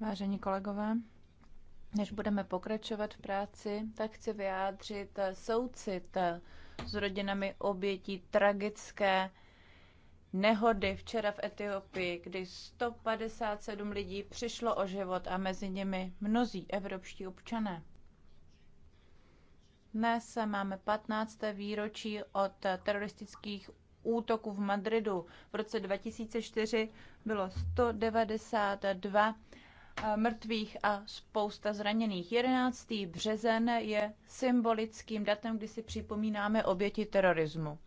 Vážení kolegové, než budeme pokračovat v práci, tak chci vyjádřit soucit s rodinami obětí tragické nehody včera v Etiopii, kdy 157 lidí přišlo o život a mezi nimi mnozí evropští občané. Dnes máme 15. výročí od teroristických útoku v Madridu. V roce 2004 bylo 192 eh, mrtvých a spousta zraněných. 11. březen je symbolickým datem, kdy si připomínáme oběti terorismu.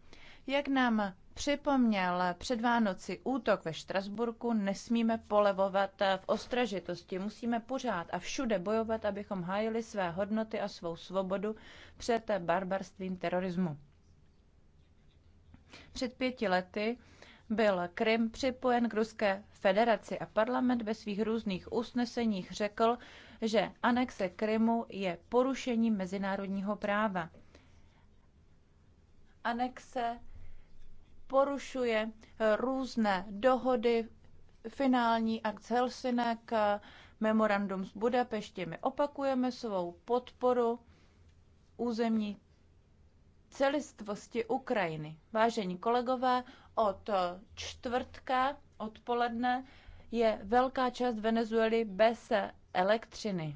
Jak nám připomněl před Vánoci útok ve Štrasburku, nesmíme polevovat v ostražitosti. Musíme pořád a všude bojovat, abychom hájili své hodnoty a svou svobodu před barbarstvím terorismu. Před pěti lety byl Krym připojen k Ruské federaci a parlament ve svých různých usneseních řekl, že anexe Krymu je porušením mezinárodního práva. Anexe porušuje různé dohody, finální akt Helsinek, memorandum z Budapešti. My opakujeme svou podporu územní celistvosti Ukrajiny. Vážení kolegové, od čtvrtka odpoledne je velká část Venezuely bez elektřiny.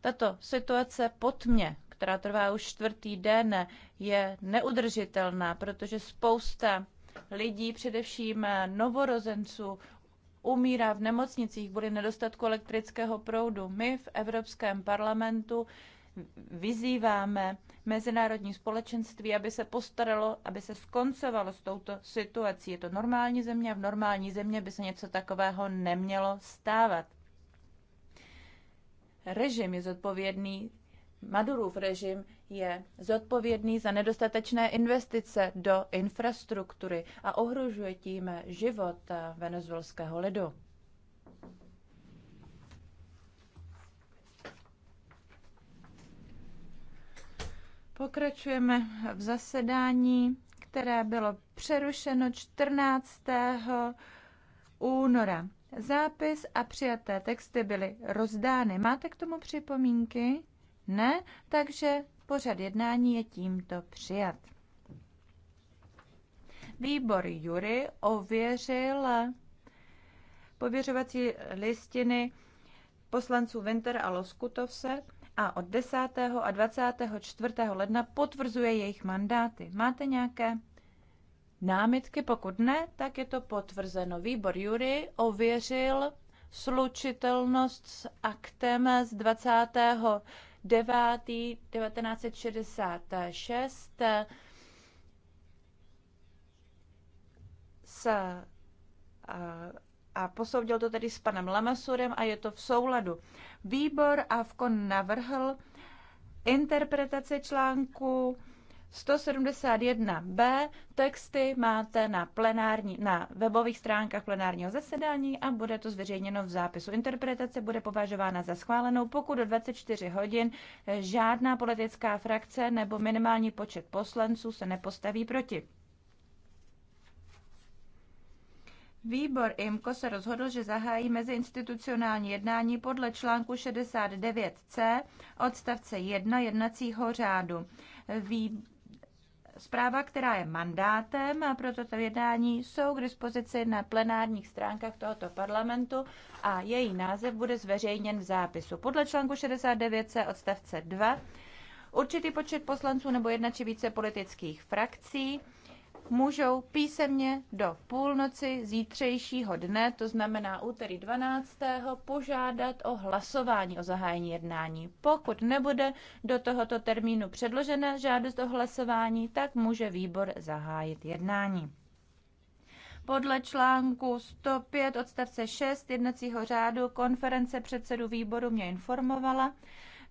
Tato situace po tmě, která trvá už čtvrtý den, je neudržitelná, protože spousta lidí, především novorozenců, umírá v nemocnicích kvůli nedostatku elektrického proudu. My v Evropském parlamentu vyzýváme mezinárodní společenství, aby se postaralo, aby se skoncovalo s touto situací. Je to normální země a v normální země by se něco takového nemělo stávat. Režim je zodpovědný, Madurův režim je zodpovědný za nedostatečné investice do infrastruktury a ohrožuje tím život venezuelského lidu. Pokračujeme v zasedání, které bylo přerušeno 14. února. Zápis a přijaté texty byly rozdány. Máte k tomu připomínky? Ne, takže pořad jednání je tímto přijat. Výbor Jury ověřil pověřovací listiny poslanců Winter a Loskutovse a od 10. a 24. ledna potvrzuje jejich mandáty. Máte nějaké námitky? Pokud ne, tak je to potvrzeno. Výbor Jury ověřil slučitelnost s aktem z 9. 1966 s a, a posoudil to tedy s panem Lamasurem a je to v souladu. Výbor AVKO navrhl interpretace článku 171b. Texty máte na, plenární, na webových stránkách plenárního zasedání a bude to zveřejněno v zápisu. Interpretace bude považována za schválenou, pokud do 24 hodin žádná politická frakce nebo minimální počet poslanců se nepostaví proti. Výbor IMCO se rozhodl, že zahájí meziinstitucionální jednání podle článku 69c odstavce 1 jednacího řádu. Vý... Zpráva, která je mandátem a pro toto jednání, jsou k dispozici na plenárních stránkách tohoto parlamentu a její název bude zveřejněn v zápisu. Podle článku 69c odstavce 2 určitý počet poslanců nebo jedna či více politických frakcí můžou písemně do půlnoci zítřejšího dne, to znamená úterý 12. požádat o hlasování o zahájení jednání. Pokud nebude do tohoto termínu předložena žádost o hlasování, tak může výbor zahájit jednání. Podle článku 105 odstavce 6 jednacího řádu konference předsedu výboru mě informovala,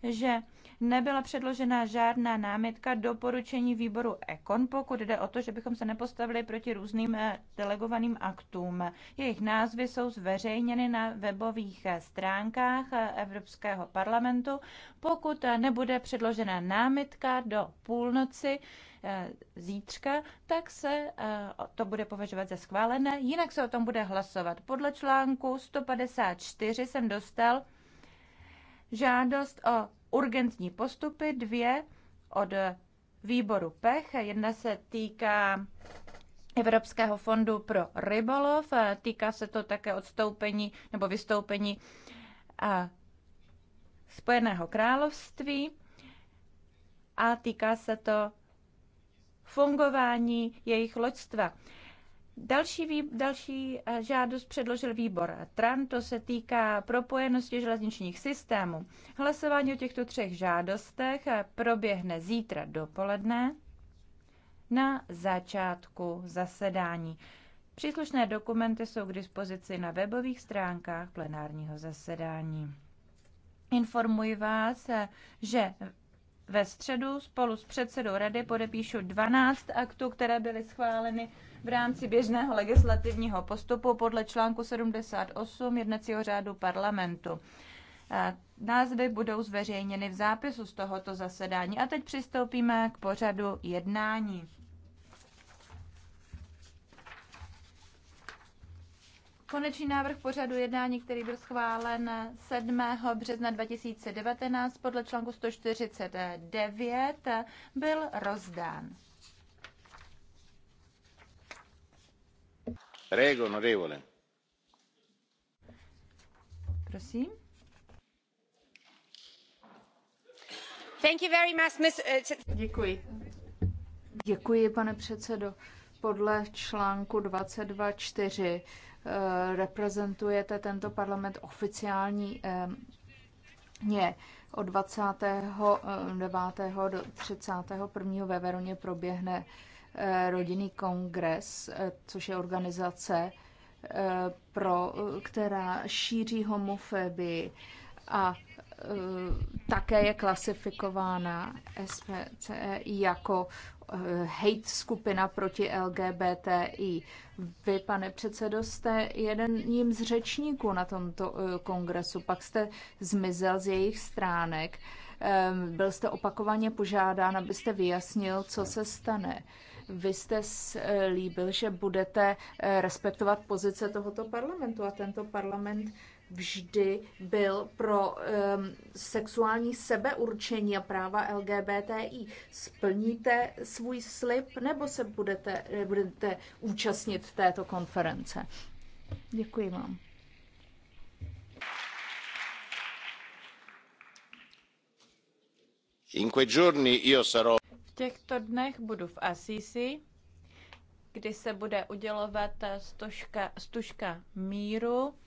že nebyla předložena žádná námitka doporučení výboru EKON, pokud jde o to, že bychom se nepostavili proti různým eh, delegovaným aktům. Jejich názvy jsou zveřejněny na webových eh, stránkách eh, Evropského parlamentu. Pokud nebude předložena námitka do půlnoci, zítřka, tak se to bude považovat za schválené, jinak se o tom bude hlasovat. Podle článku 154 jsem dostal žádost o urgentní postupy, dvě od výboru PECH. Jedna se týká Evropského fondu pro rybolov, týká se to také odstoupení nebo vystoupení Spojeného království a týká se to fungování jejich loďstva. Další, vý, další eh, žádost předložil výbor TRAN, to se týká propojenosti železničních systémů. Hlasování o těchto třech žádostech eh, proběhne zítra dopoledne na začátku zasedání. Příslušné dokumenty jsou k dispozici na webových stránkách plenárního zasedání. Informuji vás, eh, že ve středu spolu s předsedou rady podepíšu 12 aktů, které byly schváleny v rámci běžného legislativního postupu podle článku 78 jednacího řádu parlamentu. Názvy budou zveřejněny v zápisu z tohoto zasedání. A teď přistoupíme k pořadu jednání. Konečný návrh pořadu jednání, který byl schválen 7. března 2019 podle článku 149, byl rozdán. Prosím. Eh, Děkuji. Děkuji, pane předsedo. Podle článku 22.4 eh, reprezentujete tento parlament oficiální eh, od. Od nine do 31. ve Veroně proběhne Eh, rodinný kongres, eh, což je organizace, eh, pro, která šíří homofobii a také je klasifikována SPCE jako hate skupina proti LGBTI. Vy, pane předsedo, jste jedním z řečníků na tomto kongresu, pak jste zmizel z jejich stránek. Byl jste opakovaně požádán, abyste vyjasnil, co se stane. Vy jste slíbil, že budete eh, respektovat pozice tohoto parlamentu a tento parlament vždy byl pro um, sexuální sebeurčení a práva LGBTI. Splníte svůj slib nebo se budete, eh, budete účastnit této konference? Děkuji vám. In quei giorni io sarò těchto dnech budu v Asisi, kdy se bude udělovat stožka, stužka míru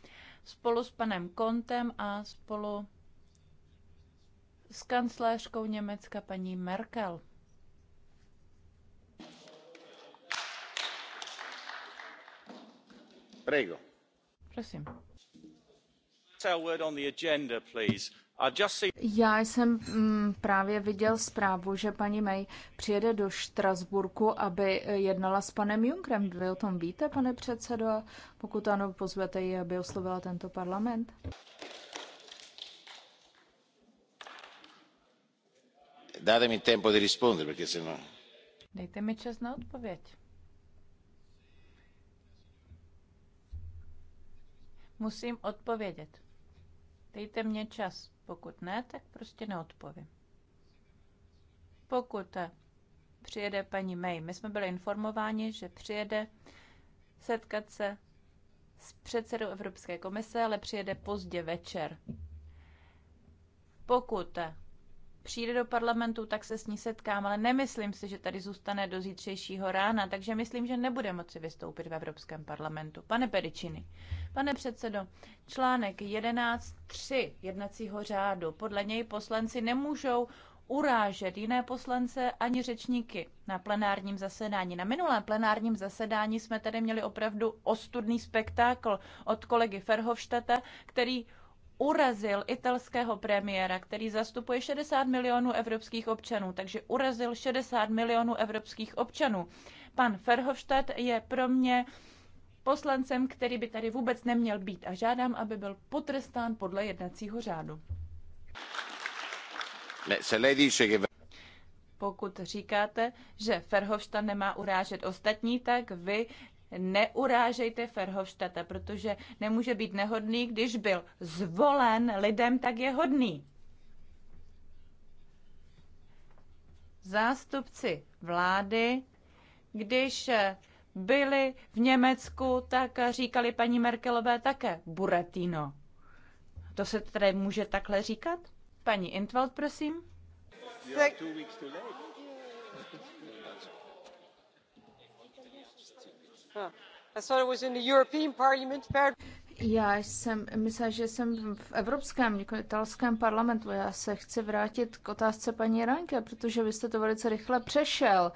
spolu s panem Kontem a spolu s kancléřkou Německa paní Merkel. Prego. Prosím. A word on the agenda, please. Já jsem mm, právě viděl zprávu, že paní May přijede do Štrasburku, aby eh, jednala s panem Junkrem. Vy o tom víte, pane předsedo? Pokud ano, pozvete ji, aby oslovila tento parlament. Datemi tempo di rispondere, perché se no... Dejte mi čas na odpověď. Musím odpovědět. Dejte mě čas. Pokud ne, tak prostě neodpovím. Pokud eh, přijede paní May, my jsme byli informováni, že přijede setkat se s předsedou Evropské komise, ale přijede pozdě večer. Pokud eh, přijde do parlamentu, tak se s ní setkám, ale nemyslím si, že tady zůstane do zítřejšího rána, takže myslím, že nebude moci vystoupit v Evropském parlamentu. Pane Peričiny, pane předsedo, článek 11.3 jednacího řádu, podle něj poslanci nemůžou urážet jiné poslance ani řečníky na plenárním zasedání. Na minulém plenárním zasedání jsme tady měli opravdu ostudný spektákl od kolegy Ferhovštata, který urazil italského premiéra, který zastupuje 60 milionů evropských občanů, takže urazil 60 milionů evropských občanů. Pan Ferhofstadt je pro mě poslancem, který by tady vůbec neměl být a žádám, aby byl potrestán podle jednacího řádu. Pokud říkáte, že Ferhofstadt nemá urážet ostatní, tak vy neurážejte Ferhovštata, protože nemůže být nehodný, když byl zvolen lidem, tak je hodný. Zástupci vlády, když byli v Německu, tak říkali paní Merkelové také Buratino. To se tedy může takhle říkat? Paní Intveld, prosím. Tak... Já jsem, myslím, že jsem v Evropském, nikoli jako italském parlamentu. Já se chci vrátit k otázce paní Ranke, protože vy jste to velice rychle přešel.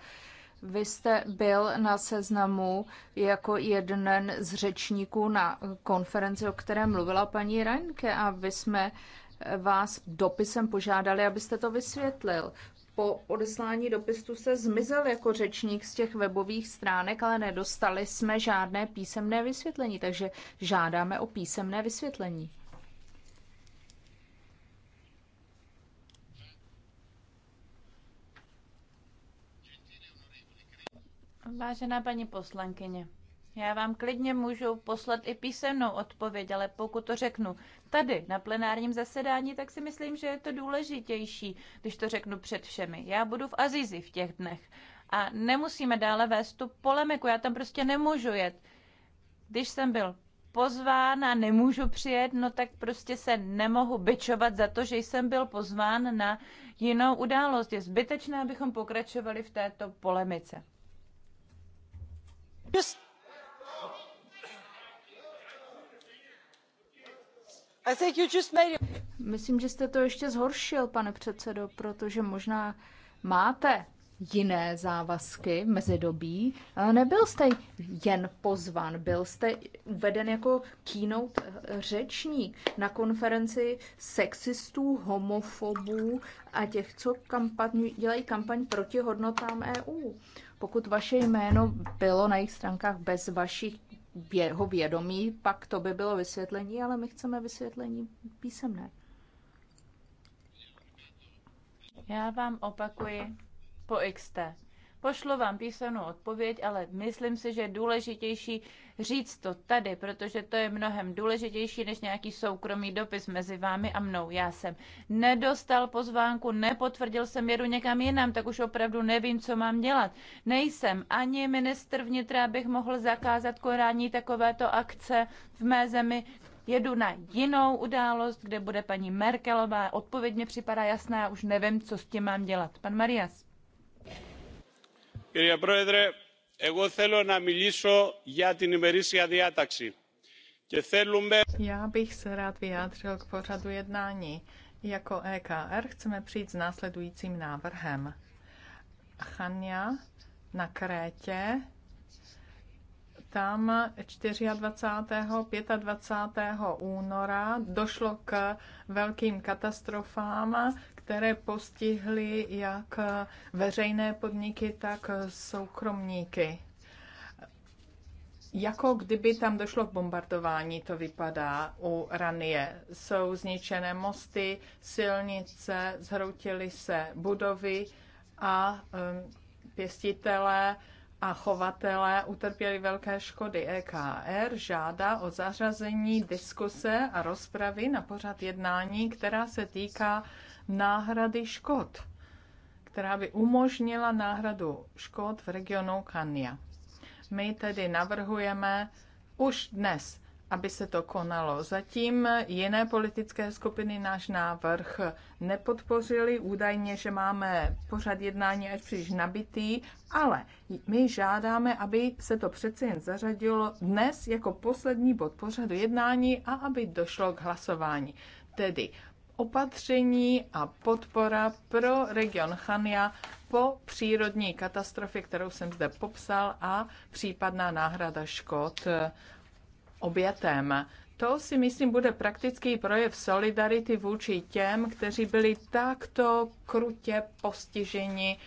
Vy jste byl na seznamu jako jeden z řečníků na konferenci, o které mluvila paní Ranke a vy jsme vás dopisem požádali, abyste to vysvětlil po odeslání dopisu se zmizel jako řečník z těch webových stránek, ale nedostali jsme žádné písemné vysvětlení, takže žádáme o písemné vysvětlení. Vážená paní poslankyně, já vám klidně můžu poslat i písemnou odpověď, ale pokud to řeknu tady na plenárním zasedání, tak si myslím, že je to důležitější, když to řeknu před všemi. Já budu v Azizi v těch dnech a nemusíme dále vést tu polemiku, já tam prostě nemůžu jet. Když jsem byl pozván a nemůžu přijet, no tak prostě se nemohu byčovat za to, že jsem byl pozván na jinou událost. Je zbytečné, abychom pokračovali v této polemice. Just Myslím, že jste to ještě zhoršil, pane předsedo, protože možná máte jiné závazky v mezidobí, ale eh, nebyl jste jen pozvan, byl jste uveden jako keynote eh, řečník na konferenci sexistů, homofobů a těch, co kampaň, dělají kampaň proti hodnotám EU. Pokud vaše jméno bylo na jejich stránkách bez vašich jeho vědomí, pak to by bylo vysvětlení, ale my chceme vysvětlení písemné. Já vám opakuji po XT. Pošlu vám písemnou odpověď, ale myslím si, že je důležitější říct to tady, protože to je mnohem důležitější než nějaký soukromý dopis mezi vámi a mnou. Já jsem nedostal pozvánku, nepotvrdil jsem, jedu někam jinam, tak už opravdu nevím, co mám dělat. Nejsem ani ministr vnitra, abych mohl zakázat korání takovéto akce v mé zemi. Jedu na jinou událost, kde bude paní Merkelová. Odpověď mi připadá jasná, já už nevím, co s tím mám dělat. Pan Marias. Κύριε Πρόεδρε, εγώ Já bych se rád vyjádřil k pořadu jednání. Jako EKR chceme přijít s následujícím návrhem. Chania na Krétě tam 24. 25. února došlo k velkým katastrofám, které postihly jak veřejné podniky, tak soukromníky. Jako kdyby tam došlo k bombardování, to vypadá u Ranie. Jsou zničené mosty, silnice, zhroutily se budovy a um, pěstitelé a chovatelé utrpěli velké škody. EKR žádá o zařazení diskuse a rozpravy na pořad jednání, která se týká náhrady škod, která by umožnila náhradu škod v regionu Kania. My tedy navrhujeme už dnes aby se to konalo. Zatím jiné politické skupiny náš návrh nepodpořili, údajně, že máme pořad jednání až příliš nabitý, ale my žádáme, aby se to přece jen zařadilo dnes jako poslední bod pořadu jednání a aby došlo k hlasování. Tedy opatření a podpora pro region Chania po přírodní katastrofě, kterou jsem zde popsal, a případná náhrada škod obětem. To si myslím bude praktický projev solidarity vůči těm, kteří byli takto krutě postiženi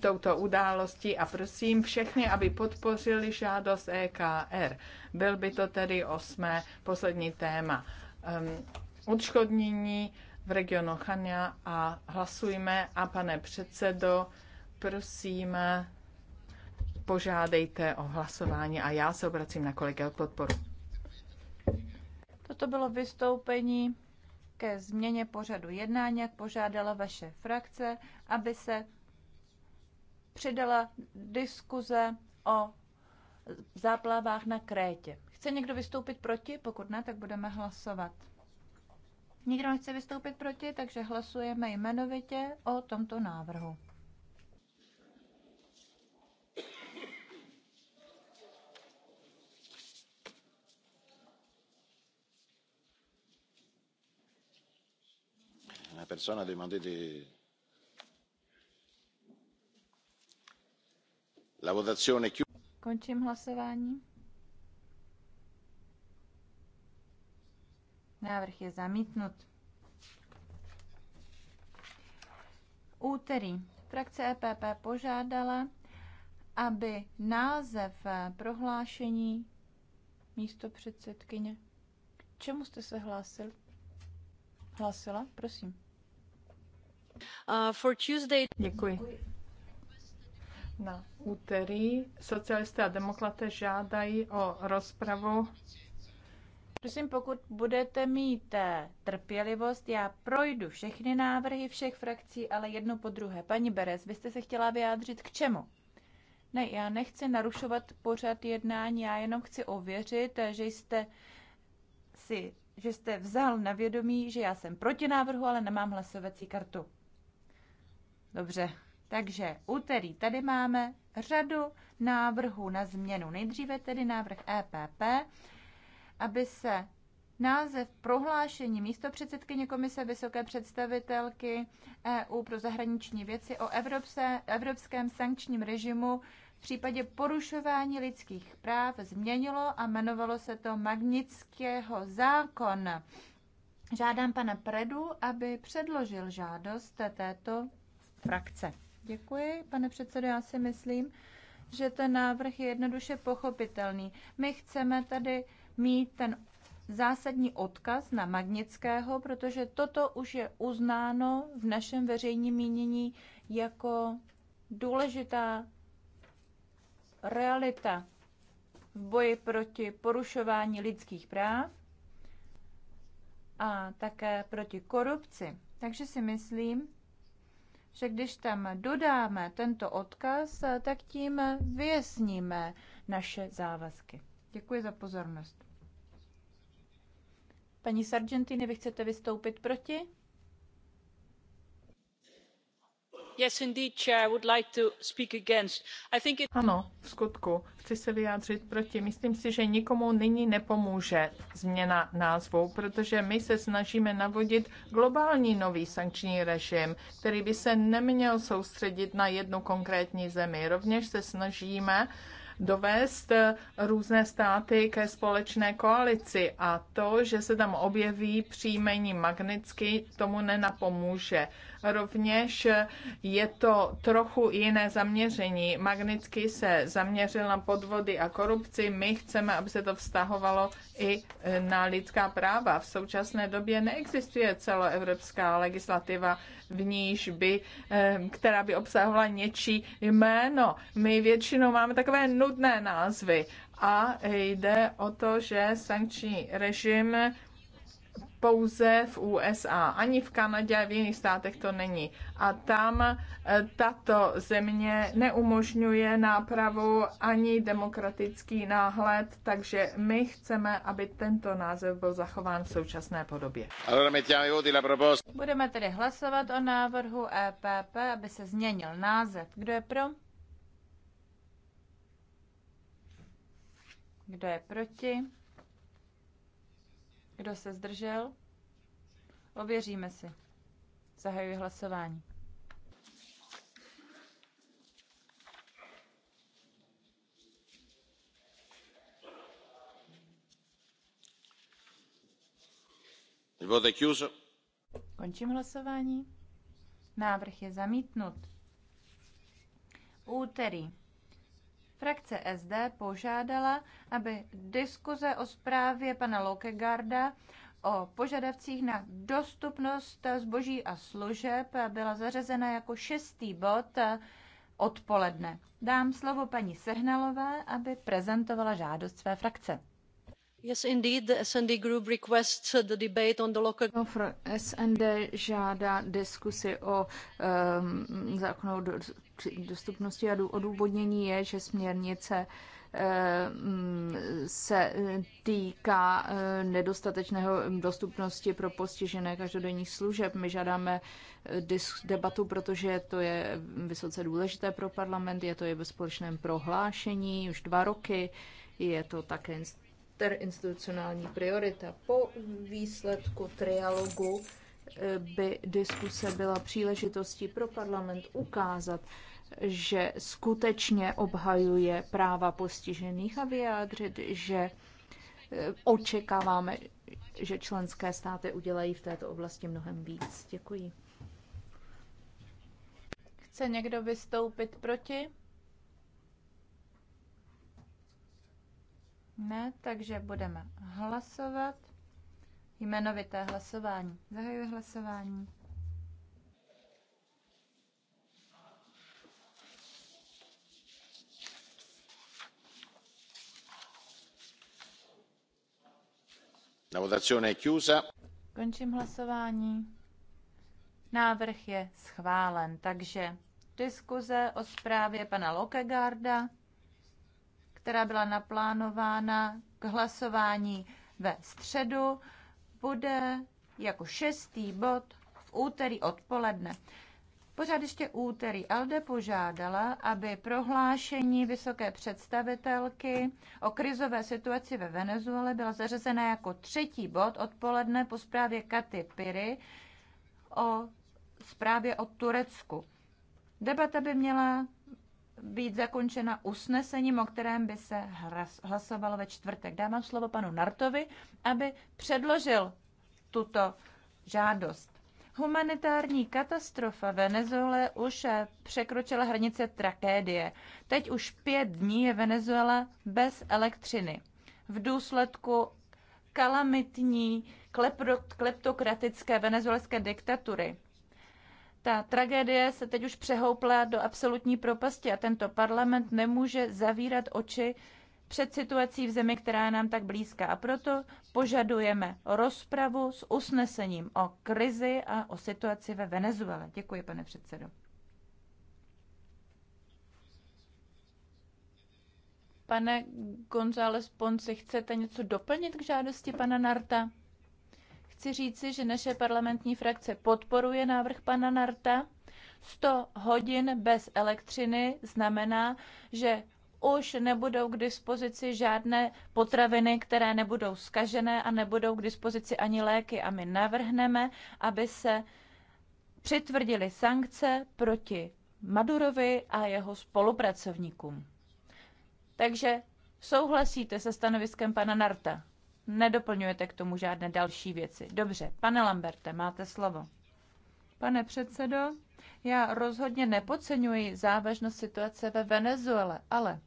touto událostí a prosím všechny, aby podpořili žádost EKR. Byl by to tedy osmé poslední téma. Um, odškodnění v regionu Chania a hlasujme a pane předsedo, prosím, požádejte o hlasování a já se obracím na kolegy o podporu. Toto bylo vystoupení ke změně pořadu jednání, jak požádala vaše frakce, aby se přidala diskuze o záplavách na Krétě. Chce někdo vystoupit proti? Pokud ne, tak budeme hlasovat. Nikdo nechce vystoupit proti, takže hlasujeme jmenovitě o tomto návrhu. personne n'a demandé de... La votazione Končím hlasování. Návrh je zamítnut. Úterý frakce EPP požádala, aby název prohlášení místo předsedkyně. Čemu jste se hlásil? Hlásila? Prosím. Uh, Děkuji. Na úterý socialisté a demokraté žádají o rozpravu. Prosím, pokud budete mít eh, trpělivost, já projdu všechny návrhy všech frakcí, ale jedno po druhé. Paní Beres, vy jste se chtěla vyjádřit k čemu? Ne, já nechci narušovat pořad jednání, já jenom chci ověřit, eh, že jste si, že jste vzal na vědomí, že já jsem proti návrhu, ale nemám hlasovací kartu. Dobře, takže úterý tady máme řadu návrhů na změnu. Nejdříve tedy návrh EPP, aby se název prohlášení místo předsedkyně Komise Vysoké představitelky EU pro zahraniční věci o Evropse, evropském sankčním režimu v případě porušování lidských práv změnilo a jmenovalo se to Magnického zákon. Žádám pana Predu, aby předložil žádost této frakce. Děkuji, pane předsedo. Já si myslím, že ten návrh je jednoduše pochopitelný. My chceme tady mít ten zásadní odkaz na Magnického, protože toto už je uznáno v našem veřejním mínění jako důležitá realita v boji proti porušování lidských práv a také proti korupci. Takže si myslím, že když tam dodáme tento odkaz, tak tím vyjasníme naše závazky. Děkuji za pozornost. Paní Sargentini, vy chcete vystoupit proti? Ano, v skutku, chci se vyjádřit proti. Myslím si, že nikomu nyní nepomůže změna názvu, protože my se snažíme navodit globální nový sankční režim, který by se neměl soustředit na jednu konkrétní zemi. Rovněž se snažíme dovést různé státy ke společné koalici a to, že se tam objeví příjmení Magnitsky, tomu nenapomůže Rovněž je to trochu jiné zaměření. Magnický se zaměřil na podvody a korupci. My chceme, aby se to vztahovalo i eh, na lidská práva. V současné době neexistuje celoevropská legislativa, v níž by, eh, která by obsahovala něčí jméno. My většinou máme takové nudné názvy a jde o to, že sankční režim pouze v USA, ani v Kanadě, v jiných státech to není. A tam eh, tato země neumožňuje nápravu ani demokratický náhled, takže my chceme, aby tento název byl zachován v současné podobě. Budeme tedy hlasovat o návrhu EPP, aby se změnil název. Kdo je pro? Kdo je proti? Kdo se zdržel? Ověříme si. Zahajuji hlasování. Končím hlasování. Návrh je zamítnut. Úterý Frakce SD požádala, aby diskuze o zprávě pana Lokegarda o požadavcích na dostupnost zboží a služeb byla zařazena jako šestý bod odpoledne. Dám slovo paní Sehnalové, aby prezentovala žádost své frakce. Yes, SND uh, no, žádá diskusi o um, zákonu o dostupnosti a odůvodnění je, že směrnice um, se týká uh, nedostatečného dostupnosti pro postižené každodenních služeb. My žádáme uh, debatu, protože to je vysoce důležité pro parlament, je to je ve společném prohlášení už dva roky, je to také interinstitucionální priorita. Po výsledku trialogu eh, by diskuse byla příležitostí pro parlament ukázat, že skutečně obhajuje práva postižených a vyjádřit, že eh, očekáváme, že členské státy udělají v této oblasti mnohem víc. Děkuji. Chce někdo vystoupit proti? Ne, takže budeme hlasovat. Jmenovité hlasování. Zahajuji hlasování. La votazione è chiusa. Končím hlasování. Návrh je schválen, takže diskuze o zprávě pana Lokegarda která byla naplánována k hlasování ve středu, bude jako šestý bod v úterý odpoledne. Pořád ještě úterý Alde požádala, aby prohlášení vysoké představitelky o krizové situaci ve Venezuele byla zařazena jako třetí bod odpoledne po zprávě Katy Piry o zprávě o Turecku. Debata by měla být zakončena usnesením, o kterém by se hlasovalo ve čtvrtek. Dávám slovo panu Nartovi, aby předložil tuto žádost. Humanitární katastrofa Venezuele už překročila hranice tragédie. Teď už pět dní je Venezuela bez elektřiny. V důsledku kalamitní kleptokratické venezuelské diktatury. Ta tragédie se teď už přehoupla do absolutní propasti a tento parlament nemůže zavírat oči před situací v zemi, která je nám tak blízká. A proto požadujeme rozpravu s usnesením o krizi a o situaci ve Venezuele. Děkuji, pane předsedo. Pane González Ponce, chcete něco doplnit k žádosti pana Narta? Chci říci, že naše parlamentní frakce podporuje návrh pana Narta. 100 hodin bez elektřiny znamená, že už nebudou k dispozici žádné potraviny, které nebudou skažené a nebudou k dispozici ani léky. A my navrhneme, aby se přitvrdily sankce proti Madurovi a jeho spolupracovníkům. Takže souhlasíte se stanoviskem pana Narta? Nedoplňujete k tomu žádné další věci. Dobře, pane Lamberte, máte slovo. Pane předsedo, já rozhodně nepodceňuji závažnost situace ve Venezuele, ale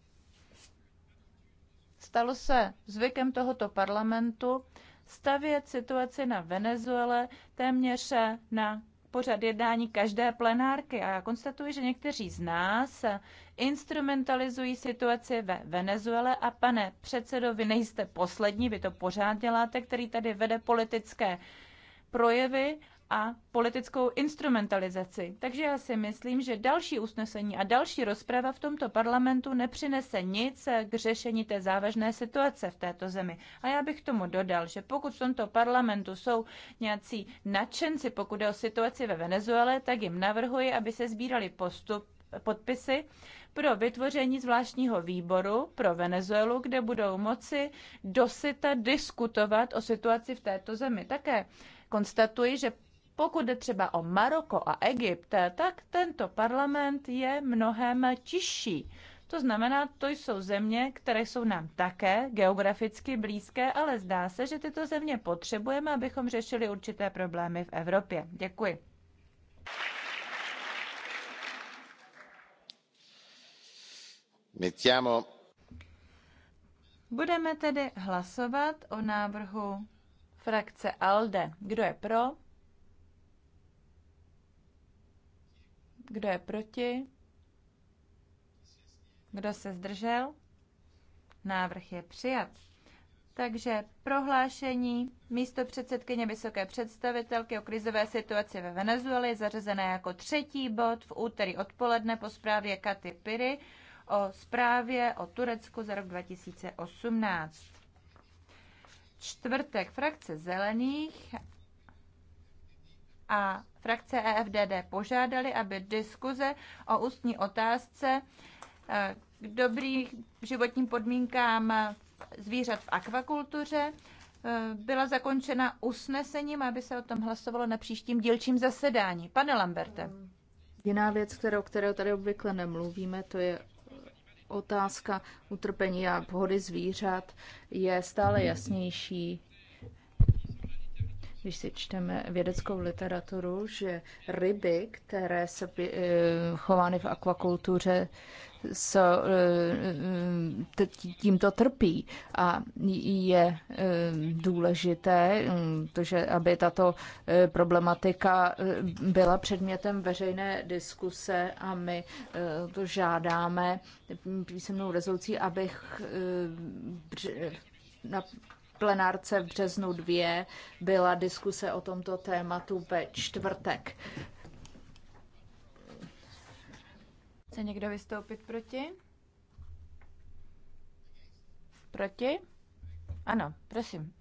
stalo se zvykem tohoto parlamentu stavět situaci na Venezuele téměř na pořad jednání každé plenárky a já konstatuji, že někteří z nás instrumentalizují situaci ve Venezuele a pane předsedo, vy nejste poslední, vy to pořád děláte, který tady vede politické projevy a politickou instrumentalizaci. Takže já si myslím, že další usnesení a další rozprava v tomto parlamentu nepřinese nic k řešení té závažné situace v této zemi. A já bych tomu dodal, že pokud v tomto parlamentu jsou nějací nadšenci, pokud je o situaci ve Venezuele, tak jim navrhuji, aby se sbírali postup, podpisy pro vytvoření zvláštního výboru pro Venezuelu, kde budou moci dosyta diskutovat o situaci v této zemi. Také konstatuji, že pokud jde třeba o Maroko a Egypt, tak tento parlament je mnohem tižší. To znamená, to jsou země, které jsou nám také geograficky blízké, ale zdá se, že tyto země potřebujeme, abychom řešili určité problémy v Evropě. Děkuji. Mettiamo. Budeme tedy hlasovat o návrhu frakce ALDE. Kdo je pro? Kdo je proti? Kdo se zdržel? Návrh je přijat. Takže prohlášení místo předsedkyně vysoké představitelky o krizové situaci ve Venezuele je zařazené jako třetí bod v úterý odpoledne po zprávě Katy Piry o zprávě o Turecku za rok 2018. Čtvrtek frakce zelených a frakce EFDD požádali, aby diskuze o ústní otázce eh, k dobrým životním podmínkám zvířat v akvakultuře eh, byla zakončena usnesením, aby se o tom hlasovalo na příštím dílčím zasedání. Pane Lamberte. Jiná věc, kterou, kterou tady obvykle nemluvíme, to je otázka utrpení a pohody zvířat je stále jasnější když si čteme vědeckou literaturu, že ryby, které jsou eh, chovány v akvakultuře, se eh, tímto trpí a je eh, důležité, hm, že aby tato problematika byla předmětem veřejné diskuse a my to žádáme písemnou rezolucí, abych na plenárce v březnu 2 byla diskuse o tomto tématu ve čtvrtek. Chce někdo vystoupit proti? Proti? Ano, prosím.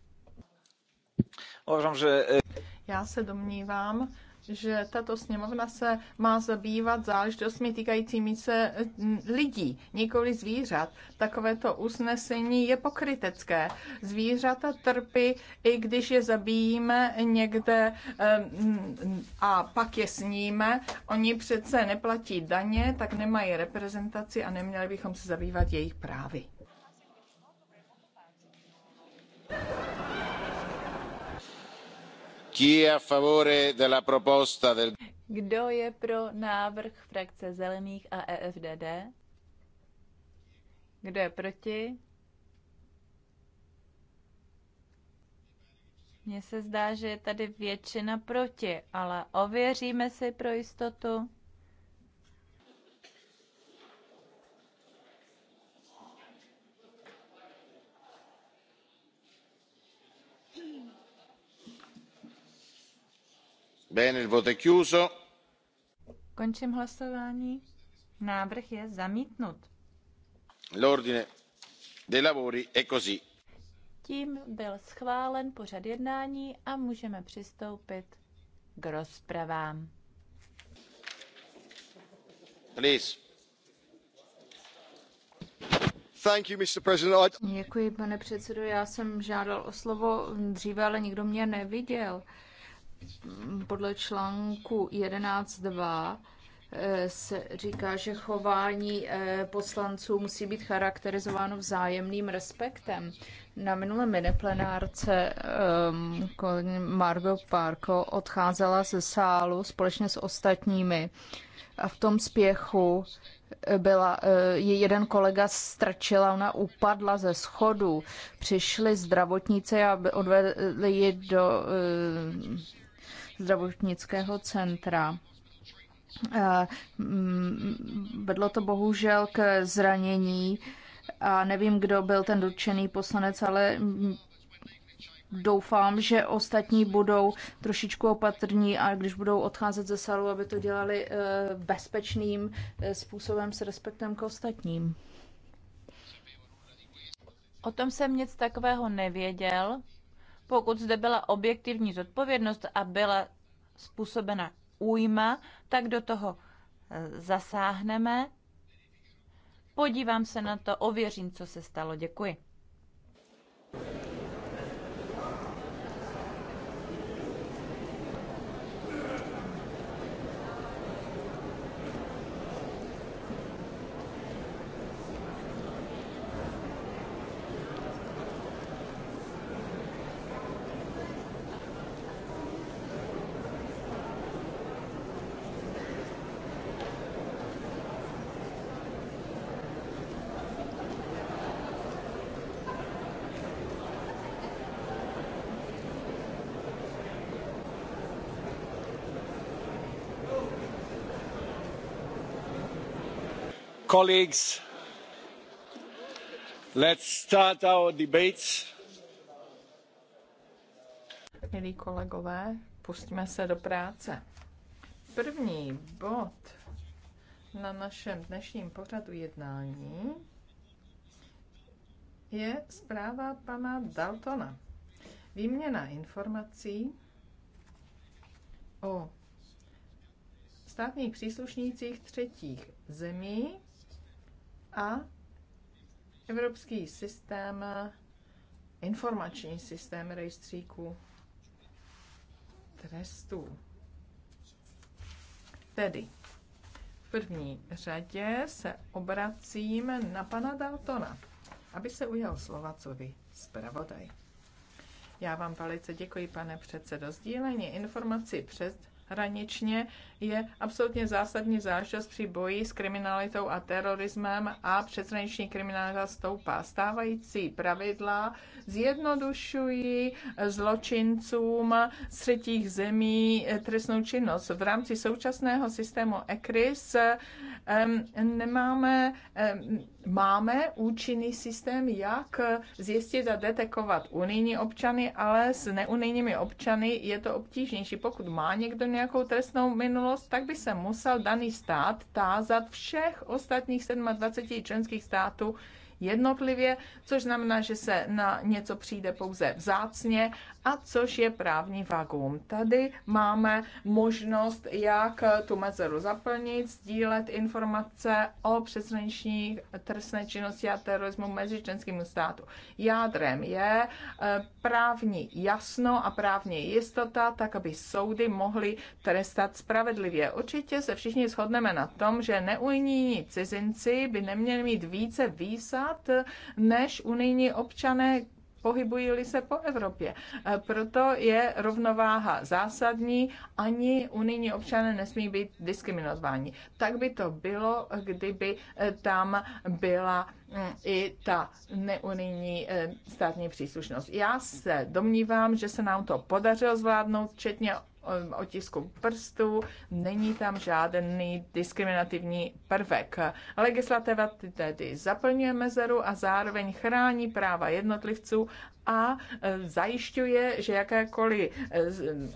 Já se domnívám, že tato sněmovna se má zabývat záležitostmi týkajícími se mm, lidí, nikoli zvířat. Takovéto usnesení je pokrytecké. Zvířata trpí, i když je zabijíme někde a pak je sníme. Oni přece neplatí daně, tak nemají reprezentaci a neměli bychom se zabývat jejich právy. Kdo je pro návrh frakce Zelených a EFDD? Kdo je proti? Mně se zdá, že je tady většina proti, ale ověříme si pro jistotu. Končím hlasování. Návrh je zamítnut. L'ordine dei lavori è così. Tím byl schválen pořad jednání a můžeme přistoupit k rozpravám. Please. You, Děkuji, pane předsedo. Já jsem žádal o slovo dříve, ale nikdo mě neviděl podle článku 11.2 eh, se říká, že chování eh, poslanců musí být charakterizováno vzájemným respektem. Na minulé miniplenárce um, ehm, Margot Parko odcházela ze sálu společně s ostatními a v tom spěchu eh, byla, je jeden kolega strčila, ona upadla ze schodu, přišli zdravotníci a odvedli ji do uh, zdravotnického centra. Eh, mm, vedlo to bohužel k zranění a nevím, kdo byl ten dotčený poslanec, ale mm, doufám, že ostatní budou trošičku opatrní a když budou odcházet ze salu, aby to dělali eh, bezpečným eh, způsobem s respektem k ostatním. O tom jsem nic takového nevěděl. Pokud zde byla objektivní zodpovědnost a byla způsobena újma, tak do toho e, zasáhneme. Podívám se na to, ověřím, co se stalo. Děkuji. colleagues let's start our debates. Milí kolegové, pustíme se do práce. První bod na našem dnešním pořadu jednání je zpráva pana Daltona. Výměna informací o státních příslušnících třetích zemí a evropský systém, informační systém rejstříku trestů. Tedy v první řadě se obracím na pana Daltona, aby se ujal slova, co vy zpravodaj. Já vám velice děkuji, pane předsedo. Sdílení informací přes hraničně je absolutně zásadní záležitost při boji s kriminalitou a terorismem a přeshraniční kriminalita stoupá. Stávající pravidla zjednodušují zločincům z třetích zemí trestnou činnost. V rámci současného systému ECRIS um, nemáme um, máme účinný systém, jak zjistit a detekovat unijní občany, ale s neunijními občany je to obtížnější. Pokud má někdo nějakou trestnou minulost, tak by se musel daný stát tázat všech ostatních 27 členských států jednotlivě, což znamená, že se na něco přijde pouze vzácně a což je právní vakuum. Tady máme možnost, jak tu mezeru zaplnit, sdílet informace o přeshraniční trestné činnosti a terorismu mezi členskými státu. Jádrem je eh, právní jasno a právní jistota, tak aby soudy mohly trestat spravedlivě. Určitě se všichni shodneme na tom, že neunijní cizinci by neměli mít více výsad eh, než unijní občané, pohybují-li se po Evropě. E, proto je rovnováha zásadní, ani unijní občané nesmí být diskriminováni. Tak by to bylo, kdyby e, tam byla mm, i ta neunijní e, státní příslušnost. Já se domnívám, že se nám to podařilo zvládnout, včetně Um, otisku prstů, není tam žádný diskriminativní prvek. Legislativa tedy zaplňuje mezeru a zároveň chrání práva jednotlivců a e, zajišťuje, že jakékoliv e,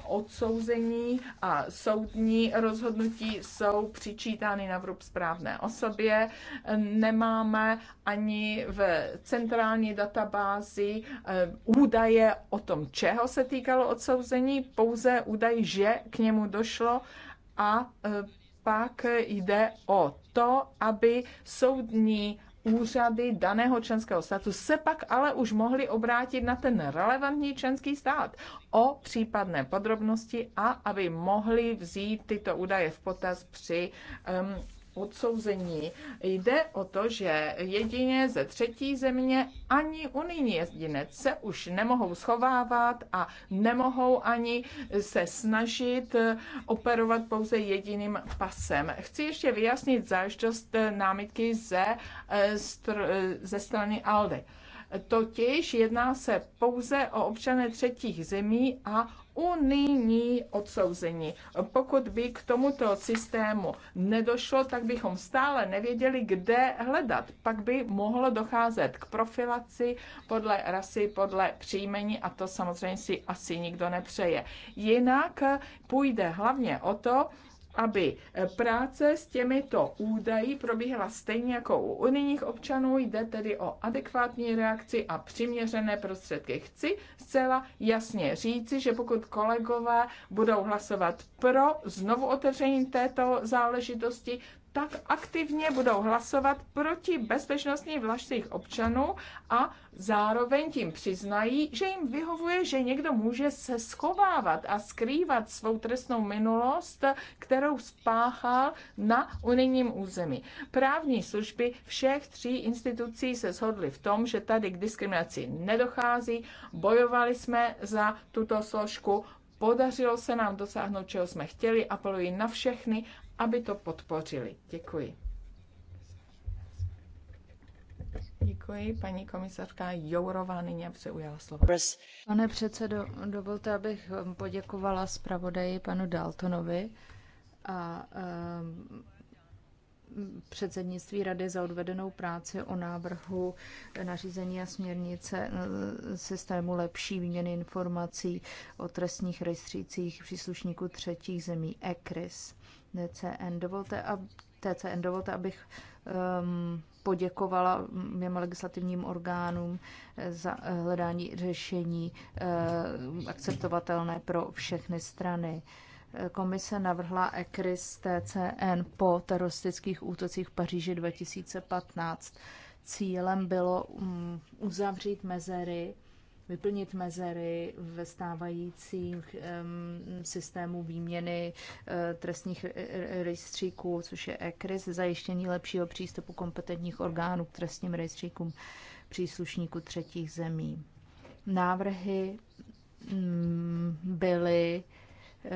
odsouzení a soudní rozhodnutí jsou přičítány na vrub správné osobě. Nemáme ani v centrální databázi e, údaje o tom, čeho se týkalo odsouzení, pouze údaj, že k němu došlo a pak jde o to, aby soudní úřady daného členského státu se pak ale už mohly obrátit na ten relevantní členský stát o případné podrobnosti a aby mohli vzít tyto údaje v potaz při um, odsouzení. Jde o to, že jedině ze třetí země ani unijní jezdinec se už nemohou schovávat a nemohou ani se snažit operovat pouze jediným pasem. Chci ještě vyjasnit záležitost námitky ze, eh, ze strany ALDE. Totiž jedná se pouze o občané třetích zemí a unijní odsouzení. Pokud by k tomuto systému nedošlo, tak bychom stále nevěděli, kde hledat. Pak by mohlo docházet k profilaci podle rasy, podle příjmení a to samozřejmě si asi nikdo nepřeje. Jinak půjde hlavně o to, aby eh, práce s těmito údaji probíhala stejně jako u unijních občanů. Jde tedy o adekvátní reakci a přiměřené prostředky. Chci zcela jasně říci, že pokud kolegové budou hlasovat pro znovu otevření této záležitosti, tak aktivně budou hlasovat proti bezpečnostní vlastních občanů a zároveň tím přiznají, že jim vyhovuje, že někdo může se schovávat a skrývat svou trestnou minulost, kterou spáchal na unijním území. Právní služby všech tří institucí se shodly v tom, že tady k diskriminaci nedochází. Bojovali jsme za tuto složku, podařilo se nám dosáhnout, čeho jsme chtěli. Apeluji na všechny, aby to podpořili. Děkuji. Děkuji. Paní komisařka Jourová nyní se ujala slova. Pane předsedo, dovolte, abych poděkovala zpravodaji panu Daltonovi a um, předsednictví Rady za odvedenou práci o návrhu nařízení a směrnice e, systému lepší výměny informací o trestních rejstřících příslušníků třetích zemí ECRIS. DCN. Dovolte, ab, TCN, dovolte, abych um, poděkovala měma legislativním orgánům eh, za eh, hledání řešení um, akceptovatelné pro všechny strany. Komise navrhla ECRIS TCN po teroristických útocích v Paříži 2015. Cílem bylo um, uzavřít mezery vyplnit mezery ve stávajících systému výměny eh, trestních rejstříků, což je ECRIS, zajištění lepšího přístupu kompetentních orgánů k trestním rejstříkům příslušníků třetích zemí. Návrhy mm, byly eh,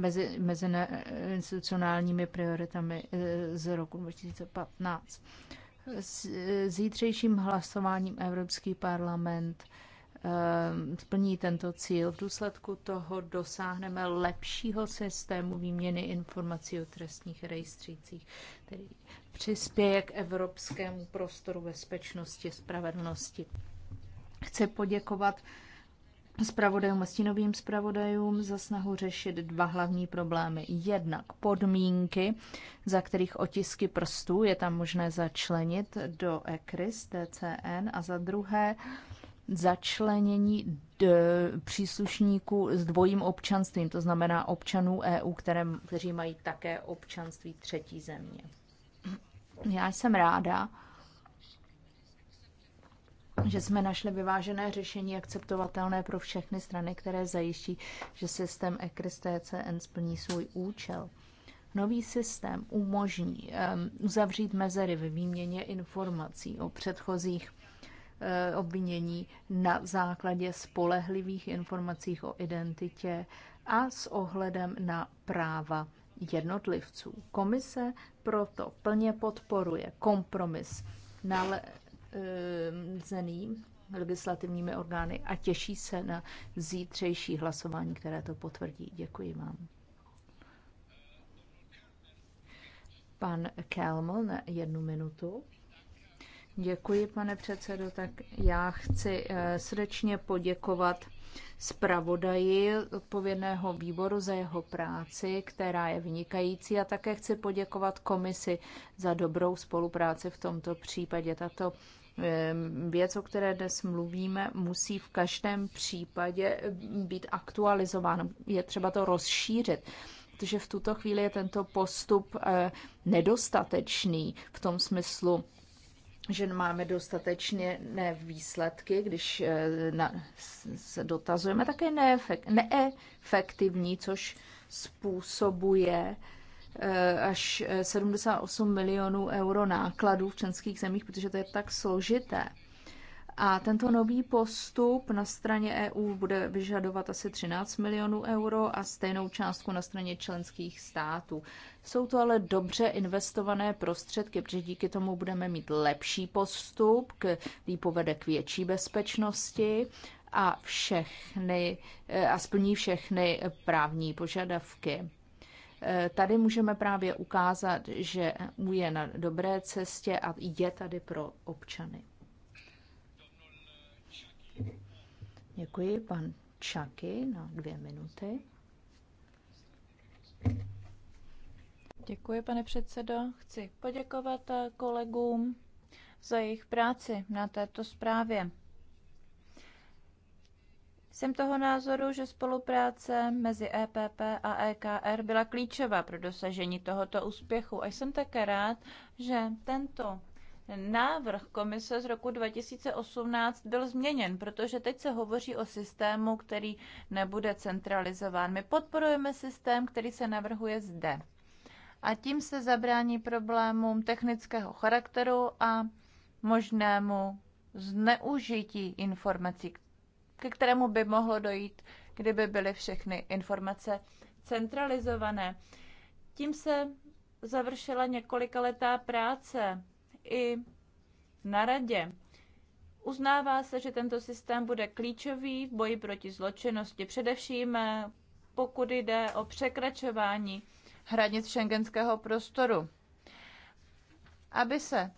mezi, mezi institucionálními prioritami eh, z roku 2015. S zítřejším hlasováním Evropský parlament eh, splní tento cíl. V důsledku toho dosáhneme lepšího systému výměny informací o trestních rejstřících, který přispěje k evropskému prostoru bezpečnosti a spravedlnosti. Chci poděkovat zpravodajům a stínovým zpravodajům za snahu řešit dva hlavní problémy. Jednak podmínky, za kterých otisky prstů je tam možné začlenit do ECRIS, TCN a za druhé začlenění d, příslušníků s dvojím občanstvím, to znamená občanů EU, které, kteří mají také občanství třetí země. Já jsem ráda, že jsme našli vyvážené řešení akceptovatelné pro všechny strany, které zajistí, že systém ECRIS TCN splní svůj účel. Nový systém umožní uzavřít mezery ve výměně informací o předchozích eh, obvinění na základě spolehlivých informací o identitě a s ohledem na práva jednotlivců. Komise proto plně podporuje kompromis zeným eh, um, legislativními orgány a těší se na zítřejší hlasování, které to potvrdí. Děkuji vám. Pan Kelmel na jednu minutu. Děkuji, pane předsedo. Tak já chci eh, srdečně poděkovat zpravodaji odpovědného výboru za jeho práci, která je vynikající a také chci poděkovat komisi za dobrou spolupráci v tomto případě. Tato věc, o které dnes mluvíme, musí v každém případě být aktualizována. Je třeba to rozšířit protože v tuto chvíli je tento postup eh, nedostatečný v tom smyslu, že máme dostatečně ne výsledky, když eh, na, se dotazujeme, také neefekt, neefektivní, což způsobuje eh, až 78 eh, milionů euro nákladů v členských zemích, protože to je tak složité. A tento nový postup na straně EU bude vyžadovat asi 13 milionů euro a stejnou částku na straně členských států. Jsou to ale dobře investované prostředky, protože díky tomu budeme mít lepší postup, který povede k větší bezpečnosti a, všechny, eh, a splní všechny právní požadavky. Eh, tady můžeme právě ukázat, že e je na dobré cestě a je tady pro občany. Děkuji, pan Čaky na dvě minuty. Děkuji, pane předsedo. Chci poděkovat eh, kolegům za jejich práci na této zprávě. Jsem toho názoru, že spolupráce mezi EPP a EKR byla klíčová pro dosažení tohoto úspěchu a jsem také rád, že tento návrh komise z roku 2018 byl změněn, protože teď se hovoří o systému, který nebude centralizován. My podporujeme systém, který se navrhuje zde. A tím se zabrání problémům technického charakteru a možnému zneužití informací, ke kterému by mohlo dojít, kdyby byly všechny informace centralizované. Tím se završila několikaletá práce i na radě. Uznává se, že tento systém bude klíčový v boji proti zločinnosti, především eh, pokud jde o překračování hranic šengenského prostoru. Aby se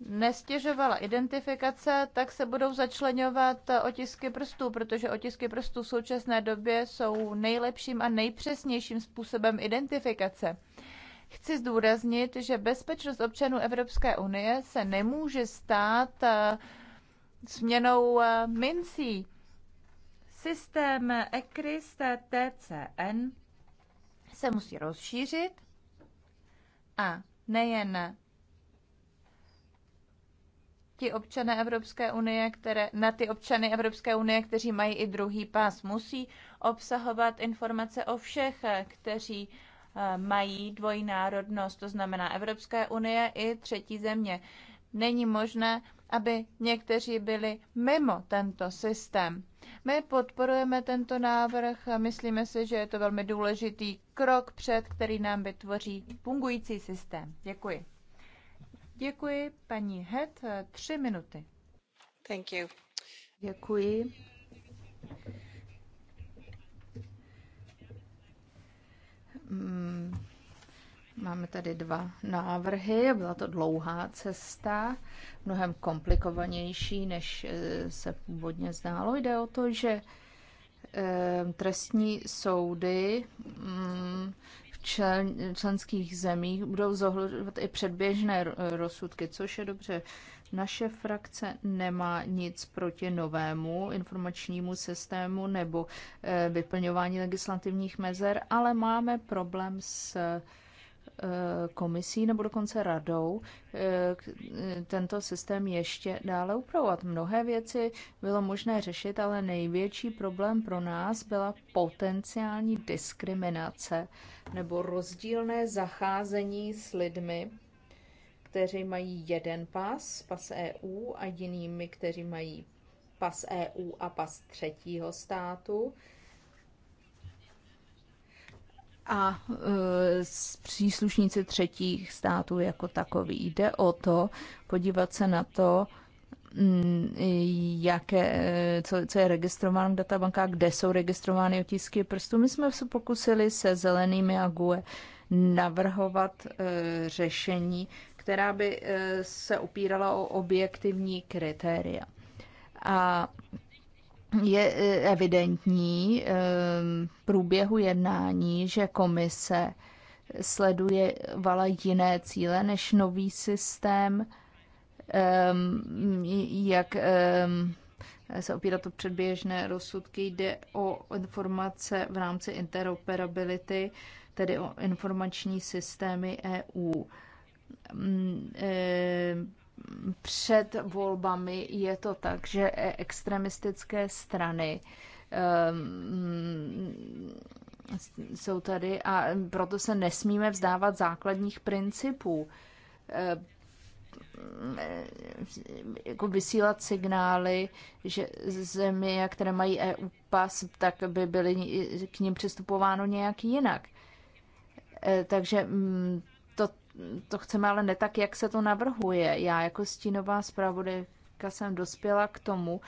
nestěžovala identifikace, tak se budou začlenovat eh, otisky prstů, protože otisky prstů v současné době jsou nejlepším a nejpřesnějším způsobem identifikace. Chci zdůraznit, že bezpečnost občanů Evropské unie se nemůže stát eh, směnou eh, mincí. Systém ECRIS TCN se musí rozšířit a nejen ti občané Evropské unie, které, na ty občany Evropské unie, kteří mají i druhý pás, musí obsahovat informace o všech, eh, kteří Eh, mají dvojnárodnost, to znamená Evropské unie i třetí země. Není možné, aby někteří byli mimo tento systém. My podporujeme tento návrh a myslíme si, že je to velmi důležitý krok před, který nám vytvoří fungující systém. Děkuji. Děkuji, paní Het, tři minuty. Thank you. Děkuji. Mm, máme tady dva návrhy. Byla to dlouhá cesta, mnohem komplikovanější, než eh, se původně zdálo. Jde o to, že eh, trestní soudy mm, v členských zemích budou zohledovat i předběžné rozsudky, což je dobře naše frakce nemá nic proti novému informačnímu systému nebo eh, vyplňování legislativních mezer, ale máme problém s eh, komisí nebo dokonce radou eh, tento systém ještě dále upravovat. Mnohé věci bylo možné řešit, ale největší problém pro nás byla potenciální diskriminace nebo rozdílné zacházení s lidmi kteří mají jeden pas, pas EU, a jinými, kteří mají pas EU a pas třetího státu. A e, příslušníci třetích států jako takový. Jde o to podívat se na to, mm, jaké, e, co, co je registrováno v databankách, kde jsou registrovány otisky prstů. My jsme se pokusili se zelenými a GUE navrhovat e, řešení, která by eh, se opírala o objektivní kritéria. A je eh, evidentní eh, v průběhu jednání, že komise sleduje vala jiné cíle než nový systém, jak se opírat o předběžné rozsudky, jde o informace v rámci interoperability, tedy o informační systémy EU. Mm, eh, před volbami je to tak, že extremistické strany ehm, jsou tady a proto se nesmíme vzdávat základních principů. Eh, jako vysílat signály, že země, které mají EU pas, tak by byly k ním přistupováno nějak jinak. Eh, takže mm, to chceme, ale ne tak, jak se to navrhuje. Já jako stínová zpravodajka jsem dospěla k tomu,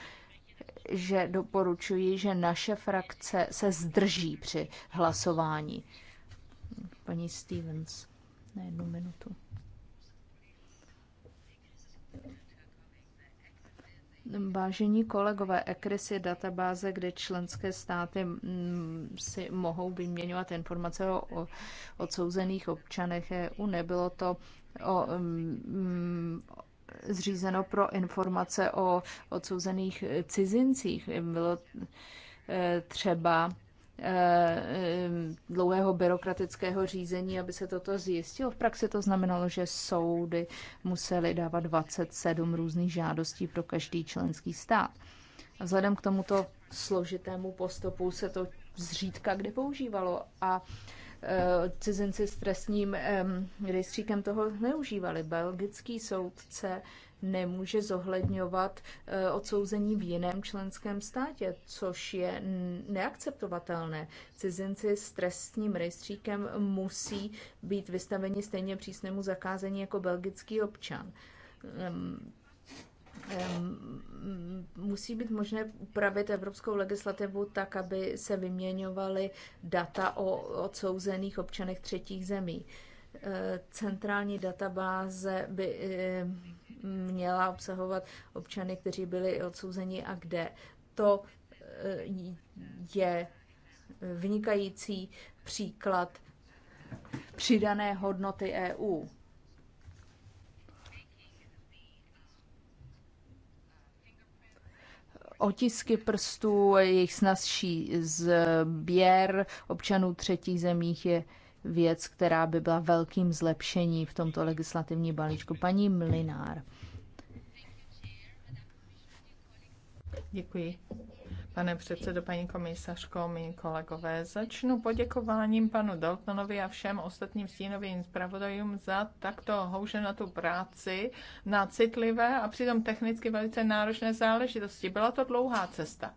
že doporučuji, že naše frakce se zdrží při hlasování. Paní Stevens, na jednu minutu. Vážení kolegové, ECRIS je databáze, kde členské státy mm, si mohou vyměňovat informace o odsouzených občanech EU. Nebylo to o, mm, zřízeno pro informace o odsouzených cizincích. Bylo e, třeba Eh, dlouhého byrokratického řízení, aby se toto zjistilo. V praxi to znamenalo, že soudy musely dávat 27 různých žádostí pro každý členský stát. A vzhledem k tomuto složitému postupu se to zřídka kdy používalo a eh, cizinci s trestním eh, rejstříkem toho neužívali. Belgický soudce nemůže zohledňovat eh, odsouzení v jiném členském státě, což je neakceptovatelné. Cizinci s trestním rejstříkem musí být vystaveni stejně přísnému zakázení jako belgický občan. Musí být možné upravit evropskou legislativu tak, aby se vyměňovaly data o odsouzených občanech třetích zemí eh, centrální databáze by eh, měla obsahovat občany, kteří byli odsouzeni a kde. To eh, je vynikající příklad přidané hodnoty EU. otisky prstů, jejich snazší sběr občanů třetích zemích je věc, která by byla velkým zlepšení v tomto legislativní balíčku. Paní Mlinár. Děkuji. Pane předsedo, paní komisařko, my kolegové, začnu poděkováním panu Daltonovi a všem ostatním stínovým zpravodajům za takto houženatou práci na citlivé a přitom technicky velice náročné záležitosti. Byla to dlouhá cesta.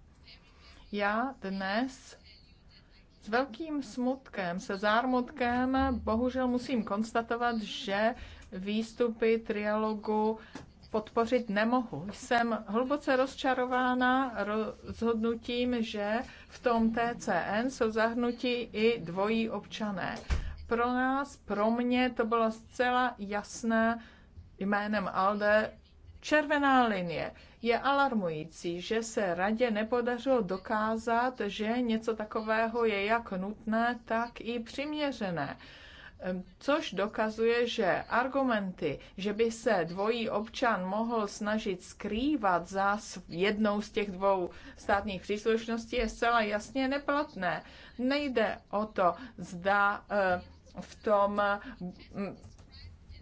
Já dnes s velkým smutkem, se zármutkem bohužel musím konstatovat, že výstupy trialogu podpořit nemohu. Jsem hluboce rozčarována rozhodnutím, že v tom TCN jsou zahnutí i dvojí občané. Pro nás, pro mě to bylo zcela jasné jménem ALDE červená linie je alarmující, že se radě nepodařilo dokázat, že něco takového je jak nutné, tak i přiměřené. Což dokazuje, že argumenty, že by se dvojí občan mohl snažit skrývat za jednou z těch dvou státních příslušností, je zcela jasně neplatné. Nejde o to, zda eh, v tom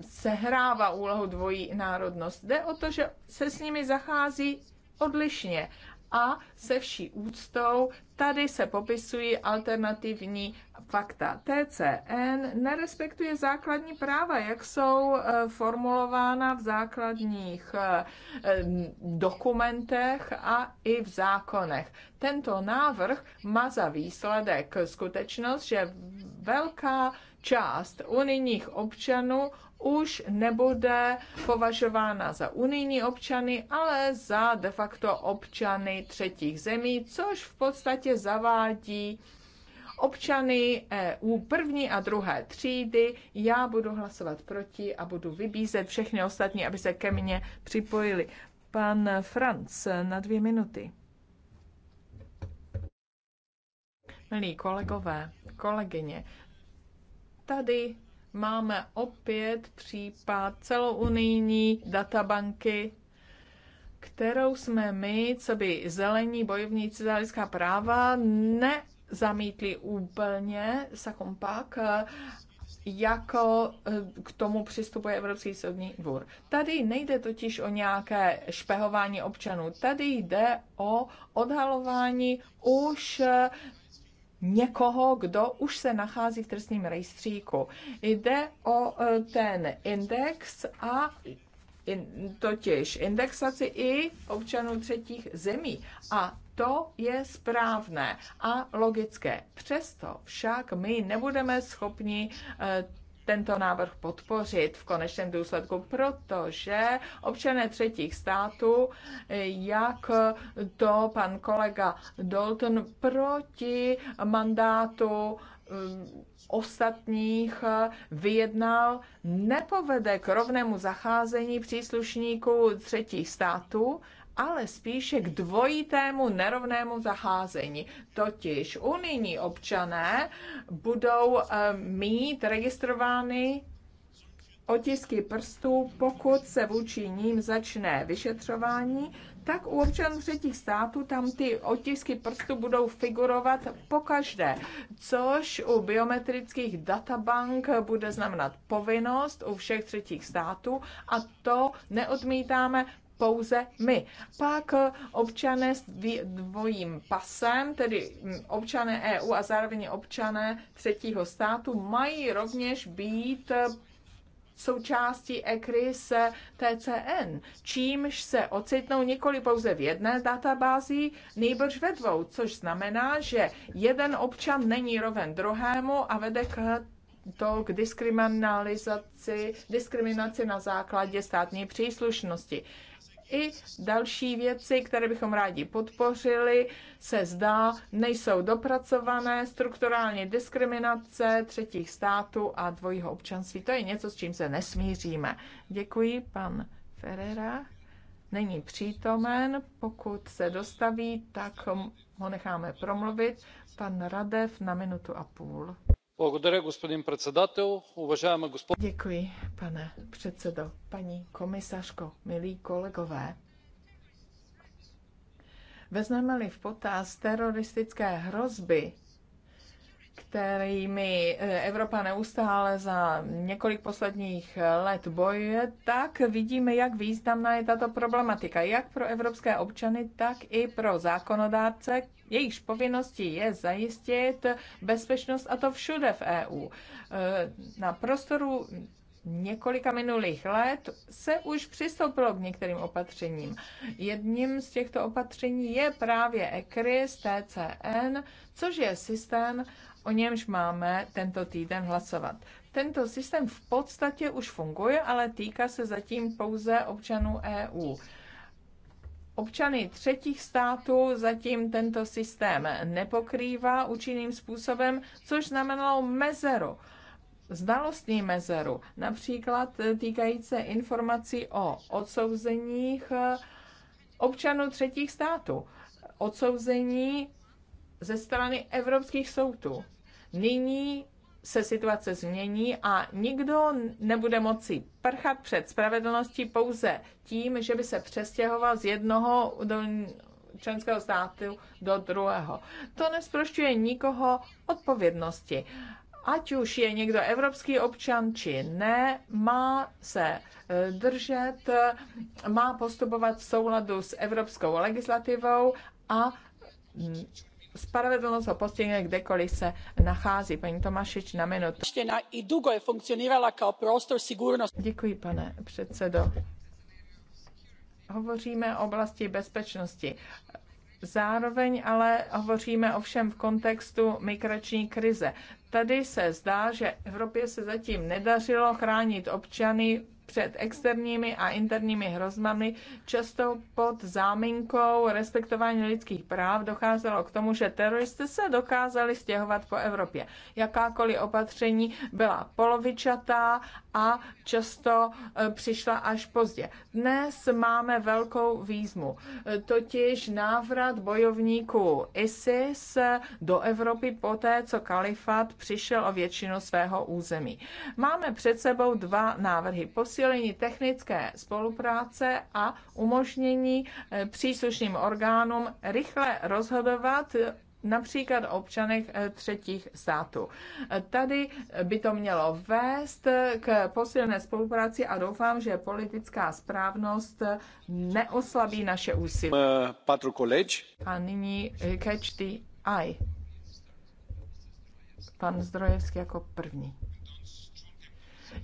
sehrává úlohu dvojí národnost. Jde o to, že se s nimi zachází odlišně a se vší úctou tady se popisují alternativní fakta. TCN nerespektuje základní práva, jak jsou eh, formulována v základních eh, eh, dokumentech a i v zákonech. Tento návrh má za výsledek skutečnost, že velká část unijních občanů už nebude považována za unijní občany, ale za de facto občany třetích zemí, což v podstatě zavádí občany EU první a druhé třídy. Já budu hlasovat proti a budu vybízet všechny ostatní, aby se ke mně připojili. Pan Franc na dvě minuty. Milí kolegové, kolegyně, tady máme opět případ celounijní databanky, kterou jsme my, co by zelení bojovníci za lidská práva, nezamítli úplně, sakompak, jako eh, k tomu přistupuje Evropský soudní dvůr. Tady nejde totiž o nějaké špehování občanů, tady jde o odhalování už někoho, kdo už se nachází v trestním rejstříku. Jde o e, ten index a in, totiž indexaci i občanů třetích zemí. A to je správné a logické. Přesto však my nebudeme schopni e, tento návrh podpořit v konečném důsledku, protože občané třetích států, jak to pan kolega Dalton proti mandátu um, ostatních uh, vyjednal, nepovede k rovnému zacházení příslušníků třetích států ale spíše k dvojitému nerovnému zacházení. Totiž unijní občané budou eh, mít registrovány otisky prstů, pokud se vůči ním začne vyšetřování, tak u občanů třetích států tam ty otisky prstů budou figurovat pokaždé, což u biometrických databank bude znamenat povinnost u všech třetích států a to neodmítáme, pouze my. Pak eh, občané s dvojím pasem, tedy hm, občané EU a zároveň občané třetího státu, mají rovněž být eh, součástí ECRIS eh, TCN, čímž se ocitnou nikoli pouze v jedné databázi, nejbrž ve dvou, což znamená, že jeden občan není roven druhému a vede k to k diskriminalizaci, diskriminaci na základě státní příslušnosti i další věci, které bychom rádi podpořili, se zdá, nejsou dopracované, strukturální diskriminace třetích států a dvojího občanství. To je něco, s čím se nesmíříme. Děkuji, pan Ferrera. Není přítomen, pokud se dostaví, tak ho necháme promluvit. Pan Radev na minutu a půl. Děkuji, pane předsedo, paní komisařko, milí kolegové. Vezmeme-li v potaz teroristické hrozby, kterými eh, Evropa neustále za několik posledních let bojuje, tak vidíme, jak významná je tato problematika, jak pro evropské občany, tak i pro zákonodárce, Jejichž povinností je zajistit bezpečnost a to všude v EU. Eh, na prostoru několika minulých let se už přistoupilo k některým opatřením. Jedním z těchto opatření je právě ECRIS TCN, což je systém, o němž máme tento týden hlasovat. Tento systém v podstatě už funguje, ale týká se zatím pouze občanů EU. Občany třetích států zatím tento systém nepokrývá účinným způsobem, což znamenalo mezeru, znalostní mezeru, například týkající informací o odsouzeních občanů třetích států, odsouzení ze strany evropských soudů. Nyní se situace změní a nikdo nebude moci prchat před spravedlností pouze tím, že by se přestěhoval z jednoho do členského státu do druhého. To nesprošťuje nikoho odpovědnosti. Ať už je někdo evropský občan či ne, má se eh, držet, eh, má postupovat v souladu s evropskou legislativou a mm, spravedlnost ho postihne kdekoliv se nachází. Paní Tomašič na minutu. i dugo je funkcionovala jako prostor sigurnosti. Děkuji, pane předsedo. Hovoříme o oblasti bezpečnosti. Zároveň ale hovoříme ovšem v kontextu migrační krize. Tady se zdá, že Evropě se zatím nedařilo chránit občany před externími a interními hrozbami, často pod záminkou respektování lidských práv docházelo k tomu, že teroristé se dokázali stěhovat po Evropě. Jakákoliv opatření byla polovičatá a často eh, přišla až pozdě. Dnes máme velkou výzmu, eh, totiž návrat bojovníků ISIS eh, do Evropy poté, co kalifát přišel o většinu svého území. Máme před sebou dva návrhy. Posílení technické spolupráce a umožnění příslušným orgánům rychle rozhodovat například občanech eh, třetích států. Eh, tady by to mělo vést eh, k posilné spolupráci a doufám, že politická správnost neoslabí naše úsilí. Patru A nyní catch the eye. Pan Zdrojevský jako první.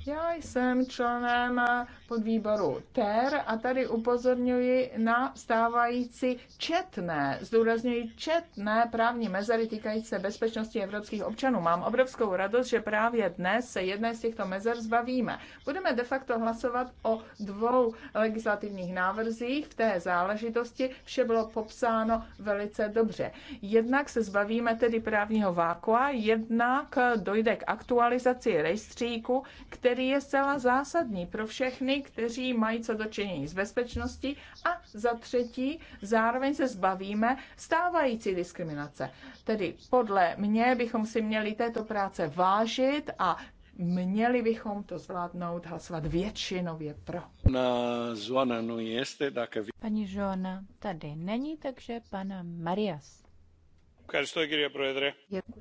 Já jsem členem podvýboru TER a tady upozorňuji na stávající četné, zdůrazňuji četné právní mezery týkající se bezpečnosti evropských občanů. Mám obrovskou radost, že právě dnes se jedné z těchto mezer zbavíme. Budeme de facto hlasovat o dvou legislativních návrzích v té záležitosti. Vše bylo popsáno velice dobře. Jednak se zbavíme tedy právního vákua, jednak dojde k aktualizaci rejstříku, který který je zcela zásadní pro všechny, kteří mají co dočinění s bezpečností a za třetí zároveň se zbavíme stávající diskriminace. Tedy podle mě bychom si měli této práce vážit a měli bychom to zvládnout hlasovat většinově pro. Na Zona no jeste, tak... Paní Žona tady není, takže pana Marias.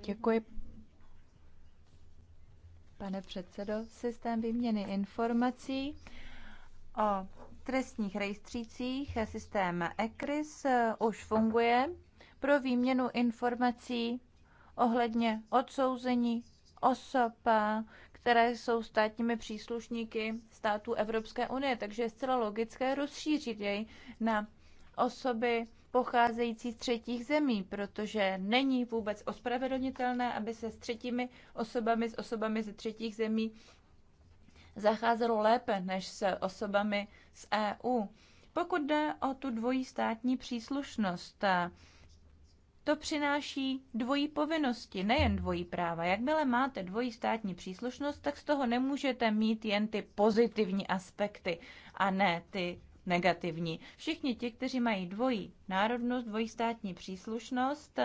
Děkuji, pane předsedo, systém výměny informací o trestních rejstřících a systém ECRIS už funguje pro výměnu informací ohledně odsouzení osob, které jsou státními příslušníky států Evropské unie. Takže je zcela logické rozšířit jej na osoby pocházející z třetích zemí, protože není vůbec ospravedlnitelné, aby se s třetími osobami, s osobami ze třetích zemí zacházelo lépe než s osobami z EU. Pokud jde o tu dvojí státní příslušnost, to přináší dvojí povinnosti, nejen dvojí práva. Jakmile máte dvojí státní příslušnost, tak z toho nemůžete mít jen ty pozitivní aspekty a ne ty negativní. Všichni ti, kteří mají dvojí národnost, dvojí státní příslušnost,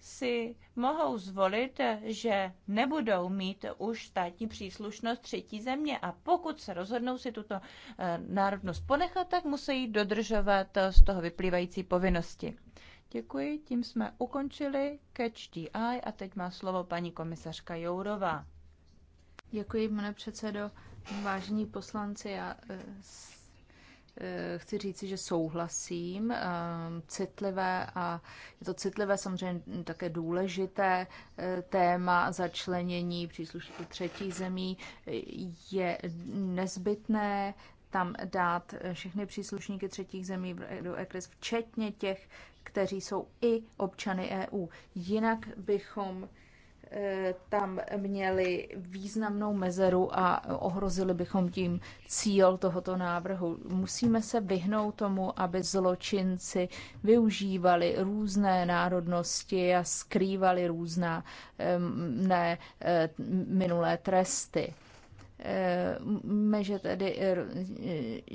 si mohou zvolit, že nebudou mít už státní příslušnost třetí země a pokud se rozhodnou si tuto eh, národnost ponechat, tak musí dodržovat eh, z toho vyplývající povinnosti. Děkuji, tím jsme ukončili Catch DI a teď má slovo paní komisařka Jourová. Děkuji, pane předsedo. Vážení poslanci, já eh, Eh, chci říci, že souhlasím. Ehm, citlivé a je to citlivé samozřejmě také důležité eh, téma začlenění příslušníků třetí zemí je nezbytné tam dát eh, všechny příslušníky třetích zemí do ECRIS, včetně těch, kteří jsou i občany EU. Jinak bychom tam měli významnou mezeru a ohrozili bychom tím cíl tohoto návrhu. Musíme se vyhnout tomu, aby zločinci využívali různé národnosti a skrývali různá ne, minulé tresty. Meže tedy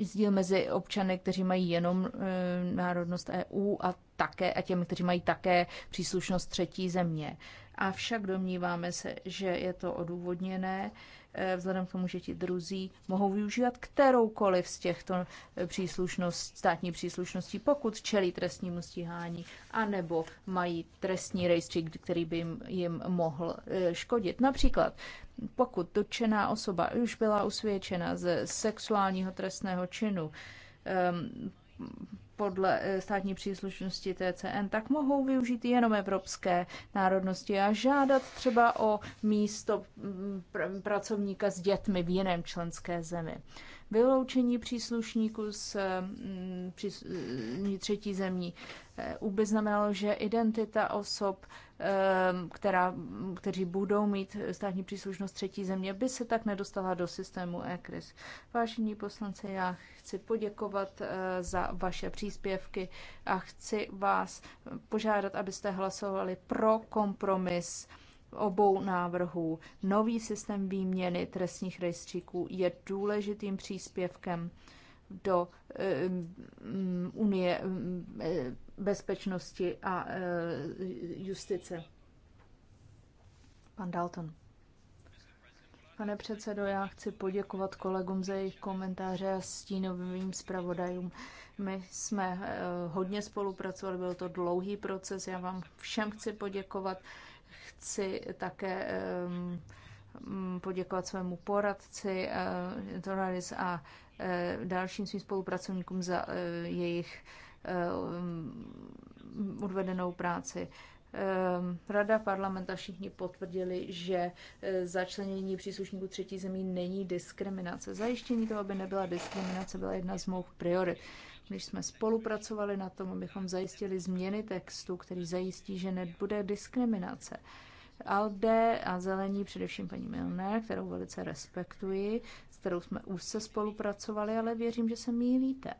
sdíl eh, mezi občany, kteří mají jenom eh, národnost EU a také a těmi, kteří mají také příslušnost třetí země. Avšak domníváme se, že je to odůvodněné, eh, vzhledem k tomu, že ti druzí mohou využívat kteroukoliv z těchto příslušnost, státní příslušností, pokud čelí trestnímu stíhání, anebo mají trestní rejstřík, který by jim, jim mohl eh, škodit. Například, pokud dotčená osoba už byla usvědčena ze sexuálního trestného činu, ehm, podle státní příslušnosti TCN, tak mohou využít jenom evropské národnosti a žádat třeba o místo pr- pracovníka s dětmi v jiném členské zemi. Vyloučení příslušníků z třetí zemí by znamenalo, že identita osob Ehm, která, kteří budou mít státní příslušnost třetí země, by se tak nedostala do systému ECRIS. Vážení poslanci, já chci poděkovat eh, za vaše příspěvky a chci vás požádat, abyste hlasovali pro kompromis obou návrhů. Nový systém výměny trestních rejstříků je důležitým příspěvkem do eh, mm, Unie eh, bezpečnosti a eh, justice. Pan Dalton. Pane předsedo, já chci poděkovat kolegům za jejich komentáře a stínovým zpravodajům. My jsme hodně spolupracovali, byl to dlouhý proces, já vám všem chci poděkovat. Chci také mm, poděkovat svému poradci Tonaris a Eh, dalším svým spolupracovníkům za eh, jejich eh, um, odvedenou práci. Rada parlamenta všichni potvrdili, že začlenění příslušníků třetí zemí není diskriminace. Zajištění toho, aby nebyla diskriminace, byla jedna z mých priorit. Když jsme spolupracovali na tom, abychom zajistili změny textu, který zajistí, že nebude diskriminace. ALDE a zelení, především paní Milner, kterou velice respektuji, kterou jsme úzce spolupracovali, ale věřím, že se mýlíte.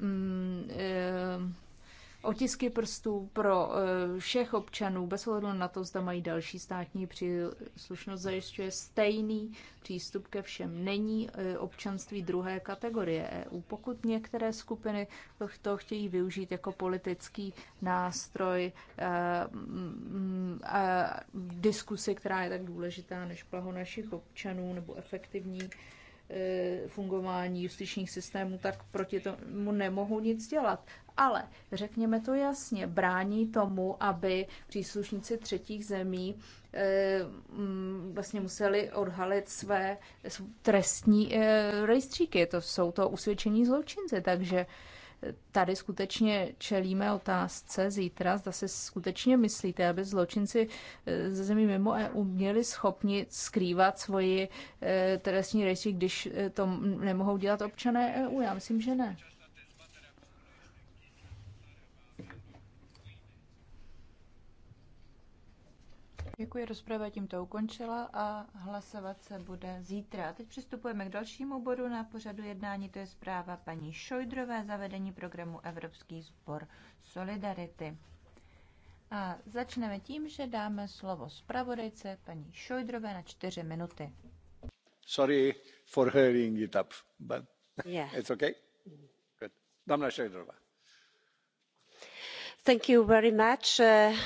Mm, eh, otisky prstů pro eh, všech občanů bez ohledu na to, zda mají další státní příslušnost, zajišťuje stejný přístup ke všem. Není eh, občanství druhé kategorie EU. Pokud některé skupiny to chtějí využít jako politický nástroj a eh, mm, diskusy, která je tak důležitá než plaho našich občanů nebo efektivní E, fungování justičních systémů, tak proti tomu nemohu nic dělat. Ale řekněme to jasně, brání tomu, aby příslušníci třetích zemí e, vlastně museli odhalit své trestní e, rejstříky. To jsou to usvědčení zločinci, takže tady skutečně čelíme otázce zítra, zda si skutečně myslíte, aby zločinci eh, ze zemí mimo EU měli schopni skrývat svoji eh, trestní rejstřík, když eh, to nemohou dělat občané EU? Já myslím, že ne. Děkuji, rozprava tímto ukončila a hlasovat se bude zítra. A teď přistupujeme k dalšímu bodu na pořadu jednání, to je zpráva paní Šojdrové zavedení programu Evropský sbor Solidarity. A začneme tím, že dáme slovo zpravodajce paní Šojdrové na čtyři minuty. Sorry for hurrying it up, but yeah. it's okay. Good. Damna Šojdrová. Thank you very much, uh,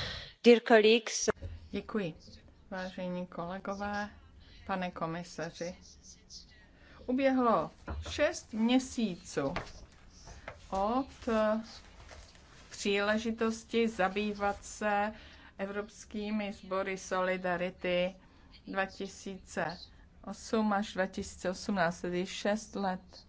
dear colleagues. Děkuji, vážení kolegové, pane komisaři. Uběhlo šest měsíců od příležitosti zabývat se evropskými sbory Solidarity 2008 až 2018, tedy šest let.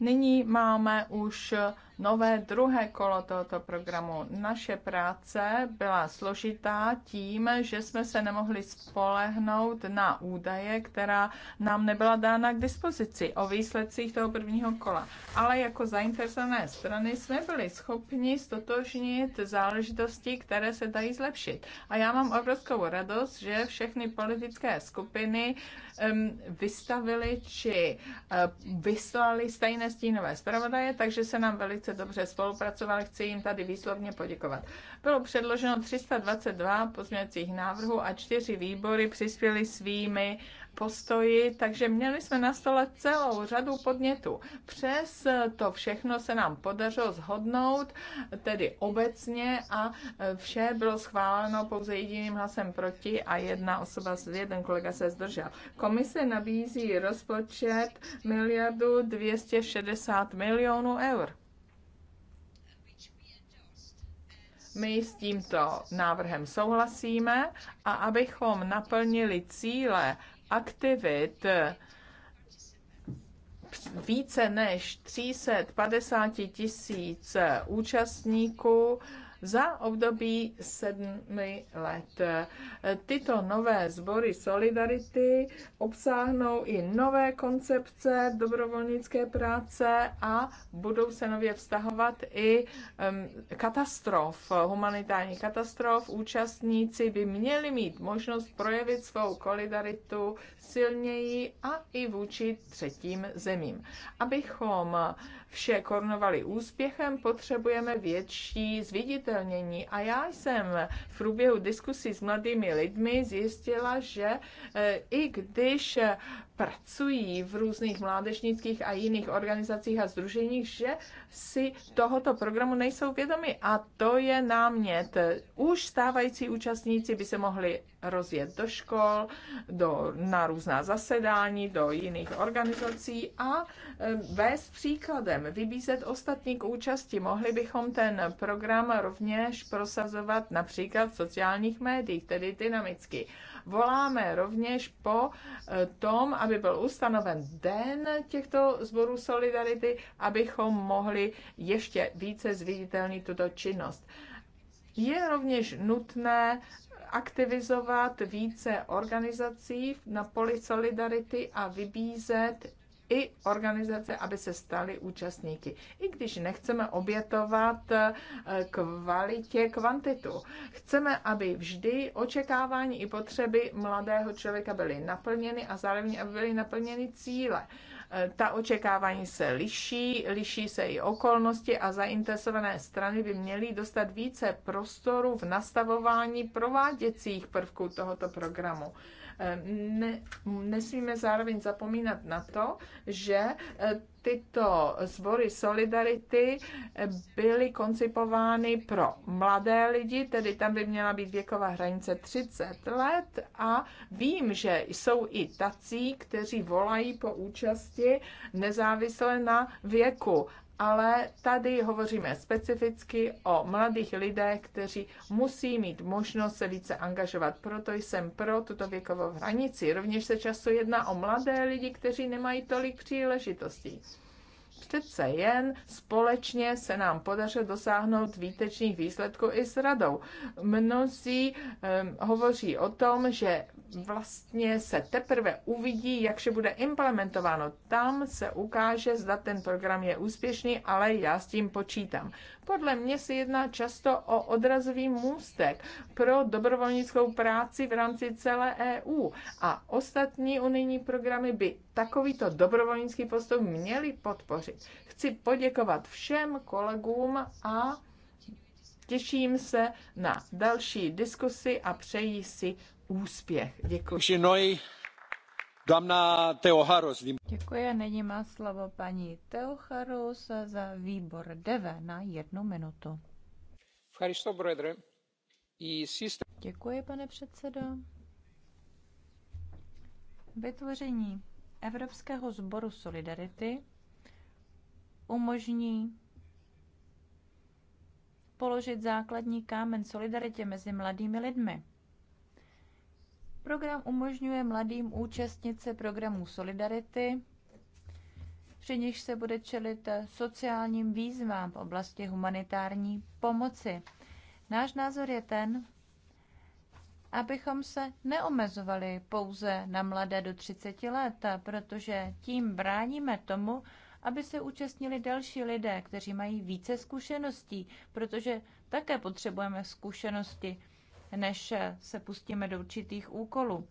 Nyní máme už nové druhé kolo tohoto programu. Naše práce byla složitá tím, že jsme se nemohli spolehnout na údaje, která nám nebyla dána k dispozici o výsledcích toho prvního kola. Ale jako zainteresované strany jsme byli schopni stotožnit záležitosti, které se dají zlepšit. A já mám obrovskou radost, že všechny politické skupiny um, vystavili či uh, vyslali stejné stínové zpravodaje, takže se nám velice velice dobře spolupracovali, chci jim tady výslovně poděkovat. Bylo předloženo 322 pozměňovacích návrhů a čtyři výbory přispěly svými postoji, takže měli jsme na stole celou řadu podnětů. Přes to všechno se nám podařilo zhodnout, tedy obecně a vše bylo schváleno pouze jediným hlasem proti a jedna osoba, jeden kolega se zdržel. Komise nabízí rozpočet miliardu 260 milionů eur. My s tímto návrhem souhlasíme a abychom naplnili cíle aktivit více než 350 tisíc účastníků, za období sedmi let. Tyto nové sbory Solidarity obsáhnou i nové koncepce dobrovolnické práce a budou se nově vztahovat i katastrof, humanitární katastrof. Účastníci by měli mít možnost projevit svou solidaritu silněji a i vůči třetím zemím. Abychom vše korunovali úspěchem, potřebujeme větší zviditelnění. A já jsem v průběhu diskusí s mladými lidmi zjistila, že eh, i když pracují v různých mládežnických a jiných organizacích a združeních, že si tohoto programu nejsou vědomi. A to je námět. Už stávající účastníci by se mohli rozjet do škol, do, na různá zasedání, do jiných organizací a vést příkladem, vybízet ostatní k účasti. Mohli bychom ten program rovněž prosazovat například v sociálních médiích, tedy dynamicky Voláme rovněž po eh, tom, aby byl ustanoven den těchto zborů Solidarity, abychom mohli ještě více zviditelnit tuto činnost. Je rovněž nutné aktivizovat více organizací na poli solidarity a vybízet i organizace, aby se staly účastníky. I když nechceme obětovat eh, kvalitě kvantitu. Chceme, aby vždy očekávání i potřeby mladého člověka byly naplněny a zároveň, aby byly naplněny cíle. Eh, ta očekávání se liší, liší se i okolnosti a zainteresované strany by měly dostat více prostoru v nastavování prováděcích prvků tohoto programu. Ne, nesmíme zároveň zapomínat na to, že e, tyto sbory Solidarity byly koncipovány pro mladé lidi, tedy tam by měla být věková hranice 30 let a vím, že jsou i tací, kteří volají po účasti nezávisle na věku ale tady hovoříme specificky o mladých lidech, kteří musí mít možnost se více angažovat. Proto jsem pro tuto věkovou hranici. Rovněž se často jedná o mladé lidi, kteří nemají tolik příležitostí přece jen společně se nám podařilo dosáhnout výtečných výsledků i s radou. Mnozí um, hovoří o tom, že vlastně se teprve uvidí, jak se bude implementováno. Tam se ukáže, zda ten program je úspěšný, ale já s tím počítám. Podle mě se jedná často o odrazový můstek pro dobrovolnickou práci v rámci celé EU a ostatní unijní programy by takovýto dobrovolnický postup měli podpořit. Chci poděkovat všem kolegům a těším se na další diskusy a přeji si úspěch. Děkuji. Děkuji a nyní má slovo paní Teoharus za výbor DEVE na jednu minutu. Děkuji, pane předsedo. Vytvoření Evropského sboru Solidarity umožní položit základní kámen solidaritě mezi mladými lidmi. Program umožňuje mladým účastnit se programů Solidarity, při nichž se bude čelit sociálním výzvám v oblasti humanitární pomoci. Náš názor je ten, abychom se neomezovali pouze na mladé do 30 let, protože tím bráníme tomu, aby se účastnili další lidé, kteří mají více zkušeností, protože také potřebujeme zkušenosti než se pustíme do určitých úkolů.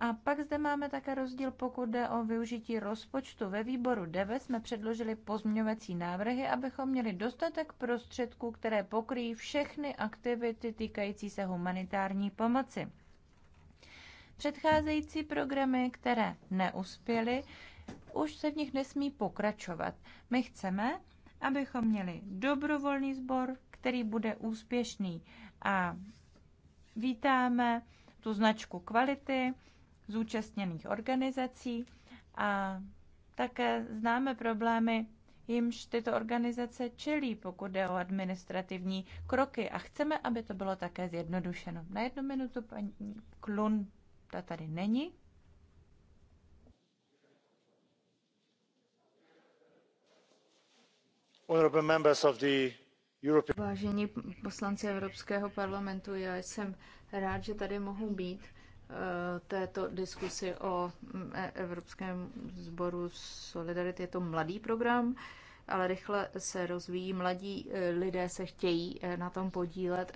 A pak zde máme také rozdíl, pokud jde o využití rozpočtu. Ve výboru 9 jsme předložili pozměňovací návrhy, abychom měli dostatek prostředků, které pokryjí všechny aktivity týkající se humanitární pomoci. Předcházející programy, které neuspěly, už se v nich nesmí pokračovat. My chceme, abychom měli dobrovolný sbor, který bude úspěšný a Vítáme tu značku kvality zúčastněných organizací a také známe problémy, jimž tyto organizace čelí, pokud jde o administrativní kroky a chceme, aby to bylo také zjednodušeno. Na jednu minutu paní Klun, ta tady není, Honorable members of the Vážení poslanci Evropského parlamentu, já jsem rád, že tady mohu být eh, této diskusi o mm, e, Evropském sboru Solidarity. Je to mladý program, ale rychle se rozvíjí. Mladí eh, lidé se chtějí eh, na tom podílet.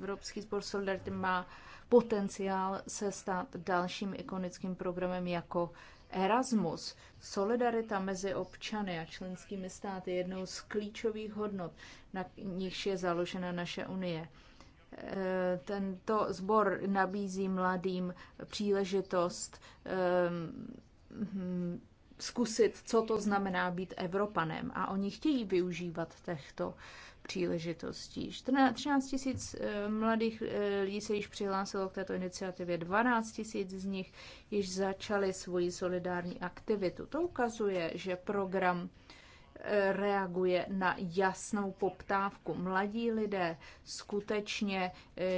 Evropský sbor Solidarity má potenciál se stát dalším ikonickým programem jako Erasmus, solidarita mezi občany a členskými státy jednou z klíčových hodnot, na nichž je založena naše unie. Eh, tento sbor nabízí mladým příležitost eh, zkusit, co to znamená být Evropanem. A oni chtějí využívat těchto příležitostí. 13 tisíc eh, mladých eh, lidí se již přihlásilo k této iniciativě, 12 tisíc z nich již začali svoji solidární aktivitu. To ukazuje, že program eh, reaguje na jasnou poptávku. Mladí lidé skutečně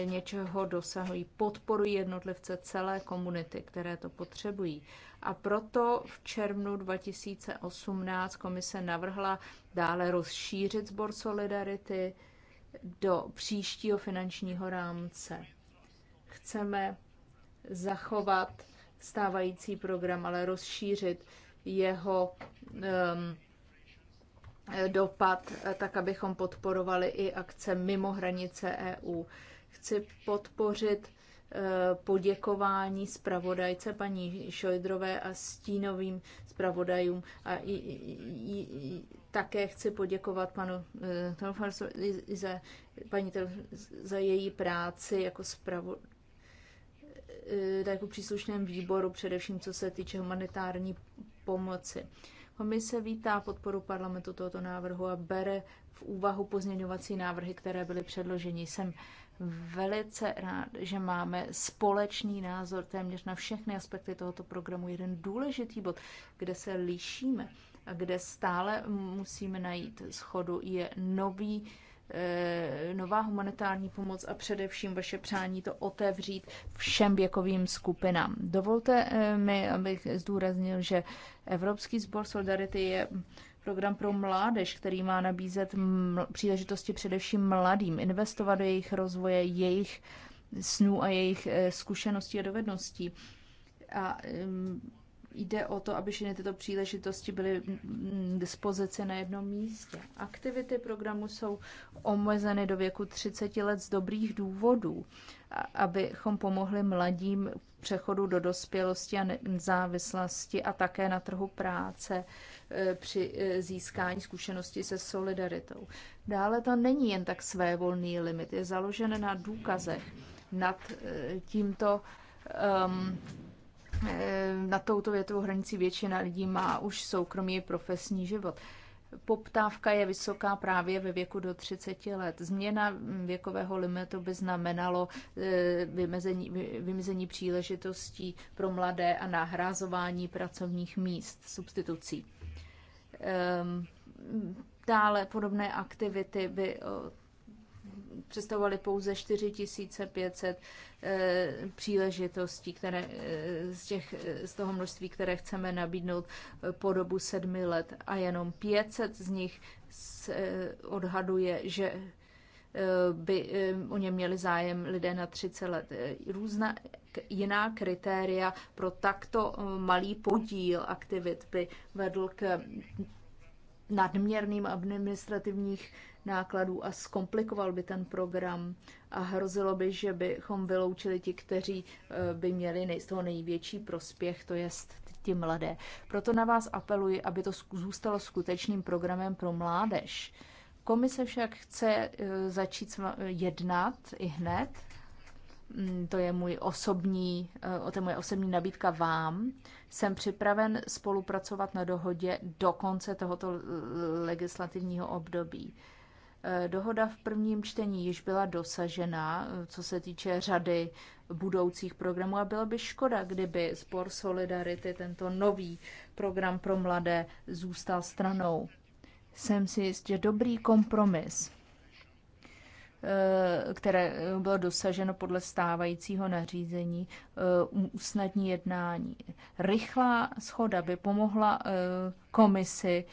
něčeho dosahují, podporují jednotlivce celé komunity, které to potřebují. A proto v červnu 2018 komise navrhla dále rozšířit sbor Solidarity do příštího finančního rámce. Chceme zachovat stávající program, ale rozšířit jeho um, dopad, tak abychom podporovali i akce mimo hranice EU. Chci podpořit poděkování zpravodajce paní Šojdrové a stínovým zpravodajům. A i, i, i, také chci poděkovat panu eh, Telfarsu i za, paní Telf, za její práci jako zpravodajce eh, jako příslušném výboru, především co se týče humanitární pomoci. Komise vítá podporu parlamentu tohoto návrhu a bere v úvahu pozměňovací návrhy, které byly předloženy. Jsem velice rád, že máme společný názor téměř na všechny aspekty tohoto programu. Jeden důležitý bod, kde se líšíme a kde stále musíme najít schodu, je nový eh, nová humanitární pomoc a především vaše přání to otevřít všem věkovým skupinám. Dovolte eh, mi, abych zdůraznil, že Evropský sbor Solidarity je program pro mládež, který má nabízet příležitosti především mladým, investovat do jejich rozvoje, jejich snů a jejich eh, zkušeností a dovedností. A mm, jde o to, aby všechny tyto příležitosti byly k mm, mm, dispozici na jednom místě. Aktivity programu jsou omezeny do věku 30 let z dobrých důvodů, abychom pomohli mladým přechodu do dospělosti a nezávislosti a také na trhu práce Eh, při eh, získání zkušenosti se solidaritou. Dále to není jen tak svévolný limit, je založen na důkazech nad eh, tímto um, ehm, na touto větovou hranici většina lidí má už soukromý profesní život. Poptávka je vysoká právě ve věku do 30 let. Změna mm, věkového limitu by znamenalo vymezení, vymezení příležitostí pro mladé a nahrázování pracovních míst substitucí. Ehm, dále podobné aktivity by eh, představovaly pouze 4500 eh, příležitostí které, eh, z, těch, z toho množství, které chceme nabídnout po dobu sedmi let a jenom 500 z nich odhaduje, že by o ně měli zájem lidé na 30 let. Různá jiná kritéria pro takto eh, malý podíl aktivit by vedl k nadměrným administrativních nákladů a zkomplikoval by ten program a hrozilo by, že bychom vyloučili ti, kteří eh, by měli z toho největší prospěch, to je ti mladé. Proto na vás apeluji, aby to zůstalo skutečným programem pro mládež. Komise však chce eh, začít jednat i hned Mm, to je můj osobní, to eh, je moje osobní nabídka vám. Jsem připraven spolupracovat na dohodě do konce tohoto eh, legislativního období. Eh, dohoda v prvním čtení již byla dosažena, co se týče řady budoucích programů a bylo by škoda, kdyby spor Solidarity, tento nový program pro mladé, zůstal stranou. Jsem si jist, že dobrý kompromis Eh, které eh, bylo dosaženo podle stávajícího nařízení, eh, usnadní jednání. Rychlá schoda by pomohla komisi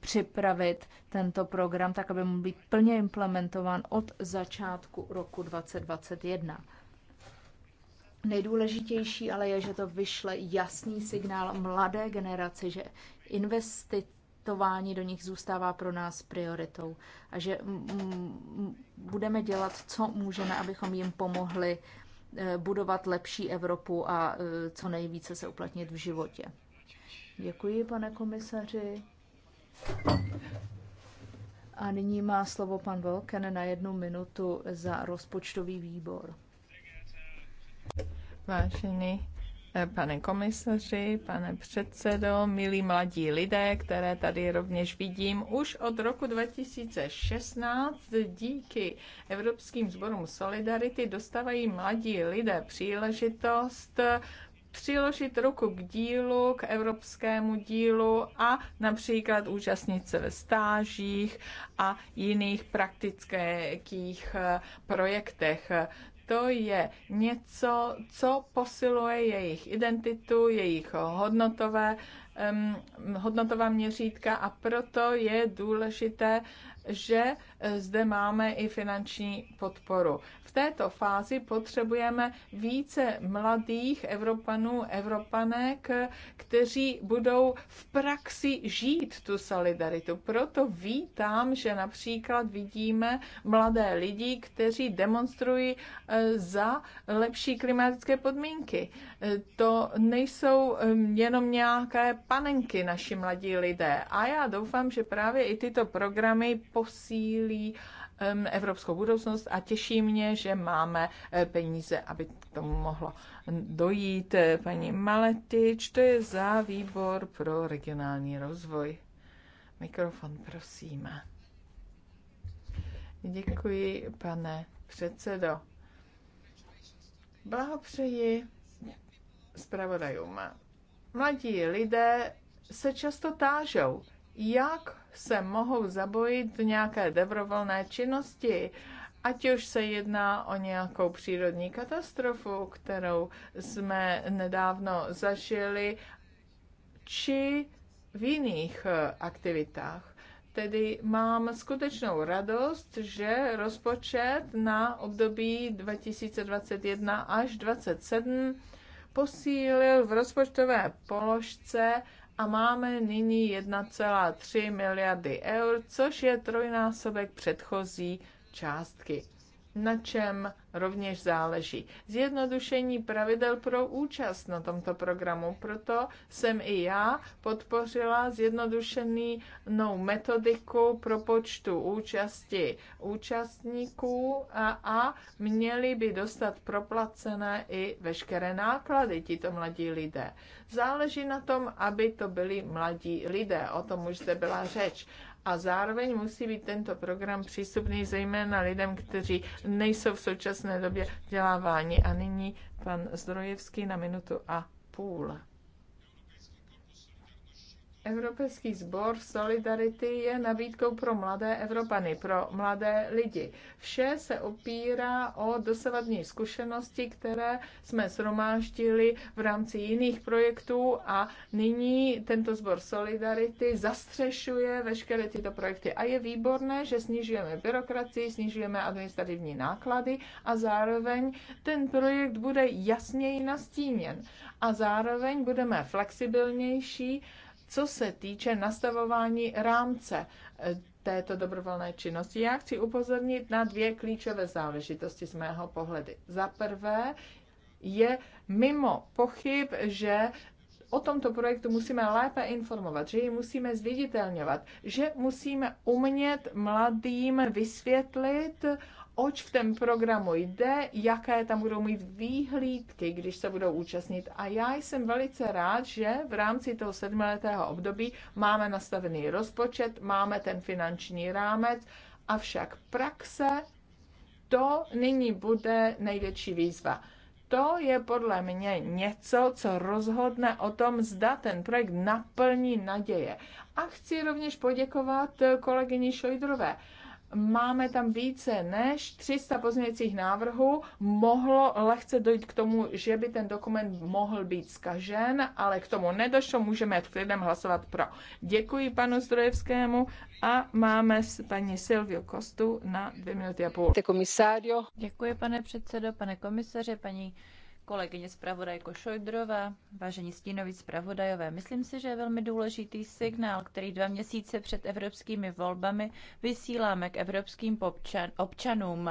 připravit tento program tak, aby mohl být plně implementován od začátku roku 2021. Nejdůležitější ale je, že to vyšle jasný signál mladé generaci, že investice investování do nich zůstává pro nás prioritou a že budeme dělat, co můžeme, abychom jim pomohli eh, budovat lepší Evropu a eh, co nejvíce se uplatnit v životě. Děkuji, pane komisaři. A nyní má slovo pan Volken na jednu minutu za rozpočtový výbor. Vážený pane komisaři, pane předsedo, milí mladí lidé, které tady rovněž vidím. Už od roku 2016 díky Evropským sborům Solidarity dostávají mladí lidé příležitost přiložit ruku k dílu, k evropskému dílu a například účastnit se ve stážích a jiných praktických projektech to je něco, co posiluje jejich identitu, jejich hodnotové, um, hodnotová měřítka a proto je důležité, že zde máme i finanční podporu. V této fázi potřebujeme více mladých Evropanů, Evropanek, kteří budou v praxi žít tu solidaritu. Proto vítám, že například vidíme mladé lidi, kteří demonstrují eh, za lepší klimatické podmínky. Eh, to nejsou eh, jenom nějaké panenky naši mladí lidé. A já doufám, že právě i tyto programy posílí posílí evropskou budoucnost a těší mě, že máme e, peníze, aby k tomu mohlo dojít. E, paní Maletič, to je za výbor pro regionální rozvoj. Mikrofon, prosím. Děkuji, pane předsedo. Blahopřeji zpravodajům. Mladí lidé se často tážou, jak se mohou zabojit v nějaké dobrovolné činnosti, ať už se jedná o nějakou přírodní katastrofu, kterou jsme nedávno zažili, či v jiných eh, aktivitách. Tedy mám skutečnou radost, že rozpočet na období 2021 až 2027 posílil v rozpočtové položce a máme nyní 1,3 miliardy eur, což je trojnásobek předchozí částky na čem rovněž záleží. Zjednodušení pravidel pro účast na tomto programu. Proto jsem i já podpořila zjednodušenou metodiku pro počtu účasti účastníků a, a měli by dostat proplacené i veškeré náklady tito mladí lidé. Záleží na tom, aby to byli mladí lidé, o tom už zde byla řeč a zároveň musí být tento program přístupný zejména lidem, kteří nejsou v současné době vzděláváni. A nyní pan Zdrojevský na minutu a půl. Evropský sbor Solidarity je nabídkou pro mladé Evropany, pro mladé lidi. Vše se opírá o dosavadní zkušenosti, které jsme sromáždili v rámci jiných projektů a nyní tento sbor Solidarity zastřešuje veškeré tyto projekty. A je výborné, že snižujeme byrokracii, snižujeme administrativní náklady a zároveň ten projekt bude jasněji nastíněn. A zároveň budeme flexibilnější, co se týče nastavování rámce eh, této dobrovolné činnosti, já chci upozornit na dvě klíčové záležitosti z mého pohledu. Za prvé je mimo pochyb, že o tomto projektu musíme lépe informovat, že ji musíme zviditelňovat, že musíme umět mladým vysvětlit, oč v tom programu jde, jaké tam budou mít výhlídky, když se budou účastnit. A já jsem velice rád, že v rámci toho sedmiletého období máme nastavený rozpočet, máme ten finanční rámec, avšak praxe to nyní bude největší výzva. To je podle mě něco, co rozhodne o tom, zda ten projekt naplní naděje. A chci rovněž poděkovat kolegyni Šojdrové máme tam více než 300 pozměňujících návrhů. Mohlo lehce dojít k tomu, že by ten dokument mohl být zkažen, ale k tomu nedošlo, můžeme v klidem hlasovat pro. Děkuji panu Zdrojevskému a máme s paní Silvio Kostu na dvě minuty a půl. Děkuji, pane předsedo, pane komisaře, paní kolegyně zpravodajko Šojdrové, vážení stínoví zpravodajové. Myslím si, že je velmi důležitý signál, který dva měsíce před evropskými volbami vysíláme k evropským občanům.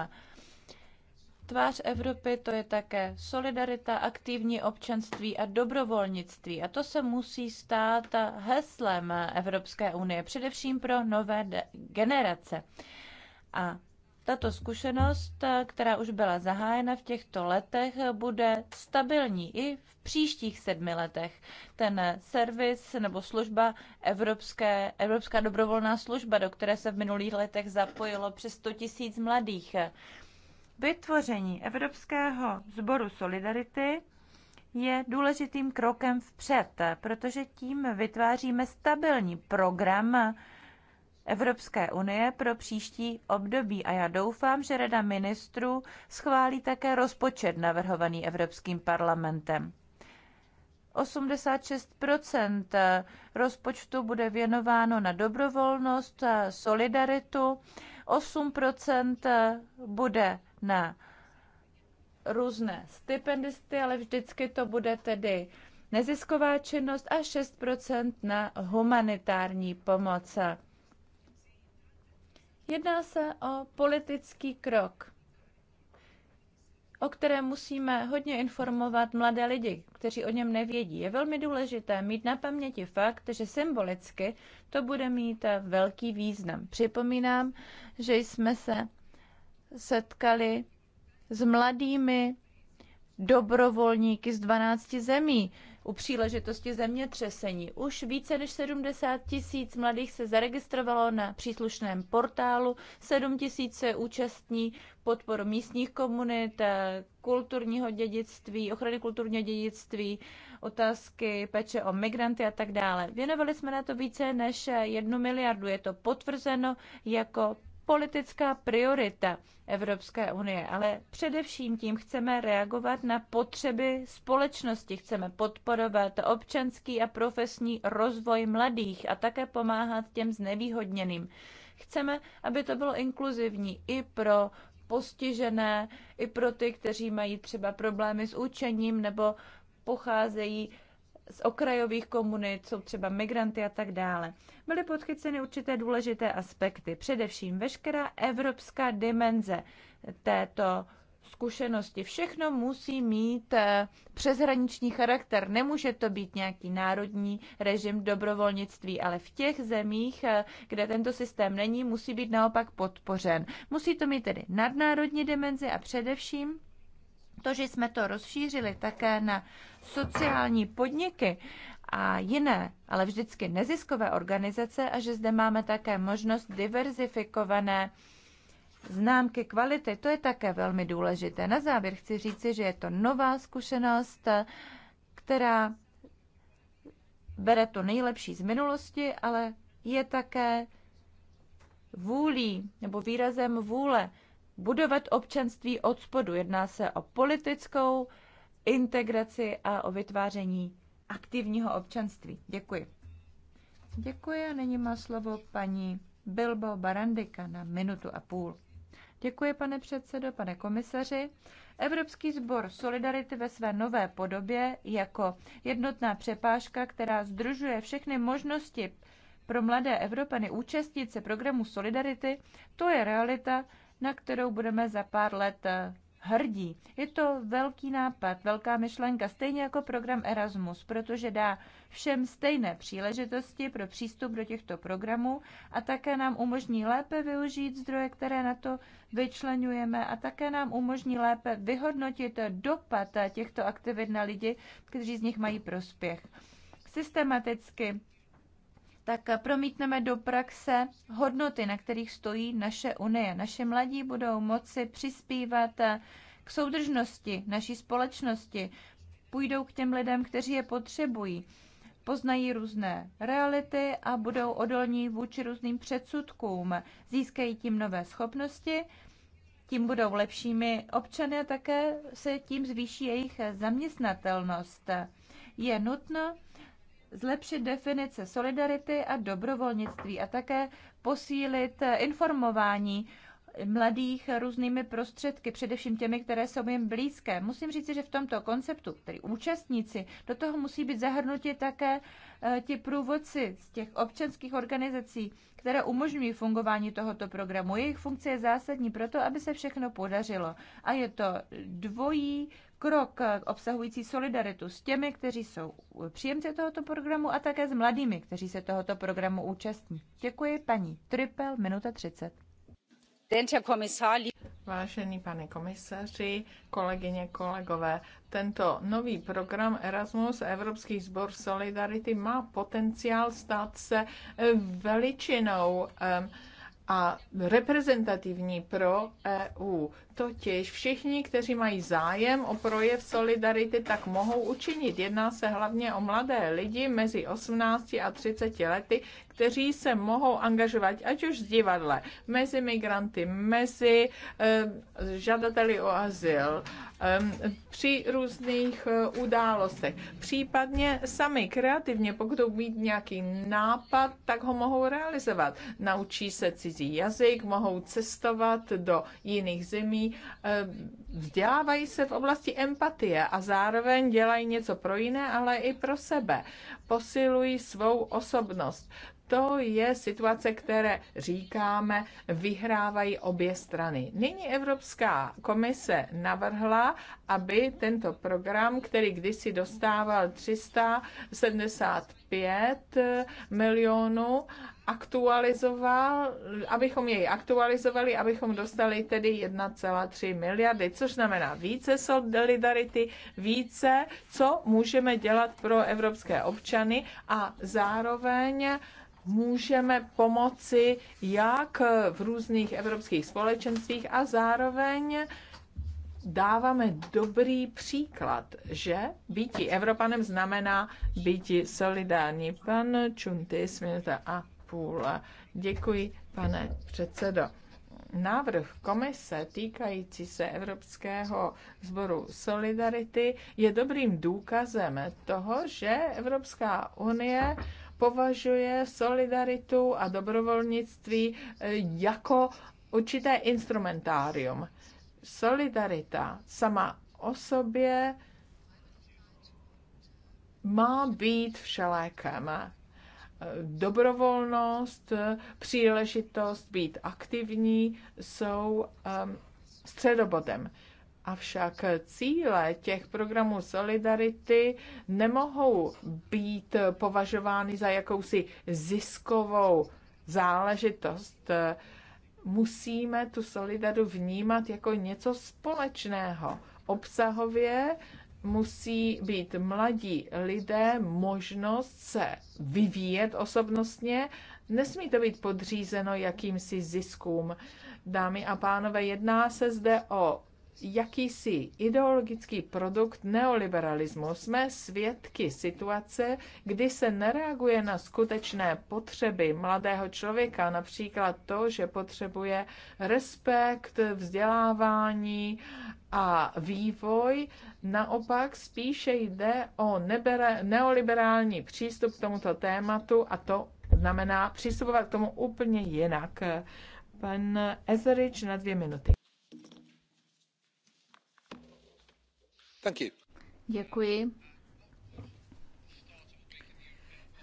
Tvář Evropy to je také solidarita, aktivní občanství a dobrovolnictví. A to se musí stát heslem Evropské unie, především pro nové generace. A tato zkušenost, eh, která už byla zahájena v těchto letech, bude stabilní i v příštích sedmi letech. Ten eh, servis nebo služba Evropské, Evropská dobrovolná služba, do které se v minulých letech zapojilo přes 100 tisíc mladých. Vytvoření Evropského sboru Solidarity je důležitým krokem vpřed, protože tím vytváříme stabilní program Evropské unie pro příští období a já doufám, že Rada ministrů schválí také rozpočet navrhovaný Evropským parlamentem. 86 rozpočtu bude věnováno na dobrovolnost, solidaritu, 8 bude na různé stipendisty, ale vždycky to bude tedy nezisková činnost a 6 na humanitární pomoc. Jedná se o politický krok, o kterém musíme hodně informovat mladé lidi, kteří o něm nevědí. Je velmi důležité mít na paměti fakt, že symbolicky to bude mít velký význam. Připomínám, že jsme se setkali s mladými dobrovolníky z 12 zemí u příležitosti zemětřesení. Už více než 70 tisíc mladých se zaregistrovalo na příslušném portálu, 7 tisíc se účastní podporu místních komunit, eh, kulturního dědictví, ochrany kulturního dědictví, otázky peče o migranty a tak dále. Věnovali jsme na to více než jednu miliardu. Je to potvrzeno jako politická priorita Evropské unie, ale především tím chceme reagovat na potřeby společnosti, chceme podporovat občanský a profesní rozvoj mladých a také pomáhat těm znevýhodněným. Chceme, aby to bylo inkluzivní i pro postižené, i pro ty, kteří mají třeba problémy s učením nebo pocházejí z okrajových komunit, jsou třeba migranty a tak dále. Byly podchyceny určité důležité aspekty, především veškerá evropská dimenze této zkušenosti. Všechno musí mít eh, přeshraniční charakter. Nemůže to být nějaký národní režim dobrovolnictví, ale v těch zemích, eh, kde tento systém není, musí být naopak podpořen. Musí to mít tedy nadnárodní dimenzi a především to, že jsme to rozšířili také na sociální podniky a jiné, ale vždycky neziskové organizace a že zde máme také možnost diverzifikované známky kvality, to je také velmi důležité. Na závěr chci říci, že je to nová zkušenost, která bere to nejlepší z minulosti, ale je také vůlí nebo výrazem vůle budovat občanství od spodu. Jedná se o politickou integraci a o vytváření aktivního občanství. Děkuji. Děkuji a nyní má slovo paní Bilbo Barandika na minutu a půl. Děkuji, pane předsedo, pane komisaři. Evropský sbor Solidarity ve své nové podobě jako jednotná přepážka, která združuje všechny možnosti pro mladé Evropany účastnit se programu Solidarity, to je realita, na kterou budeme za pár let eh, hrdí. Je to velký nápad, velká myšlenka, stejně jako program Erasmus, protože dá všem stejné příležitosti pro přístup do těchto programů a také nám umožní lépe využít zdroje, které na to vyčlenujeme a také nám umožní lépe vyhodnotit dopad těchto aktivit na lidi, kteří z nich mají prospěch. Systematicky tak promítneme do praxe hodnoty, na kterých stojí naše Unie. Naše mladí budou moci přispívat k soudržnosti naší společnosti, půjdou k těm lidem, kteří je potřebují, poznají různé reality a budou odolní vůči různým předsudkům, získají tím nové schopnosti, tím budou lepšími občany a také se tím zvýší jejich zaměstnatelnost. Je nutno zlepšit definice solidarity a dobrovolnictví a také posílit eh, informování mladých různými prostředky, především těmi, které jsou jim blízké. Musím říct, že v tomto konceptu, tedy účastníci, do toho musí být zahrnuti také eh, ti průvodci z těch občanských organizací, které umožňují fungování tohoto programu. Jejich funkce je zásadní proto, aby se všechno podařilo. A je to dvojí krok eh, obsahující solidaritu s těmi, kteří jsou příjemci tohoto programu a také s mladými, kteří se tohoto programu účastní. Děkuji paní Tripel, minuta 30. Vážený pane komisaři, kolegyně, kolegové, tento nový program Erasmus, Evropský sbor Solidarity, má potenciál stát se veličinou um, a reprezentativní pro EU. Totiž všichni, kteří mají zájem o projev solidarity, tak mohou učinit. Jedná se hlavně o mladé lidi mezi 18 a 30 lety, kteří se mohou angažovat, ať už z divadle, mezi migranty, mezi eh, žadateli o azyl, eh, při různých eh, událostech. Případně sami kreativně, pokud mít nějaký nápad, tak ho mohou realizovat. Naučí se cizí jazyk, mohou cestovat do jiných zemí, vzdělávají se v oblasti empatie a zároveň dělají něco pro jiné, ale i pro sebe. Posilují svou osobnost. To je situace, které říkáme, vyhrávají obě strany. Nyní Evropská komise navrhla, aby tento program, který kdysi dostával 375 milionů, aktualizoval, abychom jej aktualizovali, abychom dostali tedy 1,3 miliardy, což znamená více solidarity, více, co můžeme dělat pro evropské občany a zároveň můžeme pomoci jak v různých evropských společenstvích a zároveň dáváme dobrý příklad, že býti Evropanem znamená býti solidární. Pan Čunty, směte a půl. Děkuji, pane předsedo. Návrh komise týkající se Evropského sboru Solidarity je dobrým důkazem toho, že Evropská unie považuje solidaritu a dobrovolnictví eh, jako určité instrumentárium. Solidarita sama o sobě má být všelékem. Dobrovolnost, příležitost být aktivní jsou ehm, středobodem Avšak cíle těch programů Solidarity nemohou být považovány za jakousi ziskovou záležitost. Musíme tu solidaritu vnímat jako něco společného. Obsahově musí být mladí lidé možnost se vyvíjet osobnostně, nesmí to být podřízeno jakýmsi ziskům. Dámy a pánové, jedná se zde o jakýsi ideologický produkt neoliberalismu. Jsme svědky situace, kdy se nereaguje na skutečné potřeby mladého člověka, například to, že potřebuje respekt, vzdělávání a vývoj. Naopak spíše jde o neoliberální přístup k tomuto tématu a to znamená přistupovat k tomu úplně jinak. Pan Ezerič na dvě minuty. Děkuji.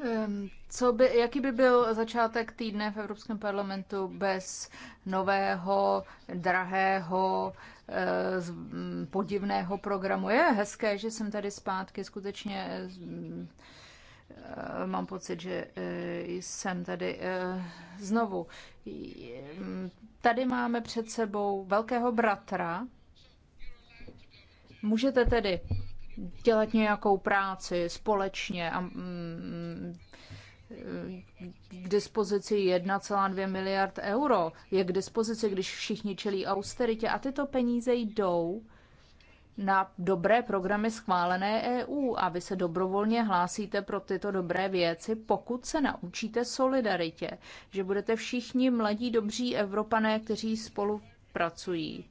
Ehm, co by, jaký by byl začátek týdne v Evropském parlamentu bez nového, drahého, eh, mm, podivného programu? Je hezké, že jsem tady zpátky. Skutečně eh, mám pocit, že eh, jsem tady znovu. Mm, tady máme před sebou velkého bratra, Můžete tedy dělat nějakou práci společně a mm, k dispozici 1,2 miliard euro je k dispozici, když všichni čelí austeritě a tyto peníze jdou na dobré programy schválené EU a vy se dobrovolně hlásíte pro tyto dobré věci, pokud se naučíte solidaritě, že budete všichni mladí dobří Evropané, kteří spolupracují.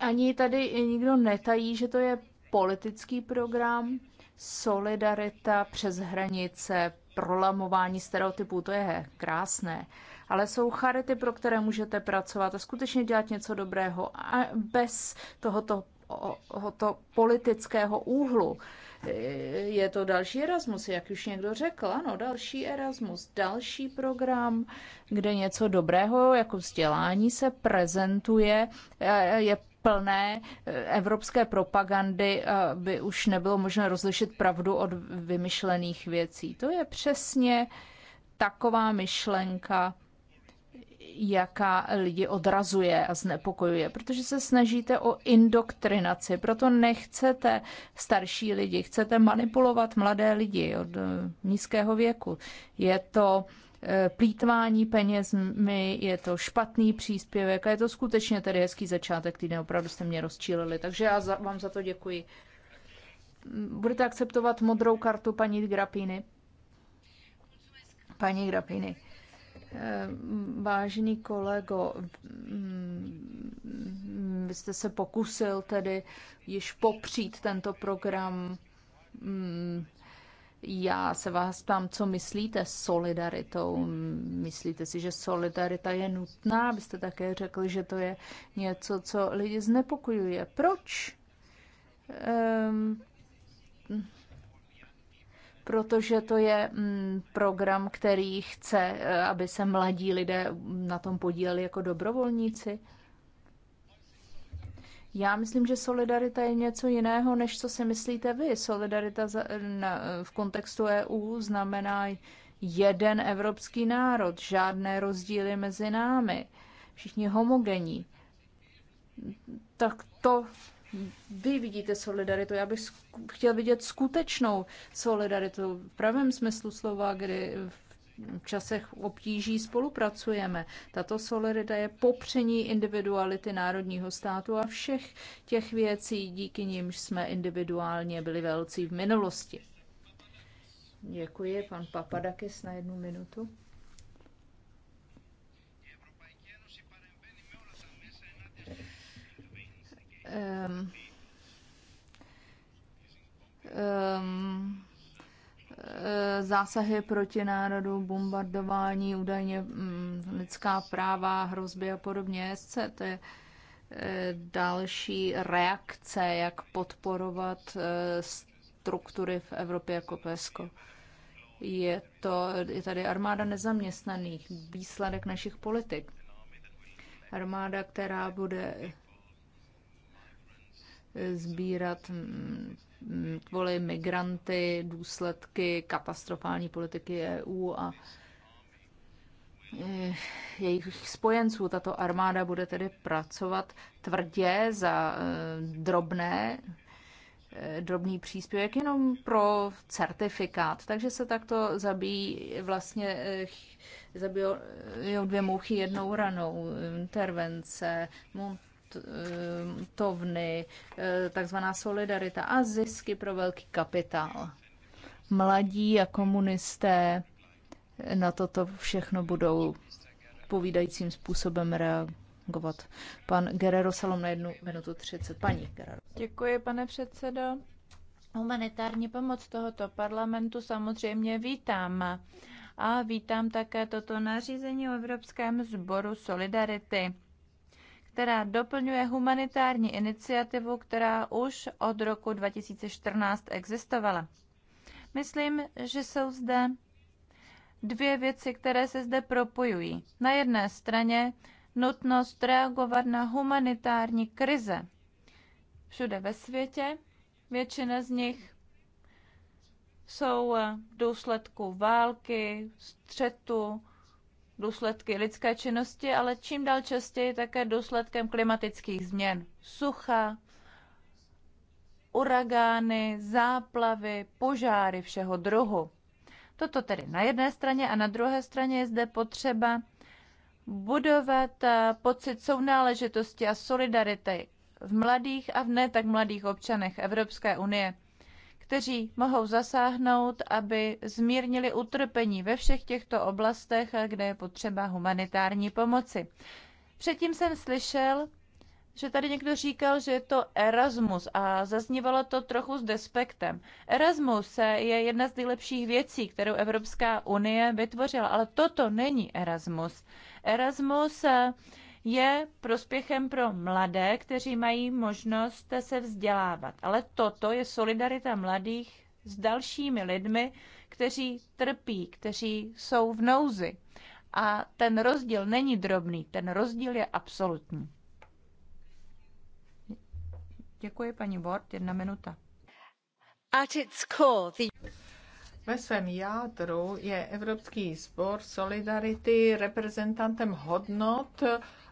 Ani tady nikdo netají, že to je politický program, solidarita přes hranice, prolamování stereotypů, to je krásné. Ale jsou charity, pro které můžete pracovat a skutečně dělat něco dobrého a bez tohoto, tohoto politického úhlu je to další Erasmus, jak už někdo řekl. Ano, další Erasmus, další program, kde něco dobrého jako vzdělání se prezentuje, je plné eh, evropské propagandy, aby eh, už nebylo možné rozlišit pravdu od vymyšlených věcí. To je přesně taková myšlenka, jaká lidi odrazuje a znepokojuje, protože se snažíte o indoktrinaci, proto nechcete starší lidi, chcete manipulovat mladé lidi od eh, nízkého věku. Je to eh, plítvání penězmi, je to špatný příspěvek a je to skutečně tedy hezký začátek týdne, opravdu jste mě rozčílili, takže já za, vám za to děkuji. Budete akceptovat modrou kartu paní Grapiny? Paní Grapiny. Eh, vážený kolego, mm, vy jste se pokusil tedy již popřít tento program. Mm, já se vás ptám, co myslíte s solidaritou? Myslíte si, že solidarita je nutná? Byste také řekli, že to je něco, co lidi znepokojuje. Proč? Ehm, protože to je mm, program, který chce, eh, aby se mladí lidé na tom podíleli jako dobrovolníci. Já myslím, že solidarita je něco jiného, než co si myslíte vy. Solidarita eh, eh, v kontextu EU znamená jeden evropský národ, žádné rozdíly mezi námi, všichni homogenní. Tak to vy vidíte solidaritu. Já bych chtěl vidět skutečnou solidaritu v pravém smyslu slova, kdy v časech obtíží spolupracujeme. Tato solidarita je popření individuality národního státu a všech těch věcí, díky nimž jsme individuálně byli velcí v minulosti. Děkuji, pan Papadakis, na jednu minutu. um, um, zásahy proti národu, bombardování, údajně mm, lidská práva, hrozby a podobně. SC, to je eh, další reakce, jak podporovat eh, struktury v Evropě jako PESCO. Je, to, je tady armáda nezaměstnaných, výsledek našich politik. Armáda, která bude sbírat mm, mm, kvůli migranty, důsledky katastrofální politiky EU a eh, jejich spojenců. Tato armáda bude tedy pracovat tvrdě za eh, drobné, eh, drobný příspěvek jenom pro certifikát. Takže se takto zabíjí vlastně zabijou dvě mouchy jednou ranou, intervence, sportovny, eh, takzvaná solidarita a zisky pro velký kapitál. Mladí a komunisté na toto všechno budou povídajícím způsobem reagovat. Pan Guerrero Salom na jednu minutu 30. Paní Guerrero. Děkuji, pane předsedo. Humanitární pomoc tohoto parlamentu samozřejmě vítám. A vítám také toto nařízení o Evropském sboru Solidarity která doplňuje humanitární iniciativu, která už od roku 2014 existovala. Myslím, že jsou zde dvě věci, které se zde propojují. Na jedné straně nutnost reagovat na humanitární krize všude ve světě. Většina z nich jsou v důsledku války, střetu, důsledky lidské činnosti, ale čím dál častěji také důsledkem klimatických změn. Sucha, uragány, záplavy, požáry všeho druhu. Toto tedy na jedné straně a na druhé straně je zde potřeba budovat eh, pocit sounáležitosti a solidarity v mladých a v ne tak mladých občanech Evropské unie kteří mohou zasáhnout, aby zmírnili utrpení ve všech těchto oblastech, kde je potřeba humanitární pomoci. Předtím jsem slyšel, že tady někdo říkal, že je to Erasmus a zaznívalo to trochu s despektem. Erasmus je jedna z nejlepších věcí, kterou Evropská unie vytvořila, ale toto není Erasmus. Erasmus je prospěchem pro mladé, kteří mají možnost se vzdělávat. Ale toto je solidarita mladých s dalšími lidmi, kteří trpí, kteří jsou v nouzi. A ten rozdíl není drobný, ten rozdíl je absolutní. Děkuji, paní Bord, jedna minuta. At its core, the... Ve svém jádru je Evropský sbor Solidarity reprezentantem hodnot,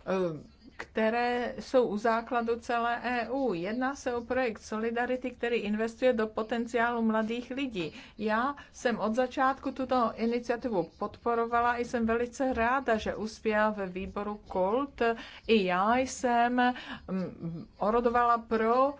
Eh, které jsou u základu celé EU. Jedná se o projekt Solidarity, který investuje do potenciálu mladých lidí. Já jsem od začátku tuto iniciativu podporovala i jsem velice ráda, že uspěla ve výboru KOLT. I já jsem mm, orodovala pro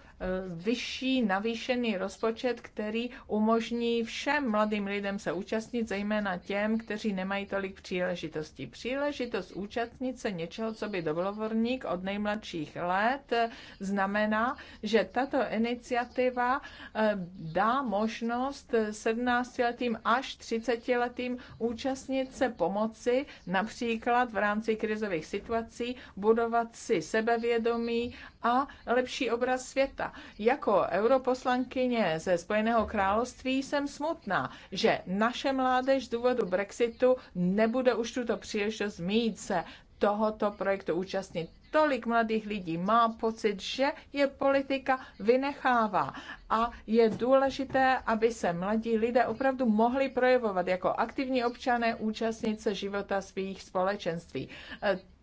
vyšší navýšený rozpočet, který umožní všem mladým lidem se účastnit, zejména těm, kteří nemají tolik příležitostí. Příležitost účastnit se něčeho, co by dobrovolník od nejmladších let, eh, znamená, že tato iniciativa eh, dá možnost 17-letým eh, až 30-letým účastnit se pomoci, například v rámci krizových situací, budovat si sebevědomí a lepší obraz světa témata. Jako europoslankyně ze Spojeného království jsem smutná, že naše mládež z důvodu Brexitu nebude už tuto příležitost mít se tohoto projektu účastnit. Tolik mladých lidí má pocit, že je politika vynechává a je důležité, aby se mladí lidé opravdu mohli projevovat jako aktivní občané, účastnit se života svých společenství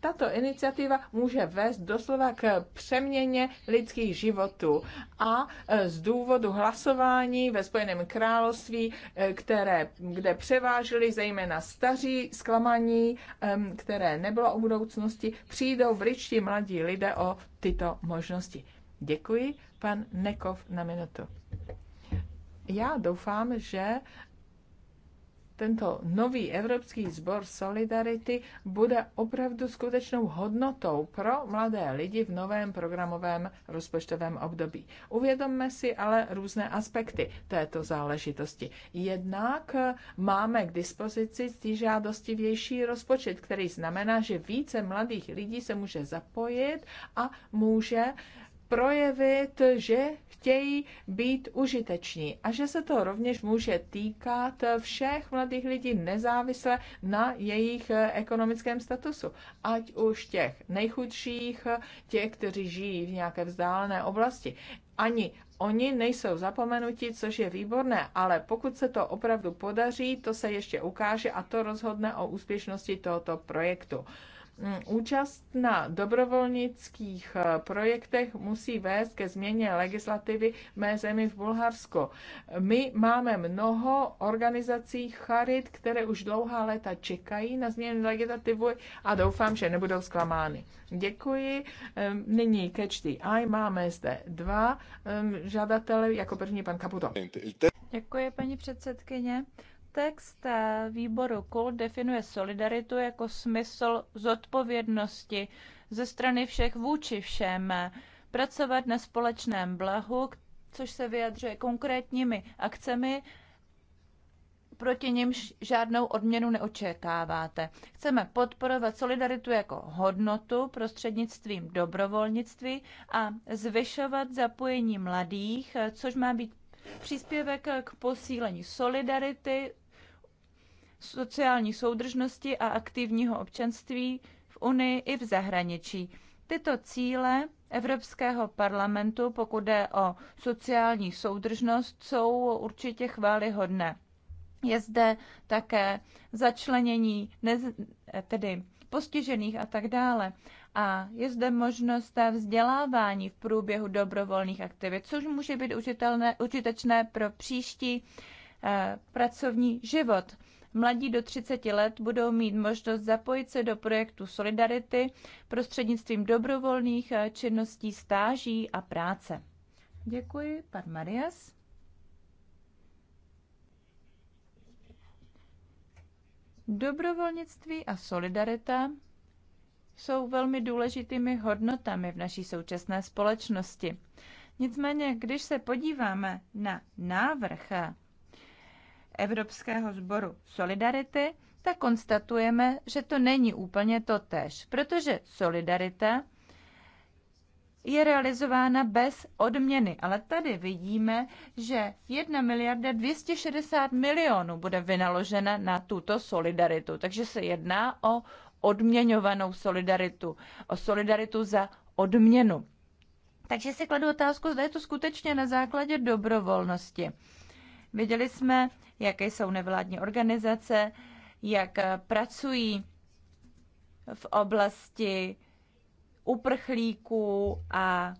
tato iniciativa může vést doslova k přeměně lidských životů. A e, z důvodu hlasování ve Spojeném království, e, které, kde převážili zejména staří zklamaní, e, které nebylo o budoucnosti, přijdou britští mladí lidé o tyto možnosti. Děkuji, pan Nekov na minutu. Já doufám, že tento nový Evropský sbor Solidarity bude opravdu skutečnou hodnotou pro mladé lidi v novém programovém rozpočtovém období. Uvědomme si ale různé aspekty této záležitosti. Jednak eh, máme k dispozici žádostivější rozpočet, který znamená, že více mladých lidí se může zapojit a může projevit, že chtějí být užiteční a že se to rovněž může týkat všech mladých lidí nezávisle na jejich ekonomickém statusu. Ať už těch nejchudších, těch, kteří žijí v nějaké vzdálené oblasti. Ani oni nejsou zapomenutí, což je výborné, ale pokud se to opravdu podaří, to se ještě ukáže a to rozhodne o úspěšnosti tohoto projektu. Mm, účast na dobrovolnických eh, projektech musí vést ke změně legislativy v mé zemi v Bulharsko. My máme mnoho organizací charit, které už dlouhá léta čekají na změnu legislativy a doufám, že nebudou zklamány. Děkuji. Nyní catch the eye. Máme zde dva žadatele. Jako první pan Kaputo. Děkuji, paní předsedkyně. Text výboru KUL definuje solidaritu jako smysl zodpovědnosti ze strany všech vůči všem, pracovat na společném blahu, což se vyjadřuje konkrétními akcemi, proti nimž žádnou odměnu neočekáváte. Chceme podporovat solidaritu jako hodnotu prostřednictvím dobrovolnictví a zvyšovat zapojení mladých, což má být příspěvek k posílení solidarity, sociální soudržnosti a aktivního občanství v Unii i v zahraničí. Tyto cíle Evropského parlamentu, pokud jde o sociální soudržnost, jsou určitě chválihodné. Je zde také začlenění nez, tedy postižených a tak dále. A je zde možnost vzdělávání v průběhu dobrovolných aktivit, což může být užitečné pro příští eh, pracovní život. Mladí do 30 let budou mít možnost zapojit se do projektu Solidarity prostřednictvím dobrovolných eh, činností stáží a práce. Děkuji, pan Marias. Dobrovolnictví a solidarita jsou velmi důležitými hodnotami v naší současné společnosti. Nicméně, když se podíváme na návrh eh, Evropského sboru Solidarity, tak konstatujeme, že to není úplně to tež, protože solidarita je realizována bez odměny. Ale tady vidíme, že 1 miliarda 260 milionů bude vynaložena na tuto solidaritu. Takže se jedná o odměňovanou solidaritu, o solidaritu za odměnu. Takže si kladu otázku, zda je to skutečně na základě dobrovolnosti. Viděli jsme, jaké jsou nevládní organizace, jak pracují v oblasti uprchlíků a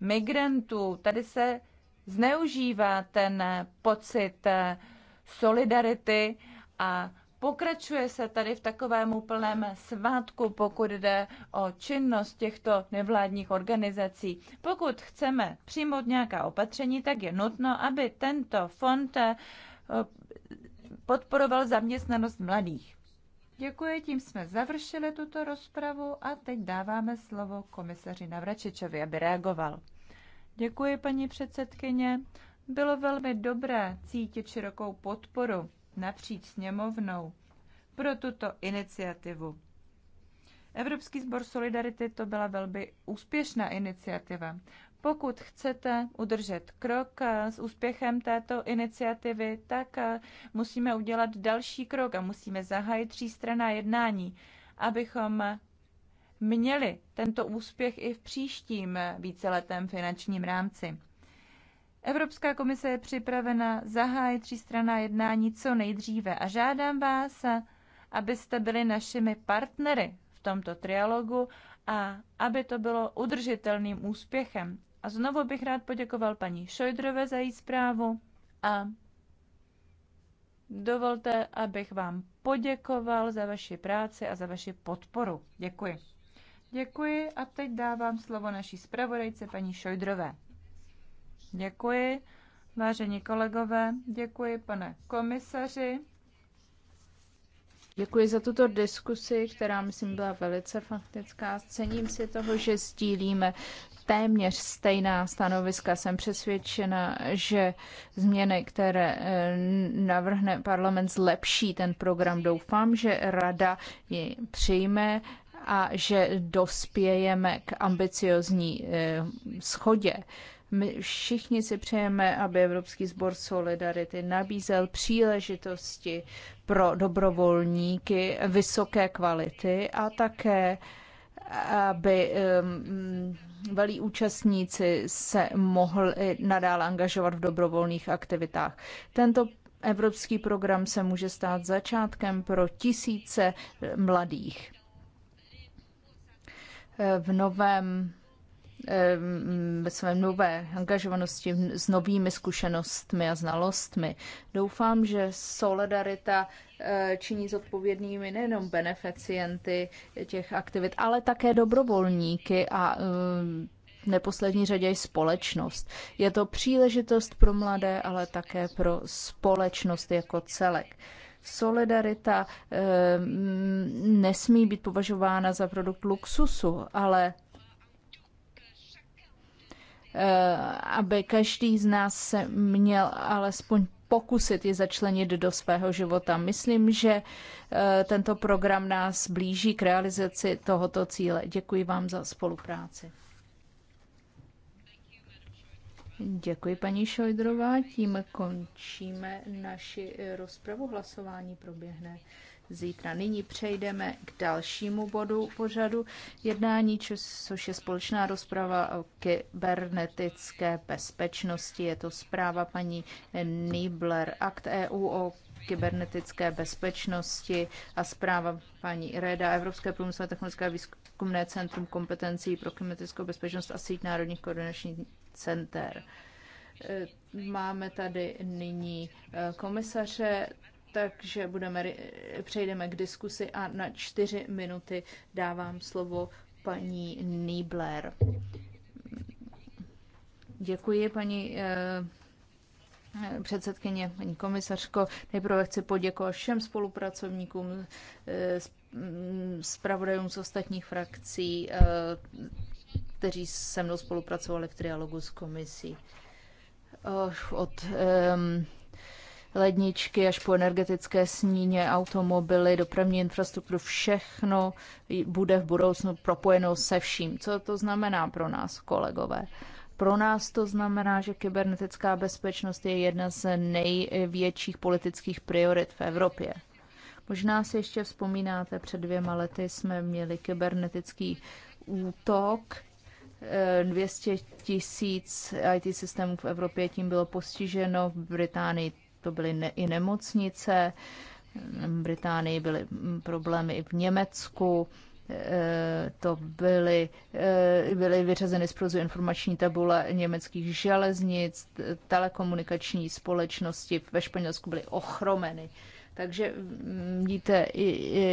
migrantů. Tady se zneužívá ten pocit solidarity a Pokračuje se tady v takovém úplném svátku, pokud jde o činnost těchto nevládních organizací. Pokud chceme přijmout nějaká opatření, tak je nutno, aby tento fond eh, podporoval zaměstnanost mladých. Děkuji, tím jsme završili tuto rozpravu a teď dáváme slovo komisaři Navračičovi, aby reagoval. Děkuji, paní předsedkyně. Bylo velmi dobré cítit širokou podporu napříč sněmovnou pro tuto iniciativu. Evropský sbor Solidarity to byla velmi úspěšná iniciativa. Pokud chcete udržet krok eh, s úspěchem této iniciativy, tak eh, musíme udělat další krok a musíme zahájit třístranná jednání, abychom měli tento úspěch i v příštím eh, víceletém finančním rámci. Evropská komise je připravena zahájit třístranná jednání co nejdříve a žádám vás, abyste byli našimi partnery v tomto trialogu a aby to bylo udržitelným úspěchem. A znovu bych rád poděkoval paní Šojdrové za její zprávu a dovolte, abych vám poděkoval za vaši práci a za vaši podporu. Děkuji. Děkuji a teď dávám slovo naší zpravodajce paní Šojdrové. Děkuji. Vážení kolegové, děkuji pane komisaři. Děkuji za tuto diskusi, která myslím byla velice faktická. Cením si toho, že sdílíme téměř stejná stanoviska. Jsem přesvědčena, že změny, které eh, navrhne parlament, zlepší ten program. Doufám, že rada ji přijme a že dospějeme k ambiciozní eh, schodě. My všichni si přejeme, aby Evropský sbor Solidarity nabízel příležitosti pro dobrovolníky vysoké kvality a také aby um, velí účastníci se mohli nadále angažovat v dobrovolných aktivitách. Tento evropský program se může stát začátkem pro tisíce mladých. V novém ve své nové angažovanosti s novými zkušenostmi a znalostmi. Doufám, že solidarita eh, činí zodpovědnými nejenom beneficienty těch aktivit, ale také dobrovolníky a eh, v neposlední řadě i společnost. Je to příležitost pro mladé, ale také pro společnost jako celek solidarita eh, nesmí být považována za produkt luxusu, ale Eh, aby každý z nás se měl alespoň pokusit ji začlenit do svého života. Myslím, že eh, tento program nás blíží k realizaci tohoto cíle. Děkuji vám za spolupráci. Děkuji, paní Šojdrová. Tím končíme naši eh, rozpravu. Hlasování proběhne zítra. Nyní přejdeme k dalšímu bodu pořadu jednání, což je společná rozprava o kybernetické bezpečnosti. Je to zpráva paní Niebler, akt EU o kybernetické bezpečnosti a zpráva paní Reda, Evropské průmyslové technologické výzkumné centrum kompetencí pro kybernetickou bezpečnost a síť národních koordinačních center. E, máme tady nyní e, komisaře takže budeme, přejdeme k diskusi a na čtyři minuty dávám slovo paní Niebler. Děkuji, paní eh, předsedkyně, paní komisařko. Nejprve chci poděkovat všem spolupracovníkům, eh, mm, zpravodajům z ostatních frakcí, eh, kteří se mnou spolupracovali v trialogu s komisí. Od ledničky až po energetické sníně, automobily, dopravní infrastrukturu, všechno bude v budoucnu propojeno se vším. Co to znamená pro nás, kolegové? Pro nás to znamená, že kybernetická bezpečnost je jedna z největších politických priorit v Evropě. Možná si ještě vzpomínáte, před dvěma lety jsme měli kybernetický útok. 200 eh, tisíc IT systémů v Evropě tím bylo postiženo, v Británii to byly ne, i nemocnice, v Británii byly mm, problémy i v Německu, e, to byly, e, byly vyřazeny z prozu informační tabule německých železnic, telekomunikační společnosti ve Španělsku byly ochromeny. Takže mm, vidíte,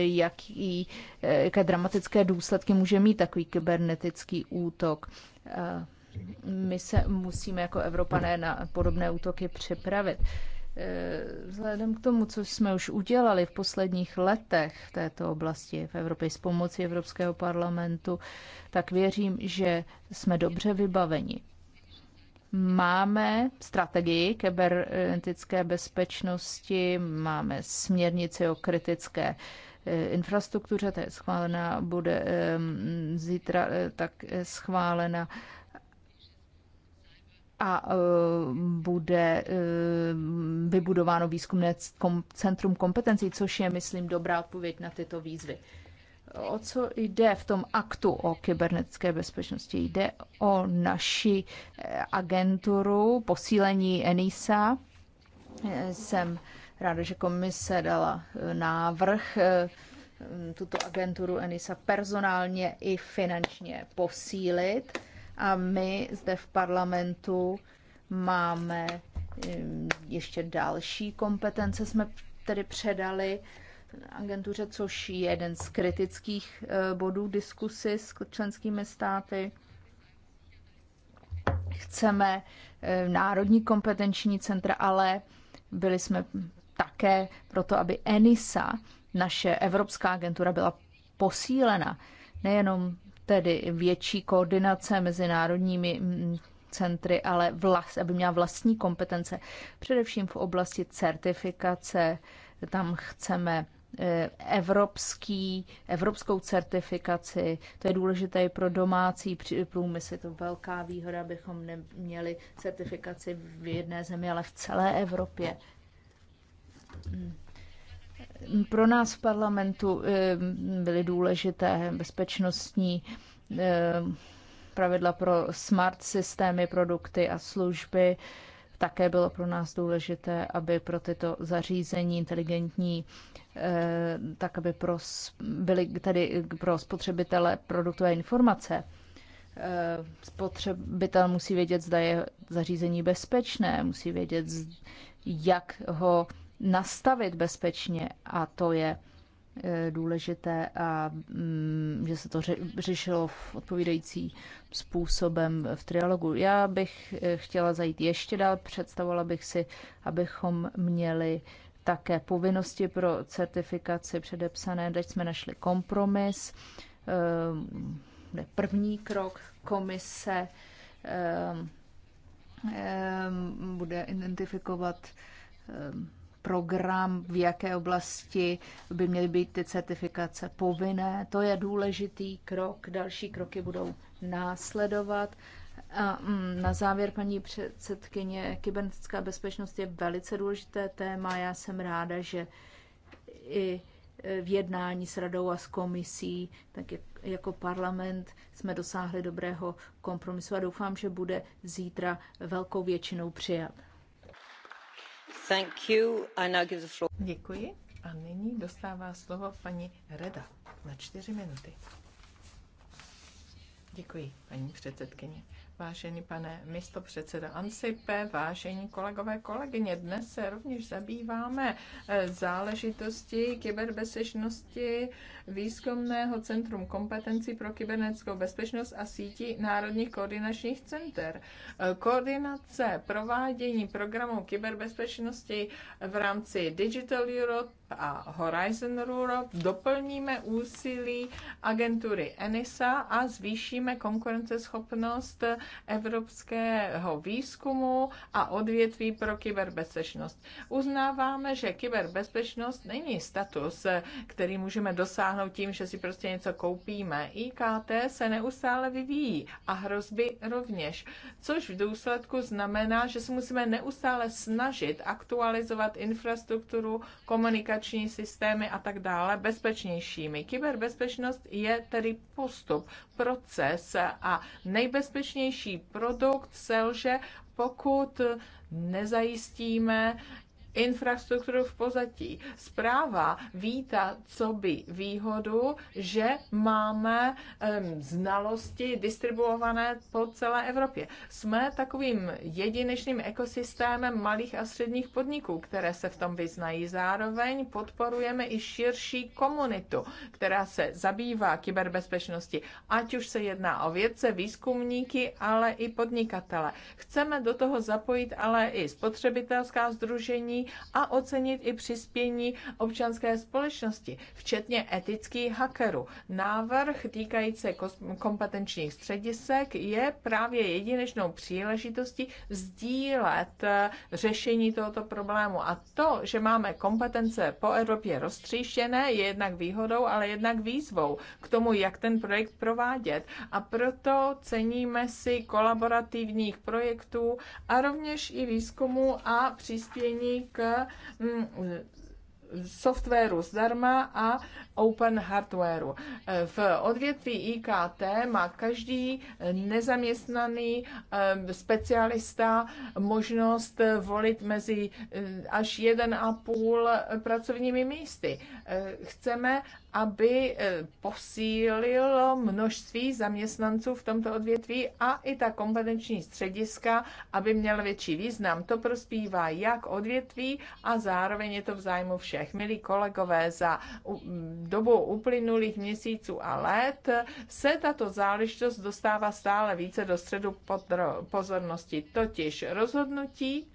jaký, e, jaké dramatické důsledky může mít takový kybernetický útok. My se musíme jako Evropané na podobné útoky připravit. Eh, vzhledem k tomu, co jsme už udělali v posledních letech v této oblasti v Evropě s pomocí Evropského parlamentu, tak věřím, že jsme dobře vybaveni. Máme strategii kybernetické bezpečnosti, máme směrnici o kritické eh, infrastruktuře, ta je ehm, eh, schválena, bude zítra tak schválena a e, bude e, vybudováno výzkumné centrum kompetencí, což je, myslím, dobrá odpověď na tyto výzvy. O co jde v tom aktu o kybernetické bezpečnosti? Jde o naši e, agenturu posílení ENISA. Jsem ráda, že komise dala návrh tuto agenturu ENISA personálně i finančně posílit a my zde v parlamentu máme ještě další kompetence, jsme tedy předali agentuře, což je jeden z kritických e, bodů diskusy s členskými státy. Chceme e, národní kompetenční centra, ale byli jsme také proto, aby ENISA, naše Evropská agentura, byla posílena. Nejenom tedy větší koordinace mezinárodními mm, centry, ale vlast, aby měla vlastní kompetence, především v oblasti certifikace. Tam chceme e, evropský, evropskou certifikaci. To je důležité i pro domácí průmysl. Je to velká výhoda, abychom neměli certifikaci v jedné zemi, ale v celé Evropě. Hmm. Pro nás v parlamentu eh, byly důležité bezpečnostní eh, pravidla pro smart systémy, produkty a služby. Také bylo pro nás důležité, aby pro tyto zařízení inteligentní, eh, tak aby pro, byly tedy pro spotřebitele produktové informace. Spotřebitel musí vědět, zda je zařízení bezpečné, musí vědět, jak ho nastavit bezpečně a to je eh, důležité a mm, že se to řešilo v odpovídající způsobem v trialogu. Já bych eh, chtěla zajít ještě dál, představovala bych si, abychom měli také povinnosti pro certifikaci předepsané. Teď jsme našli kompromis. Eh, první krok komise bude identifikovat program, v jaké oblasti by měly být ty certifikace povinné. To je důležitý krok, další kroky budou následovat. A mm, na závěr, paní předsedkyně, kybernetická bezpečnost je velice důležité téma. Já jsem ráda, že i v jednání s radou a s komisí, tak jako parlament jsme dosáhli dobrého kompromisu a doufám, že bude zítra velkou většinou přijat. Děkuji. A nyní dostává slovo paní Reda na čtyři minuty. Děkuji, paní předsedkyně. Vážený pane místopředsedo Ansipe, vážení kolegové, kolegyně, dnes se rovněž zabýváme eh, záležitosti kyberbezpečnosti Výzkumného centrum kompetencí pro kybernetickou bezpečnost a sítí národních koordinačních center. Eh, koordinace provádění programu kyberbezpečnosti v rámci Digital Europe a Horizon Europe doplníme úsilí agentury ENISA a zvýšíme konkurenceschopnost evropského výzkumu a odvětví pro kyberbezpečnost. Uznáváme, že kyberbezpečnost není status, který můžeme dosáhnout tím, že si prostě něco koupíme. IKT se neustále vyvíjí a hrozby rovněž, což v důsledku znamená, že se musíme neustále snažit aktualizovat infrastrukturu komunikační informační systémy a tak dále bezpečnějšími. Kyberbezpečnost je tedy postup, proces a nejbezpečnější produkt selže, pokud nezajistíme infrastrukturu v pozadí. Zpráva víta, co by výhodu, že máme um, znalosti distribuované po celé Evropě. Jsme takovým jedinečným ekosystémem malých a středních podniků, které se v tom vyznají. Zároveň podporujeme i širší komunitu, která se zabývá kyberbezpečnosti, ať už se jedná o vědce, výzkumníky, ale i podnikatele. Chceme do toho zapojit ale i spotřebitelská združení, a ocenit i přispění občanské společnosti, včetně etických hackerů. Návrh týkající se kompetenčních středisek je právě jedinečnou příležitostí sdílet eh, řešení tohoto problému. A to, že máme kompetence po Evropě roztříštěné, je jednak výhodou, ale jednak výzvou k tomu, jak ten projekt provádět. A proto ceníme si kolaborativních projektů a rovněž i výzkumu a přispění k mm, softwaru zdarma a open hardwareu. V odvětví IKT má každý nezaměstnaný eh, specialista možnost volit mezi eh, až 1,5 pracovními místy. Eh, chceme, aby posílilo množství zaměstnanců v tomto odvětví a i ta kompetenční střediska, aby měla větší význam. To prospívá jak odvětví a zároveň je to v zájmu všech. Milí kolegové, za dobou uplynulých měsíců a let se tato záležitost dostává stále více do středu pozornosti, totiž rozhodnutí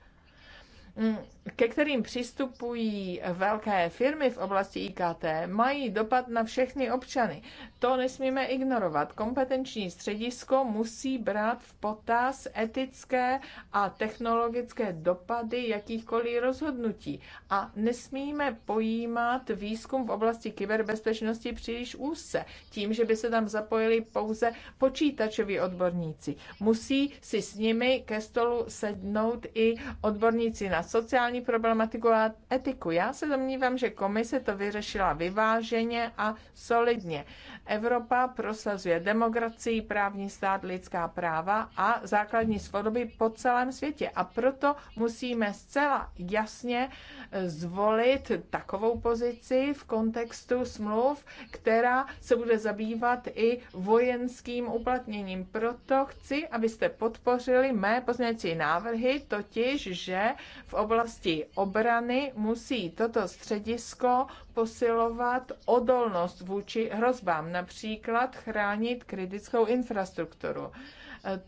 mm, ke kterým přistupují velké firmy v oblasti IKT, mají dopad na všechny občany. To nesmíme ignorovat. Kompetenční středisko musí brát v potaz etické a technologické dopady jakýchkoliv rozhodnutí. A nesmíme pojímat výzkum v oblasti kyberbezpečnosti příliš úzce, tím, že by se tam zapojili pouze počítačoví odborníci. Musí si s nimi ke stolu sednout i odborníci na sociální problematiku a etiku. Já se domnívám, že komise to vyřešila vyváženě a solidně. Evropa prosazuje demokracii, právní stát, lidská práva a základní svobody po celém světě. A proto musíme zcela jasně eh, zvolit takovou pozici v kontextu smluv, která se bude zabývat i vojenským uplatněním. Proto chci, abyste podpořili mé pozměňovací návrhy, totiž, že v oblasti oblasti obrany musí toto středisko posilovat odolnost vůči hrozbám, například chránit kritickou infrastrukturu.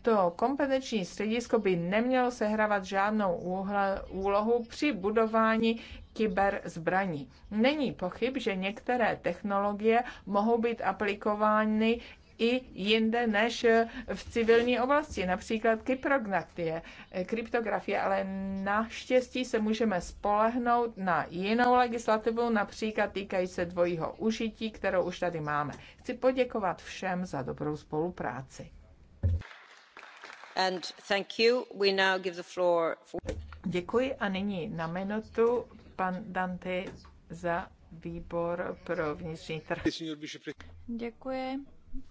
To kompetenční středisko by nemělo sehrávat žádnou úlohu při budování kyberzbraní. Není pochyb, že některé technologie mohou být aplikovány i jinde než v civilní oblasti, například kryptografie. kryptografie ale naštěstí se můžeme spolehnout na jinou legislativu, například týkají se dvojího užití, kterou už tady máme. Chci poděkovat všem za dobrou spolupráci. And thank you. We now give the floor for... Děkuji a nyní na minutu pan Dante za výbor pro vnitřní trh. Děkuji.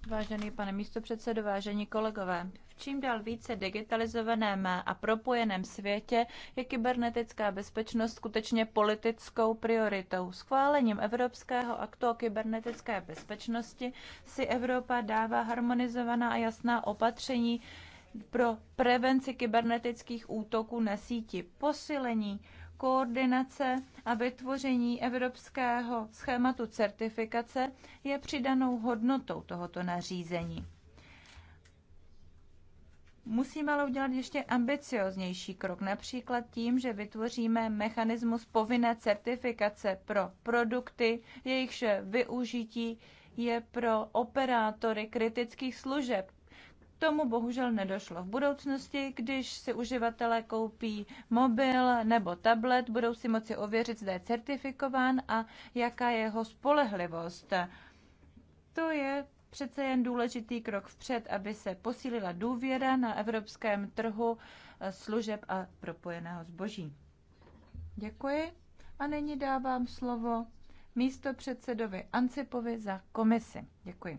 Vážený pane místopředsedo, vážení kolegové, v čím dál více digitalizovaném a propojeném světě je kybernetická bezpečnost skutečně politickou prioritou. Schválením Evropského aktu o kybernetické bezpečnosti si Evropa dává harmonizovaná a jasná opatření pro prevenci kybernetických útoků na síti, posílení koordinace a vytvoření evropského schématu certifikace je přidanou hodnotou tohoto nařízení. Musíme ale udělat ještě ambicioznější krok, například tím, že vytvoříme mechanismus povinné certifikace pro produkty, jejichž využití je pro operátory kritických služeb tomu bohužel nedošlo. V budoucnosti, když si uživatelé koupí mobil nebo tablet, budou si moci ověřit, zda je certifikován a jaká je jeho spolehlivost. To je přece jen důležitý krok vpřed, aby se posílila důvěra na evropském trhu eh, služeb a propojeného zboží. Děkuji a nyní dávám slovo místo předsedovi Ancipovi za komisi. Děkuji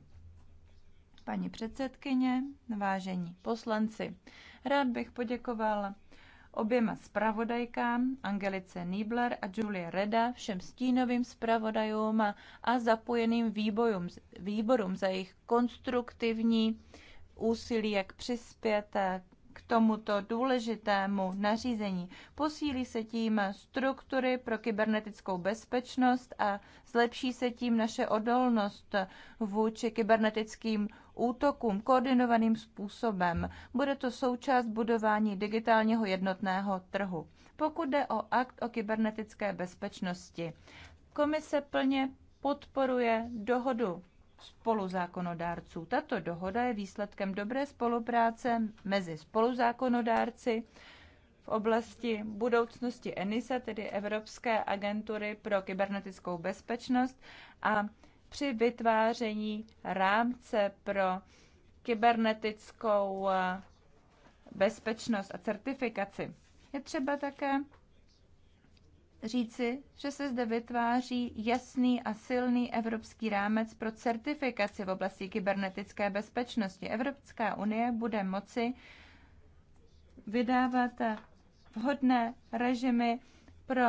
paní předsedkyně, vážení poslanci. Rád bych poděkoval oběma zpravodajkám, Angelice Niebler a Julie Reda, všem stínovým zpravodajům a zapojeným výbojům, výborům za jejich konstruktivní úsilí, jak přispět k tomuto důležitému nařízení. Posílí se tím struktury pro kybernetickou bezpečnost a zlepší se tím naše odolnost vůči kybernetickým útokům koordinovaným způsobem. Bude to součást budování digitálního jednotného trhu. Pokud jde o akt o kybernetické bezpečnosti, komise plně podporuje dohodu spoluzákonodárců. Tato dohoda je výsledkem dobré spolupráce mezi spoluzákonodárci v oblasti budoucnosti ENISA, tedy Evropské agentury pro kybernetickou bezpečnost, a při vytváření rámce pro kybernetickou eh, bezpečnost a certifikaci. Je třeba také říci, že se zde vytváří jasný a silný evropský rámec pro certifikaci v oblasti kybernetické bezpečnosti. Evropská unie bude moci vydávat vhodné režimy pro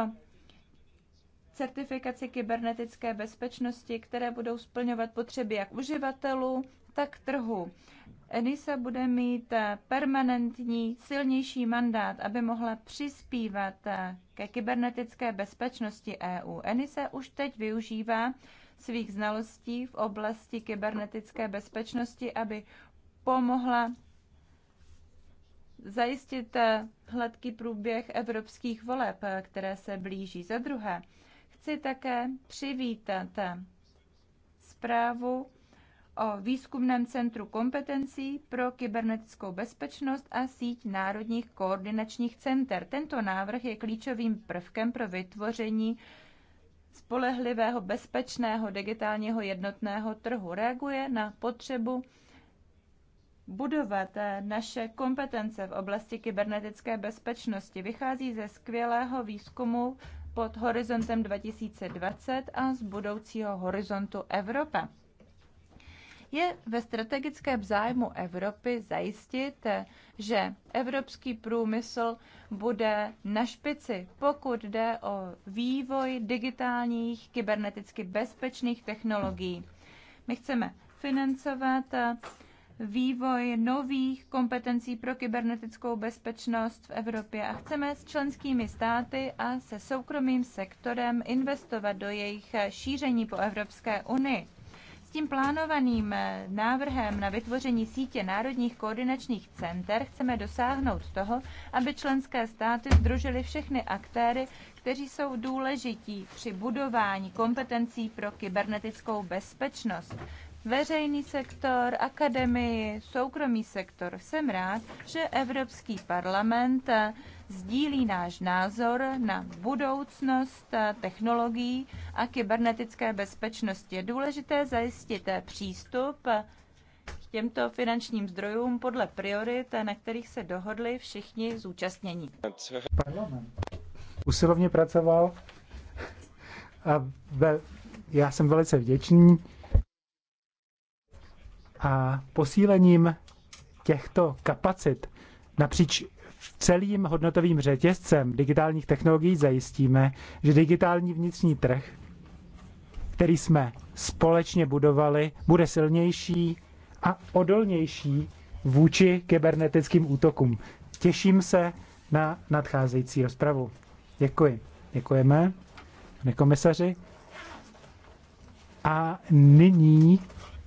certifikaci kybernetické bezpečnosti, které budou splňovat potřeby jak uživatelů, tak trhu. Enisa bude mít eh, permanentní, silnější mandát, aby mohla přispívat eh, ke kybernetické bezpečnosti EU. Enisa už teď využívá svých znalostí v oblasti kybernetické bezpečnosti, aby pomohla zajistit eh, hladký průběh evropských voleb, které se blíží. Za druhé, chci také přivítat zprávu o výzkumném centru kompetencí pro kybernetickou bezpečnost a síť národních koordinačních center. Tento návrh je klíčovým prvkem pro vytvoření spolehlivého, bezpečného digitálního jednotného trhu. Reaguje na potřebu budovat naše kompetence v oblasti kybernetické bezpečnosti. Vychází ze skvělého výzkumu pod horizontem 2020 a z budoucího horizontu Evropa. Je ve strategickém zájmu Evropy zajistit, že evropský průmysl bude na špici, pokud jde o vývoj digitálních, kyberneticky bezpečných technologií. My chceme financovat vývoj nových kompetencí pro kybernetickou bezpečnost v Evropě a chceme s členskými státy a se soukromým sektorem investovat do jejich šíření po Evropské unii tím plánovaným eh, návrhem na vytvoření sítě národních koordinačních center chceme dosáhnout toho, aby členské státy združily všechny aktéry, kteří jsou důležití při budování kompetencí pro kybernetickou bezpečnost. Veřejný sektor, akademii, soukromý sektor. Jsem rád, že Evropský parlament eh, sdílí náš názor na budoucnost eh, technologií a kybernetické bezpečnosti. Je důležité zajistit eh, přístup eh, k těmto finančním zdrojům podle priorit, na kterých se dohodli všichni zúčastnění. Parlament usilovně pracoval a ve, já jsem velice vděčný a posílením těchto kapacit napříč celým hodnotovým řetězcem digitálních technologií zajistíme, že digitální vnitřní trh, který jsme společně budovali, bude silnější a odolnější vůči kybernetickým útokům. Těším se na nadcházející rozpravu. Děkuji. Děkujeme, pane komisaři. A nyní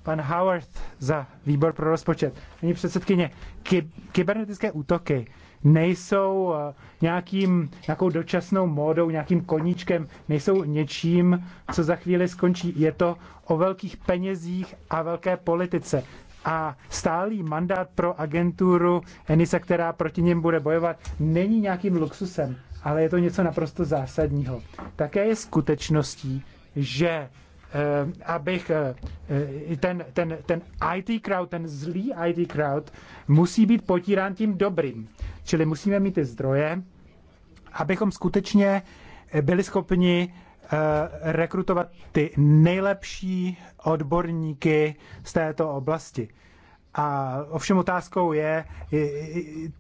pan Howard za výbor pro rozpočet. Nyní předsedkyně, ky- kybernetické útoky nejsou eh, nějakým, nějakou dočasnou módou, nějakým koníčkem, nejsou něčím, co za chvíli skončí. Je to o velkých penězích a velké politice. A stálý mandát pro agenturu ENISA, která proti něm bude bojovat, není nějakým luxusem, ale je to něco naprosto zásadního. Také je skutečností, že Eh, abych eh, ten, ten, ten IT crowd, ten zlý IT crowd musí být potírán tím dobrým. Čili musíme mít ty zdroje, abychom skutečně eh, byli schopni rekrutovat ty nejlepší odborníky z této oblasti. A ovšem otázkou je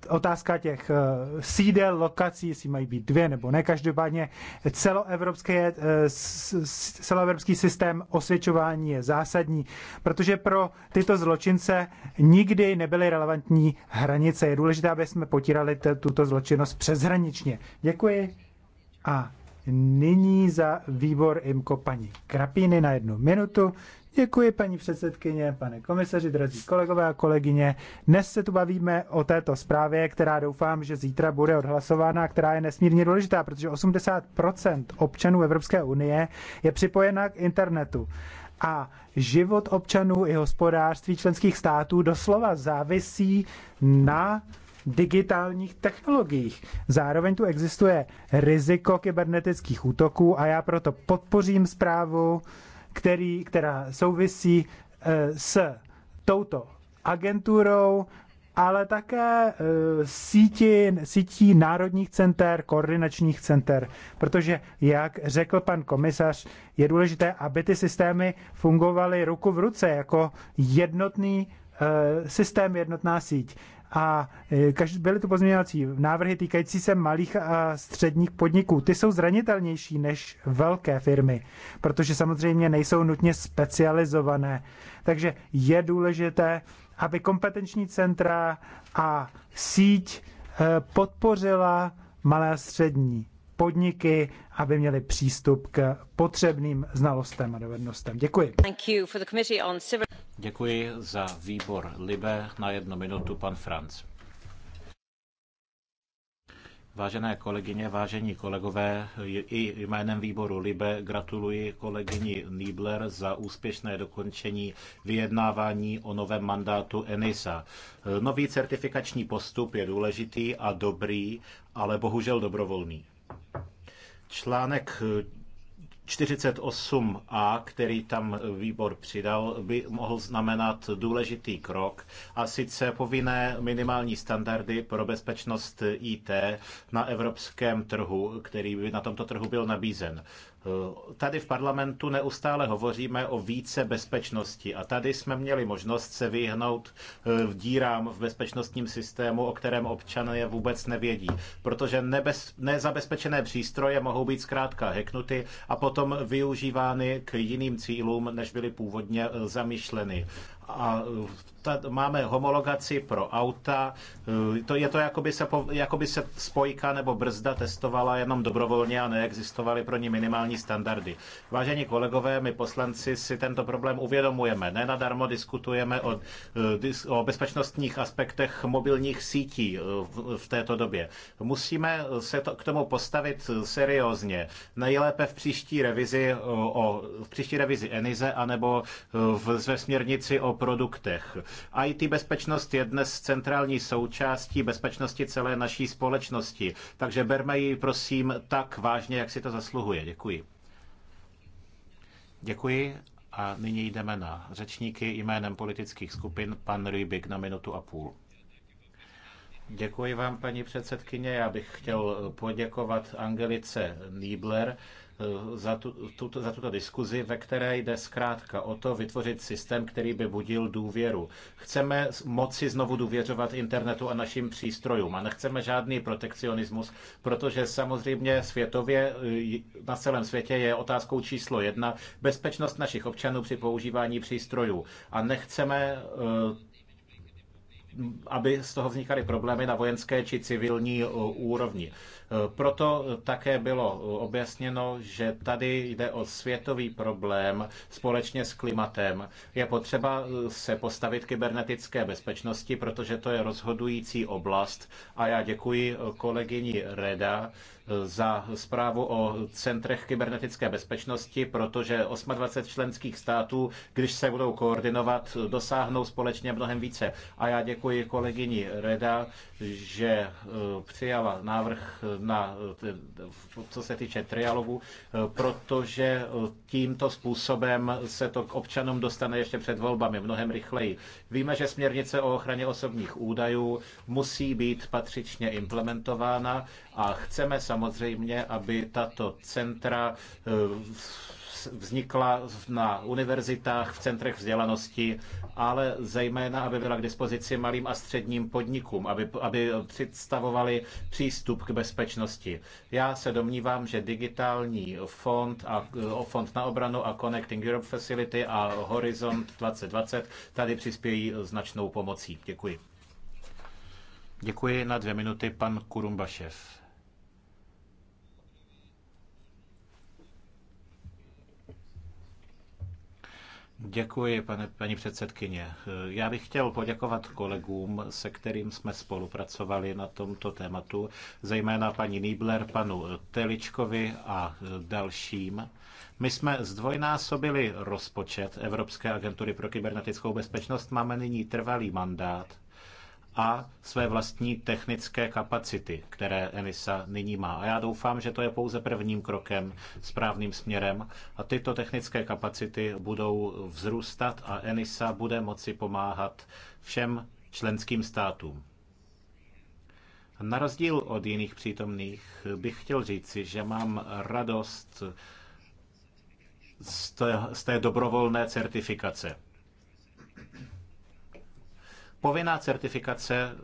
otázka těch eh, sídel, lokací, jestli mají být dvě nebo ne. Každopádně eh, s, celoevropský systém osvědčování je zásadní, protože pro tyto zločince nikdy nebyly relevantní hranice. Je důležité, aby jsme potírali tuto zločinnost přeshraničně. Děkuji a nyní za výbor IMKO paní Krapíny na jednu minutu. Děkuji, paní předsedkyně, pane komisaři, drazí kolegové a kolegyně. Dnes se tu bavíme o této zprávě, která doufám, že zítra bude odhlasována která je nesmírně důležitá, protože 80 občanů Evropské unie je připojena k internetu. A život občanů i hospodářství členských států doslova závisí na digitálních technologiích. Zároveň tu existuje riziko kybernetických útoků a já proto podpořím zprávu který, která souvisí eh, s touto agenturou, ale také eh, síti, sítí národních center, koordinačních center, protože, jak řekl pan komisař, je důležité, aby ty systémy fungovaly ruku v ruce jako jednotný eh, systém, jednotná síť. A e, byly tu pozměňovací návrhy týkající se malých a středních podniků. Ty jsou zranitelnější než velké firmy, protože samozřejmě nejsou nutně specializované. Takže je důležité, aby kompetenční centra a síť e, podpořila malé a střední podniky, aby měli přístup k potřebným znalostem a dovednostem. Děkuji. Děkuji za výbor Libe. Na jednu minutu pan Franc. Vážené kolegyně, vážení kolegové, i jménem výboru Libe gratuluji kolegyni Niebler za úspěšné dokončení vyjednávání o novém mandátu ENISA. Nový certifikační postup je důležitý a dobrý, ale bohužel dobrovolný. Článek 48a, eh, který tam eh, výbor přidal, by mohl znamenat důležitý krok, a sice povinné minimální standardy pro bezpečnost eh, IT na evropském trhu, který by na tomto trhu byl nabízen. Tady v parlamentu neustále hovoříme o více bezpečnosti a tady jsme měli možnost se vyhnout e, dírám v bezpečnostním systému, o kterém občané vůbec nevědí, protože nebez, nezabezpečené přístroje mohou být zkrátka heknuty a potom využívány k jiným cílům, než byly původně e, zamýšleny a e, máme homologaci pro auta. E, to je to, jako by, se, jako by se spojka nebo brzda testovala jenom dobrovolně a neexistovaly pro ní minimální standardy. Vážení kolegové, my poslanci si tento problém uvědomujeme. Nenadarmo diskutujeme o, e, o bezpečnostních aspektech mobilních sítí v, v této době. Musíme se to, k tomu postavit seriózně. Nejlépe v příští revizi, o, v příští revizi ENIZE anebo v, ve směrnici o produktech. IT bezpečnost je dnes centrální součástí bezpečnosti celé naší společnosti, takže berme ji prosím tak vážně, jak si to zasluhuje. Děkuji. Děkuji a nyní jdeme na řečníky jménem politických skupin. Pan Rybik na minutu a půl. Děkuji vám, paní předsedkyně. Já bych chtěl poděkovat Angelice Niebler Eh, za, tu, tuto, za tuto diskuzi, ve které jde zkrátka o to vytvořit systém, který by budil důvěru. Chceme moci znovu důvěřovat internetu a našim přístrojům a nechceme žádný protekcionismus, protože samozřejmě světově, eh, na celém světě je otázkou číslo jedna bezpečnost našich občanů při používání přístrojů. A nechceme eh, aby z toho vznikaly problémy na vojenské či civilní e, úrovni. E, proto také bylo objasněno, že tady jde o světový problém společně s klimatem. Je potřeba e, se postavit kybernetické bezpečnosti, protože to je rozhodující oblast. A já děkuji kolegyni Reda za zprávu o centrech kybernetické bezpečnosti, protože 28 členských států, když se budou koordinovat, dosáhnou společně mnohem více. A já děkuji děkuji kolegyni Reda, že eh, přijala návrh na, eh, co se týče trialogu, eh, protože tímto způsobem se to k občanům dostane ještě před volbami mnohem rychleji. Víme, že směrnice o ochraně osobních údajů musí být patřičně implementována a chceme samozřejmě, aby tato centra vznikla na univerzitách, v centrech vzdělanosti, ale zejména, aby byla k dispozici malým a středním podnikům, aby, aby představovali přístup k bezpečnosti. Já se domnívám, že digitální fond a fond na obranu a Connecting Europe Facility a Horizont 2020 tady přispějí značnou pomocí. Děkuji. Děkuji na dvě minuty pan Kurumbašev. Děkuji, pane, paní předsedkyně. Já bych chtěl poděkovat kolegům, se kterým jsme spolupracovali na tomto tématu, zejména paní Nýbler, panu Teličkovi a dalším. My jsme zdvojnásobili rozpočet Evropské agentury pro kybernetickou bezpečnost, máme nyní trvalý mandát a své vlastní technické kapacity, které ENISA nyní má. A já doufám, že to je pouze prvním krokem správným směrem a tyto technické kapacity budou vzrůstat a ENISA bude moci pomáhat všem členským státům. Na rozdíl od jiných přítomných bych chtěl říci, že mám radost z té, z té dobrovolné certifikace. Povinná certifikace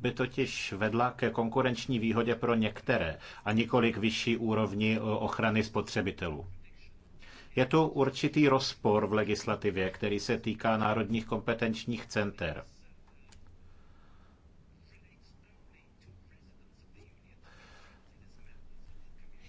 by totiž vedla ke konkurenční výhodě pro některé a nikolik vyšší úrovni eh, ochrany spotřebitelů. Je tu určitý rozpor v legislativě, který se týká národních kompetenčních center.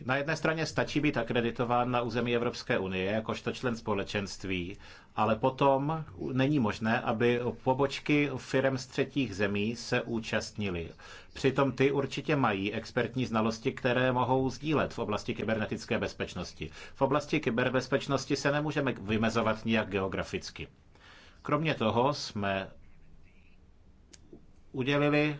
Na jedné straně stačí být akreditován na území Evropské unie jakožto člen společenství, ale potom není možné, aby pobočky firm z třetích zemí se účastnily. Přitom ty určitě mají expertní znalosti, které mohou sdílet v oblasti kybernetické bezpečnosti. V oblasti kyberbezpečnosti se nemůžeme vymezovat nijak geograficky. Kromě toho jsme udělili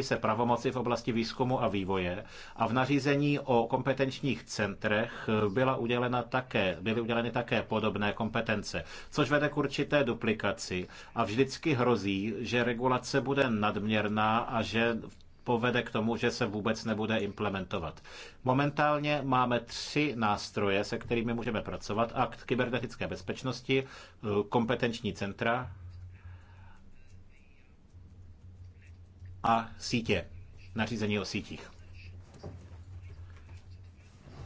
se pravomoci v oblasti výzkumu a vývoje a v nařízení o kompetenčních centrech byla udělena také, byly uděleny také podobné kompetence, což vede k určité duplikaci a vždycky hrozí, že regulace bude nadměrná a že povede k tomu, že se vůbec nebude implementovat. Momentálně máme tři nástroje, se kterými můžeme pracovat. Akt kybernetické bezpečnosti, kompetenční centra a sítě, nařízení o sítích.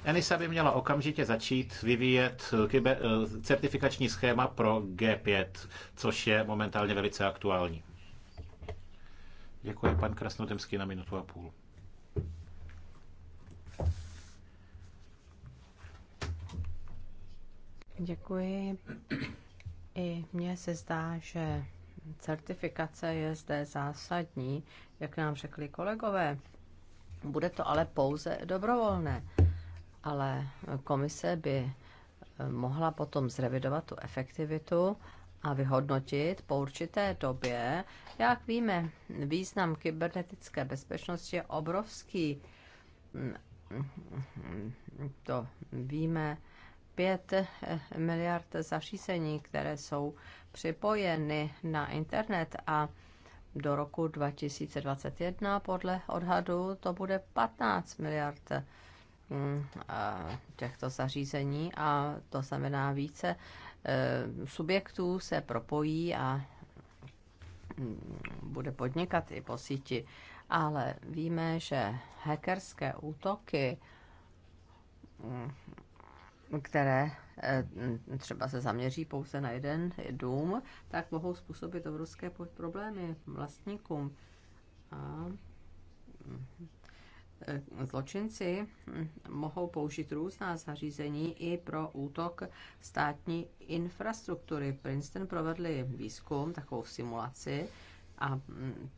ENISA by měla okamžitě začít vyvíjet eh, kyber, eh, certifikační schéma pro G5, což je momentálně velice aktuální. Děkuji, pan Krasnodemský, na minutu a půl. Děkuji. I mně se zdá, že certifikace je zde zásadní, jak nám řekli kolegové. Bude to ale pouze dobrovolné, ale komise by eh, mohla potom zrevidovat tu efektivitu a vyhodnotit po určité době. Jak víme, význam kybernetické bezpečnosti je obrovský. To víme. 5 eh, miliard zařízení, které jsou připojeny na internet a do roku 2021 podle odhadu to bude 15 miliard mm, těchto zařízení a to znamená více e, subjektů se propojí a mm, bude podnikat i po síti. Ale víme, že hackerské útoky, mm, které Eh, třeba se zaměří pouze na jeden dům, tak mohou způsobit obrovské problémy vlastníkům. A eh, zločinci hm, mohou použít různá zařízení i pro útok státní infrastruktury. Princeton provedli výzkum, takovou simulaci a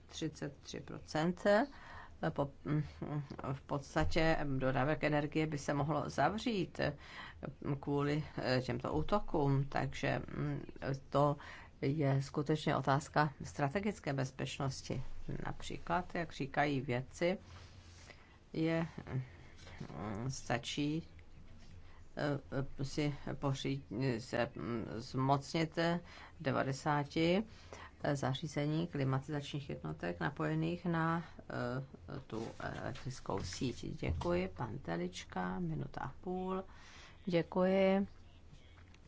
33 hm, v podstatě dodávek energie by se mohlo zavřít kvůli eh, těmto útokům, takže mm, to je skutečně otázka strategické bezpečnosti. Například, jak říkají vědci, je mm, stačí eh, si pořídit, se mm, zmocnit 90 eh, Eh, zařízení klimatizačních jednotek napojených na eh, tu eh, elektrickou síť. Děkuji, pan Telička, minuta a půl. Děkuji.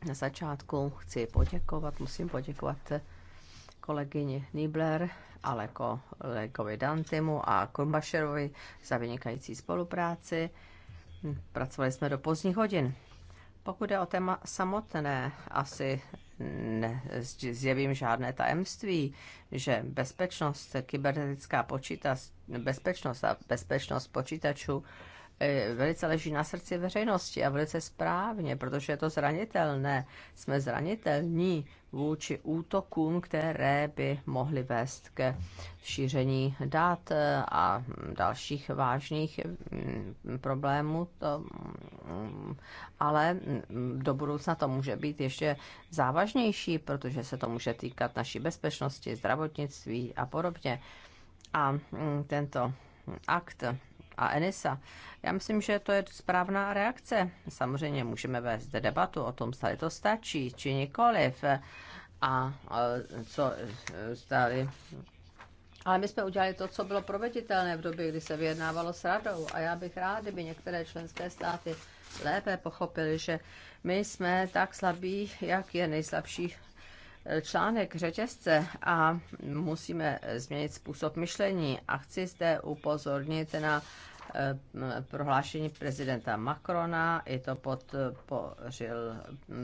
Na začátku chci poděkovat, musím poděkovat kolegyni Nibler, ale Lekovi Dantimu a Kumbašerovi za vynikající spolupráci. Pracovali jsme do pozdních hodin pokud je o téma samotné, asi nezjevím žádné tajemství, že bezpečnost, kybernetická počítač, bezpečnost a bezpečnost počítačů E, velice leží na srdci veřejnosti a velice správně, protože je to zranitelné. Jsme zranitelní vůči útokům, které by mohly vést ke šíření dat e, a dalších vážných mm, problémů. To, mm, ale mm, do budoucna to může být ještě závažnější, protože se to může týkat naší bezpečnosti, zdravotnictví a podobně. A tento akt a Enisa. Já myslím, že to je správná reakce. Samozřejmě můžeme vést debatu o tom, zda to stačí, či nikoliv. A, e, co stali? E, ale my jsme udělali to, co bylo proveditelné v době, kdy se vyjednávalo s radou. A já bych rád, kdyby některé členské státy lépe pochopili, že my jsme tak slabí, jak je nejslabší článek řetězce a musíme změnit způsob myšlení. A chci zde upozornit na eh, prohlášení prezidenta Macrona, i to podpořil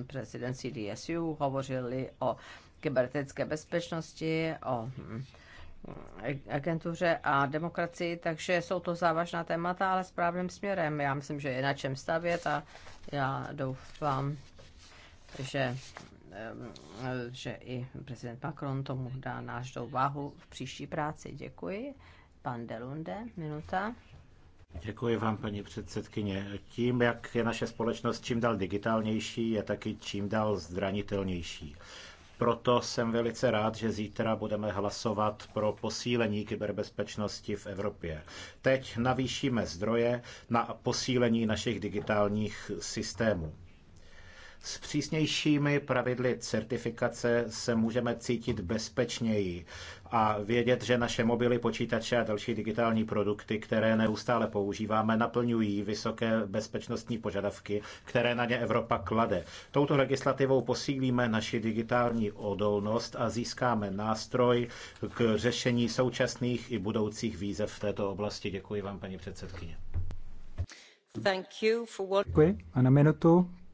prezident CDSU, hovořili o kybernetické bezpečnosti, o hm, agentuře a demokracii, takže jsou to závažná témata, ale správným směrem. Já myslím, že je na čem stavět a já doufám, že Ehm, že i prezident Macron tomu dá náždou váhu v příští práci. Děkuji. Pan Delunde, minuta. Děkuji vám, paní předsedkyně. Tím, jak je naše společnost čím dál digitálnější, je taky čím dál zranitelnější. Proto jsem velice rád, že zítra budeme hlasovat pro posílení kyberbezpečnosti v Evropě. Teď navýšíme zdroje na posílení našich digitálních systémů. S přísnějšími pravidly certifikace se můžeme cítit bezpečněji a vědět, že naše mobily, počítače a další digitální produkty, které neustále používáme, naplňují vysoké bezpečnostní požadavky, které na ně Evropa klade. Touto legislativou posílíme naši digitální odolnost a získáme nástroj k řešení současných i budoucích výzev v této oblasti. Děkuji vám, paní předsedkyně. Thank you for... Děkuji. A na minutu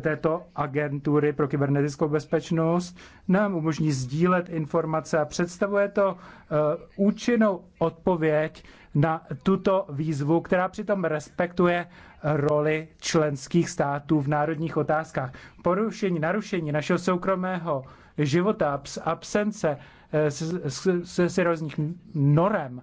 této agentury pro kybernetickou bezpečnost nám umožní sdílet informace a představuje to účinnou odpověď na tuto výzvu, která přitom respektuje roli členských států v národních otázkách. Porušení, narušení našeho soukromého života, absence se, se, se norem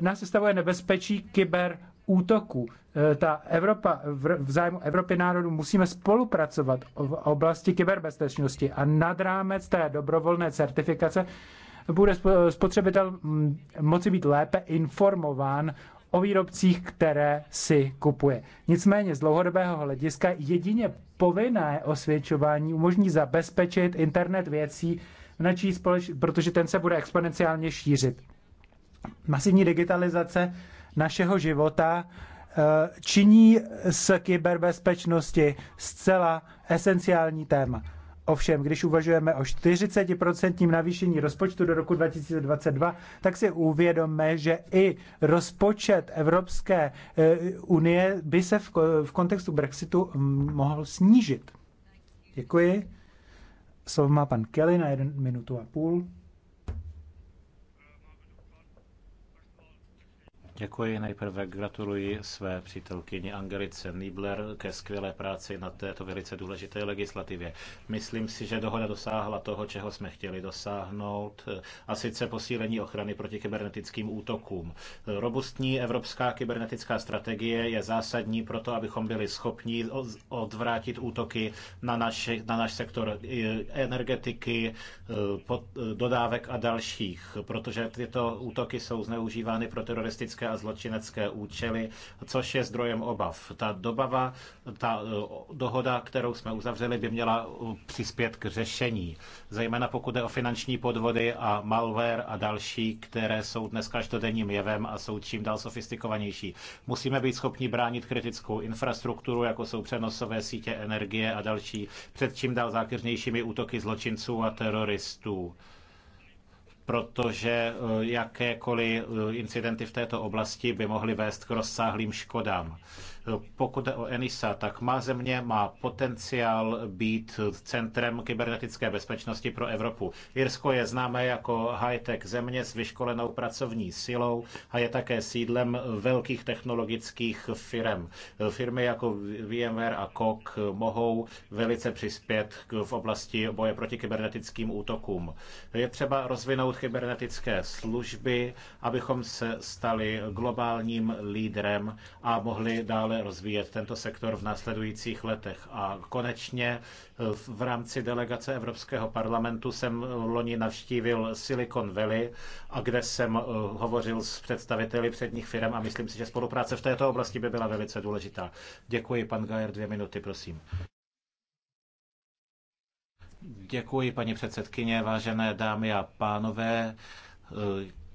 nás sestavuje nebezpečí kyber útoků. Eh, ta Evropa, v zájmu Evropy národů musíme spolupracovat v oblasti kyberbezpečnosti a nad rámec té dobrovolné certifikace bude spotřebitel mm, moci být lépe informován o výrobcích, které si kupuje. Nicméně z dlouhodobého hlediska jedině povinné osvědčování umožní zabezpečit internet věcí v společ... protože ten se bude exponenciálně šířit. Masivní digitalizace našeho života eh, činí z kyberbezpečnosti zcela esenciální téma. Ovšem, když uvažujeme o 40% navýšení rozpočtu do roku 2022, tak si uvědomme, že i rozpočet Evropské eh, unie by se v, kontextu Brexitu mohl snížit. Děkuji. Slovo má pan Kelly na jeden minutu a půl. Děkuji, nejprve gratuluji své přítelkyni Angelice Niebler ke skvělé práci na této velice důležité legislativě. Myslím si, že dohoda dosáhla toho, čeho jsme chtěli dosáhnout, a sice posílení ochrany proti kybernetickým útokům. Robustní evropská kybernetická strategie je zásadní pro to, abychom byli schopni odvrátit útoky na, naši, na náš sektor energetiky, e, e, dodávek a dalších, protože tyto útoky jsou zneužívány pro teroristické teroristické a zločinecké účely, což je zdrojem obav. Ta dobava, ta eh, dohoda, kterou jsme uzavřeli, by měla eh, přispět k řešení, zejména pokud je o finanční podvody a malware a další, které jsou dnes každodenním jevem a jsou čím dál sofistikovanější. Musíme být schopni bránit kritickou infrastrukturu, jako jsou přenosové sítě energie a další, před čím dál zákeřnějšími útoky zločinců a teroristů protože eh, jakékoliv eh, incidenty v této oblasti by mohly vést k rozsáhlým škodám. Pokud jde o ENISA, tak má země má potenciál být centrem kybernetické bezpečnosti pro Evropu. Irsko je známé jako high-tech země s vyškolenou pracovní silou a je také sídlem velkých technologických firm. Firmy jako VMware a Kok mohou velice přispět v oblasti boje proti kybernetickým útokům. Je třeba rozvinout kybernetické služby, abychom se stali globálním lídrem a mohli dále dále rozvíjet tento sektor v následujících letech. A konečně eh, v rámci delegace Evropského parlamentu jsem eh, loni navštívil Silicon Valley, a kde jsem eh, hovořil s představiteli předních firm a myslím si, že spolupráce v této oblasti by byla velice důležitá. Děkuji, pan Gajer, dvě minuty, prosím. Děkuji, paní předsedkyně, vážené dámy a pánové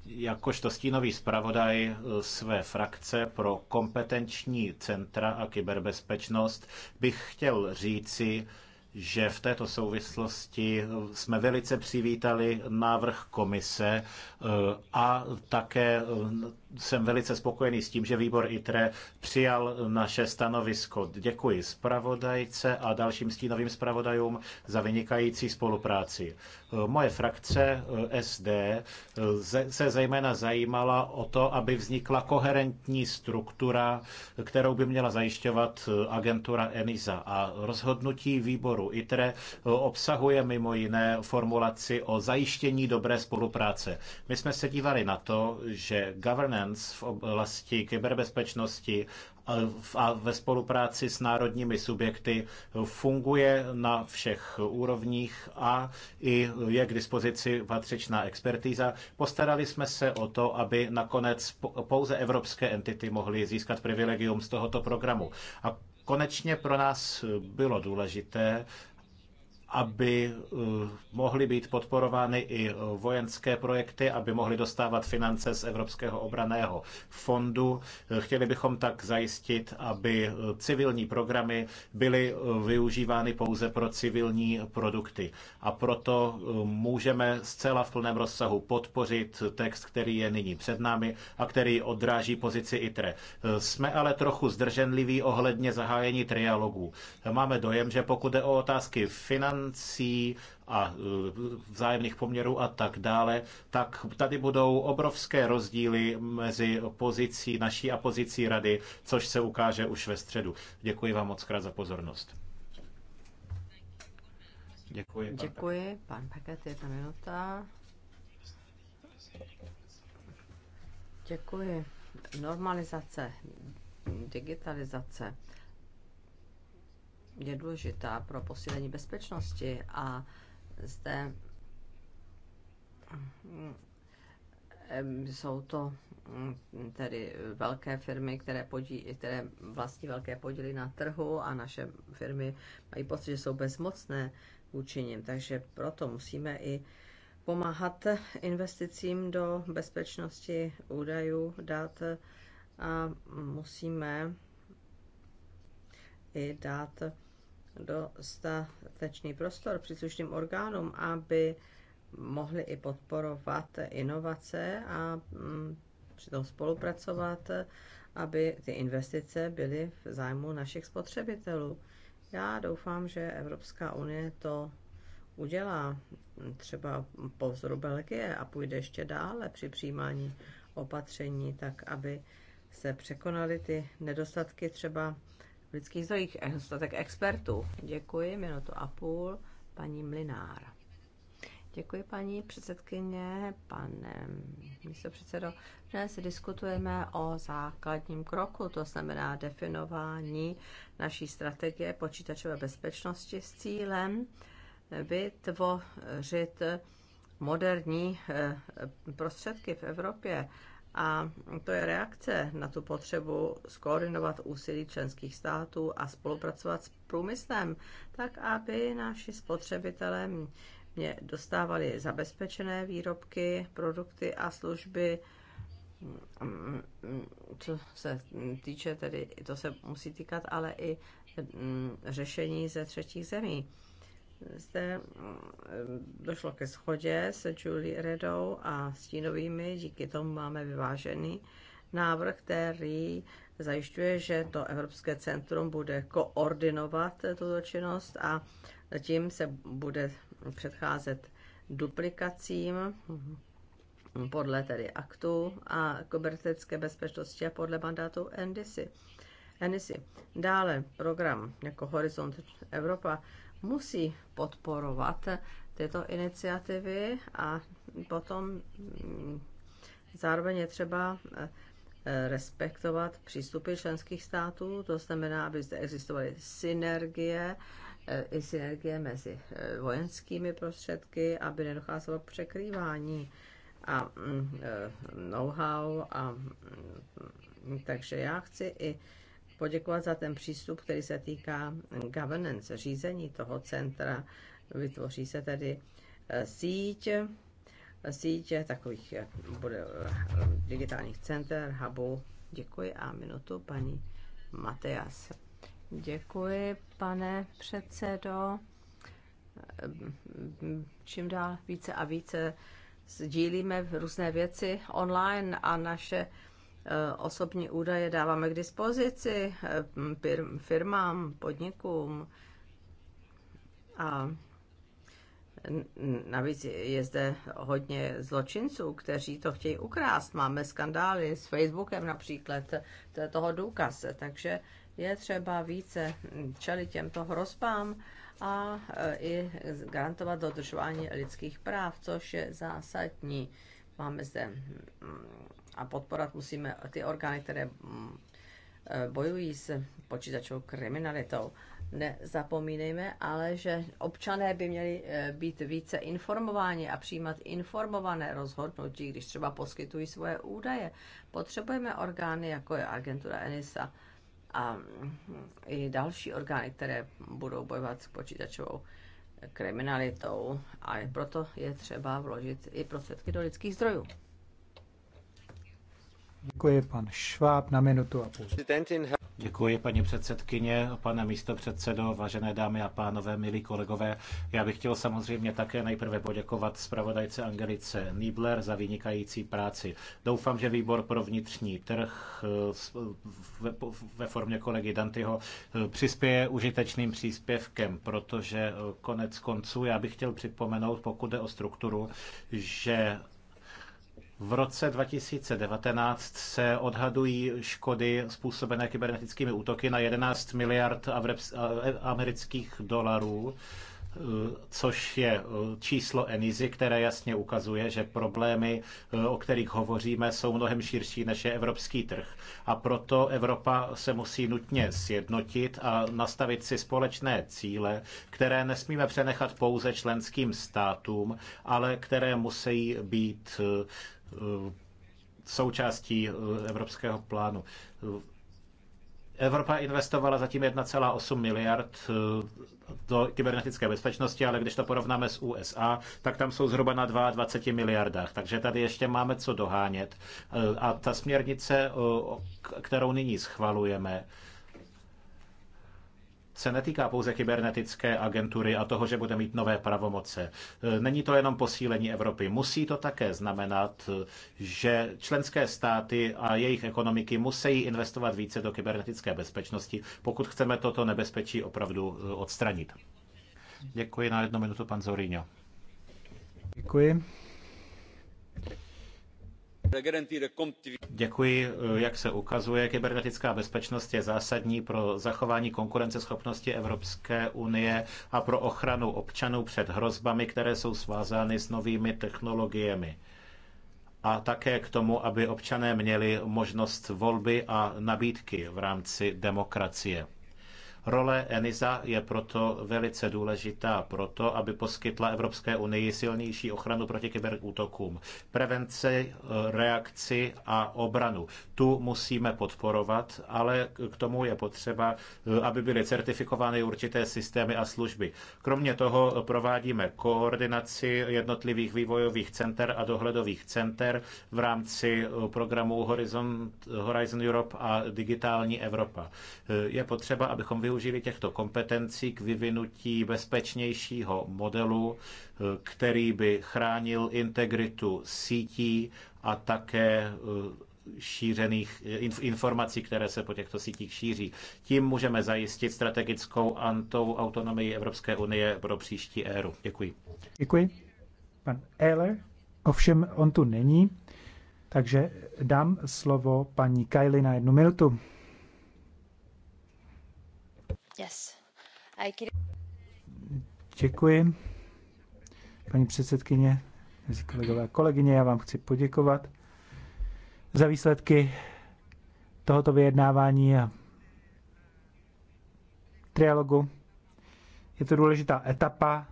jakožto stínový zpravodaj eh, své frakce pro kompetenční centra a kyberbezpečnost bych chtěl říci, že v této souvislosti eh, jsme velice přivítali návrh komise eh, a také jsem velice spokojený s tím, že výbor ITRE přijal naše stanovisko. Děkuji zpravodajce a dalším stínovým zpravodajům za vynikající spolupráci. Moje frakce eh, SD eh, se zejména zajímala o to, aby vznikla koherentní struktura, kterou by měla zajišťovat eh, agentura ENISA. A rozhodnutí výboru ITRE obsahuje mimo jiné formulaci o zajištění dobré spolupráce. My jsme se dívali na to, že governance governance v oblasti kyberbezpečnosti a ve spolupráci s národními subjekty funguje na všech úrovních a i je k dispozici patřičná expertíza. Postarali jsme se o to, aby nakonec pouze evropské entity mohly získat privilegium z tohoto programu. A konečně pro nás bylo důležité, aby eh, mohly být podporovány i eh, vojenské projekty, aby mohly dostávat finance z Evropského obraného fondu. Eh, chtěli bychom tak zajistit, aby civilní programy byly využívány pouze pro civilní produkty. A proto můžeme zcela v plném rozsahu podpořit text, který je nyní před námi a který odráží pozici ITRE. Jsme ale trochu zdrženliví ohledně zahájení trialogů. Máme dojem, že pokud jde o otázky finan financí a e, vzájemných poměrů a tak dále, tak tady budou obrovské rozdíly mezi pozicí naší a pozicí rady, což se ukáže už ve středu. Děkuji vám moc krát za pozornost. Děkuji. Pan Děkuji. Pan Paket, jedna minuta. Děkuji. Normalizace, digitalizace je důležitá pro posílení bezpečnosti a zde eh, jsou to mm, tedy velké firmy, které, podí, které vlastní velké podíly na trhu a naše firmy mají pocit, že jsou bezmocné vůči nim, takže proto musíme i pomáhat investicím do bezpečnosti údajů, dát a musíme i dát dostatečný prostor příslušným orgánům, aby mohli i podporovat inovace a mm, přitom spolupracovat, aby ty investice byly v zájmu našich spotřebitelů. Já doufám, že Evropská unie to udělá třeba po vzoru Belgie a půjde ještě dále při přijímání opatření, tak aby se překonaly ty nedostatky třeba lidských zdrojích, dostatek expertů. Děkuji, minutu a půl, paní Mlinár. Děkuji, paní předsedkyně, pane místopředsedo. Dnes diskutujeme o základním kroku, to znamená definování naší strategie počítačové bezpečnosti s cílem vytvořit moderní eh, prostředky v Evropě a to je reakce na tu potřebu skoordinovat úsilí členských států a spolupracovat s průmyslem, tak aby naši spotřebitelé mě dostávali zabezpečené výrobky, produkty a služby. Co se týče tedy, to se musí týkat ale i mm, řešení ze třetích zemí zde mm, došlo ke schodě s Julie Redou a stínovými, díky tomu máme vyvážený návrh, který zajišťuje, že to Evropské centrum bude koordinovat tuto činnost a tím se bude předcházet duplikacím podle tedy aktu a kybernetické bezpečnosti a podle mandátu NDC. NDC. Dále program jako Horizont Evropa musí podporovat tyto iniciativy a potom mm, zároveň je třeba eh, eh, respektovat přístupy členských států, to znamená, aby zde existovaly synergie, eh, i synergie mezi vojenskými prostředky, aby nedocházelo k překrývání a mm, know-how. A, mm, takže já chci i poděkovat za ten přístup, který se týká governance, řízení toho centra. Vytvoří se tedy eh, síť, síť takových bude, eh, digitálních center, hubů. Děkuji a minutu paní Mateas. Děkuji, pane předsedo. Eh, čím dál více a více sdílíme různé věci online a naše Eh, osobní údaje dáváme k dispozici eh, firmám, podnikům a Navíc je zde hodně zločinců, kteří to chtějí ukrást. Máme skandály s Facebookem například, to je toho důkaz. Takže je třeba více čelit těmto hrozbám a eh, i garantovat dodržování lidských práv, což je zásadní. Máme zde mm, a podporovat musíme ty orgány, které mm, e, bojují s počítačovou kriminalitou. Nezapomínejme ale, že občané by měli e, být více informováni a přijímat informované rozhodnutí, když třeba poskytují svoje údaje. Potřebujeme orgány, jako je agentura ENISA a mm, i další orgány, které budou bojovat s počítačovou kriminalitou. A proto je třeba vložit i prostředky do lidských zdrojů. Děkuji, pan Šváb, na minutu a půl. Děkuji, paní předsedkyně, pane předsedo, vážené dámy a pánové, milí kolegové. Já bych chtěl samozřejmě také nejprve poděkovat zpravodajce Angelice Niebler za vynikající práci. Doufám, že výbor pro vnitřní trh eh, ve formě kolegy Dantyho eh, přispěje užitečným příspěvkem, protože eh, konec konců já bych chtěl připomenout, pokud jde o strukturu, že v roce 2019 se odhadují škody způsobené kybernetickými útoky na 11 miliard amerických dolarů, e, což je e, číslo Enizy, které jasně ukazuje, že problémy, e, o kterých hovoříme, jsou mnohem širší než je evropský trh. A proto Evropa se musí nutně sjednotit a nastavit si společné cíle, které nesmíme přenechat pouze členským státům, ale které musí být Eh, součástí eh, evropského plánu. Evropa investovala zatím 1,8 miliard eh, do kybernetické bezpečnosti, ale když to porovnáme s USA, tak tam jsou zhruba na 22 miliardách. Takže tady ještě máme co dohánět. A ta směrnice, kterou nyní schvalujeme, se netýká pouze kybernetické agentury a toho, že bude mít nové pravomoce. E, není to jenom posílení Evropy. Musí to také znamenat, e, že členské státy a jejich ekonomiky musí investovat více do kybernetické bezpečnosti, pokud chceme toto nebezpečí opravdu e, odstranit. Děkuji na jednu minutu, pan Zorino. Děkuji. Děkuji. Jak se ukazuje, kybernetická bezpečnost je zásadní pro zachování konkurenceschopnosti Evropské unie a pro ochranu občanů před hrozbami, které jsou svázány s novými technologiemi. A také k tomu, aby občané měli možnost volby a nabídky v rámci demokracie. Role ENISA je proto velice důležitá proto, aby poskytla Evropské unii silnější ochranu proti kyberútokům. Prevenci, eh, reakci a obranu. Tu musíme podporovat, ale k tomu je potřeba, eh, aby byly certifikovány určité systémy a služby. Kromě toho provádíme koordinaci jednotlivých vývojových center a dohledových center v rámci eh, programu Horizon, Horizon Europe a Digitální Evropa. Je potřeba, abychom využili těchto kompetencí k vyvinutí bezpečnějšího modelu, který by chránil integritu sítí a také eh, šířených eh, informací, které se po těchto sítích šíří. Tím můžeme zajistit strategickou antou autonomii Evropské unie pro příští éru. Děkuji. Děkuji. Pan Ehler, ovšem on tu není, takže dám slovo paní Kylie na jednu minutu. Yes. I can... Děkuji. Paní předsedkyně, kolegové a kolegyně, já vám chci poděkovat za výsledky tohoto vyjednávání a trialogu. Je to důležitá etapa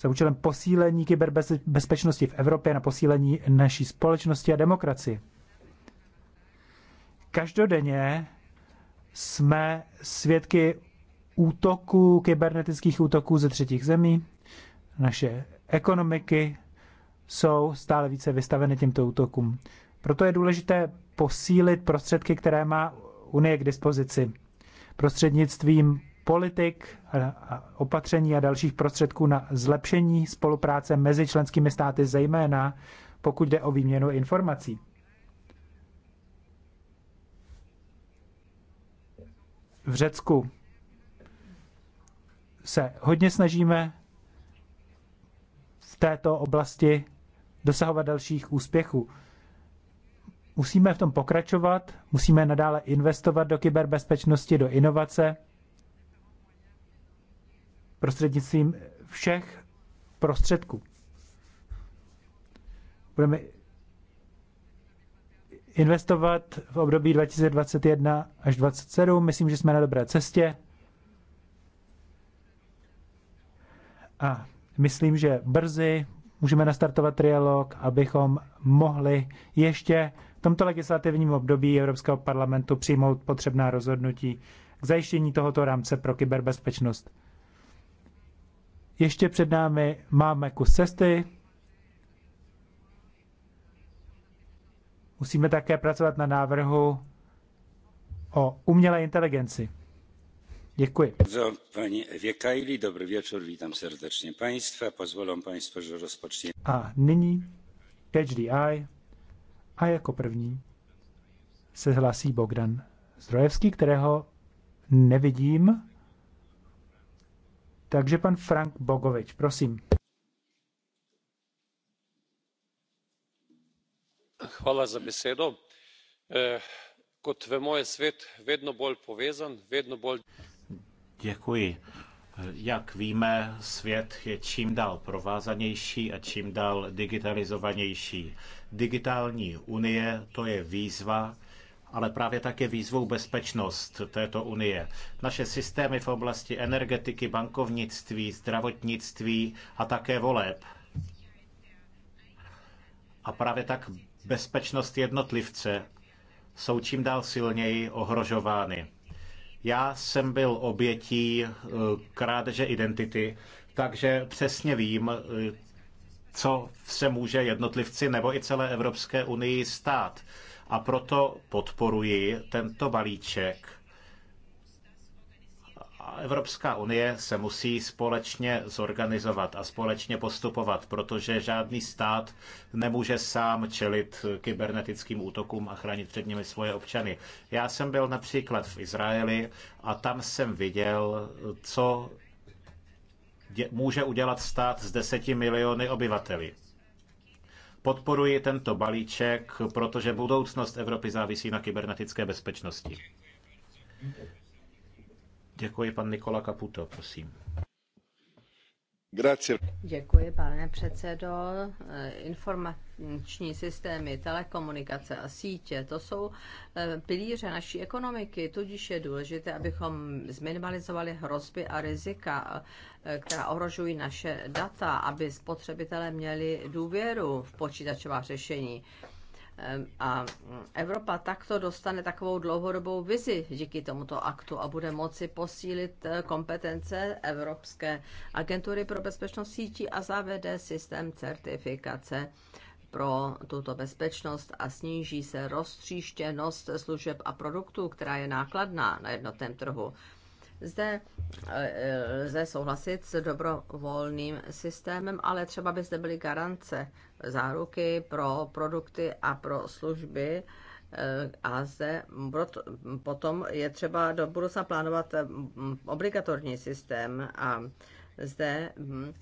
za účelem posílení kyberbezpečnosti v Evropě na posílení naší společnosti a demokracie. Každodenně jsme svědky útoků, kybernetických útoků ze třetích zemí. Naše ekonomiky jsou stále více vystaveny těmto útokům. Proto je důležité posílit prostředky, které má Unie k dispozici prostřednictvím politik, opatření a dalších prostředků na zlepšení spolupráce mezi členskými státy, zejména pokud jde o výměnu informací. v Řecku se hodně snažíme v této oblasti dosahovat dalších úspěchů. Musíme v tom pokračovat, musíme nadále investovat do kyberbezpečnosti, do inovace, prostřednictvím všech prostředků. Budeme investovat v období 2021 až 2027. Myslím, že jsme na dobré cestě. A myslím, že brzy můžeme nastartovat trialog, abychom mohli ještě v tomto legislativním období Evropského parlamentu přijmout potřebná rozhodnutí k zajištění tohoto rámce pro kyberbezpečnost. Ještě před námi máme kus cesty, Musíme také pracovat na návrhu o umělé inteligenci. Děkuji. Pani Evě Kajli, dobrý večer, vítám srdečně Państwa. Pozwolą Państwo, že rozpočněme. A nyní HDI a jako první se hlásí Bogdan Zdrojevský, kterého nevidím. Takže pan Frank Bogovič, prosím. Eh, děkuji. Jak víme, svět je čím dál provázanější a čím dál digitalizovanější. Digitální unie to je výzva, ale právě také výzvou bezpečnost této unie. Naše systémy v oblasti energetiky, bankovnictví, zdravotnictví a také voleb. A právě tak bezpečnost jednotlivce jsou čím dál silněji ohrožovány. Já jsem byl obětí eh, krádeže identity, takže přesně vím, eh, co se může jednotlivci nebo i celé Evropské unii stát. A proto podporuji tento balíček Evropská unie se musí společně zorganizovat a společně postupovat, protože žádný stát nemůže sám čelit kybernetickým útokům a chránit před nimi svoje občany. Já jsem byl například v Izraeli a tam jsem viděl, co může udělat stát s deseti miliony obyvateli. Podporuji tento balíček, protože budoucnost Evropy závisí na kybernetické bezpečnosti. Děkuji, pan Nikola Caputo, prosím. Děkuji, pane předsedo. Informační systémy, telekomunikace a sítě, to jsou eh, pilíře naší ekonomiky, tudíž je důležité, abychom zminimalizovali hrozby a rizika, eh, která ohrožují naše data, aby spotřebitelé měli důvěru v počítačová řešení a Evropa takto dostane takovou dlouhodobou vizi díky tomuto aktu a bude moci posílit eh, kompetence Evropské agentury pro bezpečnost sítí a zavede systém certifikace pro tuto bezpečnost a sníží se roztříštěnost služeb a produktů, která je nákladná na jednotném trhu. Zde eh, lze souhlasit s dobrovolným systémem, ale třeba by zde byly garance, záruky pro produkty a pro služby, eh, a zde potom je třeba do budoucna plánovat eh, obligatorní systém a zde hm,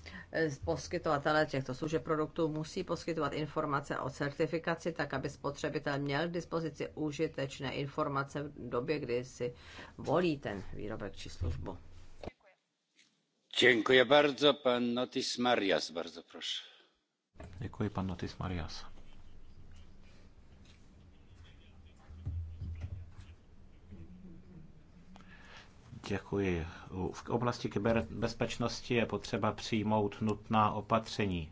poskytovatele těchto služeb produktů musí poskytovat informace o certifikaci, tak aby spotřebitel měl k dispozici užitečné informace v době, kdy si volí ten výrobek či službu. Děkuji bardzo, pan Notis Marias, bardzo proszę. Děkuji, pan Notis Marias. Děkuji. V oblasti kyberbezpečnosti je potřeba přijmout nutná opatření.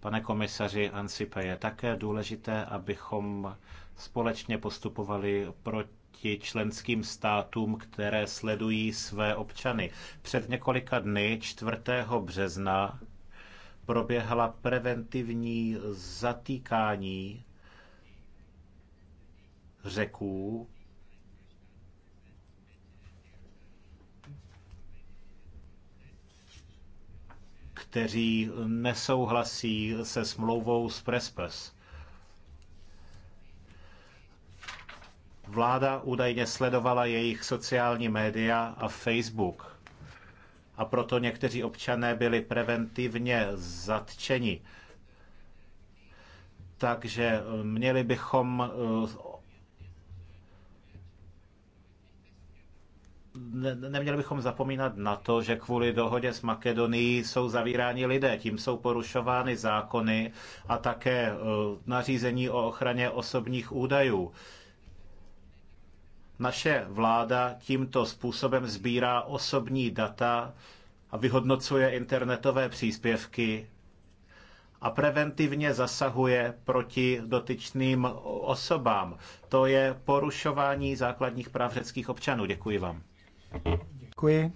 Pane komisaři Ansipe, je také důležité, abychom společně postupovali proti proti členským státům, které sledují své občany. Před několika dny, 4. března, proběhla preventivní zatýkání řeků kteří nesouhlasí se smlouvou s Prespes. Vláda údajně sledovala jejich sociální média a Facebook. A proto někteří občané byli preventivně zatčeni. Takže měli bychom eh, ne, neměli bychom zapomínat na to, že kvůli dohodě s Makedonií jsou zavíráni lidé, tím jsou porušovány zákony a také eh, nařízení o ochraně osobních údajů. Naše vláda tímto způsobem sbírá osobní data a vyhodnocuje internetové příspěvky a preventivně zasahuje proti dotyčným osobám. To je porušování základních práv řeckých občanů. Děkuji vám. Děkuji.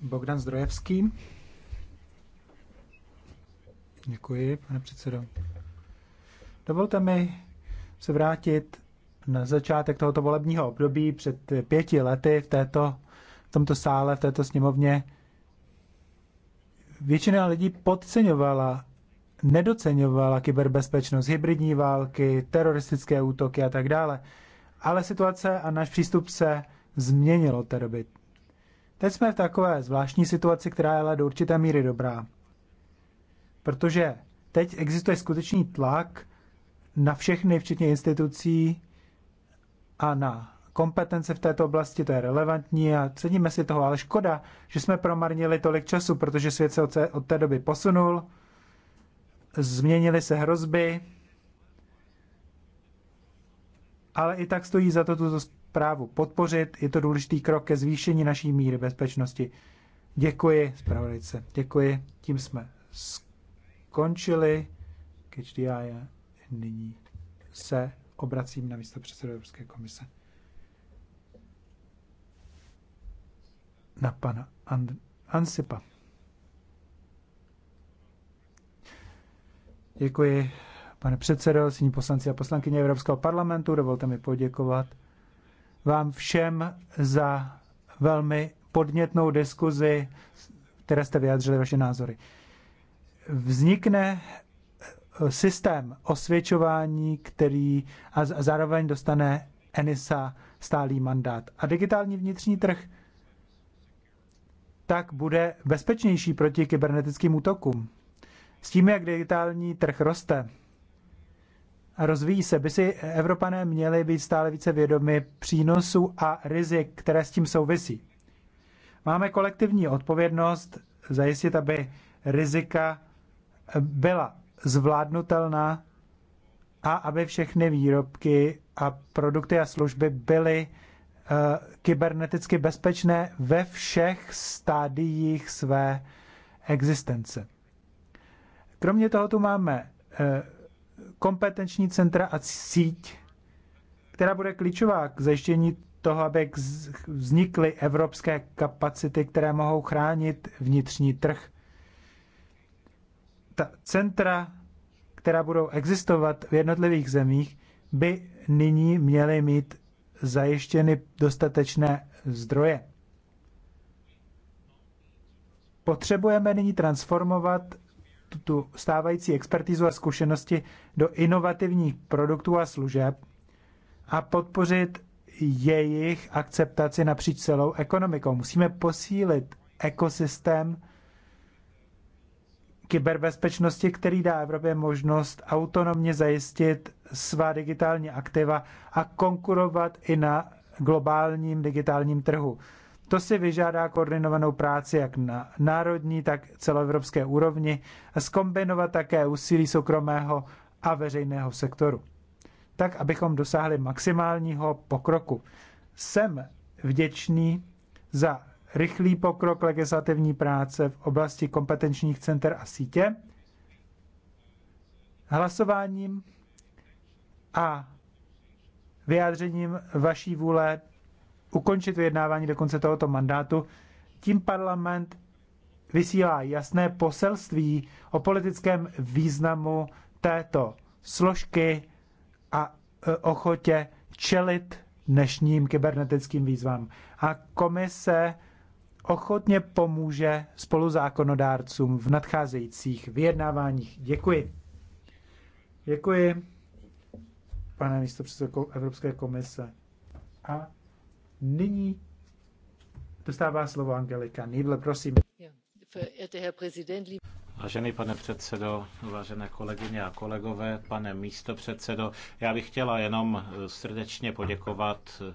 Bogdan Zdrojevský. Děkuji, pane předsedo. Dovolte mi se vrátit na začátek tohoto volebního období před pěti lety v, této, v tomto sále, v této sněmovně. Většina lidí podceňovala, nedoceňovala kyberbezpečnost, hybridní války, teroristické útoky a tak dále. Ale situace a náš přístup se změnilo od té doby. Teď jsme v takové zvláštní situaci, která je ale do určité míry dobrá. Protože teď existuje skutečný tlak na všechny, včetně institucí a na kompetence v této oblasti, to je relevantní a ceníme si toho, ale škoda, že jsme promarnili tolik času, protože svět se od té doby posunul, změnily se hrozby, ale i tak stojí za to tuto zprávu podpořit. Je to důležitý krok ke zvýšení naší míry bezpečnosti. Děkuji, zpravodajce. Děkuji. Tím jsme skončili. KHDI je nyní se obracím na místo předsedu Evropské komise. Na pana And- Ansipa. Děkuji, pane předsedo, sní poslanci a poslankyně Evropského parlamentu. Dovolte mi poděkovat vám všem za velmi podnětnou diskuzi, které jste vyjádřili vaše názory. Vznikne eh, systém osvědčování, který a zároveň dostane ENISA stálý mandát. A digitální vnitřní trh tak bude bezpečnější proti kybernetickým útokům. S tím, jak digitální trh roste, a rozvíjí se, by si Evropané měli být stále více vědomi přínosů a rizik, které s tím souvisí. Máme kolektivní odpovědnost zajistit, aby rizika byla zvládnutelná a aby všechny výrobky a produkty a služby byly uh, kyberneticky bezpečné ve všech stádiích své existence. Kromě toho tu máme uh, kompetenční centra a síť, která bude klíčová k zajištění toho, aby vznikly evropské kapacity, které mohou chránit vnitřní trh. Ta centra, která budou existovat v jednotlivých zemích, by nyní měly mít zajištěny dostatečné zdroje. Potřebujeme nyní transformovat tu stávající expertizu a zkušenosti do inovativních produktů a služeb a podpořit jejich akceptaci napříč celou ekonomikou. Musíme posílit ekosystém kyberbezpečnosti, který dá Evropě možnost autonomně zajistit svá digitální aktiva a konkurovat i na globálním digitálním trhu. To si vyžádá koordinovanou práci jak na národní, tak celoevropské úrovni a skombinovat také úsilí soukromého a veřejného sektoru, tak abychom dosáhli maximálního pokroku. Jsem vděčný za rychlý pokrok legislativní práce v oblasti kompetenčních center a sítě, hlasováním a vyjádřením vaší vůle ukončit vyjednávání do konce tohoto mandátu. Tím parlament vysílá jasné poselství o politickém významu této složky a e, ochotě čelit dnešním kybernetickým výzvám. A komise ochotně pomůže spoluzákonodárcům v nadcházejících vyjednáváních. Děkuji. Děkuji, pane místo Evropské komise. A Nyní dostává slovo Angelika Nýble, prosím. Vážený pane předsedo, vážené kolegyně a kolegové, pane místo předsedo, já bych chtěla jenom eh, srdečně poděkovat eh,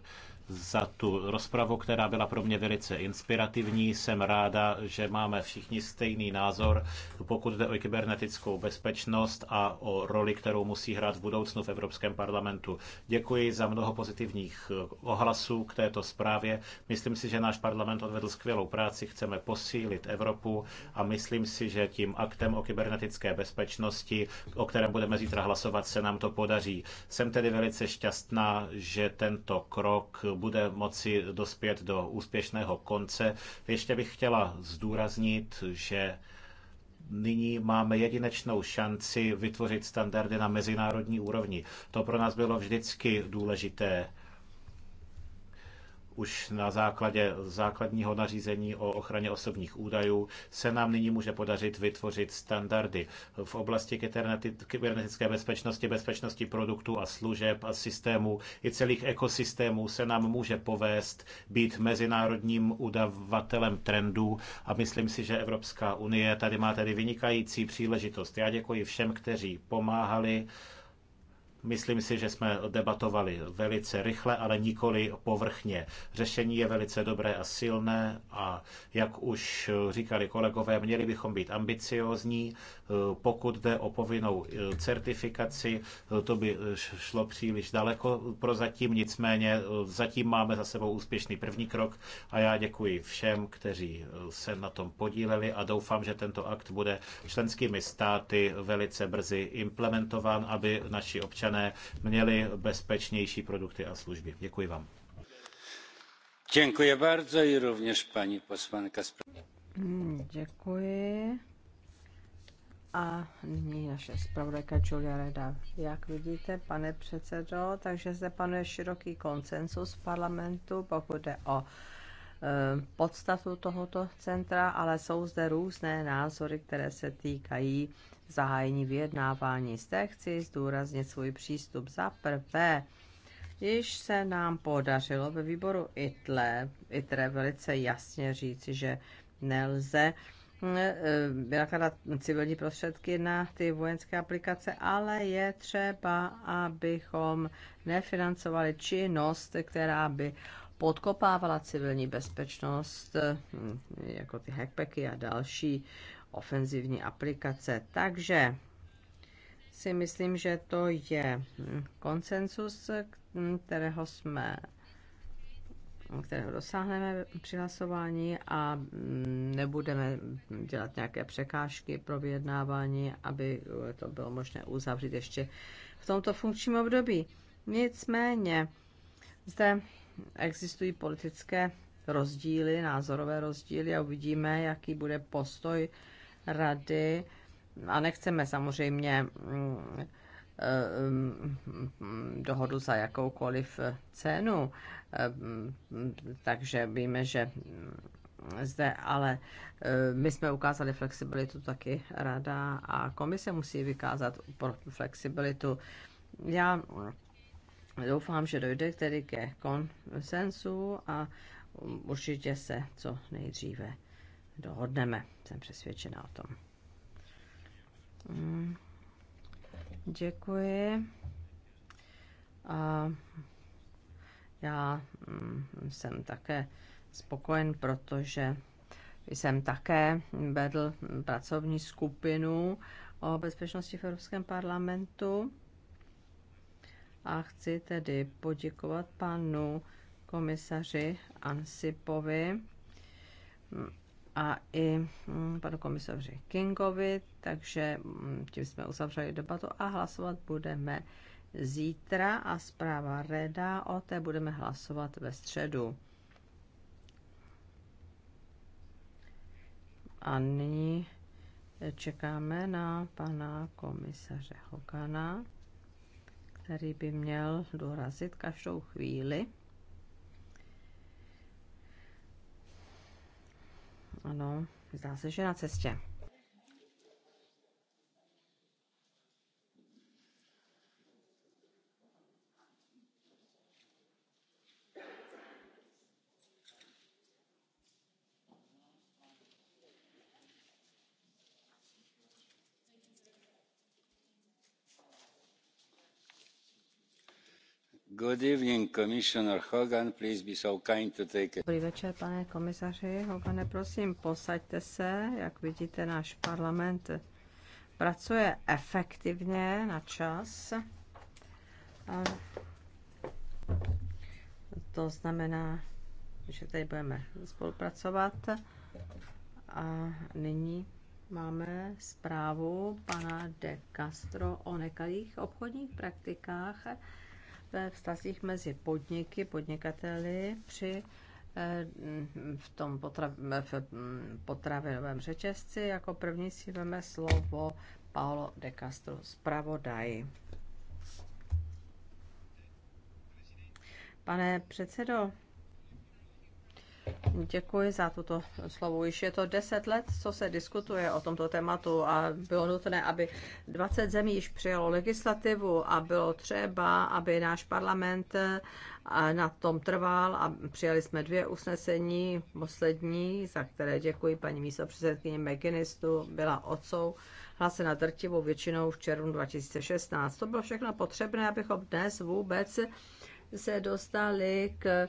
za tu rozpravu, která byla pro mě velice inspirativní. Jsem ráda, že máme všichni stejný názor, pokud jde o kybernetickou bezpečnost a o roli, kterou musí hrát v budoucnu v Evropském parlamentu. Děkuji za mnoho pozitivních eh, ohlasů k této zprávě. Myslím si, že náš parlament odvedl skvělou práci, chceme posílit Evropu a myslím si, že tím aktem o kybernetické bezpečnosti, o kterém budeme zítra hlasovat, se nám to podaří. Jsem tedy velice šťastná, že tento krok bude moci dospět do úspěšného konce. Ještě bych chtěla zdůraznit, že nyní máme jedinečnou šanci vytvořit standardy na mezinárodní úrovni. To pro nás bylo vždycky důležité už na základě základního nařízení o ochraně osobních údajů se nám nyní může podařit vytvořit standardy v oblasti kybernetické bezpečnosti, bezpečnosti produktů a služeb a systémů i celých ekosystémů se nám může povést být mezinárodním udavatelem trendů a myslím si, že Evropská unie tady má tedy vynikající příležitost. Já děkuji všem, kteří pomáhali. Myslím si, že jsme debatovali velice rychle, ale nikoli povrchně. Řešení je velice dobré a silné a jak už říkali kolegové, měli bychom být ambiciozní. Pokud jde o povinnou e, certifikaci, e, to by e, šlo příliš daleko prozatím, nicméně zatím máme za sebou úspěšný první krok a já děkuji všem, kteří se na tom podíleli a doufám, že tento akt bude členskými státy velice brzy implementován, aby naši občané občané měli bezpečnější produkty a služby. Děkuji vám. Děkuji bardzo i rovněž paní poslanka. Děkuji. A nyní naše zpravodajka Julia Reda. Jak vidíte, pane předsedo, takže zde panuje široký konsensus parlamentu, pokud jde o e, podstatu tohoto centra, ale jsou zde různé názory, které se týkají zahájení vyjednávání. Zde chci zdůraznit svůj přístup. Za prvé, již se nám podařilo ve výboru ITLE, ITRE velice jasně říci, že nelze mm, e, vynakladat civilní prostředky na ty vojenské aplikace, ale je třeba, abychom nefinancovali činnost, která by podkopávala civilní bezpečnost, mm, jako ty hackpacky a další ofenzivní aplikace. Takže si myslím, že to je konsensus, kterého jsme kterého dosáhneme při hlasování a nebudeme dělat nějaké překážky pro vyjednávání, aby to bylo možné uzavřít ještě v tomto funkčním období. Nicméně zde existují politické rozdíly, názorové rozdíly a uvidíme, jaký bude postoj rady a nechceme samozřejmě mm, eh, mm, dohodu za jakoukoliv cenu. Eh, takže víme, že mm, zde, ale eh, my jsme ukázali flexibilitu taky rada a komise musí vykázat flexibilitu. Já doufám, že dojde tedy ke konsensu a určitě se co nejdříve dohodneme. Jsem přesvědčená o tom. Hmm. Děkuji. A já hmm, jsem také spokojen, protože jsem také vedl pracovní skupinu o bezpečnosti v Evropském parlamentu a chci tedy poděkovat panu komisaři Ansipovi hmm, a i mm, panu komisaři Kingovi, takže mm, tím jsme uzavřeli debatu a hlasovat budeme zítra a zpráva Reda, o té budeme hlasovat ve středu. A nyní čekáme na pana komisaře Hokana, který by měl dorazit každou chvíli. Ano, zdá se, že na cestě. Dobrý večer, pane komisaři Hogane, prosím, posaďte se. Jak vidíte, náš parlament pracuje efektivně na čas. A to znamená, že tady budeme spolupracovat. A nyní máme zprávu pana De Castro o nekalých obchodních praktikách ve vztazích mezi podniky, podnikateli při eh, v tom potra, v potravinovém řetězci. Jako první si veme slovo Paolo de Castro, zpravodaj. Pane předsedo, děkuji za tuto slovo. Již je to deset let, co se diskutuje o tomto tématu a bylo nutné, aby 20 zemí již přijalo legislativu a bylo třeba, aby náš parlament na tom trval a přijali jsme dvě usnesení, poslední, za které děkuji paní místopředsedkyni McGinnistu, byla hlase na drtivou většinou v červnu 2016. To bylo všechno potřebné, abychom dnes vůbec se dostali k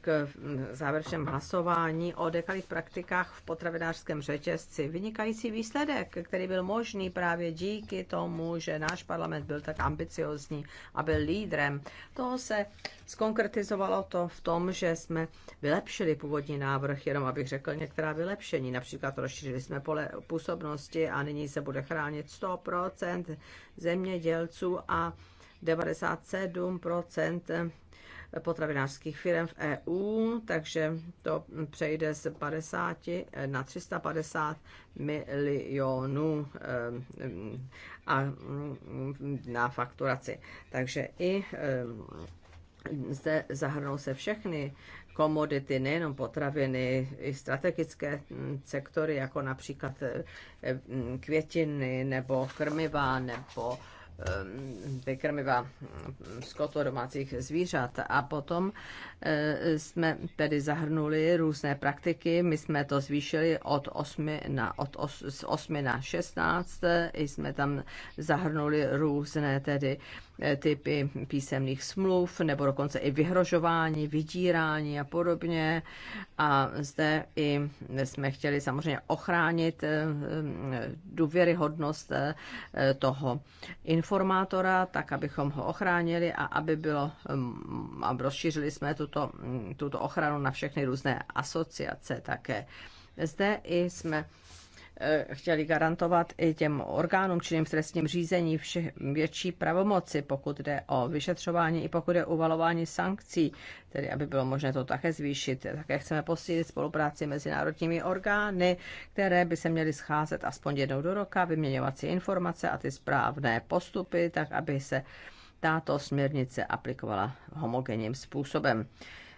k závěrečném hlasování o dekalých praktikách v potravinářském řetězci. Vynikající výsledek, který byl možný právě díky tomu, že náš parlament byl tak ambiciozní a byl lídrem. To se skonkretizovalo to v tom, že jsme vylepšili původní návrh, jenom abych řekl některá vylepšení. Například rozšířili jsme pole působnosti a nyní se bude chránit 100% zemědělců a 97% potravinářských firm v EU, takže to přejde z 50 eh, na 350 milionů eh, a mm, na fakturaci. Takže i eh, zde zahrnou se všechny komodity, nejenom potraviny, i strategické mm, sektory, jako například mm, květiny nebo krmiva nebo vykrmiva eh, mm, skotu a domácích zvířat. A potom eh, jsme tedy zahrnuli různé praktiky. My jsme to zvýšili od 8 na, od 8, z 8 na 16. I jsme tam zahrnuli různé tedy E, typy písemných smluv nebo dokonce i vyhrožování, vydírání a podobně. A zde i jsme chtěli samozřejmě ochránit e, e, důvěryhodnost toho informátora, tak abychom ho ochránili a aby bylo, mm, a rozšířili jsme tuto, tuto ochranu na všechny různé asociace také. Zde i jsme Eh, chtěli garantovat i těm orgánům činným v trestním řízení vše, větší pravomoci, pokud jde o vyšetřování i pokud jde o uvalování sankcí, tedy aby bylo možné to také zvýšit. Také chceme posílit spolupráci mezi národními orgány, které by se měly scházet aspoň jednou do roka, vyměňovat si informace a ty správné postupy, tak aby se tato směrnice aplikovala homogenním způsobem.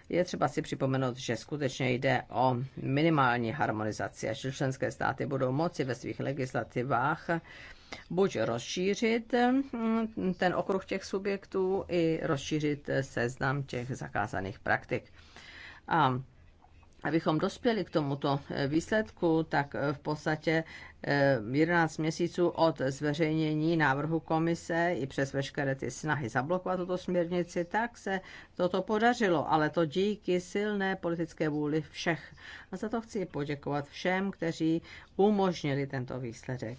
Je třeba si připomenout, že skutečně jde o minimální harmonizaci a že členské státy budou moci ve svých legislativách buď rozšířit mm, ten okruh těch subjektů i rozšířit seznam těch zakázaných praktik. A abychom dospěli k tomuto eh, výsledku, tak eh, v podstatě 11 eh, měsíců od zveřejnění návrhu komise i přes veškeré ty snahy zablokovat tuto směrnici, tak se toto podařilo, ale to díky silné politické vůli všech. A za to chci poděkovat všem, kteří umožnili tento výsledek.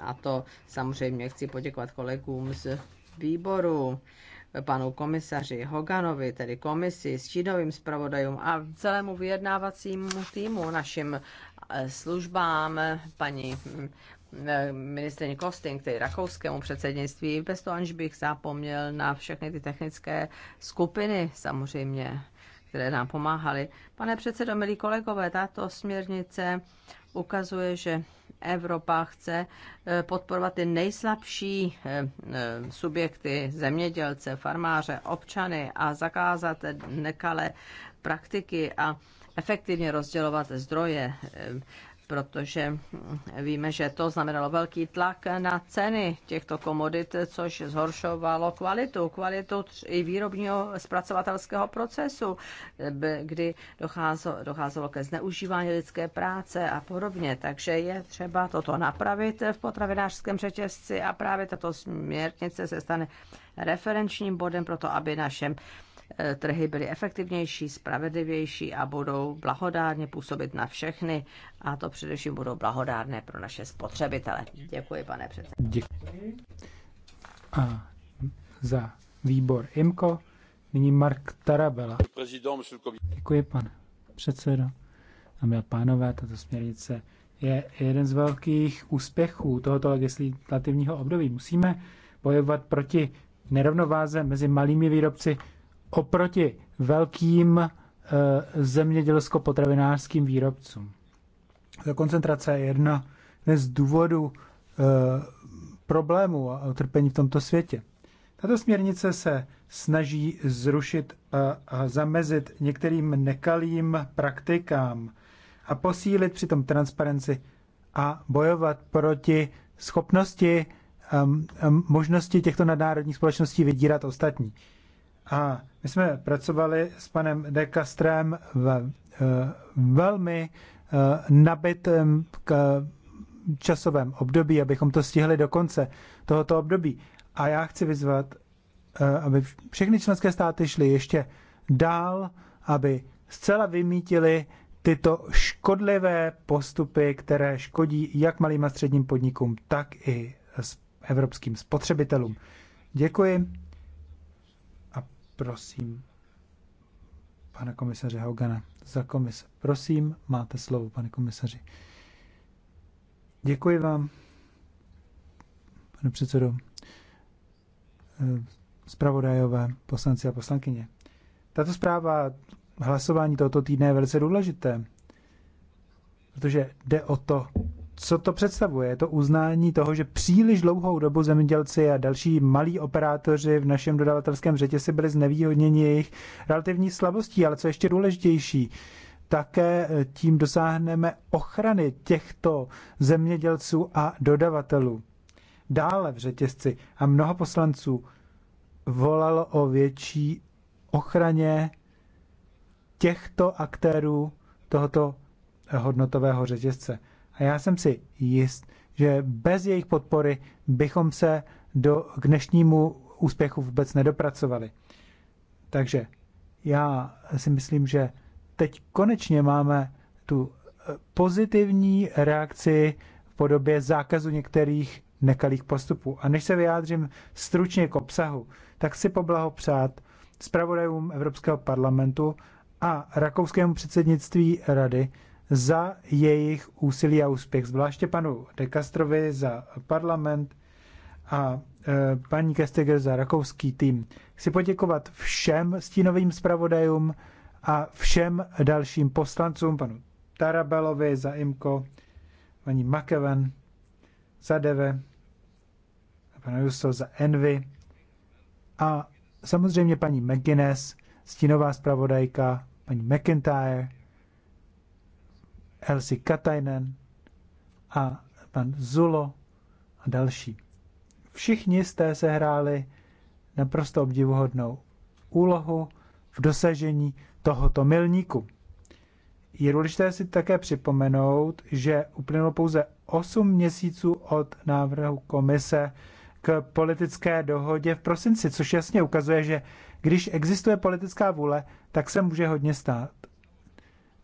A to samozřejmě chci poděkovat kolegům z výboru panu komisaři Hoganovi, tedy komisi, s čínovým zpravodajům a celému vyjednávacímu týmu, našim eh, službám, paní mm, eh, ministrině kosting, tedy rakouskému předsednictví, bez toho aniž bych zapomněl na všechny ty technické skupiny samozřejmě, které nám pomáhaly. Pane předsedo, milí kolegové, tato směrnice ukazuje, že Evropa chce eh, podporovat ty nejslabší eh, eh, subjekty, zemědělce, farmáře, občany a zakázat nekalé praktiky a efektivně rozdělovat zdroje protože víme, že to znamenalo velký tlak na ceny těchto komodit, což zhoršovalo kvalitu, kvalitu i výrobního zpracovatelského procesu, kdy docházelo, docházelo ke zneužívání lidské práce a podobně. Takže je třeba toto napravit v potravinářském řetězci a právě tato směrnice se stane referenčním bodem pro to, aby našem Eh, trhy byly efektivnější, spravedlivější a budou blahodárně působit na všechny a to především budou blahodárné pro naše spotřebitele. Děkuji, pane předsedo. Děkuji. A za výbor IMKO nyní Mark Tarabela. Děkuji, pane předsedo. Dámy a pánové, tato směrnice je jeden z velkých úspěchů tohoto legislativního období. Musíme bojovat proti nerovnováze mezi malými výrobci oproti velkým eh, zemědělsko-potravinářským výrobcům. Ta koncentrace je jedna z důvodů eh, problémů a utrpení v tomto světě. Tato směrnice se snaží zrušit eh, a zamezit některým nekalým praktikám a posílit přitom transparenci a bojovat proti schopnosti a ehm, ehm, možnosti těchto nadnárodních společností vydírat ostatní. A my jsme pracovali s panem Dekastrem v eh, velmi eh, nabitém časovém období, abychom to stihli do konce tohoto období. A já chci vyzvat, eh, aby všechny členské státy šly ještě dál, aby zcela vymítili tyto škodlivé postupy, které škodí jak malým a středním podnikům, tak i evropským spotřebitelům. Děkuji. Prosím, pane komisaře Haugana, za komise. Prosím, máte slovo, pane komisaři. Děkuji vám, pane předsedo, eh, zpravodajové, poslanci a poslankyně. Tato zpráva hlasování tohoto týdne je velice důležité, protože jde o to, co to představuje? Je to uznání toho, že příliš dlouhou dobu zemědělci a další malí operátoři v našem dodavatelském řetězci byli znevýhodněni jejich relativní slabostí, ale co ještě důležitější, také eh, tím dosáhneme ochrany těchto zemědělců a dodavatelů. Dále v řetězci a mnoho poslanců volalo o větší ochraně těchto aktérů tohoto hodnotového řetězce. A já jsem si jist, že bez jejich podpory bychom se do, k dnešnímu úspěchu vůbec nedopracovali. Takže já si myslím, že teď konečně máme tu eh, pozitivní reakci v podobě zákazu některých nekalých postupů. A než se vyjádřím stručně k obsahu, tak si poblahopřát zpravodajům Evropského parlamentu a rakouskému předsednictví rady za jejich úsilí a úspěch. Zvláště panu De Castrovi za parlament a e, paní Kestiger za rakouský tým. Chci poděkovat všem stínovým zpravodajům a všem dalším poslancům, panu Tarabelovi za Imko, paní Makeven za Deve, a panu Justo za Envy a samozřejmě paní McGuinness, stínová zpravodajka, paní McIntyre, Elsi Katainen a pan Zulo a další. Všichni jste sehráli naprosto obdivuhodnou úlohu v dosažení tohoto milníku. Je důležité si také připomenout, že uplynulo pouze 8 měsíců od návrhu komise k politické dohodě v prosinci, což jasně ukazuje, že když existuje politická vůle, tak se může hodně stát.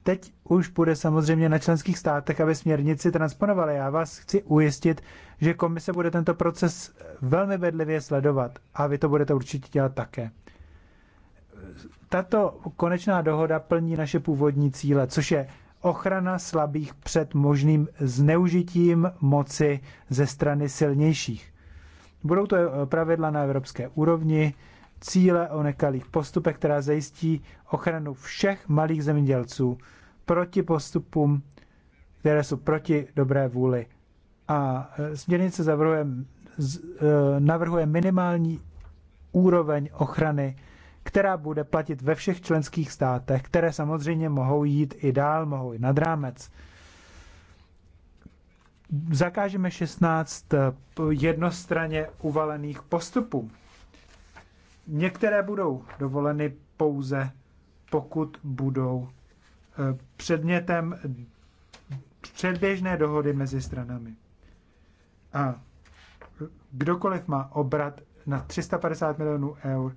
Teď už bude samozřejmě na členských státech, aby směrnici transponovali. Já vás chci ujistit, že komise bude tento proces velmi vedlivě sledovat a vy to budete určitě dělat také. Tato konečná dohoda plní naše původní cíle, což je ochrana slabých před možným zneužitím moci ze strany silnějších. Budou to pravidla na evropské úrovni, cíle o nekalých postupech, která zajistí ochranu všech malých zemědělců proti postupům, které jsou proti dobré vůli. A e, směrnice zavrhuje, e, navrhuje minimální úroveň ochrany, která bude platit ve všech členských státech, které samozřejmě mohou jít i dál, mohou i nad rámec zakážeme 16 e, jednostranně uvalených postupů. Některé budou dovoleny pouze, pokud budou eh, předmětem předběžné dohody mezi stranami. A kdokoliv má obrat na 350 milionů eur,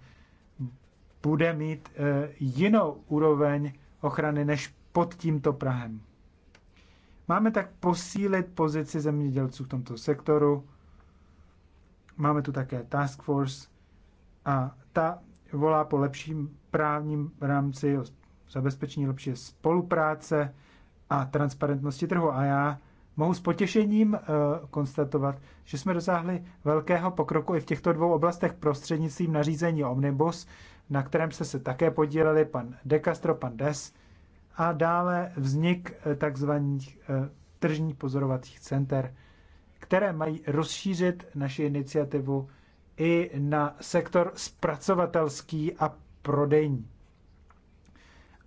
bude mít eh, jinou úroveň ochrany než pod tímto Prahem. Máme tak posílit pozici zemědělců v tomto sektoru. Máme tu také task force, a ta volá po lepším právním rámci, zabezpečení lepší spolupráce a transparentnosti trhu. A já mohu s potěšením eh, konstatovat, že jsme dosáhli velkého pokroku i v těchto dvou oblastech prostřednictvím nařízení Omnibus, na kterém se se také podíleli pan De Castro, pan Des a dále vznik eh, takzvaných eh, tržních pozorovacích center, které mají rozšířit naši iniciativu i na sektor zpracovatelský a prodejní.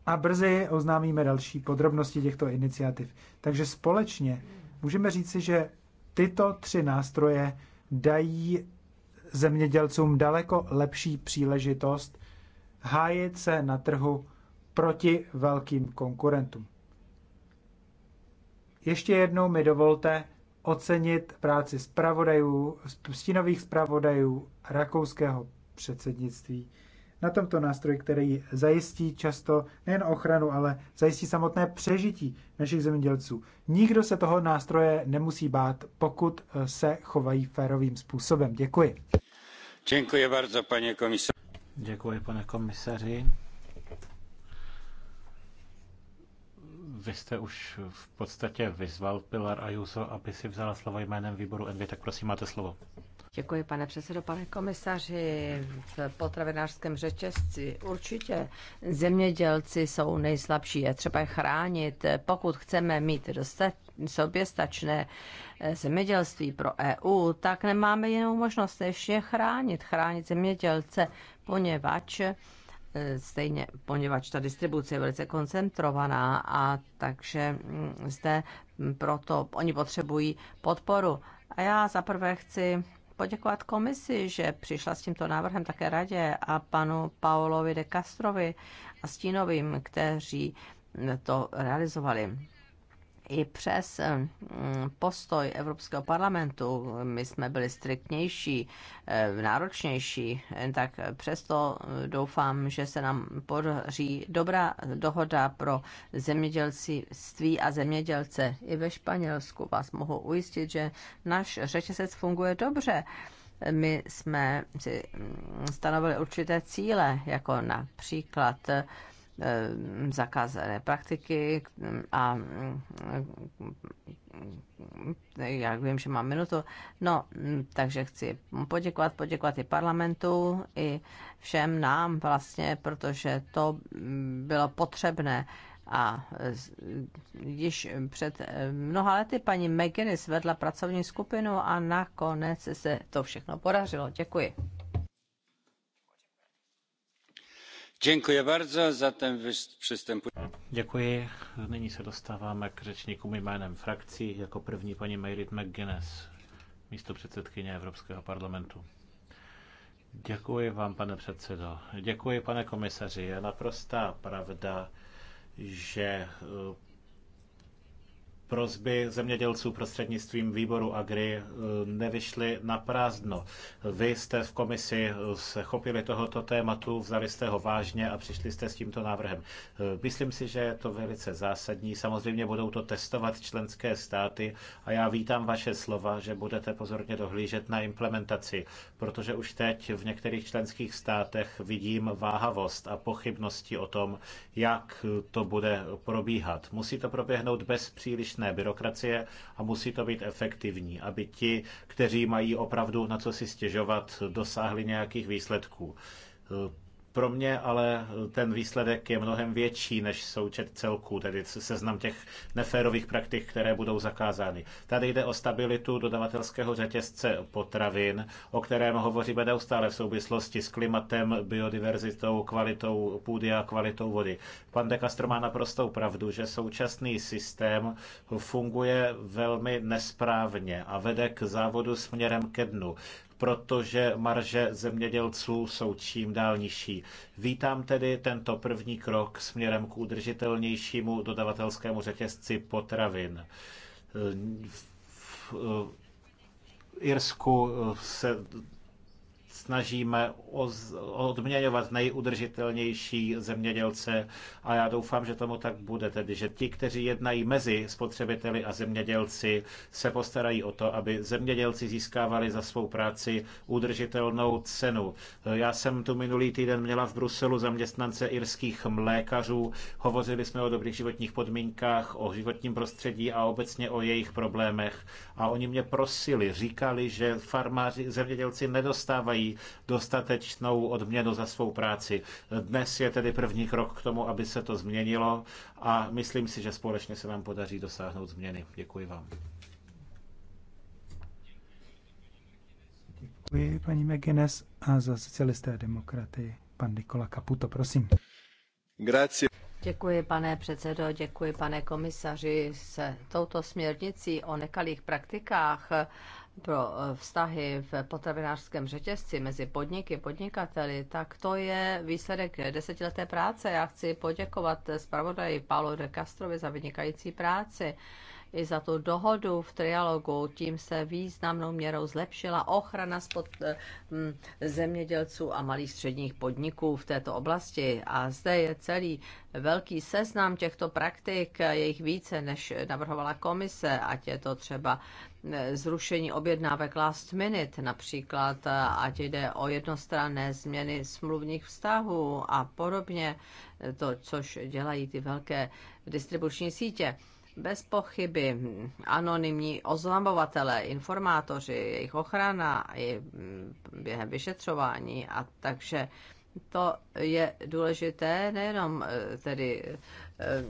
A brzy oznámíme další podrobnosti těchto iniciativ. Takže společně můžeme říci, že tyto tři nástroje dají zemědělcům daleko lepší příležitost hájit se na trhu proti velkým konkurentům. Ještě jednou mi dovolte ocenit práci zpravodajů, stínových zpravodajů rakouského předsednictví na tomto nástroji, který zajistí často nejen ochranu, ale zajistí samotné přežití našich zemědělců. Nikdo se toho nástroje nemusí bát, pokud eh, se chovají férovým způsobem. Děkuji. Děkuji bardzo, pane komisaři. Děkuji, pane komisaři. Vy jste už v podstatě vyzval Pilar Ayuso, aby si vzala slovo jménem výboru Envy, tak prosím, máte slovo. Děkuji, pane předsedo, pane komisaři. V potravinářském řečesci určitě zemědělci jsou nejslabší. Je třeba je chránit. Pokud chceme mít dostat soběstačné eh, zemědělství pro EU, tak nemáme jinou možnost než je chránit, chránit zemědělce, poněvadž stejně, poněvadž ta distribuce je velice koncentrovaná a takže mm, zde proto oni potřebují podporu. A já zaprvé chci poděkovat komisi, že přišla s tímto návrhem také radě a panu Paolovi de Castrovi a Stínovým, kteří to realizovali i přes eh, mm, postoj Evropského parlamentu, my jsme byli striktnější, eh, náročnější, eh, tak přesto doufám, že se nám podaří dobrá dohoda pro zemědělství a zemědělce. I ve Španělsku vás mohu ujistit, že náš řetězec funguje dobře my jsme si mm, stanovili určité cíle, jako například Eh, zakázané praktiky a eh, já vím, že mám minutu. No, takže chci poděkovat, poděkovat i parlamentu, i všem nám vlastně, protože to bylo potřebné. A již před eh, mnoha lety paní McGinnis vedla pracovní skupinu a nakonec se to všechno podařilo. Děkuji. Děkuji Děkuji. Nyní se dostáváme k řečníkům jménem frakcí. Jako první paní mairead McGuinness, místopředsedkyně předsedkyně Evropského parlamentu. Děkuji vám, pane předsedo. Děkuji, pane komisaři. Je naprostá pravda, že eh, prozby zemědělců prostřednictvím výboru Agri eh, nevyšly na prázdno. Vy jste v komisi eh, se chopili tohoto tématu, vzali jste ho vážně a přišli jste s tímto návrhem. Eh, myslím si, že je to velice zásadní. Samozřejmě budou to testovat členské státy a já vítám vaše slova, že budete pozorně dohlížet na implementaci, protože už teď v některých členských státech vidím váhavost a pochybnosti o tom, jak to bude probíhat. Musí to proběhnout bez příliš zbytečné byrokracie a musí to být efektivní, aby ti, kteří mají opravdu na co si stěžovat, dosáhli nějakých výsledků. Pro mě ale ten výsledek je mnohem větší než součet celků, tedy seznam těch neférových praktik, které budou zakázány. Tady jde o stabilitu dodavatelského řetězce potravin, o kterém hovoříme neustále v souvislosti s klimatem, biodiverzitou, kvalitou půdy a kvalitou vody. Pan De Castro má naprostou pravdu, že současný systém funguje velmi nesprávně a vede k závodu směrem ke dnu protože marže zemědělců jsou čím dál nižší. Vítám tedy tento první krok směrem k udržitelnějšímu dodavatelskému řetězci potravin. V Irsku se snažíme odměňovat nejudržitelnější zemědělce a já doufám, že tomu tak bude, tedy že ti, kteří jednají mezi spotřebiteli a zemědělci, se postarají o to, aby zemědělci získávali za svou práci udržitelnou cenu. Já jsem tu minulý týden měla v Bruselu zaměstnance irských mlékařů, hovořili jsme o dobrých životních podmínkách, o životním prostředí a obecně o jejich problémech a oni mě prosili, říkali, že farmáři, zemědělci nedostávají dostatečnou odměnu za svou práci. Dnes je tedy první krok k tomu, aby se to změnilo a myslím si, že společně se nám podaří dosáhnout změny. Děkuji vám. Děkuji paní McGuinness a za socialisté a demokraty pan Nikola Kaputo, prosím. Grazie. Děkuji, pane předsedo, děkuji, pane komisaři. Se touto směrnicí o nekalých praktikách pro eh, vztahy v potravinářském řetězci mezi podniky, podnikateli, tak to je výsledek desetileté práce. Já chci poděkovat zpravodaji Paulo de Castrovi za vynikající práci i za tu dohodu v trialogu. Tím se významnou měrou zlepšila ochrana spod, eh, zemědělců a malých středních podniků v této oblasti. A zde je celý velký seznam těchto praktik, jejich více, než navrhovala komise, ať je to třeba zrušení objednávek last minute například, eh, ať jde o jednostranné změny smluvních vztahů a podobně, to, což dělají ty velké distribuční sítě. Bez pochyby anonymní oznamovatele, informátoři, jejich ochrana i mm, během vyšetřování a takže to je důležité nejenom eh, tedy Eh,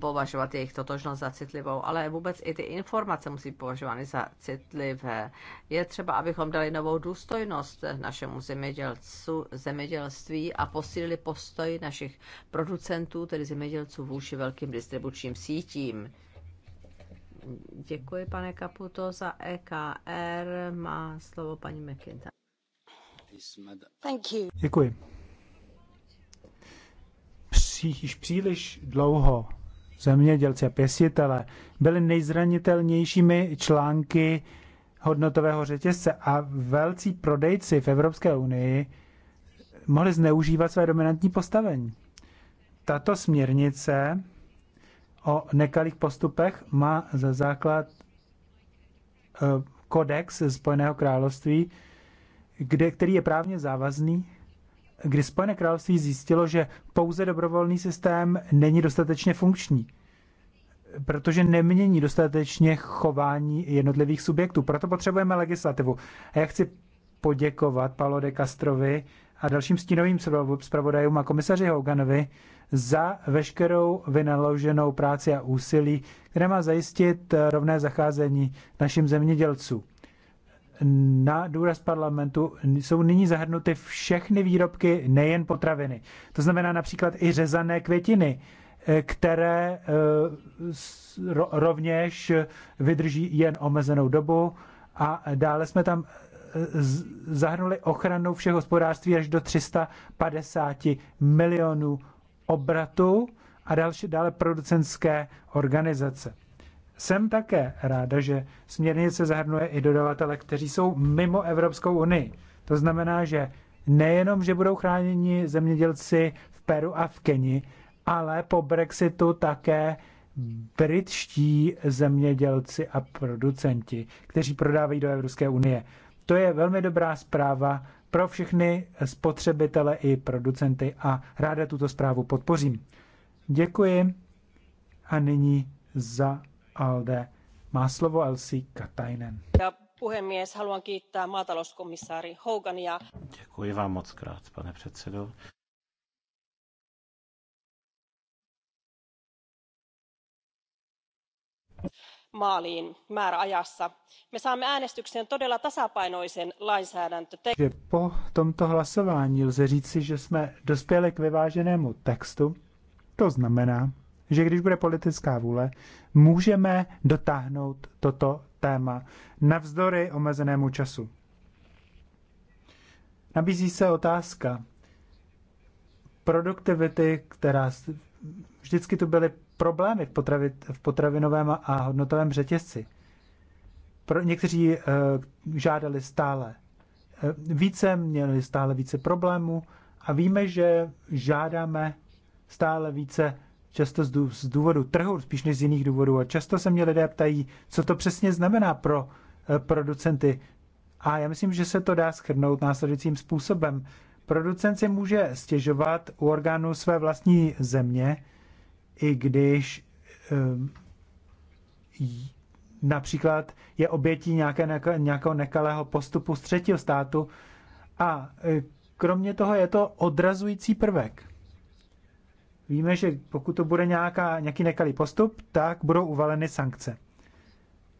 považovat jejich totožnost za citlivou, ale vůbec i ty informace musí být považovány za citlivé. Je třeba, abychom dali novou důstojnost našemu zemědělcu, zemědělství a posílili postoj našich producentů, tedy zemědělců vůči velkým distribučním sítím. Děkuji, pane Kaputo, za EKR. Má slovo paní McIntyre. Děkuji již příliš dlouho zemědělci a pěstitele byli nejzranitelnějšími články hodnotového řetězce a velcí prodejci v Evropské unii mohli zneužívat své dominantní postavení. Tato směrnice o nekalých postupech má za základ eh, kodex Spojeného království, kde, který je právně závazný kdy Spojené království zjistilo, že pouze dobrovolný systém není dostatečně funkční, protože nemění dostatečně chování jednotlivých subjektů. Proto potřebujeme legislativu. A já chci poděkovat Paolo de Castrovi a dalším stínovým zpravodajům a komisaři Hoganovi za veškerou vynaloženou práci a úsilí, které má zajistit rovné zacházení našim zemědělcům na důraz parlamentu jsou nyní zahrnuty všechny výrobky, nejen potraviny. To znamená například i řezané květiny, eh, které eh, rovněž vydrží jen omezenou dobu a dále jsme tam eh, zahrnuli ochranu všech hospodářství až do 350 milionů obratů a další dále producenské organizace. Jsem také ráda, že směrnice zahrnuje i dodavatele, kteří jsou mimo Evropskou unii. To znamená, že nejenom, že budou chráněni zemědělci v Peru a v Keni, ale po Brexitu také britští zemědělci a producenti, kteří prodávají do Evropské unie. To je velmi dobrá zpráva pro všechny spotřebitele i producenty a ráda tuto zprávu podpořím. Děkuji a nyní za ALDE. Má slovo Elsi Katainen. Puhemies, haluan kiittää maatalouskomissaari Hogania. Děkuji vám moc krát, pane předsedo. maaliin määräajassa. Me saamme äänestykseen todella tasapainoisen Po tomto hlasování lze říci, že jsme dospěli k vyváženému textu. To znamená, že když bude politická vůle, můžeme dotáhnout toto téma navzdory omezenému času. Nabízí se otázka produktivity, která vždycky tu byly problémy v, potravi, v potravinovém a hodnotovém řetězci. Pro, někteří e, žádali stále e, více, měli stále více problémů a víme, že žádáme stále více často z důvodu trhu, spíš než z jiných důvodů. A často se mě lidé ptají, co to přesně znamená pro eh, producenty. A já myslím, že se to dá schrnout následujícím způsobem. Producent si může stěžovat u orgánů své vlastní země, i když um, například je obětí nějaké, nějakého nekalého postupu z třetího státu. A eh, kromě toho je to odrazující prvek Víme, že pokud to bude nějaká, nějaký nekalý postup, tak budou uvaleny sankce.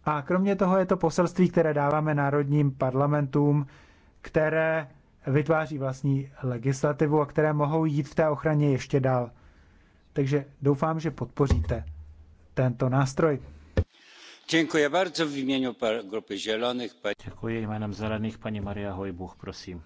A kromě toho je to poselství, které dáváme národním parlamentům, které vytváří vlastní legislativu a které mohou jít v té ochraně ještě dál. Takže doufám, že podpoříte tento nástroj. Děkuji bardzo v jménu grupy Zelených. Děkuji jménem Zelených, paní Maria Hojbuch, prosím.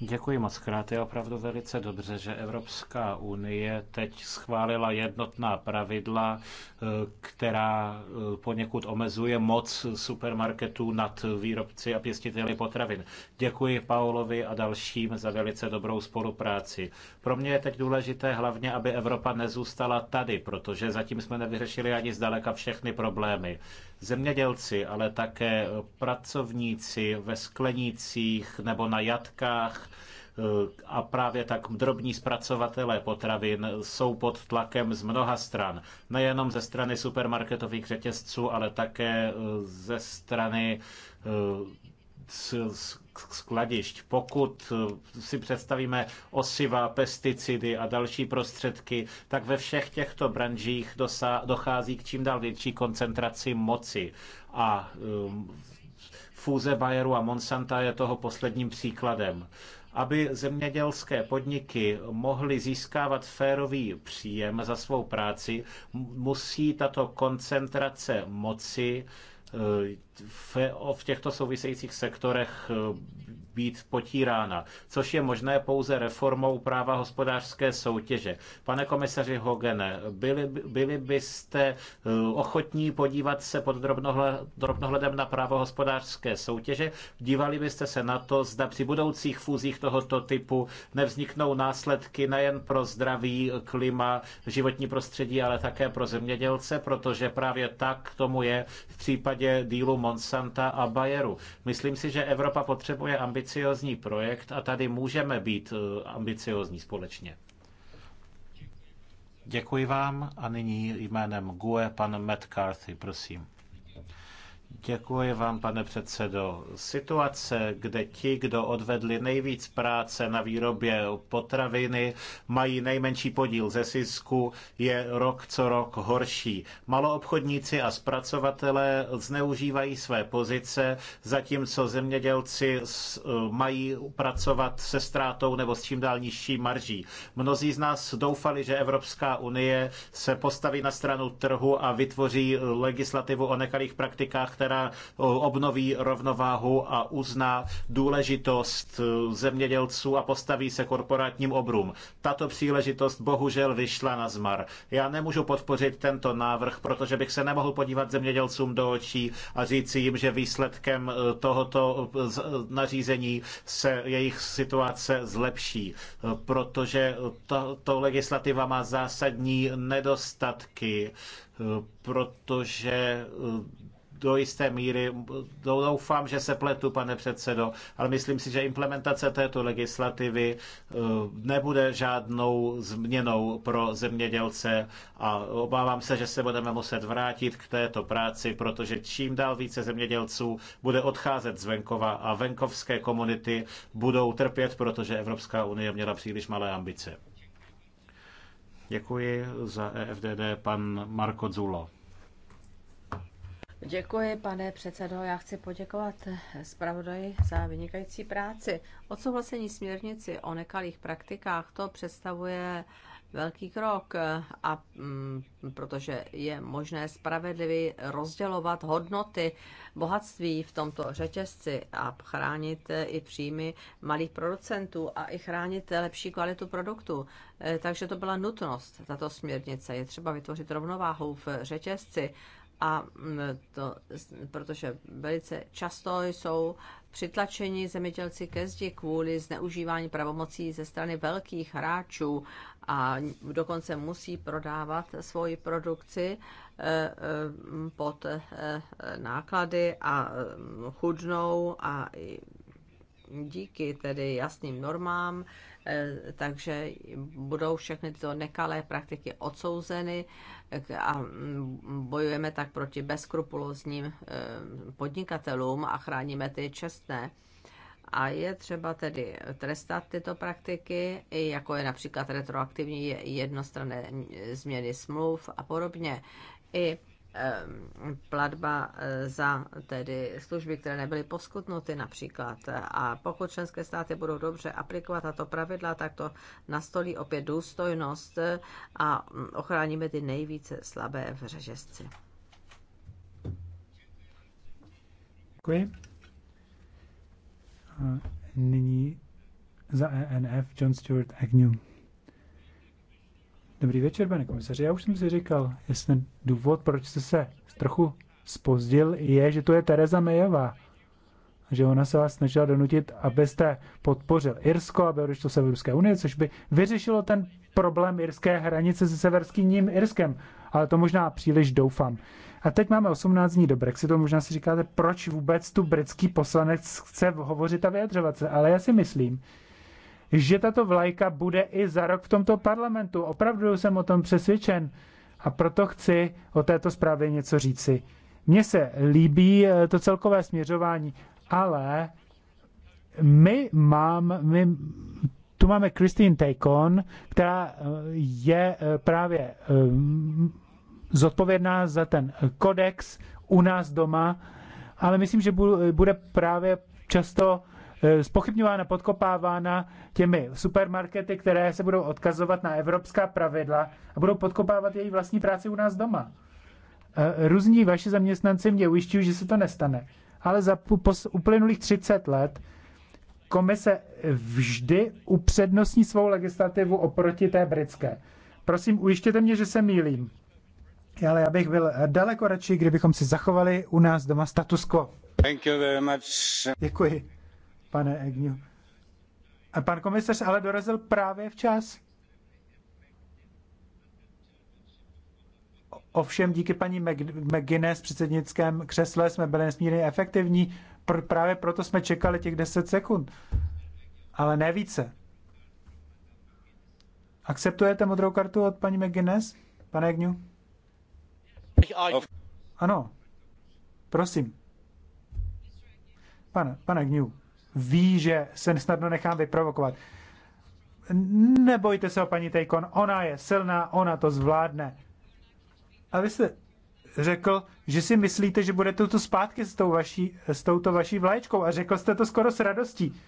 Děkuji moc krát. Je opravdu velice dobře, že Evropská unie teď schválila jednotná pravidla, eh, která eh, poněkud omezuje moc supermarketů nad výrobci a pěstiteli potravin. Děkuji Paolovi a dalším za velice dobrou spolupráci. Pro mě je teď důležité hlavně, aby Evropa nezůstala tady, protože zatím jsme nevyřešili ani zdaleka všechny problémy zemědělci, ale také pracovníci ve sklenících nebo na jatkách eh, a právě tak drobní zpracovatelé potravin jsou pod tlakem z mnoha stran. Nejenom ze strany supermarketových řetězců, ale také eh, ze strany z, eh, z skladišť. Pokud eh, si představíme osiva, pesticidy a další prostředky, tak ve všech těchto branžích dochází k čím dál větší koncentraci moci. A eh, fúze Bayeru a Monsanta je toho posledním příkladem aby zemědělské podniky mohly získávat férový příjem za svou práci, musí tato koncentrace moci v těchto souvisejících sektorech eh, být potírána, což je možné pouze reformou práva hospodářské soutěže. Pane komisaři Hogene, byli, byli byste eh, ochotní podívat se pod drobnohledem na právo hospodářské soutěže? Dívali byste se na to, zda při budoucích fúzích tohoto typu nevzniknou následky nejen pro zdraví, klima, životní prostředí, ale také pro zemědělce, protože právě tak tomu je v případě dílu Monsanta a Bayeru. Myslím si, že Evropa potřebuje ambice ambiciozní projekt a tady můžeme být eh, ambiciozní společně. Děkuji vám a nyní jménem GUE pan Matt Carthy, prosím. Děkuji vám, pane předsedo. Situace, kde ti, kdo odvedli nejvíc práce na výrobě potraviny, mají nejmenší podíl ze zisku, je rok co rok horší. Maloobchodníci a zpracovatelé zneužívají své pozice, zatímco zemědělci eh, mají pracovat se ztrátou nebo s čím dál nižší marží. Mnozí z nás doufali, že Evropská unie se postaví na stranu trhu a vytvoří legislativu o nekalých praktikách která eh, obnoví rovnováhu a uzná důležitost eh, zemědělců a postaví se korporátním obrům. Tato příležitost bohužel vyšla na zmar. Já nemůžu podpořit tento návrh, protože bych se nemohl podívat zemědělcům do očí a říci jim, že výsledkem eh, tohoto nařízení se jejich situace zlepší, protože tato legislativa má zásadní nedostatky, protože do jisté míry. Doufám, že se pletu, pane předsedo, ale myslím si, že implementace této legislativy eh, nebude žádnou změnou pro zemědělce a obávám se, že se budeme muset vrátit k této práci, protože čím dál více zemědělců bude odcházet z venkova a venkovské komunity budou trpět, protože Evropská unie měla příliš malé ambice. Děkuji za EFDD pan Marko Zulo. Děkuji, pane předsedo. Já chci poděkovat zpravodaji za vynikající práci. Odsouhlasení směrnici o nekalých praktikách to představuje velký krok, a, mm, protože je možné spravedlivě rozdělovat hodnoty bohatství v tomto řetězci a chránit i příjmy malých producentů a i chránit lepší kvalitu produktu. E, takže to byla nutnost, tato směrnice. Je třeba vytvořit rovnováhu v řetězci a mm, to, protože velice často jsou přitlačeni zemědělci ke zdi kvůli zneužívání pravomocí ze strany velkých hráčů a dokonce musí prodávat svoji produkci eh, eh, pod eh, náklady a chudnou a díky tedy jasným normám, eh, takže budou všechny tyto nekalé praktiky odsouzeny eh, a mm, bojujeme tak proti bezkrupulózním eh, podnikatelům a chráníme ty čestné. A je třeba tedy trestat tyto praktiky, jako je například retroaktivní jednostranné změny smluv a podobně. I Ehm, platba eh, za tedy služby, které nebyly poskutnuty například. A pokud členské státy budou dobře aplikovat tato pravidla, tak to nastolí opět důstojnost eh, a mm, ochráníme ty nejvíce slabé v řežesci. Děkuji. A nyní za ENF John Stuart Agnew. Dobrý večer, pane komisaři. Já už jsem si říkal, jestli důvod, proč jste se trochu spozdil, je, že to je Tereza Mejová. Že ona se vás snažila donutit, abyste podpořil Irsko, aby odešlo Severské unie, což by vyřešilo ten problém irské hranice se severským Irskem. Ale to možná příliš doufám. A teď máme 18 dní do Brexitu, možná si říkáte, proč vůbec tu britský poslanec chce hovořit a vyjadřovat se. Ale já si myslím, že tato vlajka bude i za rok v tomto parlamentu. Opravdu jsem o tom přesvědčen a proto chci o této zprávě něco říci. Mně se líbí eh, to celkové směřování, ale my, mám, my tu máme Christine Takon, která eh, je eh, právě zodpovědná za ten kodex u nás doma, ale myslím, že bude právě často Eh, spochybňována, podkopávána těmi supermarkety, které se budou odkazovat na evropská pravidla a budou podkopávat její vlastní práci u nás doma. Eh, různí vaši zaměstnanci mě ujišťují, že se to nestane. Ale za uplynulých 30 let komise vždy upřednostní svou legislativu oproti té britské. Prosím, ujištěte mě, že se mýlím. Ale já bych byl daleko radši, kdybychom si zachovali u nás doma status quo. Thank you very much. Děkuji pane Egniu. A pan komisař ale dorazil právě včas. Ovšem díky paní McGuinness v předsednickém křesle jsme byli nesmírně efektivní, pr- právě proto jsme čekali těch 10 sekund. Ale ne více. Akceptujete modrou kartu od paní McGuinness, pane Egňu? Ano. Prosím. Pane, pane Agnew ví, že se snadno nechám vyprovokovat. Nebojte se o paní Tejkon, ona je silná, ona to zvládne. A vy jste řekl, že si myslíte, že budete tu zpátky s, tou vaší, s touto vaší vlaječkou a řekl jste to skoro s radostí.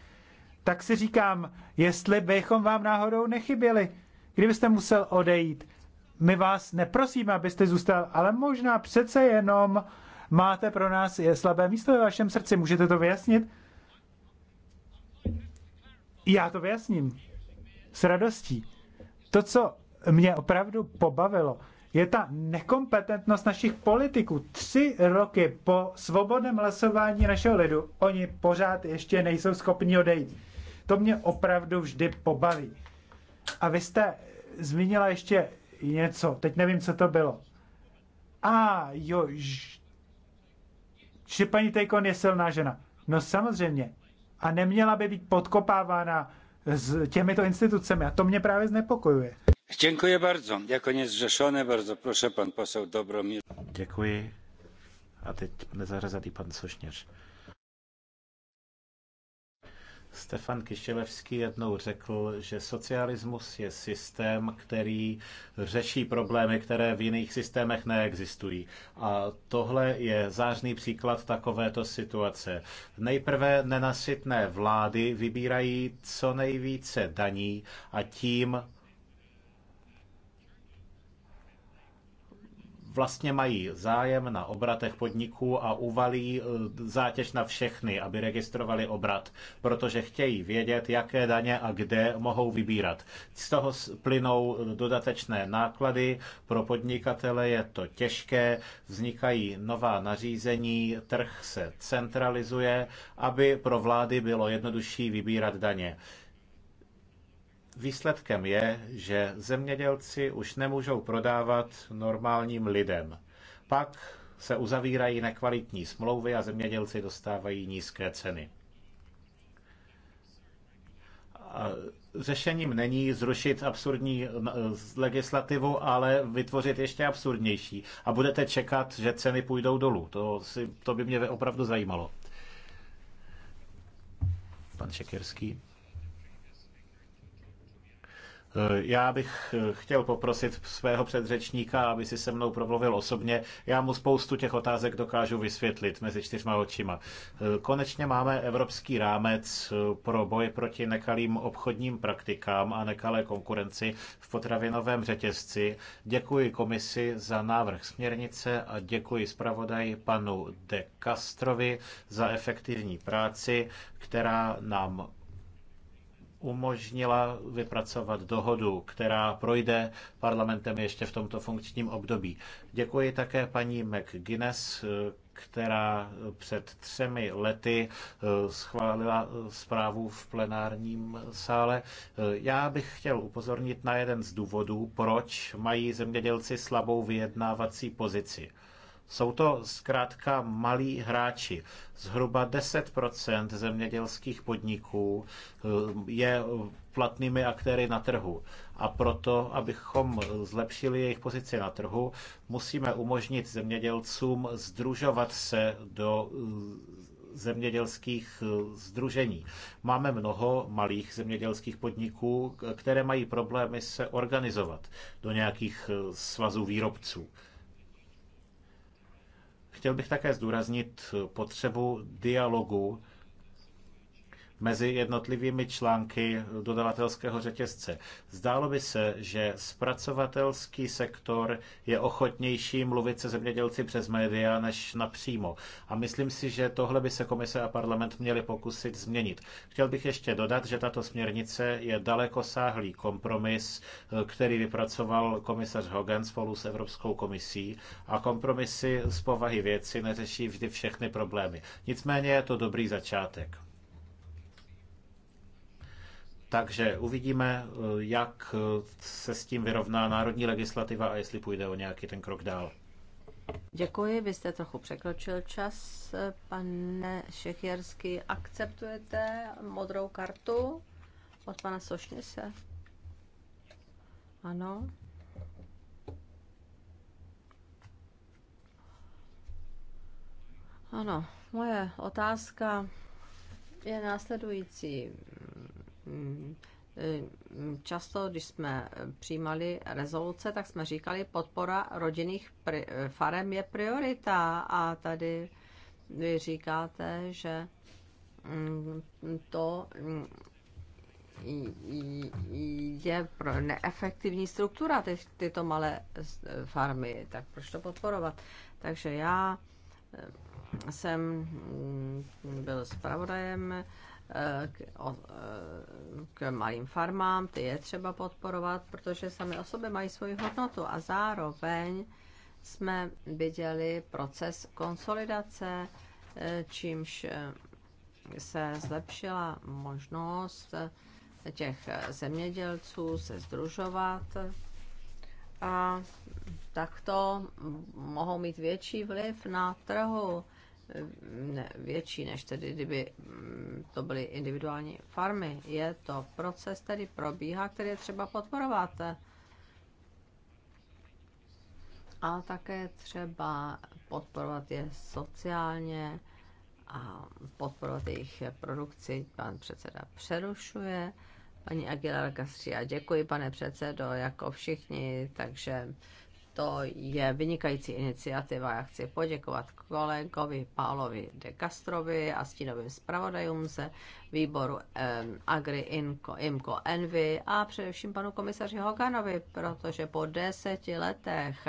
Tak si říkám, jestli bychom vám náhodou nechyběli, kdybyste musel odejít. My vás neprosíme, abyste zůstal, ale možná přece jenom máte pro nás je slabé místo ve vašem srdci. Můžete to vyjasnit? Já to vyjasním. S radostí. To, co mě opravdu pobavilo, je ta nekompetentnost našich politiků. Tři roky po svobodném hlasování našeho lidu oni pořád ještě nejsou schopni odejít. To mě opravdu vždy pobaví. A vy jste zmínila ještě něco, teď nevím, co to bylo. A jo, že paní Tejkon je silná žena. No samozřejmě, a neměla by být podkopávána s těmito institucemi. A to mě právě znepokojuje. Děkuji bardzo. Jako nezřešené bardzo proszę pan posel Dobromír. Děkuji. A teď nezařazený pan Sošněř. Stefan Kišelevský jednou řekl, že socialismus je systém, který řeší problémy, které v jiných systémech neexistují. A tohle je zářný příklad takovéto situace. Nejprve nenasytné vlády vybírají co nejvíce daní a tím vlastně mají zájem na obratech podniků a uvalí eh, zátěž na všechny, aby registrovali obrat, protože chtějí vědět, jaké daně a kde mohou vybírat. Z toho plynou eh, dodatečné náklady, pro podnikatele je to těžké, vznikají nová nařízení, trh se centralizuje, aby pro vlády bylo jednodušší vybírat daně. Výsledkem je, že zemědělci už nemůžou prodávat normálním lidem. Pak se uzavírají nekvalitní smlouvy a zemědělci dostávají nízké ceny. A řešením není zrušit absurdní legislativu, ale vytvořit ještě absurdnější. A budete čekat, že ceny půjdou dolů. To, si, to by mě opravdu zajímalo. Pan Šekirský. Eh, já bych eh, chtěl poprosit svého předřečníka, aby si se mnou promluvil osobně. Já mu spoustu těch otázek dokážu vysvětlit mezi čtyřma očima. Eh, konečně máme evropský rámec pro boj proti nekalým obchodním praktikám a nekalé konkurenci v potravinovém řetězci. Děkuji komisi za návrh směrnice a děkuji zpravodaji panu De Castrovi za efektivní práci, která nám umožnila vypracovat dohodu, která projde parlamentem ještě v tomto funkčním období. Děkuji také paní McGuinness, která před třemi lety eh, schválila zprávu v plenárním sále. Eh, já bych chtěl upozornit na jeden z důvodů, proč mají zemědělci slabou vyjednávací pozici. Jsou to zkrátka malí hráči. Zhruba 10% zemědělských podniků eh, je platnými aktéry na trhu. A proto, abychom zlepšili jejich pozici na trhu, musíme umožnit zemědělcům združovat se do eh, zemědělských eh, združení. Máme mnoho malých zemědělských podniků, které mají problémy se organizovat do nějakých svazů výrobců. Chtěl bych také zdůraznit potřebu dialogu mezi jednotlivými články dodavatelského řetězce. Zdálo by se, že zpracovatelský sektor je ochotnější mluvit se zemědělci přes média než napřímo. A myslím si, že tohle by se komise a parlament měli pokusit změnit. Chtěl bych ještě dodat, že tato směrnice je dalekosáhlý kompromis, který vypracoval komisař Hogan spolu s Evropskou komisí a kompromisy z povahy věci neřeší vždy všechny problémy. Nicméně je to dobrý začátek. Takže uvidíme, eh, jak eh, se s tím vyrovná národní legislativa a jestli půjde o nějaký ten krok dál. Děkuji, vy jste trochu překročil čas. Pane Šechjerský, akceptujete modrou kartu od pana Sošněse? Ano. Ano, moje otázka je následující. Mm, mm, často, když jsme přijímali rezoluce, tak jsme říkali, podpora rodinných farem je priorita. A tady vy říkáte, že mm, to je pro neefektivní struktura ty, tyto malé farmy, tak proč to podporovat? Takže já eh, jsem byl zpravodajem k, o, k malým farmám, ty je třeba podporovat, protože sami osoby mají svoji hodnotu a zároveň jsme viděli proces konsolidace, eh, čímž eh, se zlepšila možnost eh, těch zemědělců se združovat a takto mohou mít větší vliv na trhu ne, větší, než tedy kdyby mm, to byly individuální farmy. Je to proces, který probíhá, který je třeba podporovat. A také třeba podporovat je sociálně a podporovat jejich produkci. Pan předseda přerušuje. Paní Aguilar Castria, děkuji, pane předsedo, jako všichni, takže to je vynikající iniciativa. Já chci poděkovat kolegovi Pálovi de Castrovi a stínovým zpravodajům ze výboru eh, Agri Inco, Imco Envy a především panu komisaři Hoganovi, protože po deseti letech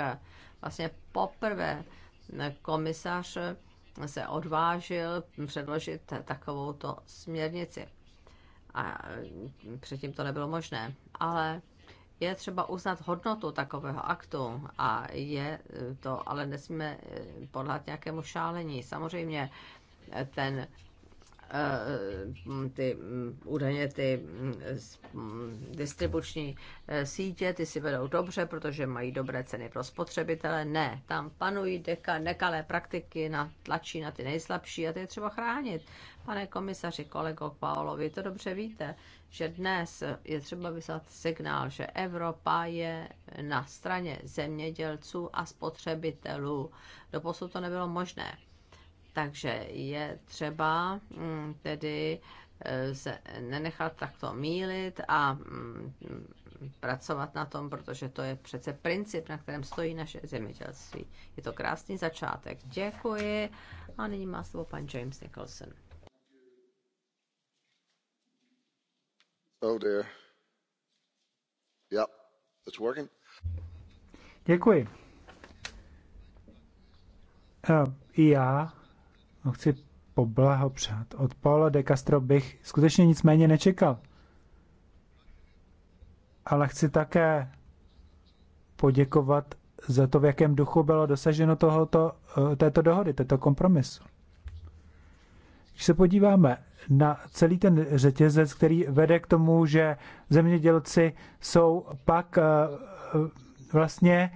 vlastně poprvé komisař se odvážil předložit takovouto směrnici. A předtím to nebylo možné. Ale je třeba uznat hodnotu takového aktu a je to, ale nesmíme eh, podlat nějakému šálení. Samozřejmě eh, ten Eh, ty mm, údajně ty mm, mm, distribuční eh, sítě, ty si vedou dobře, protože mají dobré ceny pro spotřebitele. Ne, tam panují deka, nekalé praktiky, na, tlačí na ty nejslabší a ty je třeba chránit. Pane komisaři, kolego Paolo, vy to dobře víte, že dnes je třeba vyslat signál, že Evropa je na straně zemědělců a spotřebitelů. Doposud to nebylo možné. Takže je třeba mm, tedy eh, se nenechat takto mílit a mm, pracovat na tom, protože to je přece princip, na kterém stojí naše zemědělství. Je to krásný začátek. Děkuji. A nyní má slovo pan James Nicholson. Oh dear. Yeah, it's working. Děkuji. Uh, já No, chci poblahopřát. Od Paula de Castro bych skutečně nicméně nečekal. Ale chci také poděkovat za to, v jakém duchu bylo dosaženo tohoto, eh, této dohody, této kompromisu. Když se podíváme na celý ten řetězec, který vede k tomu, že zemědělci jsou pak eh, eh, vlastně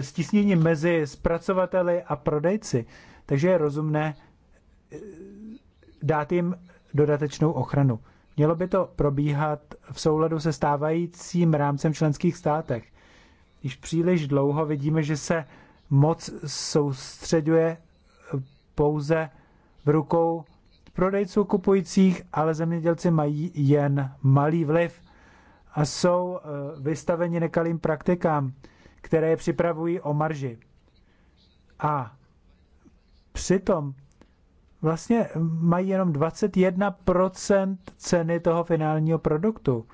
stísněni mezi zpracovateli a prodejci, takže je rozumné, dát jim dodatečnou ochranu. Mělo by to probíhat v souladu se stávajícím rámcem členských státech. Již příliš dlouho vidíme, že se moc soustředuje pouze v rukou prodejců kupujících, ale zemědělci mají jen malý vliv a jsou eh, vystaveni nekalým praktikám, které je připravují o marži. A přitom vlastně mají jenom 21% ceny toho finálního produktu.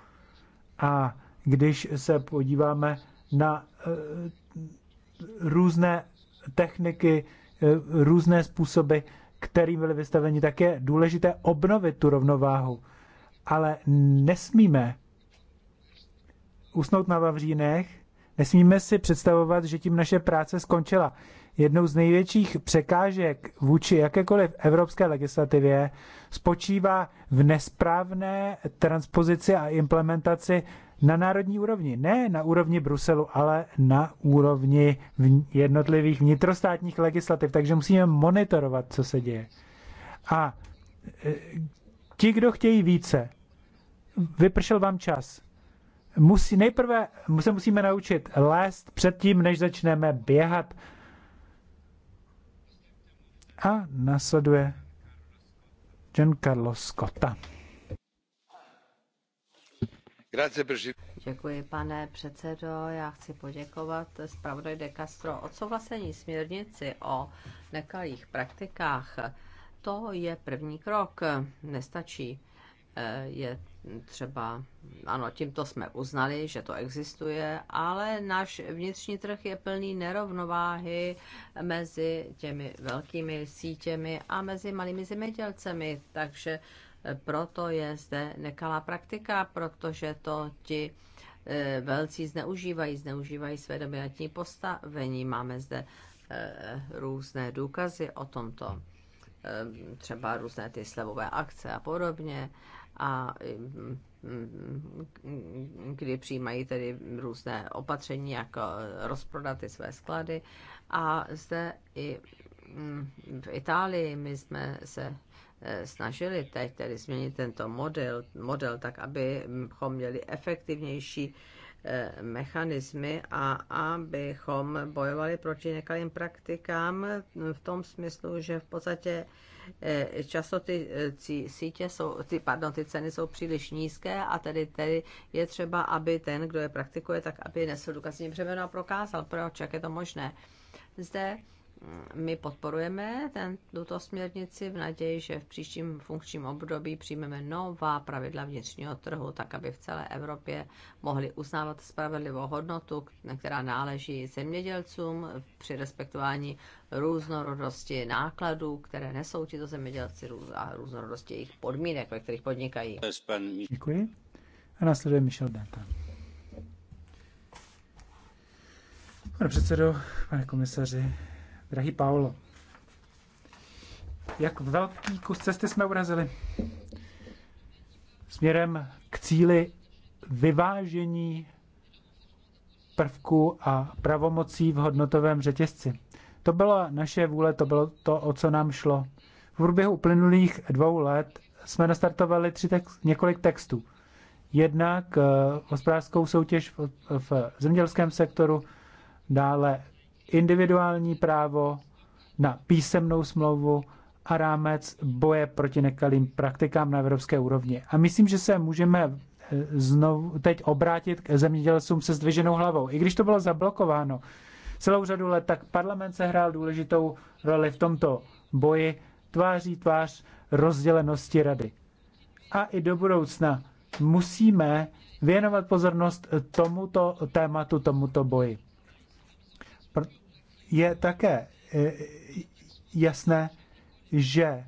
A když se podíváme na eh, různé techniky, eh, různé způsoby, kterým byly vystaveni, tak je důležité obnovit tu rovnováhu. Ale nesmíme usnout na Vavřínech, nesmíme si představovat, že tím naše práce skončila. Jednou z největších překážek vůči jakékoliv evropské legislativě spočívá v nesprávné transpozici a implementaci na národní úrovni. Ne na úrovni Bruselu, ale na úrovni jednotlivých vnitrostátních legislativ. Takže musíme monitorovat, co se děje. A e, ti, kdo chtějí více, vypršel vám čas. Musí, nejprve se musíme naučit lézt předtím, než začneme běhat. A Jean Carlos Scotta. Děkuji, pane předsedo. Já chci poděkovat zpravodaj de Castro. O souhlasení směrnici o nekalých praktikách, to je první krok. Nestačí Eh, je třeba, ano, tímto jsme uznali, že to existuje, ale náš vnitřní trh je plný nerovnováhy mezi těmi velkými sítěmi a mezi malými zemědělcemi, takže eh, proto je zde nekalá praktika, protože to ti eh, velcí zneužívají, zneužívají své dominantní postavení. Máme zde různé důkazy o tomto, třeba různé ty slevové akce a podobně a mm, kdy přijímají tedy různé opatření, jak rozprodat ty své sklady. A zde i mm, v Itálii my jsme se eh, snažili teď tedy změnit tento model, model tak, abychom měli efektivnější Eh, mechanismy a abychom bojovali proti nekalým praktikám v tom smyslu, že v podstatě eh, často ty eh, sítě jsou, ty, pardon, ty ceny jsou příliš nízké a tedy, tedy je třeba, aby ten, kdo je praktikuje, tak aby nesl důkazní břemeno a prokázal, proč, jak je to možné. Zde my podporujeme ten, tuto směrnici v naději, že v příštím funkčním období přijmeme nová pravidla vnitřního trhu, tak aby v celé Evropě mohli uznávat spravedlivou hodnotu, která náleží zemědělcům při respektování různorodosti nákladů, které nesou tito zemědělci a různorodosti jejich podmínek, ve kterých podnikají. Děkuji. A následuje Michel Dantan. Pane předsedo, pane komisaři, Drahý Paolo, jak velký kus cesty jsme urazili směrem k cíli vyvážení prvků a pravomocí v hodnotovém řetězci. To byla naše vůle, to bylo to, o co nám šlo. V průběhu uplynulých dvou let jsme nastartovali tři tex- několik textů. Jednak eh, hospodářskou soutěž v, v zemědělském sektoru, dále individuální právo na písemnou smlouvu a rámec boje proti nekalým praktikám na evropské úrovni. A myslím, že se můžeme eh, znovu teď obrátit k zemědělcům se zdviženou hlavou. I když to bylo zablokováno celou řadu let, tak parlament se hrál důležitou roli v tomto boji tváří tvář rozdělenosti rady. A i do budoucna musíme věnovat pozornost tomuto tématu, tomuto boji je také eh, jasné, že eh,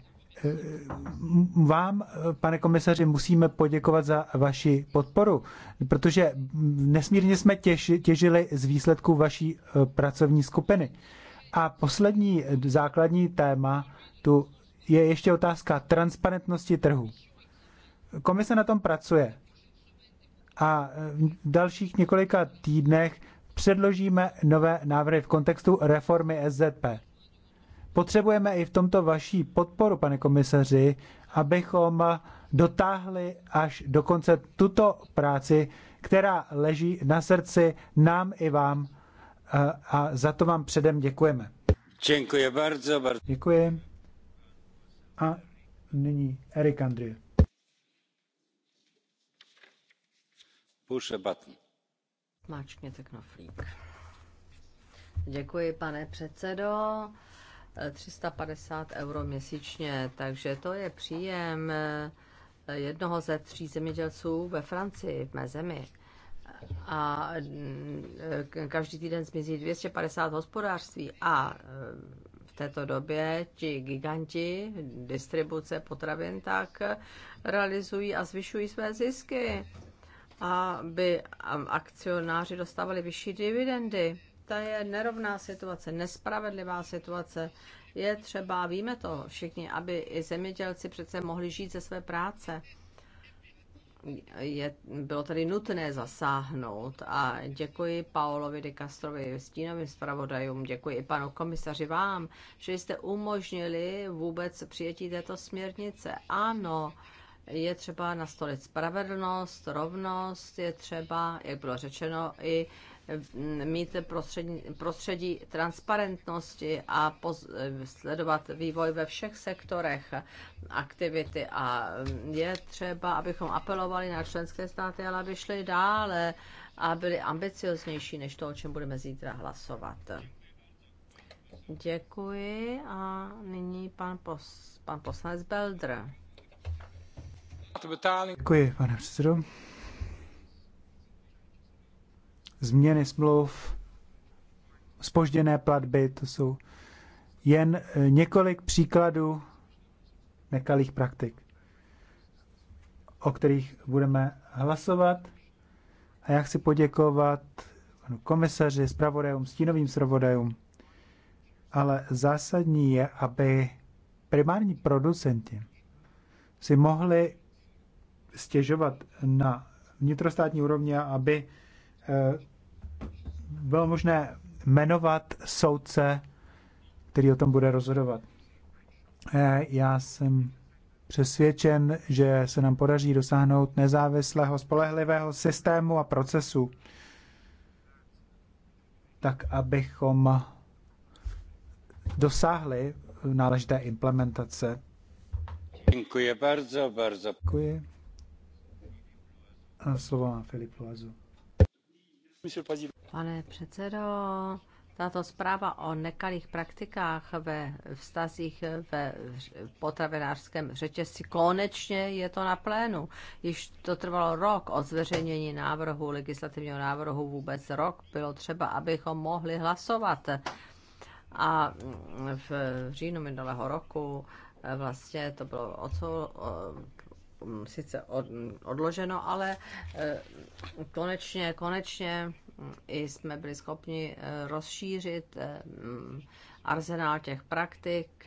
vám, pane komisaři, musíme poděkovat za vaši podporu, protože nesmírně jsme těžili z výsledku vaší eh, pracovní skupiny. A poslední základní téma tu je ještě otázka transparentnosti trhu. Komise na tom pracuje a v dalších několika týdnech předložíme nové návrhy v kontextu reformy SZP. Potřebujeme i v tomto vaší podporu, pane komisaři, abychom dotáhli až do konce tuto práci, která leží na srdci nám i vám. Eh, a za to vám předem děkujeme. Děkuji bardzo. bardzo. Děkuji. A nyní Erik Andrie. Push a button. Máčkněte knoflík. Děkuji, pane předsedo. 350 euro měsíčně, takže to je příjem eh, jednoho ze tří zemědělců ve Francii, v mé zemi. A eh, každý týden zmizí 250 hospodářství a eh, v této době ti giganti distribuce potravin tak realizují a zvyšují své zisky aby akcionáři dostávali vyšší dividendy. To je nerovná situace, nespravedlivá situace. Je třeba, víme to všichni, aby i zemědělci přece mohli žít ze své práce. Je, bylo tedy nutné zasáhnout a děkuji Paolovi de Castrovi, stínovým zpravodajům, děkuji i panu komisaři vám, že jste umožnili vůbec přijetí této směrnice. Ano, je třeba nastolit spravedlnost, rovnost, je třeba, jak bylo řečeno, i mm, mít prostředí, prostředí transparentnosti a poz, eh, sledovat vývoj ve všech sektorech aktivity. A mm, je třeba, abychom apelovali na členské státy, ale aby šli dále a byli ambicioznější než to, o čem budeme zítra hlasovat. Děkuji a nyní pan, pos, pan poslanec Beldr. Děkuji, pane předsedo. Změny smluv, spožděné platby, to jsou jen eh, několik příkladů nekalých praktik, o kterých budeme hlasovat. A já chci poděkovat panu komisaři, zpravodajům, stínovým zpravodajům. Ale zásadní je, aby primární producenti si mohli stěžovat na vnitrostátní úrovni, aby eh, bylo možné jmenovat soudce, který o tom bude rozhodovat. Eh, já jsem přesvědčen, že se nám podaří dosáhnout nezávislého, spolehlivého systému a procesu, tak abychom dosáhli náležité implementace. Děkuji bardzo, bardzo. Děkuji slovo má Filip Loazu. Pane předsedo, tato zpráva o nekalých praktikách ve vztazích ve potravinářském řetězci konečně je to na plénu. Již to trvalo rok od zveřejnění návrhu, legislativního návrhu vůbec rok bylo třeba, abychom mohli hlasovat. A v říjnu minulého roku vlastně to bylo odsou, Mm, sice odloženo, ale eh, konečně, konečně mm, i jsme byli schopni eh, rozšířit eh, mm, arzenál těch praktik,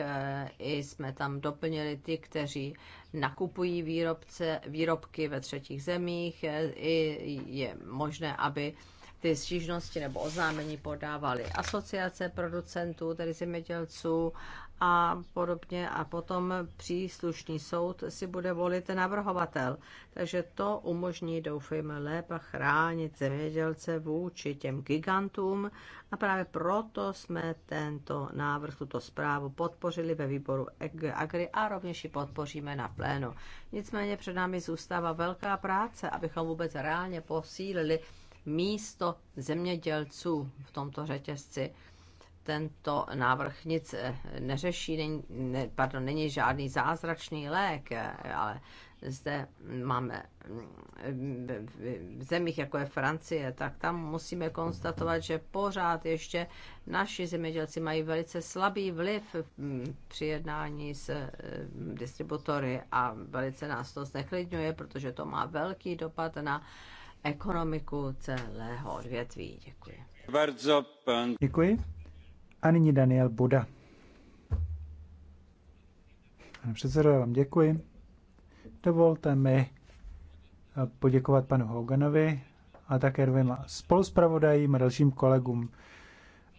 i jsme tam doplnili ty, kteří nakupují výrobce, výrobky ve třetích zemích, i je možné, aby ty stížnosti nebo oznámení podávaly asociace producentů, tedy zemědělců a podobně a potom příslušný soud si bude volit navrhovatel. Takže to umožní, doufejme, lépe chránit zemědělce vůči těm gigantům a právě proto jsme tento návrh, tuto zprávu podpořili ve výboru Agri a rovněž ji podpoříme na plénu. Nicméně před námi zůstává velká práce, abychom vůbec reálně posílili místo zemědělců v tomto řetězci tento návrh nic eh, neřeší, není, ne, pardon, není žádný zázračný lék, eh, ale zde máme mm, v zemích, jako je Francie, tak tam musíme konstatovat, že pořád ještě naši zemědělci mají velice slabý vliv mm, při jednání s eh, distributory a velice nás to zneklidňuje, protože to má velký dopad na ekonomiku celého odvětví. Děkuji. Děkuji. A nyní Daniel Buda. Pane předsedo, já vám děkuji. Dovolte mi eh, poděkovat panu Hoganovi a také dvěma spoluspravodajím a dalším kolegům.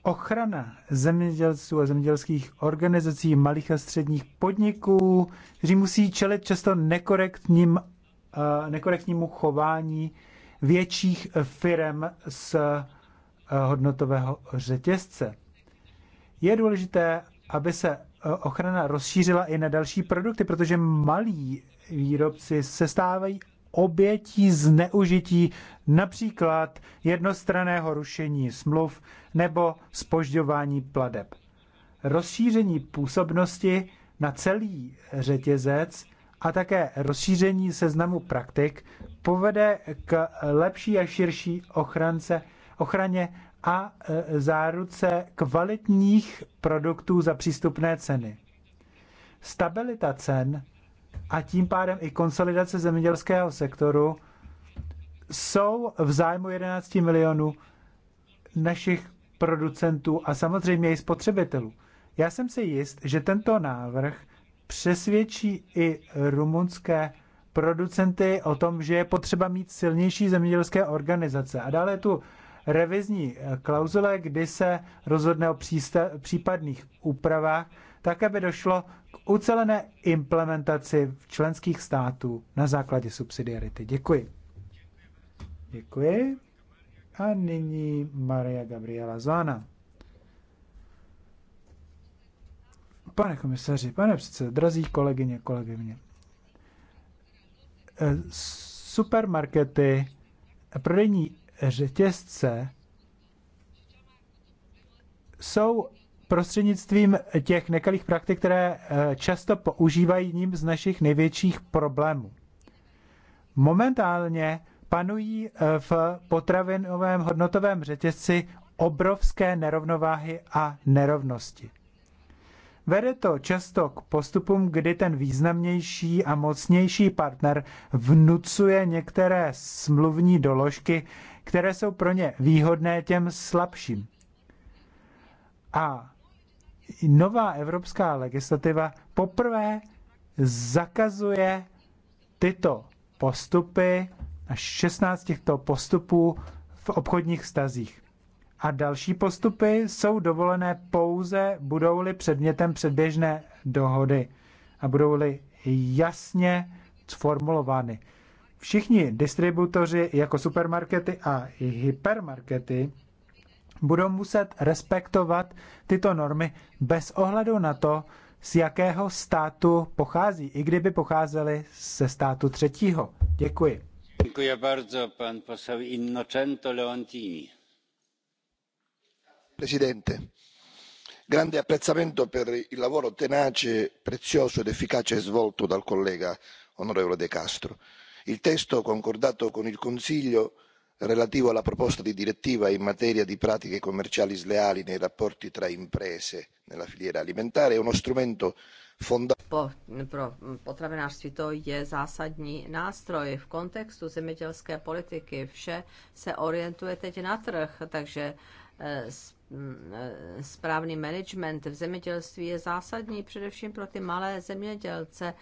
Ochrana zemědělců a zemědělských organizací malých a středních podniků, kteří musí čelit často nekorektním, eh, nekorektnímu chování větších firm z eh, hodnotového řetězce. Je důležité, aby se eh, ochrana rozšířila i na další produkty, protože malí výrobci se stávají obětí zneužití například jednostraného rušení smluv nebo spožďování pladeb. Rozšíření působnosti na celý řetězec a také rozšíření seznamu praktik povede k lepší a širší ochrance, ochraně a e, záruce kvalitních produktů za přístupné ceny. Stabilita cen a tím pádem i konsolidace zemědělského sektoru jsou v zájmu 11 milionů našich producentů a samozřejmě i spotřebitelů. Já jsem si jist, že tento návrh přesvědčí i rumunské producenty o tom, že je potřeba mít silnější zemědělské organizace. A dále je tu revizní eh, klauzule, kdy se rozhodne o případných úpravách, tak aby došlo k ucelené implementaci v členských států na základě subsidiarity. Děkuji. Děkuji. A nyní Maria Gabriela Zána. Pane komisaři, pane předsedo, drazí kolegyně, kolegyně. Eh, supermarkety prodejní řetězce jsou prostřednictvím těch nekalých praktik, které eh, často používají ním z našich největších problémů. Momentálně panují eh, v potravinovém hodnotovém řetězci obrovské nerovnováhy a nerovnosti. Vede to často k postupům, kdy ten významnější a mocnější partner vnucuje některé smluvní doložky které jsou pro ně výhodné těm slabším. A nová evropská legislativa poprvé zakazuje tyto postupy a 16 těchto postupů v obchodních stazích. A další postupy jsou dovolené pouze, budou-li předmětem předběžné dohody a budou-li jasně sformulovány všichni distributoři jako supermarkety a hypermarkety budou muset respektovat tyto normy bez ohledu na to, z jakého státu pochází, i kdyby pocházeli ze státu třetího. Děkuji. Děkuji bardzo, pan poseł Innocento Leontini. Presidente, grande apprezzamento per il lavoro tenace, prezioso ed efficace svolto dal collega onorevole De Castro il testo concordato con il consiglio relativo alla proposta di direttiva in materia di pratiche commerciali sleali nei rapporti tra imprese nella filiera alimentare è uno strumento po, potravinářství to je zásadní nástroj. V kontextu zemědělské politiky vše se orientuje teď na trh, takže eh, mm, eh, správný management v zemědělství je zásadní především pro ty malé zemědělce,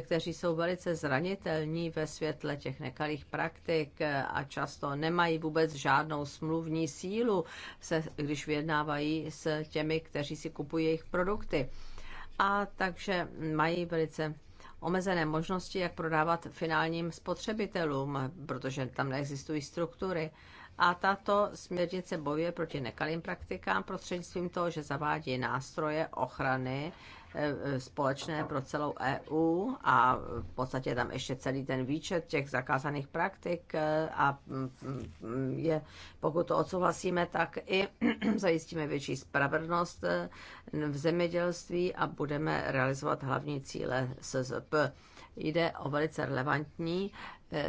kteří jsou velice zranitelní ve světle těch nekalých praktik a často nemají vůbec žádnou smluvní sílu, se, když vyjednávají s těmi, kteří si kupují jejich produkty. A takže mají velice omezené možnosti, jak prodávat finálním spotřebitelům, protože tam neexistují struktury. A tato směrnice bojuje proti nekalým praktikám prostřednictvím toho, že zavádí nástroje ochrany Eh, společné pro celou EU a v podstatě tam ještě celý ten výčet těch zakázaných praktik eh, a mm, je, pokud to odsouhlasíme, tak i zajistíme větší spravedlnost eh, v zemědělství a budeme realizovat hlavní cíle SZP. Jde o velice relevantní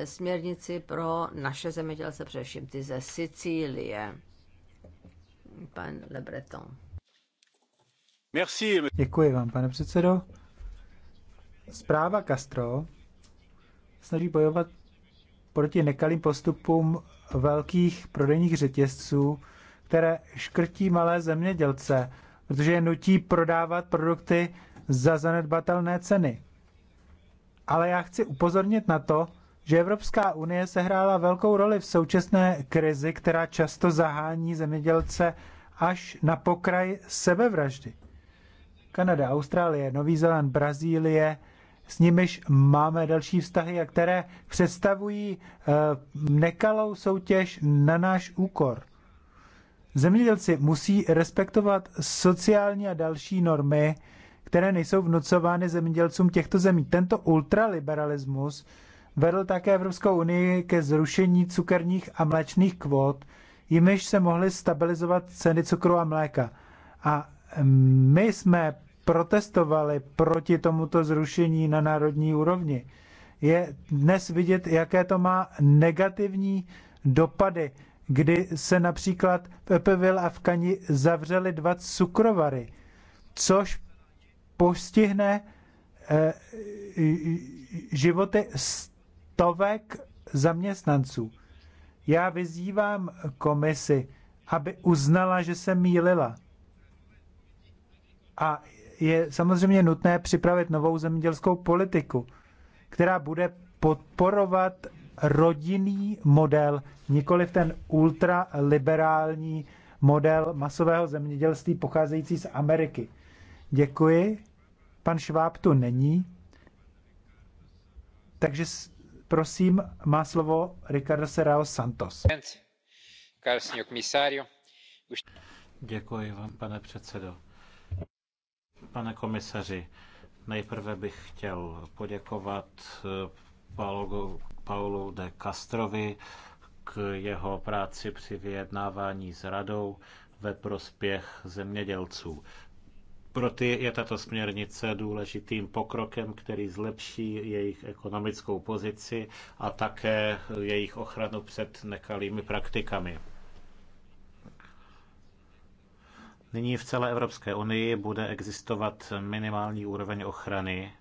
směrnici pro naše zemědělce, především ty ze Sicílie. Pan Breton. Merci. Děkuji vám, pane předsedo. Zpráva Castro snaží bojovat proti nekalým postupům velkých prodejních řetězců, které škrtí malé zemědělce, protože je nutí prodávat produkty za zanedbatelné ceny. Ale já chci upozornit na to, že Evropská unie sehrála velkou roli v současné krizi, která často zahání zemědělce až na pokraj sebevraždy. Kanada, Austrálie, Nový Zéland, Brazílie, s nimiž máme další vztahy, a které představují eh, nekalou soutěž na náš úkor. Zemědělci musí respektovat sociální a další normy, které nejsou vnucovány zemědělcům těchto zemí. Tento ultraliberalismus vedl také Evropskou unii ke zrušení cukerních a mléčných kvót, jimiž se mohly stabilizovat ceny cukru a mléka. A mm, my jsme protestovali proti tomuto zrušení na národní úrovni. Je dnes vidět, jaké to má negativní dopady, kdy se například v Epeville a v Kani zavřeli dva cukrovary, což postihne eh, životy stovek zaměstnanců. Já vyzývám komisi, aby uznala, že se mýlila. A je samozřejmě nutné připravit novou zemědělskou politiku, která bude podporovat rodinný model, nikoli ten ultraliberální model masového zemědělství pocházející z Ameriky. Děkuji. Pan Šváb tu není. Takže prosím, má slovo Ricardo Serrao Santos. Děkuji vám, pane předsedo. Pane komisaři, nejprve bych chtěl poděkovat eh, Paulu de Castrovi k jeho práci při vyjednávání s radou ve prospěch zemědělců. Pro ty je tato směrnice důležitým pokrokem, který zlepší jejich ekonomickou pozici a také jejich ochranu před nekalými praktikami. Nyní v celé Evropské unii bude existovat minimální úroveň ochrany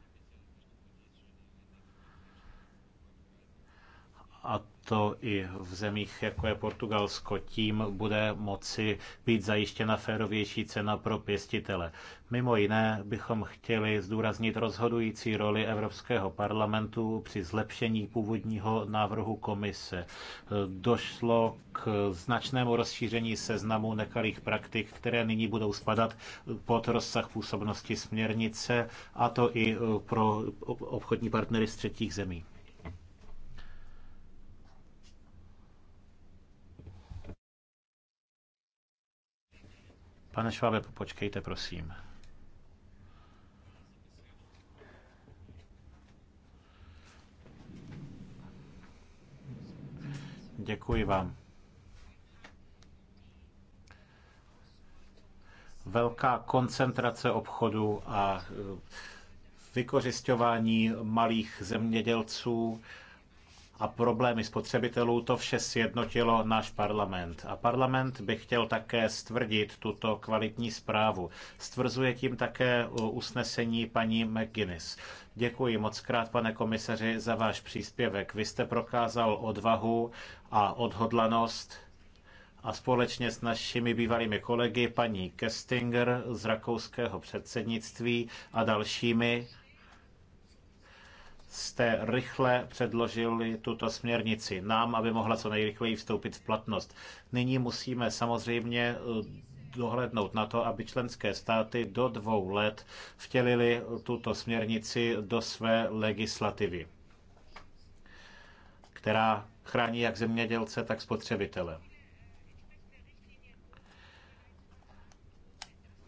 a to i v zemích, jako je Portugalsko, tím bude moci být zajištěna férovější cena pro pěstitele. Mimo jiné bychom chtěli zdůraznit rozhodující roli Evropského parlamentu při zlepšení původního návrhu komise. Došlo k značnému rozšíření seznamu nekalých praktik, které nyní budou spadat pod rozsah působnosti směrnice, a to i pro obchodní partnery z třetích zemí. Pane Švábe, počkejte, prosím. Děkuji vám. Velká koncentrace obchodu a e, vykořišťování malých zemědělců a problémy spotřebitelů, to vše sjednotilo náš parlament. A parlament by chtěl také stvrdit tuto kvalitní zprávu. Stvrzuje tím také uh, usnesení paní McGuinness. Děkuji moc krát, pane komisaři, za váš příspěvek. Vy jste prokázal odvahu a odhodlanost a společně s našimi bývalými kolegy, paní Kestinger z rakouského předsednictví a dalšími, jste rychle předložili tuto směrnici nám, aby mohla co nejrychleji vstoupit v platnost. Nyní musíme samozřejmě eh, dohlednout na to, aby členské státy do dvou let vtělili tuto směrnici do své legislativy, která chrání jak zemědělce, tak spotřebitele.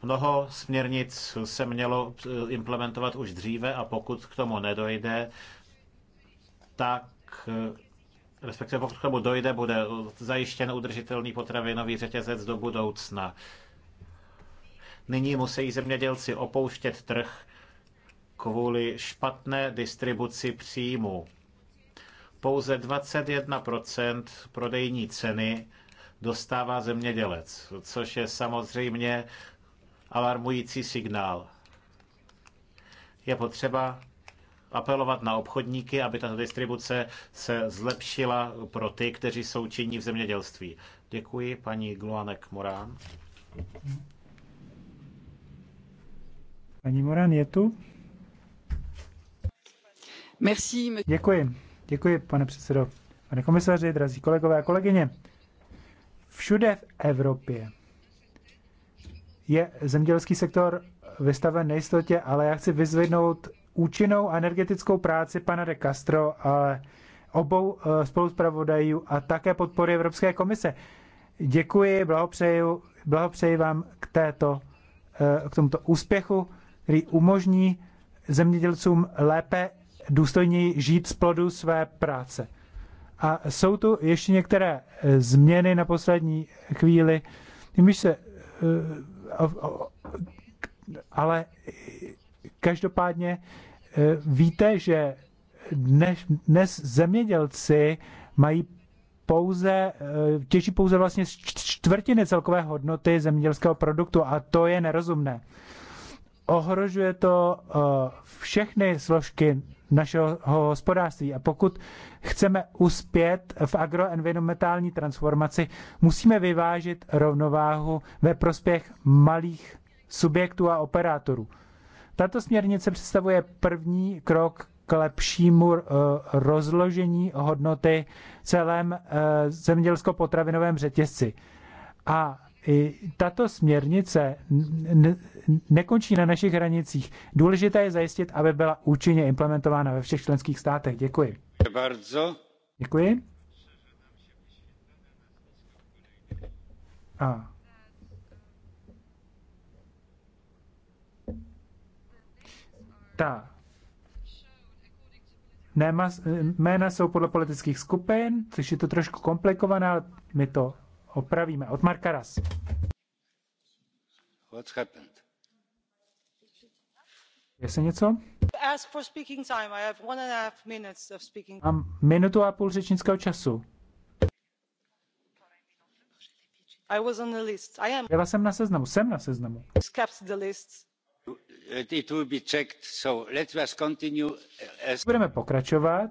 Mnoho směrnic se mělo eh, implementovat už dříve a pokud k tomu nedojde, tak eh, respektive pokud k tomu dojde, bude zajištěn udržitelný potravinový řetězec do budoucna. Nyní musí zemědělci opouštět trh kvůli špatné distribuci příjmu. Pouze 21 prodejní ceny dostává zemědělec, což je samozřejmě alarmující signál. Je potřeba apelovat na obchodníky, aby tato distribuce se zlepšila pro ty, kteří jsou činní v zemědělství. Děkuji, paní Gluanek Morán. Paní Morán je tu? Merci. Děkuji. Děkuji, pane předsedo. Pane komisaři, drazí kolegové a kolegyně. Všude v Evropě je zemědělský sektor vystaven nejistotě, ale já chci vyzvednout účinnou energetickou práci pana de Castro, ale obou eh, spoluzpravodajů a také podpory Evropské komise. Děkuji, blahopřeju, blahopřeji vám k, této, eh, k tomuto úspěchu, který umožní zemědělcům lépe, důstojněji žít z plodu své práce. A jsou tu ještě některé eh, změny na poslední chvíli, když se ale každopádně eh, víte, že dnes, dnes zemědělci mají pouze, eh, těží pouze vlastně z čtvrtiny celkové hodnoty zemědělského produktu a to je nerozumné. Ohrožuje to eh, všechny složky našeho hospodářství a pokud Chceme uspět v agroenvironmentální transformaci, musíme vyvážit rovnováhu ve prospěch malých subjektů a operátorů. Tato směrnice představuje první krok k lepšímu eh, rozložení hodnoty celém eh, zemědělsko-potravinovém řetězci. A tato směrnice nekončí na našich hranicích. Důležité je zajistit, aby byla účinně implementována ve všech členských státech. Děkuji. Děkuji. A. Ta jména jsou podle politických skupin, což je to trošku komplikované, ale my to opravíme. Od Marka Ras. What's happened? něco? Mám minutu a půl řečnického času. I was on the list. I am. Byla jsem na seznamu, jsem na seznamu. The list. It will be checked, so let us continue as... Budeme pokračovat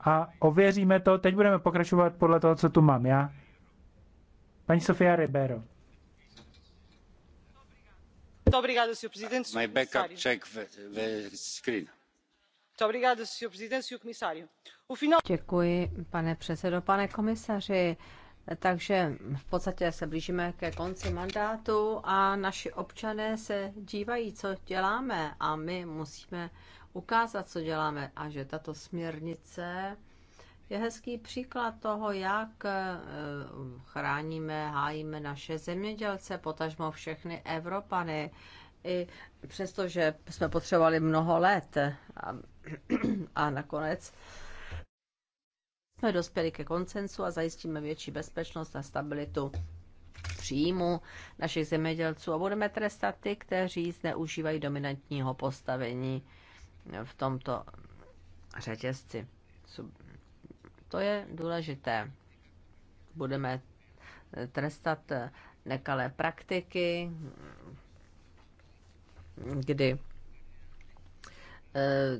a ověříme to. Teď budeme pokračovat podle toho, co tu mám já. Paní Sofia Ribeiro. My backup check the, the screen. Děkuji, pane předsedo, pane komisaři. Takže v podstatě se blížíme ke konci mandátu a naši občané se dívají, co děláme a my musíme ukázat, co děláme a že tato směrnice je hezký příklad toho, jak eh, chráníme, hájíme naše zemědělce, potažmo všechny Evropany. I přesto, že jsme potřebovali mnoho let a, a nakonec jsme dospěli ke koncensu a zajistíme větší bezpečnost a stabilitu příjmu našich zemědělců a budeme trestat ty, kteří zneužívají dominantního postavení v tomto řetězci to je důležité. Budeme eh, trestat eh, nekalé praktiky, kdy eh,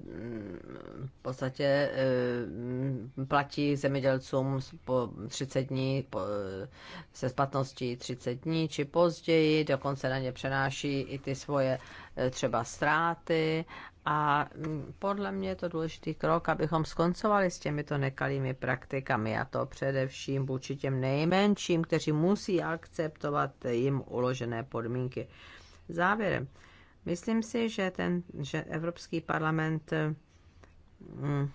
v podstatě platí zemědělcům po 30 dní se splatností 30 dní či později, dokonce na ně přenáší i ty svoje třeba ztráty a mm, podle mě je to důležitý krok, abychom skoncovali s těmito nekalými praktikami a to především vůči těm nejmenším, kteří musí akceptovat jim uložené podmínky. Závěrem, myslím si, že, ten, že Evropský parlament mm,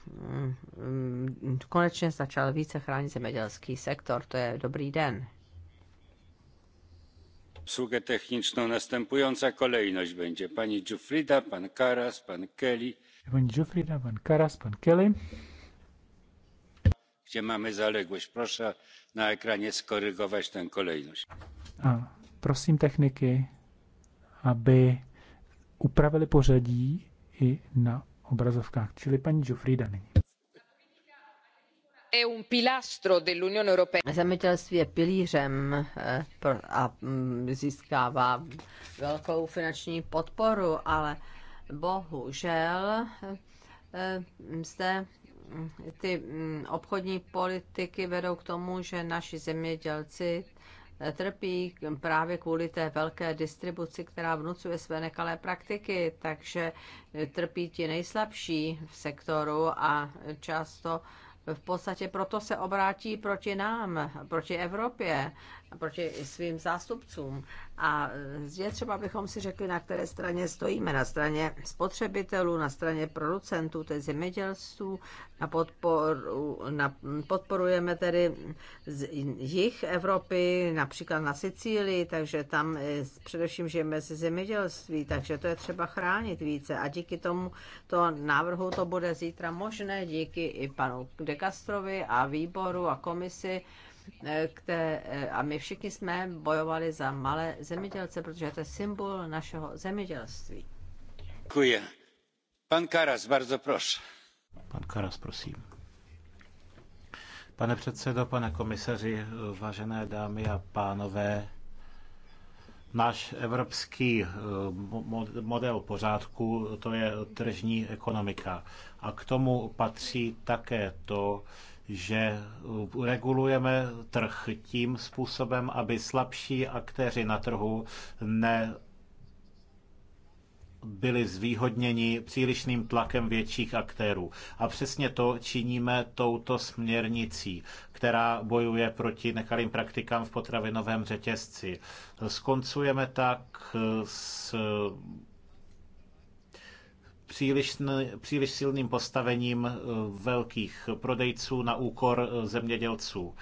mm, konečně začal více chránit zemědělský sektor. To je dobrý den obsługę techniczną następująca kolejność będzie pani dziufrida pan karas pan kelly pani dziufrida pan karas pan kelly gdzie mamy zaległość. Proszę na ekranie skorygować tę kolejność. A prosím techniky, aby upravili pořadí i na obrazovkách. Čili paní Jofrida nyní Zemědělství je pilířem eh, a mm, získává velkou finanční podporu, ale bohužel eh, zde mm, ty mm, obchodní politiky vedou k tomu, že naši zemědělci eh, trpí právě kvůli té velké distribuci, která vnucuje své nekalé praktiky, takže trpí ti nejslabší v sektoru a často v podstatě proto se obrátí proti nám, proti Evropě proti svým zástupcům. A je třeba, abychom si řekli, na které straně stojíme. Na straně spotřebitelů, na straně producentů, tedy zemědělců. Na podporu, na, podporujeme tedy z jich Evropy, například na Sicílii, takže tam eh, především žijeme ze zemědělství, takže to je třeba chránit více. A díky tomu to návrhu to bude zítra možné, díky i panu De Castrovi a výboru a komisi Eh, které, eh, a my všichni jsme bojovali za malé zemědělce, protože to je symbol našeho zemědělství. Děkuji. Pan Karas, bardzo proszę. Pan Karas, prosím. Pane předsedo, pane komisaři, vážené dámy a pánové, náš evropský eh, model pořádku, to je tržní ekonomika. A k tomu patří také to, že regulujeme trh tím způsobem, aby slabší aktéři na trhu ne byli zvýhodněni přílišným tlakem větších aktérů. A přesně to činíme touto směrnicí, která bojuje proti nekalým praktikám v potravinovém řetězci. Skoncujeme tak s příliš, příliš silným postavením eh, velkých prodejců na úkor eh, zemědělců.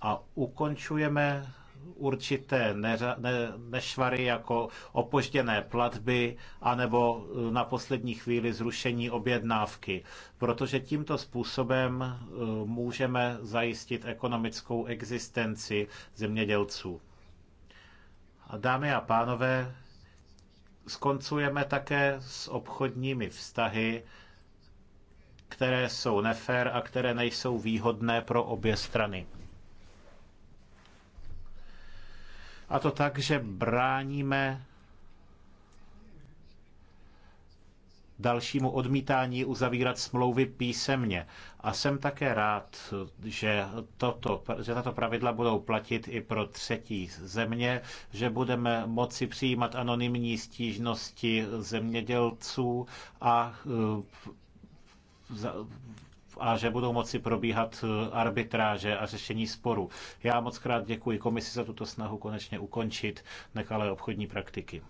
A ukončujeme určité neřa, ne, nešvary jako opožděné platby anebo eh, na poslední chvíli zrušení objednávky, protože tímto způsobem můžeme zajistit ekonomickou existenci zemědělců. A dámy a pánové, skoncujeme také s obchodními vztahy, které jsou nefér a které nejsou výhodné pro obě strany. A to tak, že bráníme dalšímu odmítání uzavírat smlouvy písemně. A jsem také rád, že, toto, že tato pravidla budou platit i pro třetí země, že budeme moci přijímat anonymní stížnosti zemědělců a e, a že budou moci probíhat arbitráže a řešení sporu. Já moc krát děkuji komisi za tuto snahu konečně ukončit nekalé obchodní praktiky.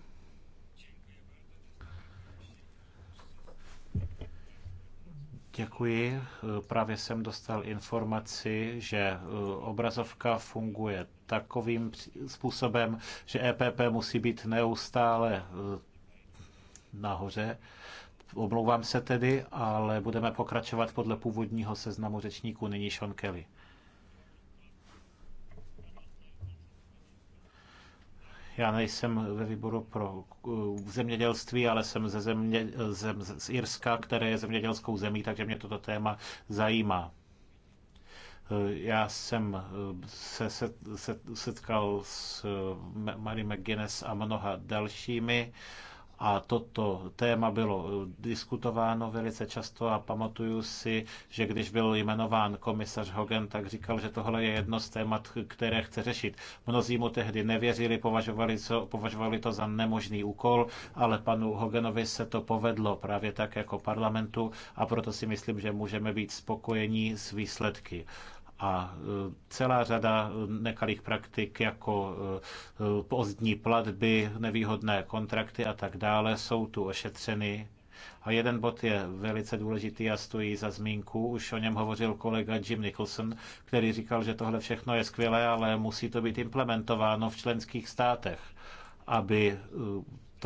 Děkuji. Právě jsem dostal informaci, že eh, obrazovka funguje takovým způsobem, že EPP musí být neustále eh, nahoře. Omlouvám se tedy, ale budeme pokračovat podle původního seznamu řečníků. Nyní Sean Kelly. Já nejsem ve výboru pro eh, zemědělství, ale jsem ze země, zem, z Irska, které je zemědělskou zemí, takže mě toto téma zajímá. Eh, já jsem eh, se, se, se setkal s Mary McGuinness a mnoha dalšími. Uh, a toto téma bylo eh, diskutováno velice často a pamatuju si, že když byl jmenován komisař Hogan, tak říkal, že tohle je jedno z témat, které chce řešit. Mnozí mu tehdy nevěřili, považovali, co, považovali to za nemožný úkol, ale panu Hoganovi se to povedlo právě tak jako parlamentu a proto si myslím, že můžeme být spokojení s výsledky. A e, celá řada e, nekalých praktik, jako e, pozdní platby, nevýhodné kontrakty a tak dále, jsou tu ošetřeny a jeden bod je velice důležitý a stojí za zmínku. Už o něm hovořil kolega Jim Nicholson, který říkal, že tohle všechno je skvělé, ale musí to být implementováno v členských státech, aby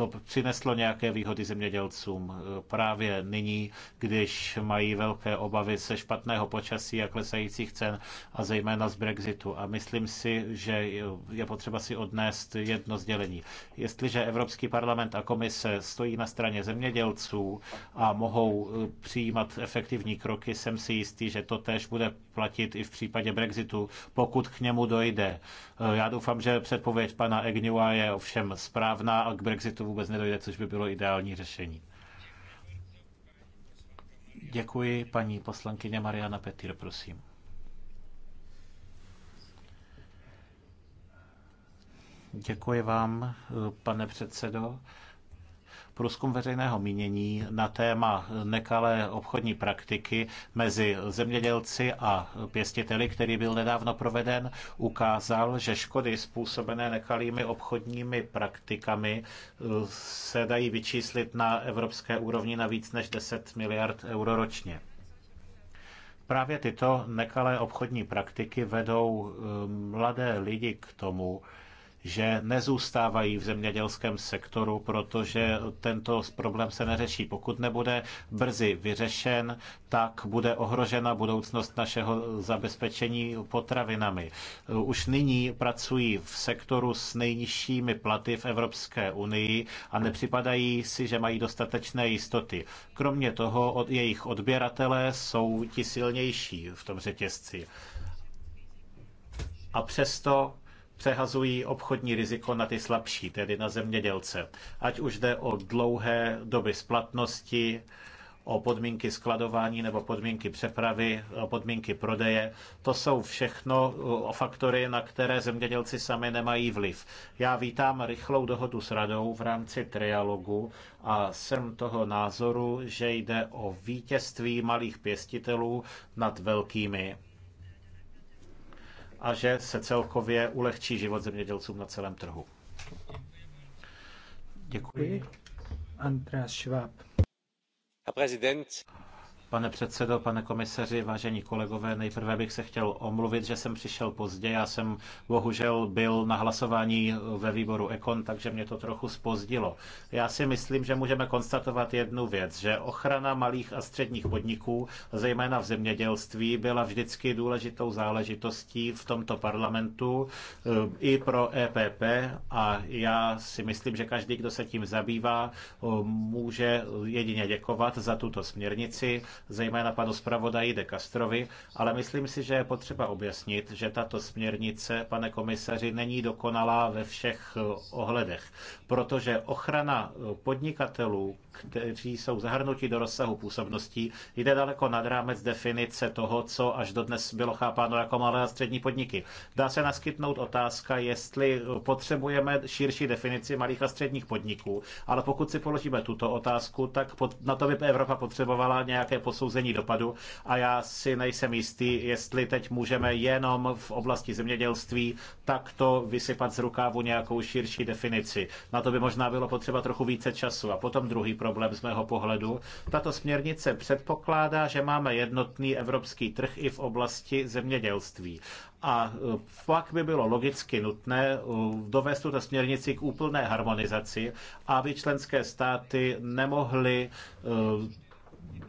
to přineslo nějaké výhody zemědělcům e, právě nyní, když mají velké obavy se špatného počasí a klesajících cen a zejména z Brexitu. A myslím si, že je potřeba si odnést jedno sdělení. Jestliže Evropský parlament a komise stojí na straně zemědělců a mohou e, přijímat efektivní kroky, jsem si jistý, že to tež bude platit i v případě Brexitu, pokud k němu dojde. E, já doufám, že předpověď pana Egnua je ovšem správná a k Brexitu vůbec nedojde, což by bylo ideální řešení. Děkuji, paní poslankyně Mariana Petýr, prosím. Děkuji vám, pane předsedo průzkum veřejného mínění na téma nekalé obchodní praktiky mezi zemědělci a pěstiteli, který byl nedávno proveden, ukázal, že škody způsobené nekalými obchodními praktikami eh, se dají vyčíslit na evropské úrovni na víc než 10 miliard euro ročně. Právě tyto nekalé obchodní praktiky vedou eh, mladé lidi k tomu, že nezůstávají v zemědělském sektoru, protože tento problém se neřeší. Pokud nebude brzy vyřešen, tak bude ohrožena budoucnost našeho zabezpečení potravinami. Už nyní pracují v sektoru s nejnižšími platy v Evropské unii a nepřipadají si, že mají dostatečné jistoty. Kromě toho od jejich odběratelé jsou ti silnější v tom řetězci. A přesto přehazují obchodní riziko na ty slabší, tedy na zemědělce. Ať už jde o dlouhé doby splatnosti, o podmínky skladování nebo podmínky přepravy, o podmínky prodeje. To jsou všechno uh, o faktory, na které zemědělci sami nemají vliv. Já vítám rychlou dohodu s radou v rámci trialogu a jsem toho názoru, že jde o vítězství malých pěstitelů nad velkými a že se celkově ulehčí život zemědělcům na celém trhu. Děkuji. Andreas Schwab. Herr Präsident. Pane předsedo, pane komisaři, vážení kolegové, nejprve bych se chtěl omluvit, že jsem přišel pozdě. Já jsem bohužel byl na hlasování ve výboru Ekon, takže mě to trochu spozdilo. Já si myslím, že můžeme konstatovat jednu věc, že ochrana malých a středních podniků, zejména v zemědělství, byla vždycky důležitou záležitostí v tomto parlamentu eh, i pro EPP a já si myslím, že každý, kdo se tím zabývá, eh, může jedině děkovat za tuto směrnici zejména panu zpravodaji de Castrovi, ale myslím si, že je potřeba objasnit, že tato směrnice, pane komisaři, není dokonalá ve všech ohledech, protože ochrana podnikatelů kteří jsou zahrnuti do rozsahu působností, jde daleko nad rámec definice toho, co až dodnes bylo chápáno jako malé a střední podniky. Dá se naskytnout otázka, jestli potřebujeme širší definici malých a středních podniků, ale pokud si položíme tuto otázku, tak na to by Evropa potřebovala nějaké posouzení dopadu a já si nejsem jistý, jestli teď můžeme jenom v oblasti zemědělství takto vysypat z rukávu nějakou širší definici. Na to by možná bylo potřeba trochu více času. A potom druhý problém z mého pohledu. Tato směrnice předpokládá, že máme jednotný evropský trh i v oblasti zemědělství. A pak e, by bylo logicky nutné e, dovést tuto směrnici k úplné harmonizaci, aby členské státy nemohly e,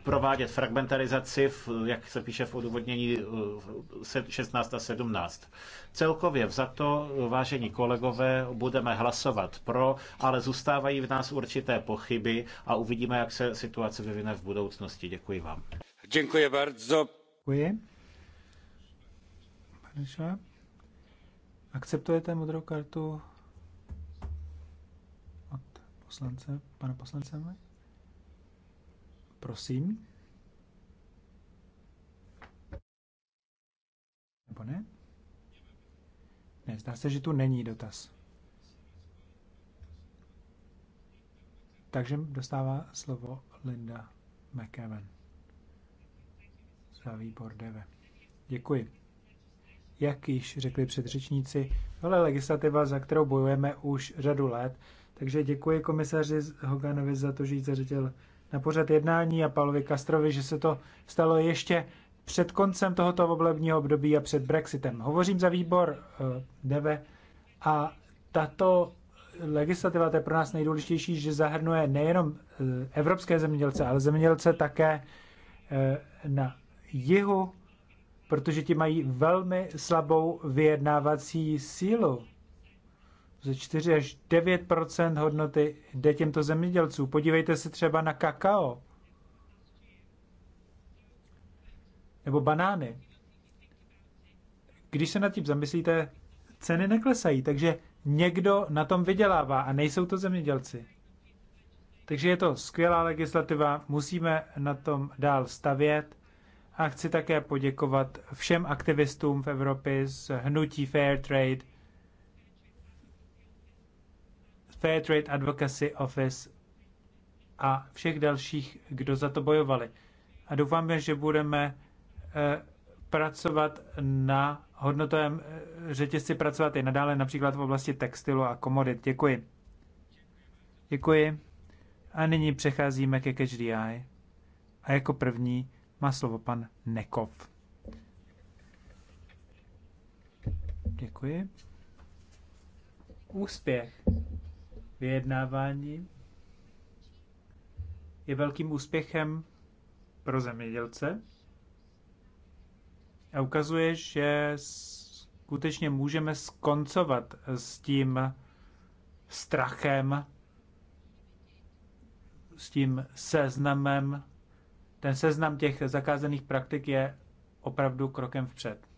provádět fragmentarizaci, jak se píše v odůvodnění 16 eh, a 17. Celkově vzato, vážení kolegové, budeme hlasovat pro, ale zůstávají v nás určité pochyby a uvidíme, jak se situace vyvine v budoucnosti. Děkuji vám. Děkuji bardzo. Děkuji. Pane akceptujete modrou kartu od poslance, pana poslance? Prosím. Nebo ne? Ne, zdá se, že tu není dotaz. Takže dostává slovo Linda McEwen za výbor DEVE. Děkuji. Jak již řekli předřečníci, tohle je legislativa, za kterou bojujeme už řadu let, takže děkuji komisaři Hoganovi za to, že ji zařadil na pořad jednání a Pavlovi Kastrovi, že se to stalo ještě před koncem tohoto volebního období a před Brexitem. Hovořím za výbor eh, DEVE a tato legislativa, to je pro nás nejdůležitější, že zahrnuje nejenom eh, evropské zemědělce, ale zemědělce také eh, na jihu, protože ti mají velmi slabou vyjednávací sílu ze 4 až 9 hodnoty jde těmto zemědělcům. Podívejte se třeba na kakao nebo banány. Když se nad tím zamyslíte, ceny neklesají, takže někdo na tom vydělává a nejsou to zemědělci. Takže je to skvělá legislativa, musíme na tom dál stavět a chci také poděkovat všem aktivistům v Evropě z hnutí Fair Trade, Fair Trade Advocacy Office a všech dalších, kdo za to bojovali. A doufáme, že budeme eh, pracovat na hodnotovém eh, řetězci, pracovat i nadále například v oblasti textilu a komodit. Děkuji. Děkuji. A nyní přecházíme ke Catch A jako první má slovo pan Nekov. Děkuji. Úspěch vyjednávání je velkým úspěchem pro zemědělce a ukazuje, že skutečně můžeme skoncovat s tím strachem, s tím seznamem. Ten seznam těch zakázaných praktik je opravdu krokem vpřed.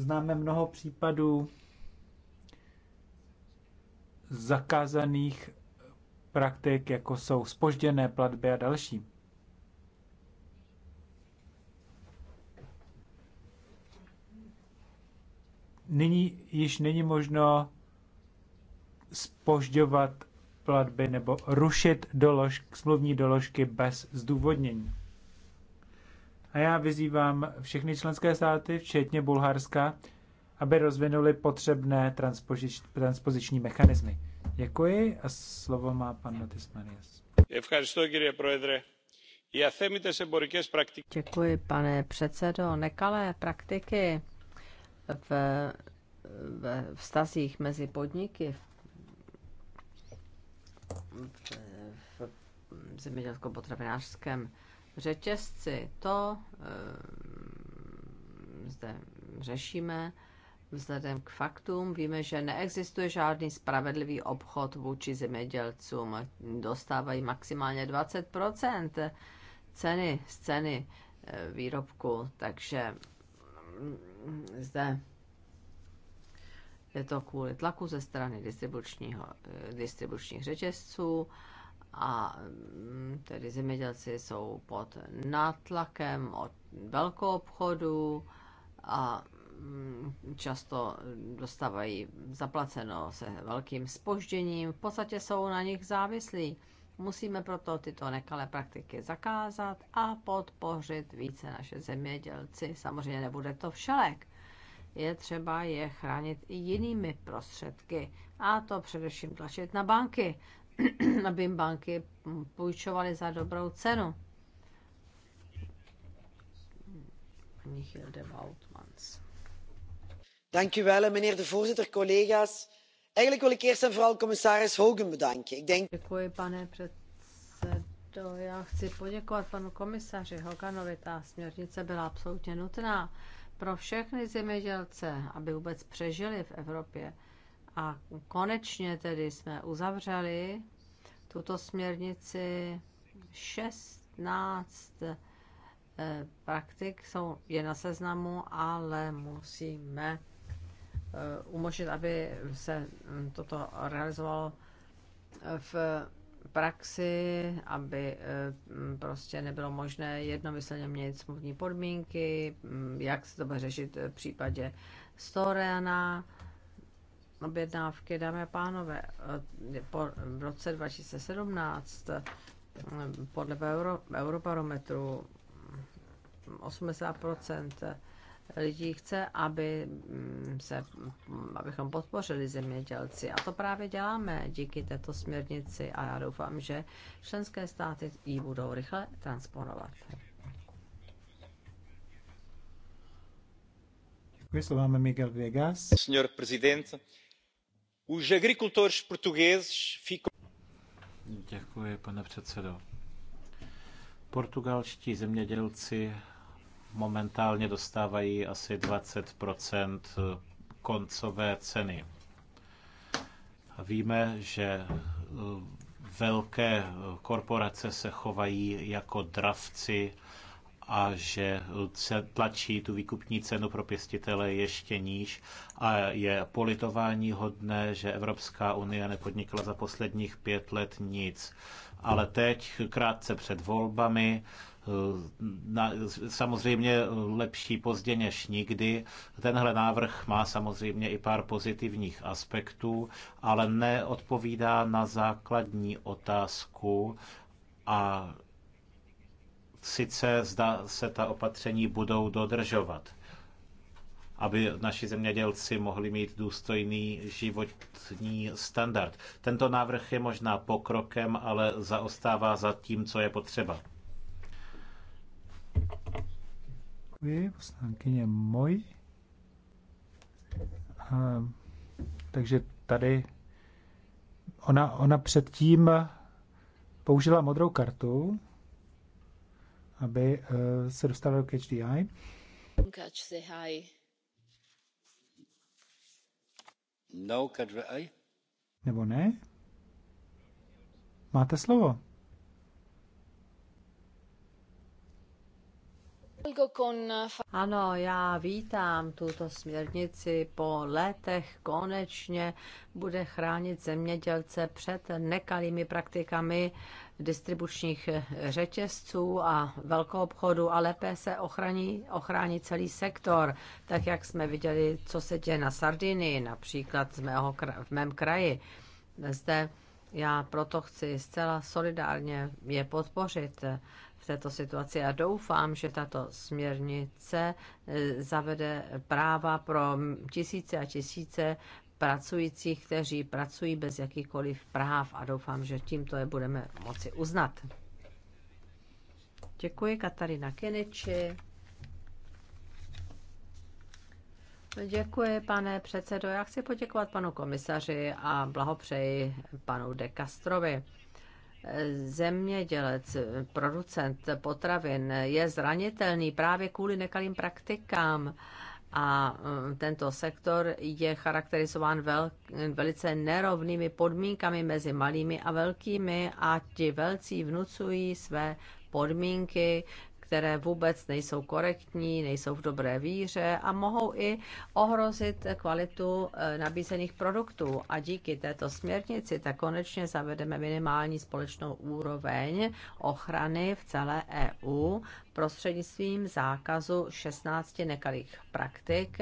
Známe mnoho případů zakázaných praktik, jako jsou spožděné platby a další. Nyní již není možno spožďovat platby nebo rušit dolož, smluvní doložky bez zdůvodnění. A já vyzývám všechny členské státy, včetně Bulharska, aby rozvinuli potřebné transpozič, transpoziční mechanismy. Děkuji a slovo má pan Notis Marias. Děkuji, pane předsedo. Nekalé praktiky v, v vztazích mezi podniky v, v, v zemědělsko-potravinářském řetězci, to eh, zde řešíme vzhledem k faktům. Víme, že neexistuje žádný spravedlivý obchod vůči zemědělcům. Dostávají maximálně 20 ceny z ceny eh, výrobku, takže mm, zde je to kvůli tlaku ze strany distribučního, eh, distribučních řetězců a mm, tedy zemědělci jsou pod nátlakem od velkou obchodu a mm, často dostávají zaplaceno se velkým spožděním, v podstatě jsou na nich závislí. Musíme proto tyto nekalé praktiky zakázat a podpořit více naše zemědělci. Samozřejmě nebude to všelek. Je třeba je chránit i jinými prostředky, a to především tlačit na banky, aby jim banky půjčovaly za dobrou cenu. Dank u wel, meneer de voorzitter, collega's. Eigenlijk wil ik eerst en vooral commissaris Hogan bedanken. Ik denk... Děkuji, pane předsedo. Já chci poděkovat panu komisaři Hoganovi. Ta směrnice byla absolutně nutná pro všechny zemědělce, aby vůbec přežili v Evropě. A konečně tedy jsme uzavřeli tuto směrnici 16 eh, praktik jsou, je na seznamu, ale musíme eh, umožnit, aby se hm, toto realizovalo eh, v praxi, aby hm, prostě nebylo možné jednomyslně měnit smluvní podmínky, hm, jak se to bude řešit v případě Storiana objednávky, dámy a pánové, eh, po, v roce 2017 eh, podle Euro, Europarometru 80% lidí chce, aby mm, se, mm, abychom podpořili zemědělci. A to právě děláme díky této směrnici a já doufám, že členské státy ji budou rychle transponovat. Děkuji, slovo máme Miguel Vegas. Senhor Presidente, už agricultores portugueses ficam... Děkuji, pane předsedo. Portugalští zemědělci momentálně dostávají asi 20 koncové ceny. víme, že eh, velké korporace se chovají jako dravci a že se tlačí tu výkupní cenu pro pěstitele ještě níž a je politování hodné, že Evropská unie nepodnikla za posledních pět let nic. Ale teď, krátce před volbami, na, samozřejmě lepší pozdě než nikdy. Tenhle návrh má samozřejmě i pár pozitivních aspektů, ale neodpovídá na základní otázku a sice zda se ta opatření budou dodržovat, aby naši zemědělci mohli mít důstojný životní standard. Tento návrh je možná pokrokem, ale zaostává za tím, co je potřeba. Děkuji, poslankyně Moj. A, takže tady ona, ona předtím použila modrou kartu aby uh, se dostali do Catch the Eye. Catch the Eye. No, catch the eye. Nebo ne? Máte slovo. Eh, ano, já vítám tuto směrnici. Po letech konečně bude chránit zemědělce před nekalými praktikami distribučních řetězců a velkou obchodu a lépe se ochrání, ochrání celý sektor, tak jak jsme viděli, co se děje na Sardinii, například z mého, v mém kraji. Zde já proto chci zcela solidárně je podpořit v této situaci a doufám, že tato směrnice eh, zavede práva pro tisíce a tisíce pracujících, kteří pracují bez jakýchkoliv práv a doufám, že tímto je budeme moci uznat. Děkuji Katarina Keneči. Děkuji, pane předsedo. Já chci poděkovat panu komisaři a blahopřeji panu De Castrovi. Zemědělec, producent potravin je zranitelný právě kvůli nekalým praktikám a eh, tento sektor je charakterizován vel, velice nerovnými podmínkami mezi malými a velkými a ti velcí vnucují své podmínky, které vůbec nejsou korektní, nejsou v dobré víře a mohou i ohrozit kvalitu eh, nabízených produktů. A díky této směrnici tak konečně zavedeme minimální společnou úroveň ochrany v celé EU prostřednictvím zákazu 16 nekalých praktik,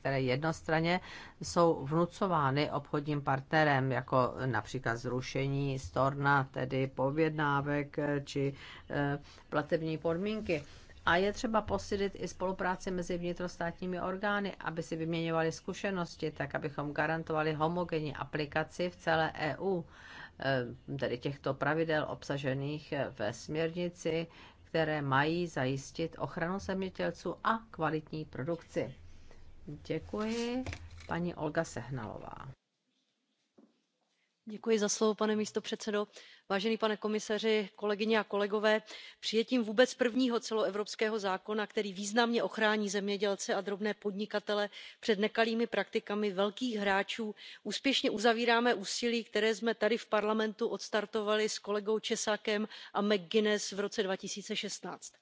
které jednostranně jsou vnucovány obchodním partnerem, jako například zrušení storna, tedy povědnávek či eh, platební podmínky. A je třeba posílit i spolupráci mezi vnitrostátními orgány, aby si vyměňovali zkušenosti, tak abychom garantovali homogenní aplikaci v celé EU, eh, tedy těchto pravidel obsažených ve směrnici které mají zajistit ochranu zemědělců a kvalitní produkci. Děkuji. Paní Olga Sehnalová pane předsedající vážený pane komisaři kolegyně a kolegové přijetím vůbec prvního celoevropského zákona který významně ochrání zemědělce a drobné podnikatele před nekalými praktikami velkých hráčů úspěšně uzavíráme úsilí které jsme tady v parlamentu odstartovali s kolegou česákem a mcguinnessem v roce. two thousand and sixteen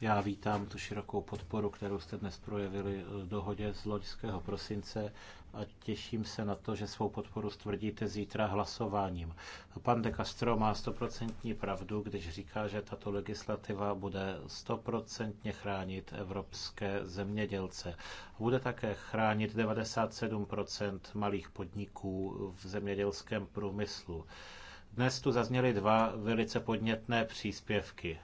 Já vítám tu širokou podporu, kterou jste dnes projevili eh, dohodě z loďského prosince a těším se na to, že svou podporu stvrdíte zítra hlasováním. Pan de Castro má stoprocentní pravdu, když říká, že tato legislativa bude stoprocentně chránit evropské zemědělce. Bude také chránit 97% malých podniků v zemědělském průmyslu. Dnes tu zazněly dva velice podnětné příspěvky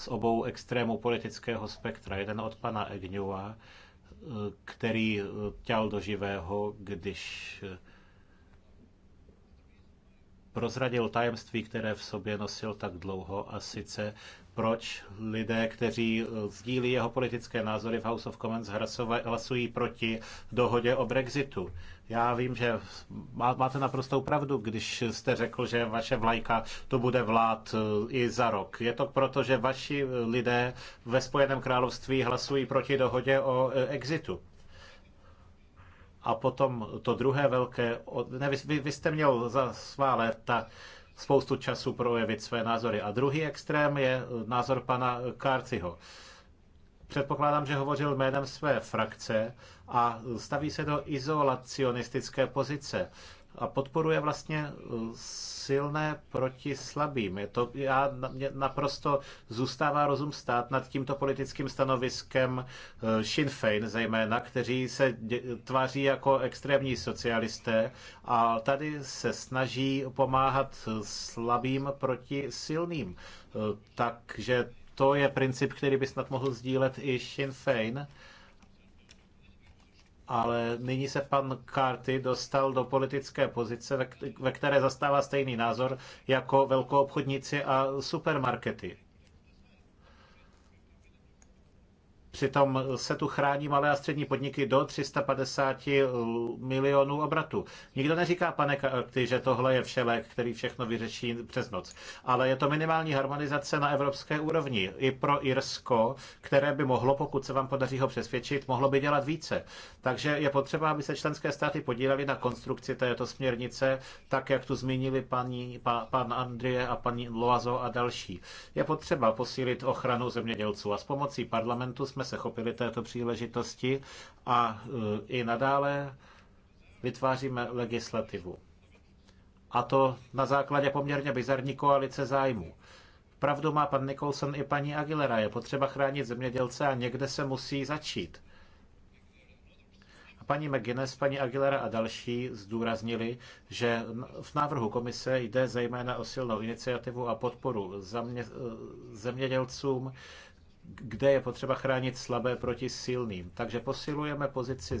z obou extrémů politického spektra. Jeden od pana Egňova, eh, který těl eh, do živého, když eh, prozradil tajemství, které v sobě nosil tak dlouho a sice proč lidé, kteří sdílí jeho politické názory v House of Commons hlasují proti dohodě o Brexitu. Já vím, že máte naprostou pravdu, když jste řekl, že vaše vlajka to bude vlád e, i za rok. Je to proto, že vaši lidé ve Spojeném království hlasují proti dohodě o e, exitu. A potom to druhé velké, ne, vy, vy jste měl za svá léta spoustu času projevit své názory. A druhý extrém je e, názor pana Kárciho. Předpokládám, že hovořil jménem své frakce, a staví se do izolacionistické pozice a podporuje vlastně eh, silné proti slabým. Je to, já, mě naprosto zůstává rozum stát nad tímto politickým stanoviskem eh, Sinn Féin zejména, kteří se dě, tváří jako extrémní socialisté a tady se snaží pomáhat slabým proti silným. Eh, takže to je princip, který by snad mohl sdílet i Sinn Féin ale nyní se pan Carty dostal do politické pozice, ve které zastává stejný názor jako obchodníci a supermarkety. Přitom se tu chrání malé a střední podniky do 350 milionů obratu. Nikdo neříká, pane Karty, že tohle je všelek, který všechno vyřeší přes noc. Ale je to minimální harmonizace na evropské úrovni. I pro Irsko, které by mohlo, pokud se vám podaří ho přesvědčit, mohlo by dělat více. Takže je potřeba, aby se členské státy podílely na konstrukci této směrnice, tak jak tu zmínili paní, pa, pan Andrie a paní Loazo a další. Je potřeba posílit ochranu zemědělců a s pomocí parlamentu jsme jsme se chopili této příležitosti a e, i nadále vytváříme legislativu. A to na základě poměrně bizarní koalice zájmů. Pravdu má pan Nicholson i paní Aguilera. Je potřeba chránit zemědělce a někde se musí začít. A paní McGuinness, paní Aguilera a další zdůraznili, že v návrhu komise jde zejména o silnou iniciativu a podporu e, zemědělcům, kde je potřeba chránit slabé proti silným. Takže posilujeme pozici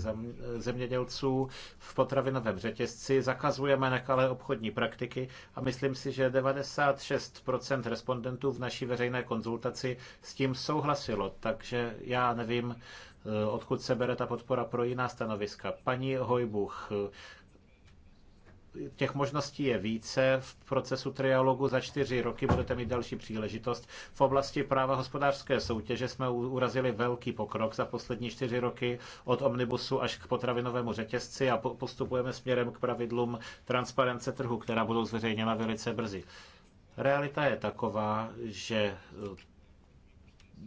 zemědělců v potravinovém řetězci, zakazujeme nekalé obchodní praktiky a myslím si, že 96% respondentů v naší veřejné konzultaci s tím souhlasilo. Takže já nevím, eh, odkud se bere ta podpora pro jiná stanoviska. Paní Hojbuch, těch možností je více. V procesu trialogu za čtyři roky budete mít další příležitost. V oblasti práva hospodářské soutěže jsme urazili velký pokrok za poslední čtyři roky od omnibusu až k potravinovému řetězci a postupujeme směrem k pravidlům transparence trhu, která budou zveřejněna velice brzy. Realita je taková, že eh,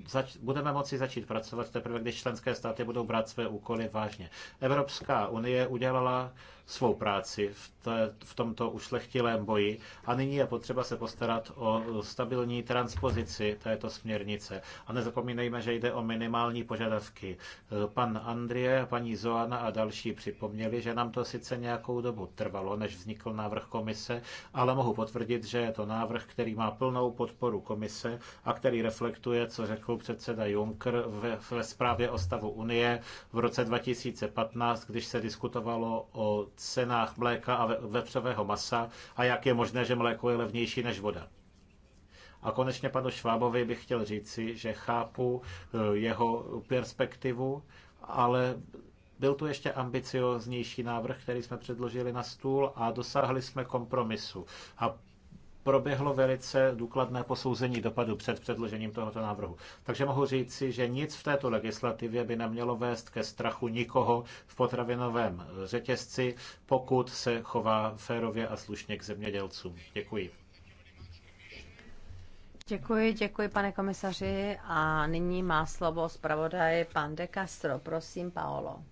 zač- budeme moci začít pracovat teprve, když členské státy budou brát své úkoly vážně. Evropská unie udělala svou práci v, te, v tomto ušlechtilém boji a nyní je potřeba se postarat o stabilní transpozici této směrnice. A nezapomínejme, že jde o minimální požadavky. Pan Andrie, paní Zoana a další připomněli, že nám to sice nějakou dobu trvalo, než vznikl návrh komise, ale mohu potvrdit, že je to návrh, který má plnou podporu komise a který reflektuje, co řekl předseda Juncker ve, ve zprávě o stavu Unie v roce 2015, když se diskutovalo o cenách mléka a vepřového masa a jak je možné, že mléko je levnější než voda. A konečně panu Švábovi bych chtěl říci, že chápu e, jeho perspektivu, ale byl tu ještě ambicioznější návrh, který jsme předložili na stůl a dosáhli jsme kompromisu. A proběhlo velice důkladné posouzení dopadu před předložením tohoto návrhu. Takže mohu říci, že nic v této legislativě by nemělo vést ke strachu nikoho v potravinovém řetězci, pokud se chová férově a slušně k zemědělcům. Děkuji. Děkuji, děkuji, pane komisaři. A nyní má slovo zpravodaj pan De Castro. Prosím, Paolo.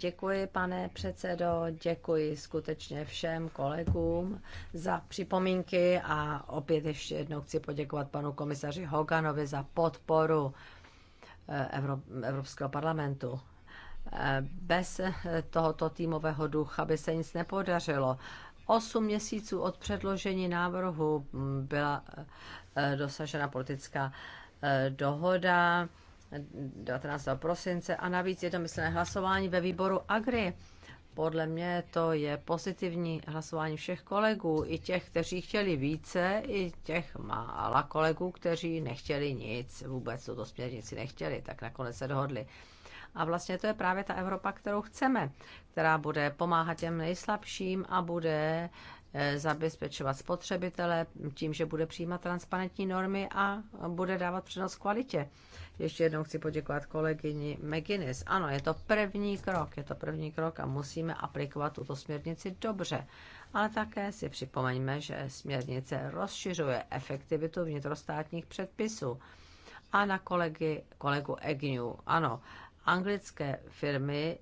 Děkuji, pane předsedo, děkuji skutečně všem kolegům za připomínky a opět ještě jednou chci poděkovat panu komisaři Hoganovi za podporu eh, Evropského parlamentu. Eh, bez eh, tohoto týmového ducha by se nic nepodařilo. Osm měsíců od předložení návrhu mm, byla dosažena politická dohoda 19. prosince a navíc je to myslené hlasování ve výboru Agri. Podle mě to je pozitivní hlasování všech kolegů, i těch, kteří chtěli více, i těch mála kolegů, kteří nechtěli nic, vůbec tuto směrnici nechtěli, tak nakonec se dohodli. A vlastně to je právě ta Evropa, kterou chceme, která bude pomáhat těm nejslabším a bude Eh, zabezpečovat spotřebitele tím, že bude přijímat transparentní normy a bude dávat přednost kvalitě. Ještě jednou chci poděkovat kolegyni McGuinness. Ano, je to první krok, je to první krok a musíme aplikovat tuto směrnici dobře. Ale také si připomeňme, že směrnice rozšiřuje efektivitu vnitrostátních předpisů. A na kolegy, kolegu Egnu, ano, anglické firmy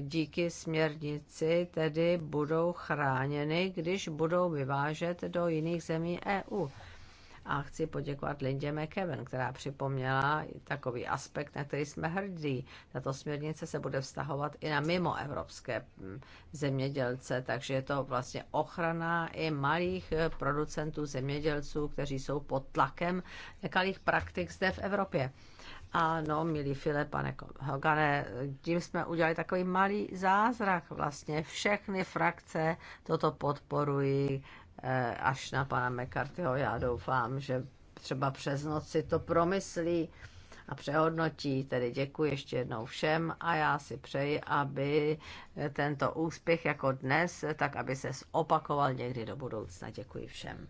díky směrnici tedy budou chráněny, když budou vyvážet do jiných zemí EU. A chci poděkovat Lindě McKeven, která připomněla takový aspekt, na který jsme hrdí. Tato směrnice se bude vztahovat i na mimoevropské mm, zemědělce, takže je to vlastně ochrana i malých eh, producentů zemědělců, kteří jsou pod tlakem nekalých praktik zde v Evropě. Ano, milý Filip, pane Hogane, tím jsme udělali takový malý zázrak vlastně. Všechny frakce toto podporují eh, až na pana McCarthyho. Já doufám, že třeba přes noc si to promyslí a přehodnotí. Tedy děkuji ještě jednou všem a já si přeji, aby eh, tento úspěch jako dnes, eh, tak aby se zopakoval někdy do budoucna. Děkuji všem.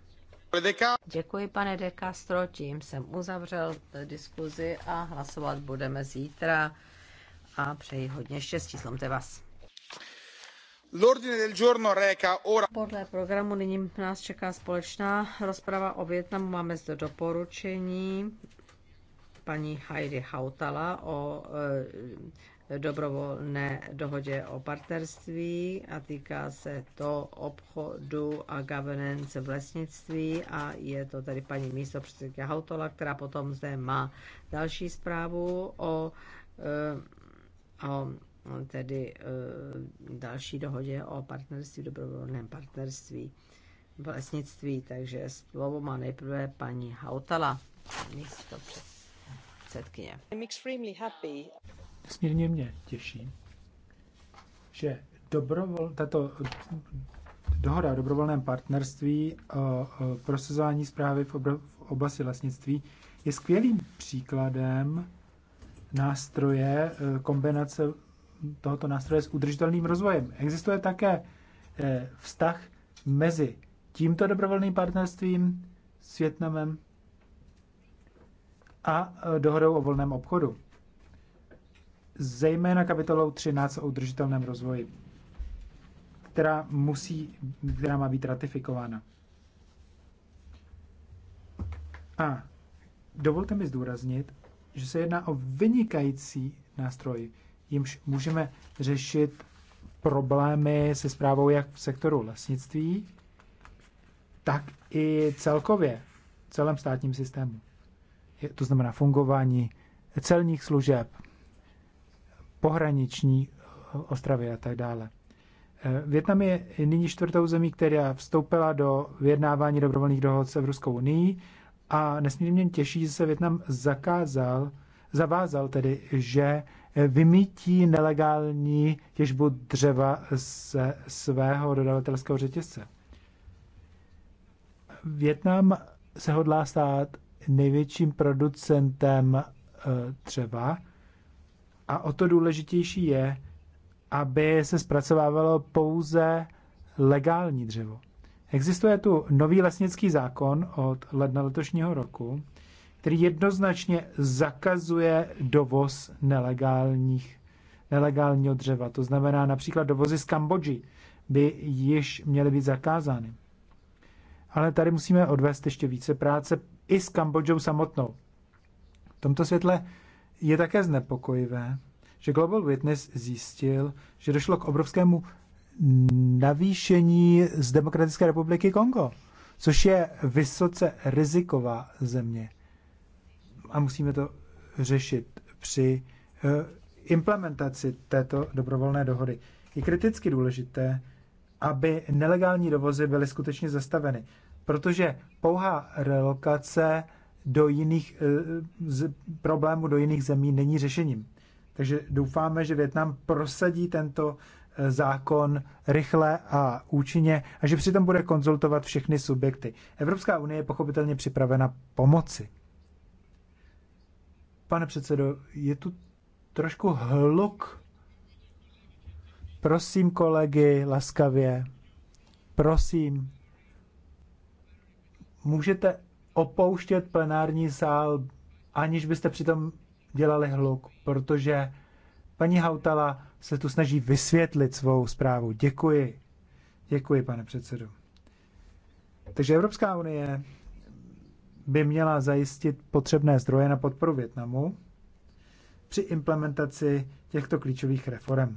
Děkuji, pane De Castro, tím jsem uzavřel diskuzi a hlasovat budeme zítra a přeji hodně štěstí, slomte vás. L'ordine del giorno reca ora... Podle programu nyní nás čeká společná rozprava o Větnamu. Máme zde doporučení paní Heidi Hautala o e, dobrovolné dohodě o partnerství a týká se to obchodu a governance v lesnictví a je to tady paní místo předsedkyně Hautola, která potom zde má další zprávu o, eh, o tedy eh, další dohodě o partnerství, dobrovolném partnerství v lesnictví, takže slovo má nejprve paní Hautala, místo předsedkyně. Nesmírně mě těší, že dobrovol, tato dohoda o dobrovolném partnerství o prosazování zprávy v oblasti lesnictví je skvělým příkladem nástroje, e, kombinace tohoto nástroje s udržitelným rozvojem. Existuje také e, vztah mezi tímto dobrovolným partnerstvím s Větnamem a e, dohodou o volném obchodu zejména kapitolou 13 o udržitelném rozvoji, která, musí, která má být ratifikována. A dovolte mi zdůraznit, že se jedná o vynikající nástroj, jimž můžeme řešit problémy se zprávou jak v sektoru lesnictví, tak i celkově, v celém státním systému. to znamená fungování celních služeb, pohraniční eh, ostravy a tak dále. Eh, Větnam je nyní čtvrtou zemí, která vstoupila do vyjednávání dobrovolných dohod s Evropskou unii a nesmírně těší, že se Větnam zakázal, zavázal tedy, že vymítí nelegální těžbu dřeva ze svého dodavatelského řetězce. Větnam se hodlá stát největším producentem eh, dřeva a o to důležitější je, aby se zpracovávalo pouze legální dřevo. Existuje tu nový lesnický zákon od ledna letošního roku, který jednoznačně zakazuje dovoz nelegálních, nelegálního dřeva. To znamená například dovozy z Kambodži by již měly být zakázány. Ale tady musíme odvést ještě více práce i s Kambodžou samotnou. V tomto světle je také znepokojivé, že Global Witness zjistil, že došlo k obrovskému navýšení z Demokratické republiky Kongo, což je vysoce riziková země. A musíme to řešit při eh, implementaci této dobrovolné dohody. Je kriticky důležité, aby nelegální dovozy byly skutečně zastaveny, protože pouhá relokace do jiných eh, z problémů do jiných zemí není řešením. Takže doufáme, že Větnam prosadí tento eh, zákon rychle a účinně a že přitom bude konzultovat všechny subjekty. Evropská unie je pochopitelně připravena pomoci. Pane předsedo, je tu trošku hluk. Prosím kolegy laskavě. Prosím. Můžete opouštět plenární sál, aniž byste přitom dělali hluk, protože paní Hautala se tu snaží vysvětlit svou zprávu. Děkuji. Děkuji, pane předsedu. Takže Evropská unie by měla zajistit potřebné zdroje na podporu Větnamu při implementaci těchto klíčových reform.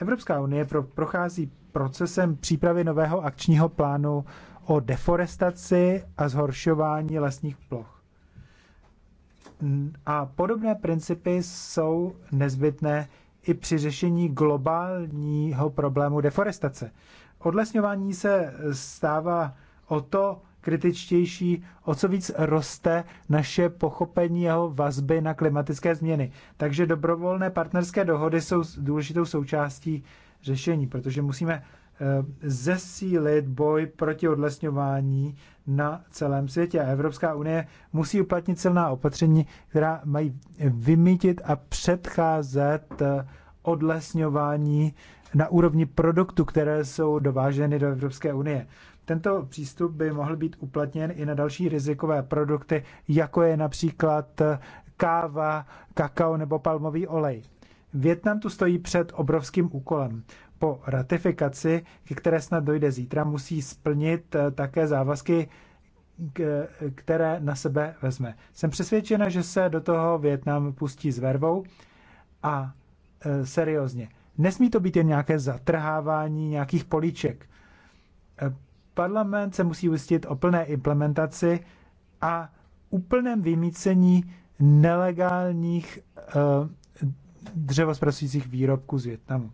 Evropská unie pro, prochází procesem přípravy nového akčního plánu o deforestaci a zhoršování lesních ploch. A podobné principy jsou nezbytné i při řešení globálního problému deforestace. Odlesňování se stává o to kritičtější, o co víc roste naše pochopení jeho vazby na klimatické změny. Takže dobrovolné partnerské dohody jsou důležitou součástí řešení, protože musíme Eh, zesílit boj proti odlesňování na celém světě. A Evropská unie musí uplatnit silná opatření, která mají vymítit a předcházet eh, odlesňování na úrovni produktů, které jsou dováženy do Evropské unie. Tento přístup by mohl být uplatněn i na další rizikové produkty, jako je například eh, káva, kakao nebo palmový olej. Větnam tu stojí před obrovským úkolem po ratifikaci, které snad dojde zítra, musí splnit eh, také závazky, které na sebe vezme. Jsem přesvědčena, že se do toho Větnam pustí s vervou a eh, seriózně. Nesmí to být jen nějaké zatrhávání nějakých políček. Eh, parlament se musí ujistit o plné implementaci a úplném vymícení nelegálních dřevospracujících výrobků z Větnamu.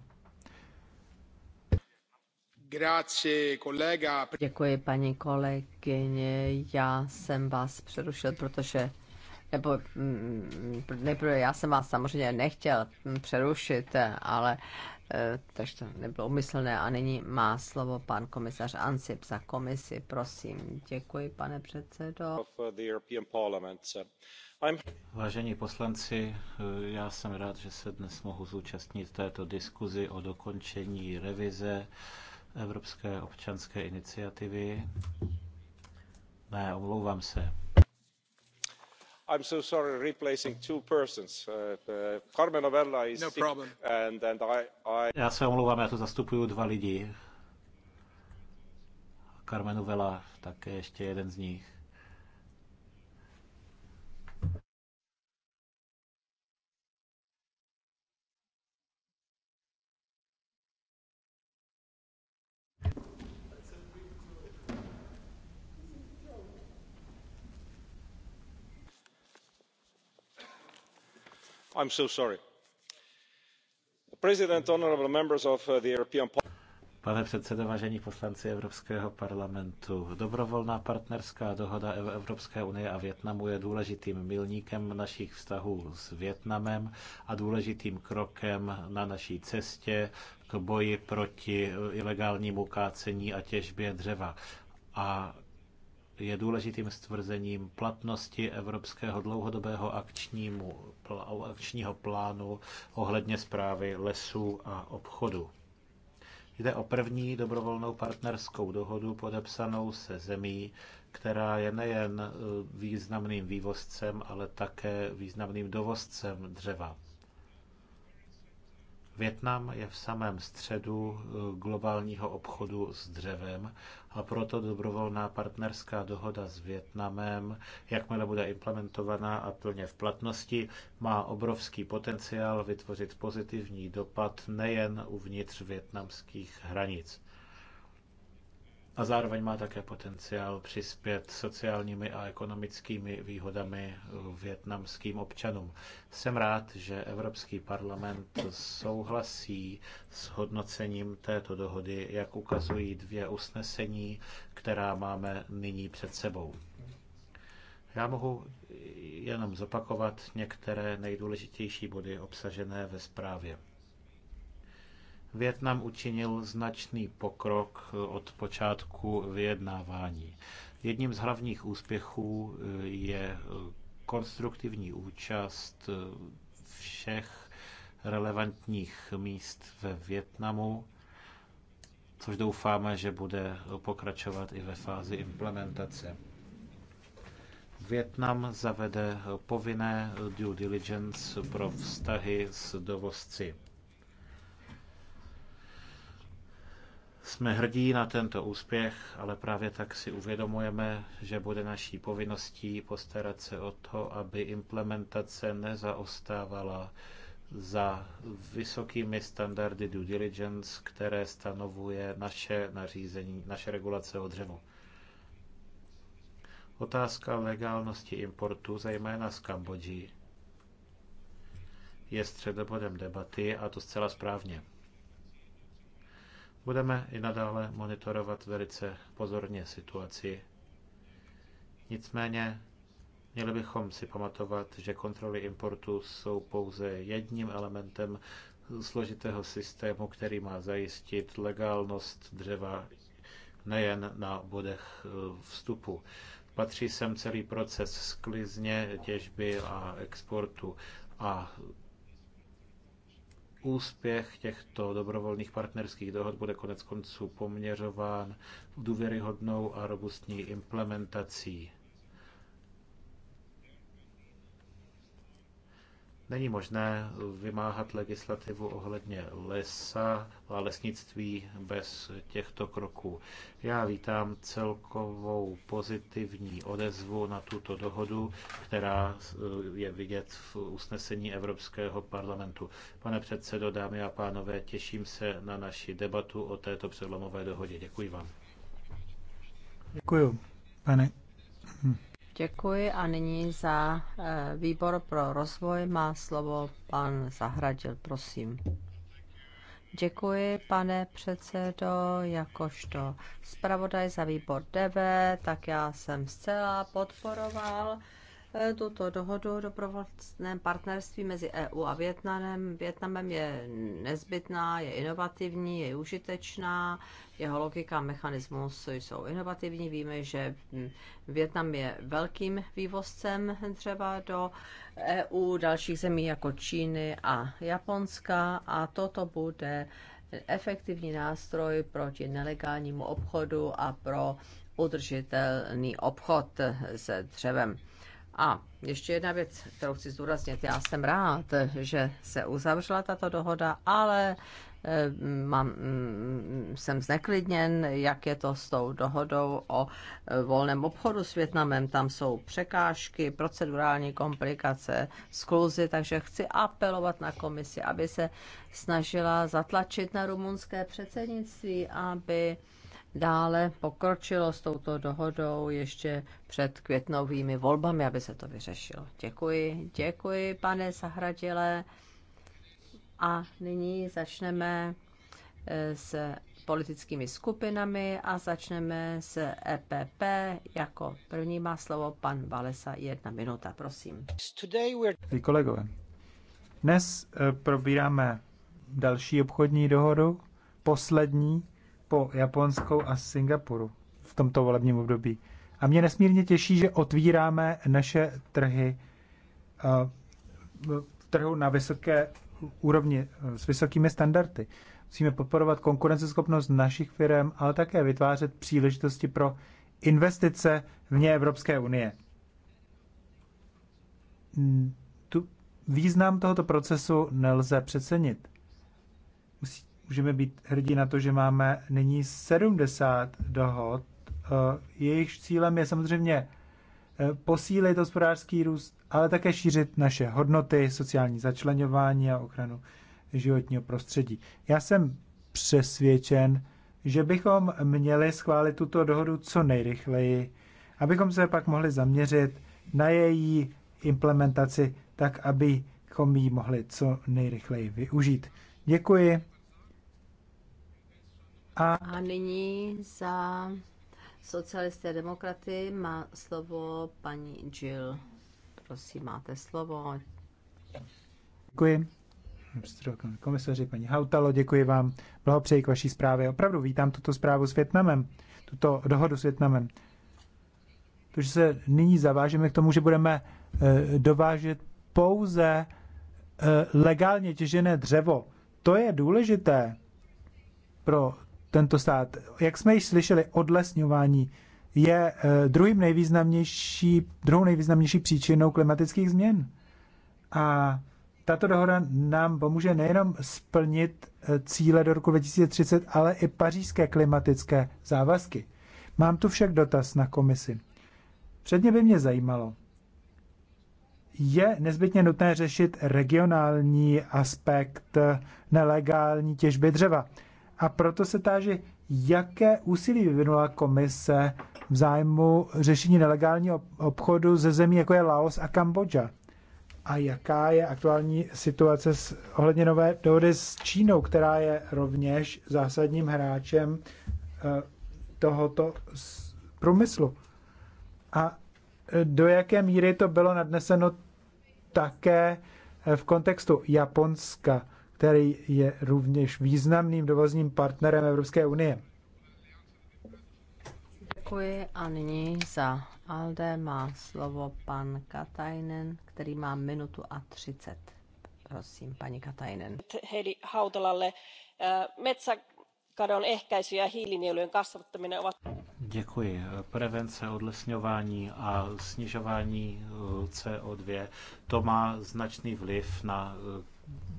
Děkuji, paní kolegyně. Já jsem vás přerušil, protože nebo mm, nejprve já jsem vás samozřejmě nechtěl mm, přerušit, ale eh, takže to nebylo umyslné. A nyní má slovo pan komisař Ansip za komisi, prosím. Děkuji, pane předsedo. Vážení poslanci, eh, já jsem rád, že se dnes mohu zúčastnit této diskuzi o dokončení revize Evropské občanské iniciativy. Ne, omlouvám se. I'm so sorry replacing two persons. Uh, uh Carmen Novella is no sick problem. and, and I, I... Já se omlouvám, já tu zastupuju dva lidi. Carmen Novella také ještě jeden z nich. i'm so sorry. Uh, Pane předsedající, vážení poslanci Evropského parlamentu, dobrovolná partnerská dohoda Evropské unie a Větnamu je důležitým milníkem našich vztahů s Větnamem a důležitým krokem na naší cestě k boji proti ilegálnímu kácení a těžbě dřeva. A je důležitým stvrzením platnosti Evropského dlouhodobého akčnímu, akčního plánu ohledně zprávy lesů a obchodu. Jde o první dobrovolnou partnerskou dohodu podepsanou se zemí, která je nejen e, významným vývozcem, ale také významným dovozcem dřeva. Větnam je v samém středu eh, globálního obchodu s dřevem a proto dobrovolná partnerská dohoda s Větnamem, jakmile bude implementovaná a plně v platnosti, má obrovský potenciál vytvořit pozitivní dopad nejen uvnitř větnamských hranic a zároveň má také potenciál přispět sociálními a ekonomickými výhodami větnamským občanům. Jsem rád, že Evropský parlament souhlasí s hodnocením této dohody, jak ukazují dvě usnesení, která máme nyní před sebou. Já mohu jenom zopakovat některé nejdůležitější body obsažené ve zprávě. Větnam učinil značný pokrok eh, od počátku vyjednávání. Jedním z hlavních úspěchů eh, je eh, konstruktivní účast všech relevantních míst ve Větnamu, což doufáme, že bude pokračovat i ve fázi implementace. Větnam zavede povinné due diligence pro vztahy s dovozci Jsme hrdí na tento úspěch, ale právě tak si uvědomujeme, že bude naší povinností postarat se o to, aby implementace nezaostávala za vysokými standardy due diligence, které stanovuje naše nařízení, naše regulace o dřevu. Otázka legálnosti importu, zejména z Kambodži, je středobodem debaty a to zcela správně. Budeme i nadále monitorovat velice pozorně situaci. Nicméně měli bychom si pamatovat, že kontroly importu jsou pouze jedním elementem složitého systému, který má zajistit legálnost dřeva nejen na bodech eh, vstupu. Patří sem celý proces sklizně, těžby a exportu a Úspěch těchto dobrovolných partnerských dohod bude konec konců poměřován důvěryhodnou a robustní implementací. Není možné vymáhat legislativu ohledně lesa a lesnictví bez těchto kroků. Já vítám celkovou pozitivní odezvu na tuto dohodu, která eh, je vidět v usnesení Evropského parlamentu. Pane předsedo, dámy a pánové, těším se na naši debatu o této přelomové dohodě. Děkuji vám. Děkuji, pane hm. Děkuji a nyní za eh, výbor pro rozvoj má slovo pan Zahradil, prosím. Děkuji, pane předsedo, jakožto zpravodaj za výbor DV, tak já jsem zcela podporoval E, tuto dohodu o dobrovolném partnerství mezi EU a Větnamem. Větnamem je nezbytná, je inovativní, je užitečná, jeho logika, mechanismus jsou inovativní. Víme, že hm, Větnam je velkým vývozcem dřeva do EU, dalších zemí jako Číny a Japonska a toto bude efektivní nástroj proti nelegálnímu obchodu a pro udržitelný obchod se dřevem. A ještě jedna věc, kterou chci zdůraznit. Já jsem rád, že se uzavřela tato dohoda, ale eh, mám, mm, jsem zneklidněn, jak je to s tou dohodou o eh, volném obchodu s Větnamem. Tam jsou překážky, procedurální komplikace, skluzy, takže chci apelovat na komisi, aby se snažila zatlačit na rumunské předsednictví, aby dále pokročilo s touto dohodou ještě před květnovými volbami, aby se to vyřešilo. Děkuji, děkuji, pane Zahradile. A nyní začneme eh, s politickými skupinami a začneme s EPP. Jako první má slovo pan Valesa. Jedna minuta, prosím. Vy kolegové, dnes eh, probíráme další obchodní dohodu, poslední po Japonskou a Singapuru v tomto volebním období. A mě nesmírně těší, že otvíráme naše trhy eh, trhu na vysoké úrovni s vysokými standardy. Musíme podporovat konkurenceschopnost našich firm, ale také vytvářet příležitosti pro investice vně Evropské unie. Tu význam tohoto procesu nelze přecenit můžeme být hrdí na to, že máme nyní 70 dohod. Eh, jejich cílem je samozřejmě eh, posílit hospodářský růst, ale také šířit naše hodnoty, sociální začlenování a ochranu životního prostředí. Já jsem přesvědčen, že bychom měli schválit tuto dohodu co nejrychleji, abychom se pak mohli zaměřit na její implementaci tak, abychom ji mohli co nejrychleji využít. Děkuji. A, a nyní za socialisté demokraty má slovo paní Jill. Prosím, máte slovo. Děkuji. Komisaři, paní Hautalo, děkuji vám. Blahopřeji k vaší zprávě. Opravdu vítám tuto zprávu s Větnamem, tuto dohodu s Větnamem. To, že se nyní zavážeme k tomu, že budeme eh, dovážet pouze eh, legálně těžené dřevo, to je důležité pro tento stát. Jak jsme již slyšeli, odlesňování je eh, druhým nejvýznamnější, druhou nejvýznamnější příčinou klimatických změn. A tato dohoda nám pomůže nejenom splnit eh, cíle do roku 2030, ale i pařížské klimatické závazky. Mám tu však dotaz na komisi. Předně by mě zajímalo, je nezbytně nutné řešit regionální aspekt nelegální těžby dřeva. A proto se táži, jaké úsilí vyvinula komise v zájmu řešení nelegálního obchodu ze zemí, jako je Laos a Kambodža. A jaká je aktuální situace s, ohledně nové dohody s Čínou, která je rovněž zásadním hráčem eh, tohoto průmyslu. A eh, do jaké míry to bylo nadneseno také eh, v kontextu Japonska který je rovněž významným dovozním partnerem Evropské unie. Děkuji a nyní za ALDE má slovo pan Katajnen, který má minutu a třicet. Prosím, paní Katajnen. Heli Hautalalle. Eh, metsäkadon ehkäisy ja hiilinielujen kasvattaminen ovat... Děkuji. Prevence, odlesňování a snižování eh, CO2, to má značný vliv na eh,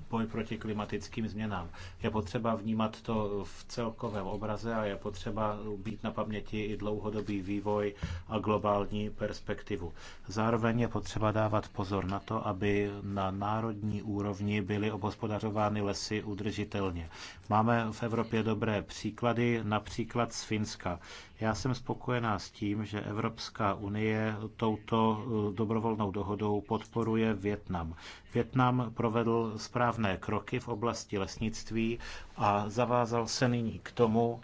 boj proti klimatickým změnám. Je potřeba vnímat to v celkovém obraze a je potřeba být na paměti i dlouhodobý vývoj a globální perspektivu. Zároveň je potřeba dávat pozor na to, aby na národní úrovni byly obhospodařovány lesy udržitelně. Máme v Evropě dobré příklady, například z Finska já jsem spokojená s tím, že Evropská unie touto eh, dobrovolnou dohodou podporuje Větnam. Větnam provedl správné kroky v oblasti lesnictví a zavázal se nyní k tomu,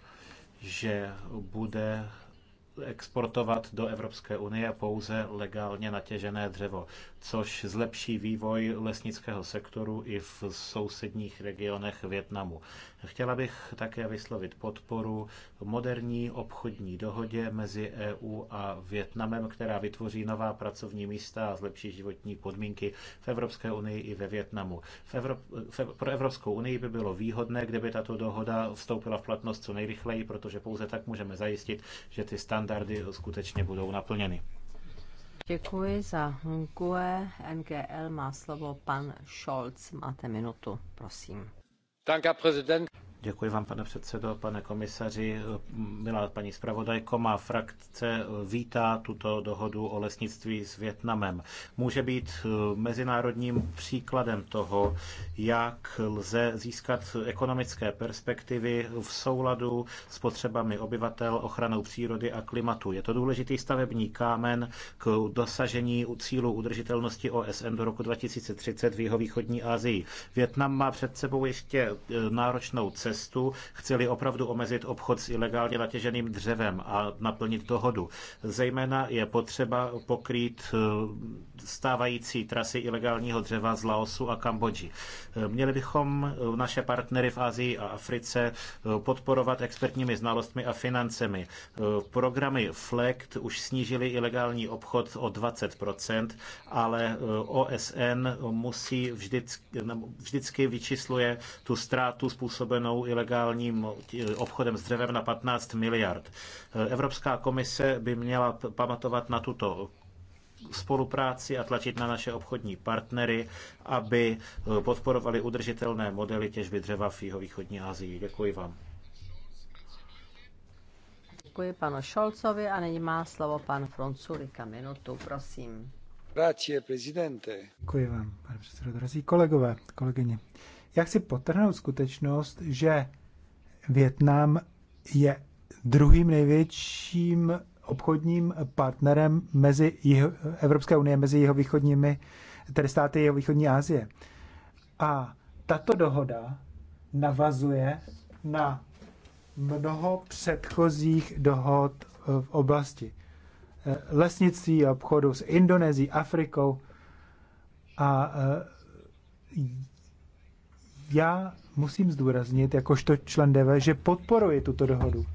že bude exportovat do Evropské unie pouze legálně natěžené dřevo což zlepší vývoj lesnického sektoru i v sousedních regionech Větnamu. Chtěla bych také vyslovit podporu moderní obchodní dohodě mezi EU a Větnamem, která vytvoří nová pracovní místa a zlepší životní podmínky v Evropské unii i ve Větnamu. V Evrop- v- pro Evropskou unii by bylo výhodné, kdyby tato dohoda vstoupila v platnost co nejrychleji, protože pouze tak můžeme zajistit, že ty standardy skutečně budou naplněny. Děkuji za Hunkue. NGL má slovo pan Scholz. Máte minutu, prosím. Danke, prezident. Děkuji vám, pane předsedo, pane komisaři, milá paní zpravodajko. Má frakce vítá tuto dohodu o lesnictví s Větnamem. Může být eh, mezinárodním příkladem toho, jak lze získat ekonomické perspektivy v souladu s potřebami obyvatel, ochranou přírody a klimatu. Je to důležitý stavební kámen k dosažení cílu udržitelnosti OSN do roku 2030 v jihovýchodní Asii. Větnam má před sebou ještě eh, náročnou cestu cestu, chceli opravdu omezit obchod s ilegálně natěženým dřevem a naplnit dohodu. Zejména je potřeba pokrýt eh, stávající trasy ilegálního dřeva z Laosu a Kambodži. Eh, měli bychom eh, naše partnery v Asii a Africe podporovat expertními znalostmi a financemi. Programy FLECT už snížily ilegální obchod o 20%, ale OSN musí vždycky, vždycky vyčisluje tu ztrátu způsobenou ilegálním obchodem s dřevem na 15 miliard. Evropská komise by měla pamatovat na tuto spolupráci a tlačit na naše obchodní partnery, aby eh, podporovali udržitelné modely těžby dřeva v jihovýchodní Asii. Děkuji vám. Děkuji panu Šolcovi a nyní má slovo pan Fronculika. Minutu, prosím. prezidente. Děkuji vám, pane předsedo. Drazí kolegové, kolegyně. Já chci potrhnout skutečnost, že Větnam je druhým největším obchodním partnerem mezi jeho, Evropské unie, mezi jeho východními, tedy státy jeho východní Asie. A tato dohoda navazuje na mnoho předchozích dohod v oblasti eh, lesnictví a obchodu s Indonésií, Afrikou a eh, já musím zdůraznit, jakožto člen DV, že podporuji tuto dohodu.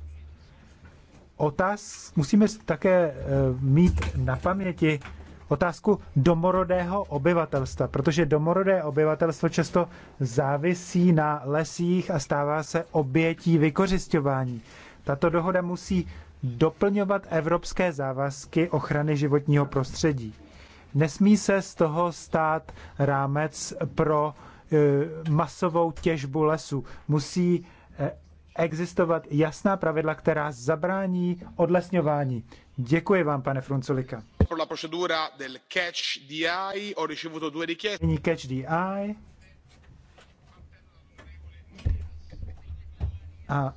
Otáz, musíme také eh, mít na paměti otázku domorodého obyvatelstva, protože domorodé obyvatelstvo často závisí na lesích a stává se obětí vykořišťování. Tato dohoda musí doplňovat evropské závazky ochrany životního prostředí. Nesmí se z toho stát rámec pro E, masovou těžbu lesu Musí e, existovat jasná pravidla, která zabrání odlesňování. Děkuji vám, pane Frunculika. Nyní catch the A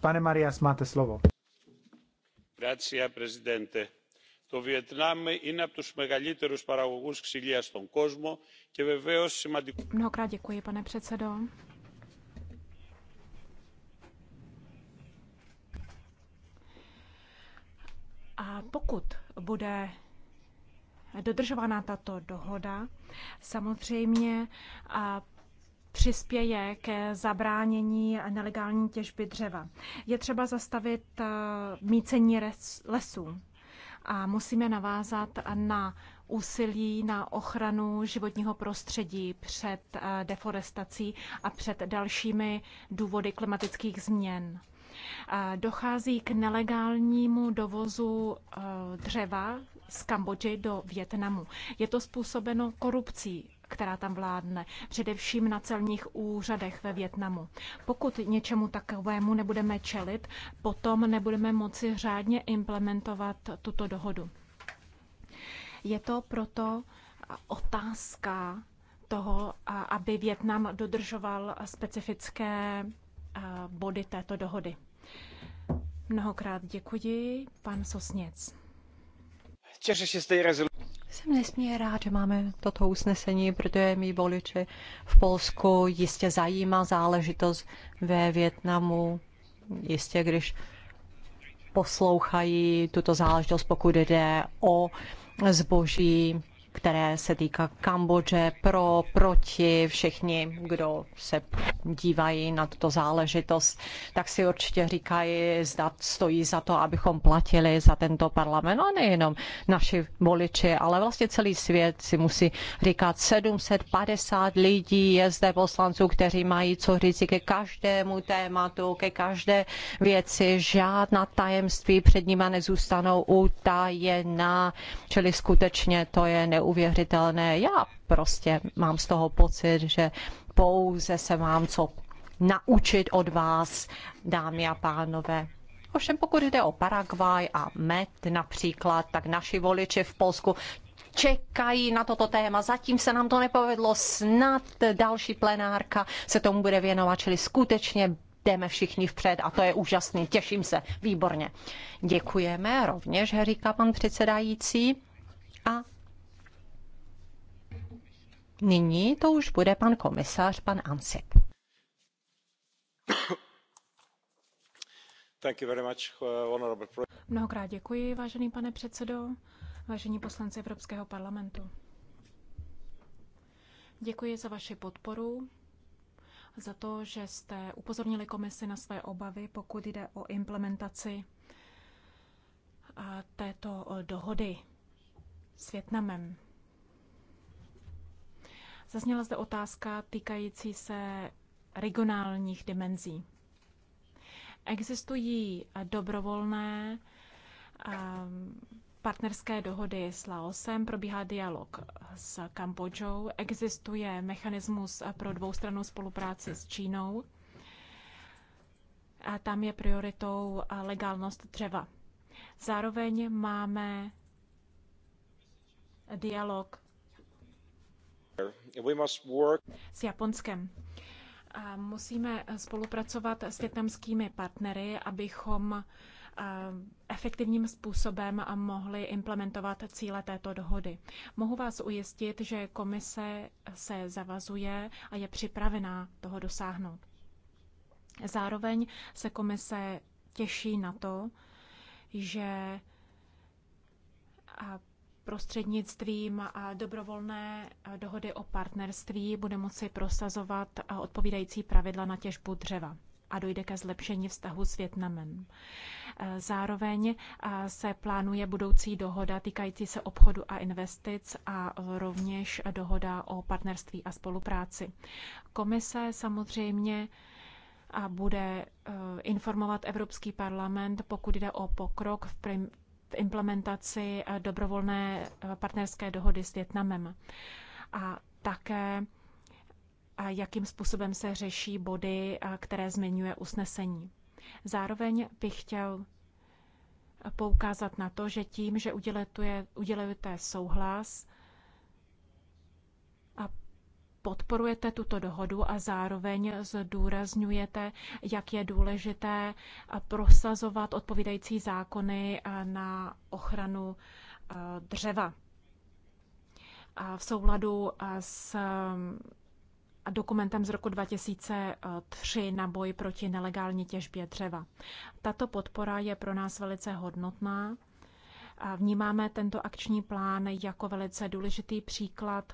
pane Marias, máte slovo. Grazie, presidente το Βιετνάμ είναι από τους μεγαλύτερους παραγωγούς ξυλίας στον κόσμο και βεβαίως σημαντικό... Mnohokrát děkuji, πανε předsedo. A pokud bude dodržována tato dohoda, samozřejmě a přispěje ke zabránění nelegální těžby dřeva. Je třeba zastavit mícení lesů. A musíme navázat na úsilí na ochranu životního prostředí před eh, deforestací a před dalšími důvody klimatických změn. Eh, dochází k nelegálnímu dovozu eh, dřeva z Kambodži do Větnamu. Je to způsobeno korupcí která tam vládne, především na celních úřadech ve Větnamu. Pokud něčemu takovému nebudeme čelit, potom nebudeme moci řádně implementovat tuto dohodu. Je to proto otázka toho, aby Větnam dodržoval specifické body této dohody. Mnohokrát děkuji, pan Sosněc. Těším se z té jsem nesmírně rád, že máme toto usnesení, protože mý voliče v Polsku jistě zajímá záležitost ve Větnamu. Jistě, když poslouchají tuto záležitost, pokud jde o zboží které se týká Kambodže, pro, proti, všichni, kdo se dívají na tuto záležitost, tak si určitě říkají, zda stojí za to, abychom platili za tento parlament. No a nejenom naši voliči, ale vlastně celý svět si musí říkat, 750 lidí je zde poslanců, kteří mají co říci ke každému tématu, ke každé věci, žádná tajemství před nimi nezůstanou utajená. Čili skutečně to je neuvěřitelné neuvěřitelné. Já prostě mám z toho pocit, že pouze se mám co naučit od vás, dámy a pánové. Ovšem pokud jde o Paraguay a Met, například, tak naši voliči v Polsku čekají na toto téma. Zatím se nám to nepovedlo, snad další plenárka se tomu bude věnovat, čili skutečně jdeme všichni vpřed a to je úžasný, těším se, výborně. Děkujeme rovněž, říká pan předsedající. A Nyní to už bude pan komisař, pan Ansip. Thank you very much, uh, honorable... Mnohokrát děkuji, vážený pane předsedo, vážení poslanci Evropského parlamentu. Děkuji za vaši podporu, za to, že jste upozornili komisi na své obavy, pokud jde o implementaci uh, této uh, dohody s Větnamem. Zazněla zde otázka týkající se regionálních dimenzí. Existují dobrovolné ehm, partnerské dohody s Laosem, probíhá dialog s Kambodžou, existuje mechanismus pro dvoustrannou spolupráci s Čínou. A tam je prioritou legálnost dřeva. Zároveň máme dialog s Japonskem. Musíme spolupracovat s větnamskými partnery, abychom efektivním způsobem mohli implementovat cíle této dohody. Mohu vás ujistit, že komise se zavazuje a je připravená toho dosáhnout. Zároveň se komise těší na to, že prostřednictvím dobrovolné dohody o partnerství bude moci prosazovat odpovídající pravidla na těžbu dřeva a dojde ke zlepšení vztahu s Větnamem. Zároveň se plánuje budoucí dohoda týkající se obchodu a investic a rovněž dohoda o partnerství a spolupráci. Komise samozřejmě a bude e, informovat Evropský parlament, pokud jde o pokrok v v implementaci eh, dobrovolné eh, partnerské dohody s Větnamem. A také a jakým způsobem se řeší body, eh, které zmiňuje usnesení. Zároveň bych chtěl poukázat na to, že tím, že udělujete souhlas, podporujete tuto dohodu a zároveň zdůrazňujete, jak je důležité prosazovat odpovídající zákony eh, na ochranu eh, dřeva. V souladu eh, s dokumentem z roku 2003 na boj proti nelegální těžbě dřeva. Tato podpora je pro nás velice hodnotná. Vnímáme tento akční plán jako velice důležitý příklad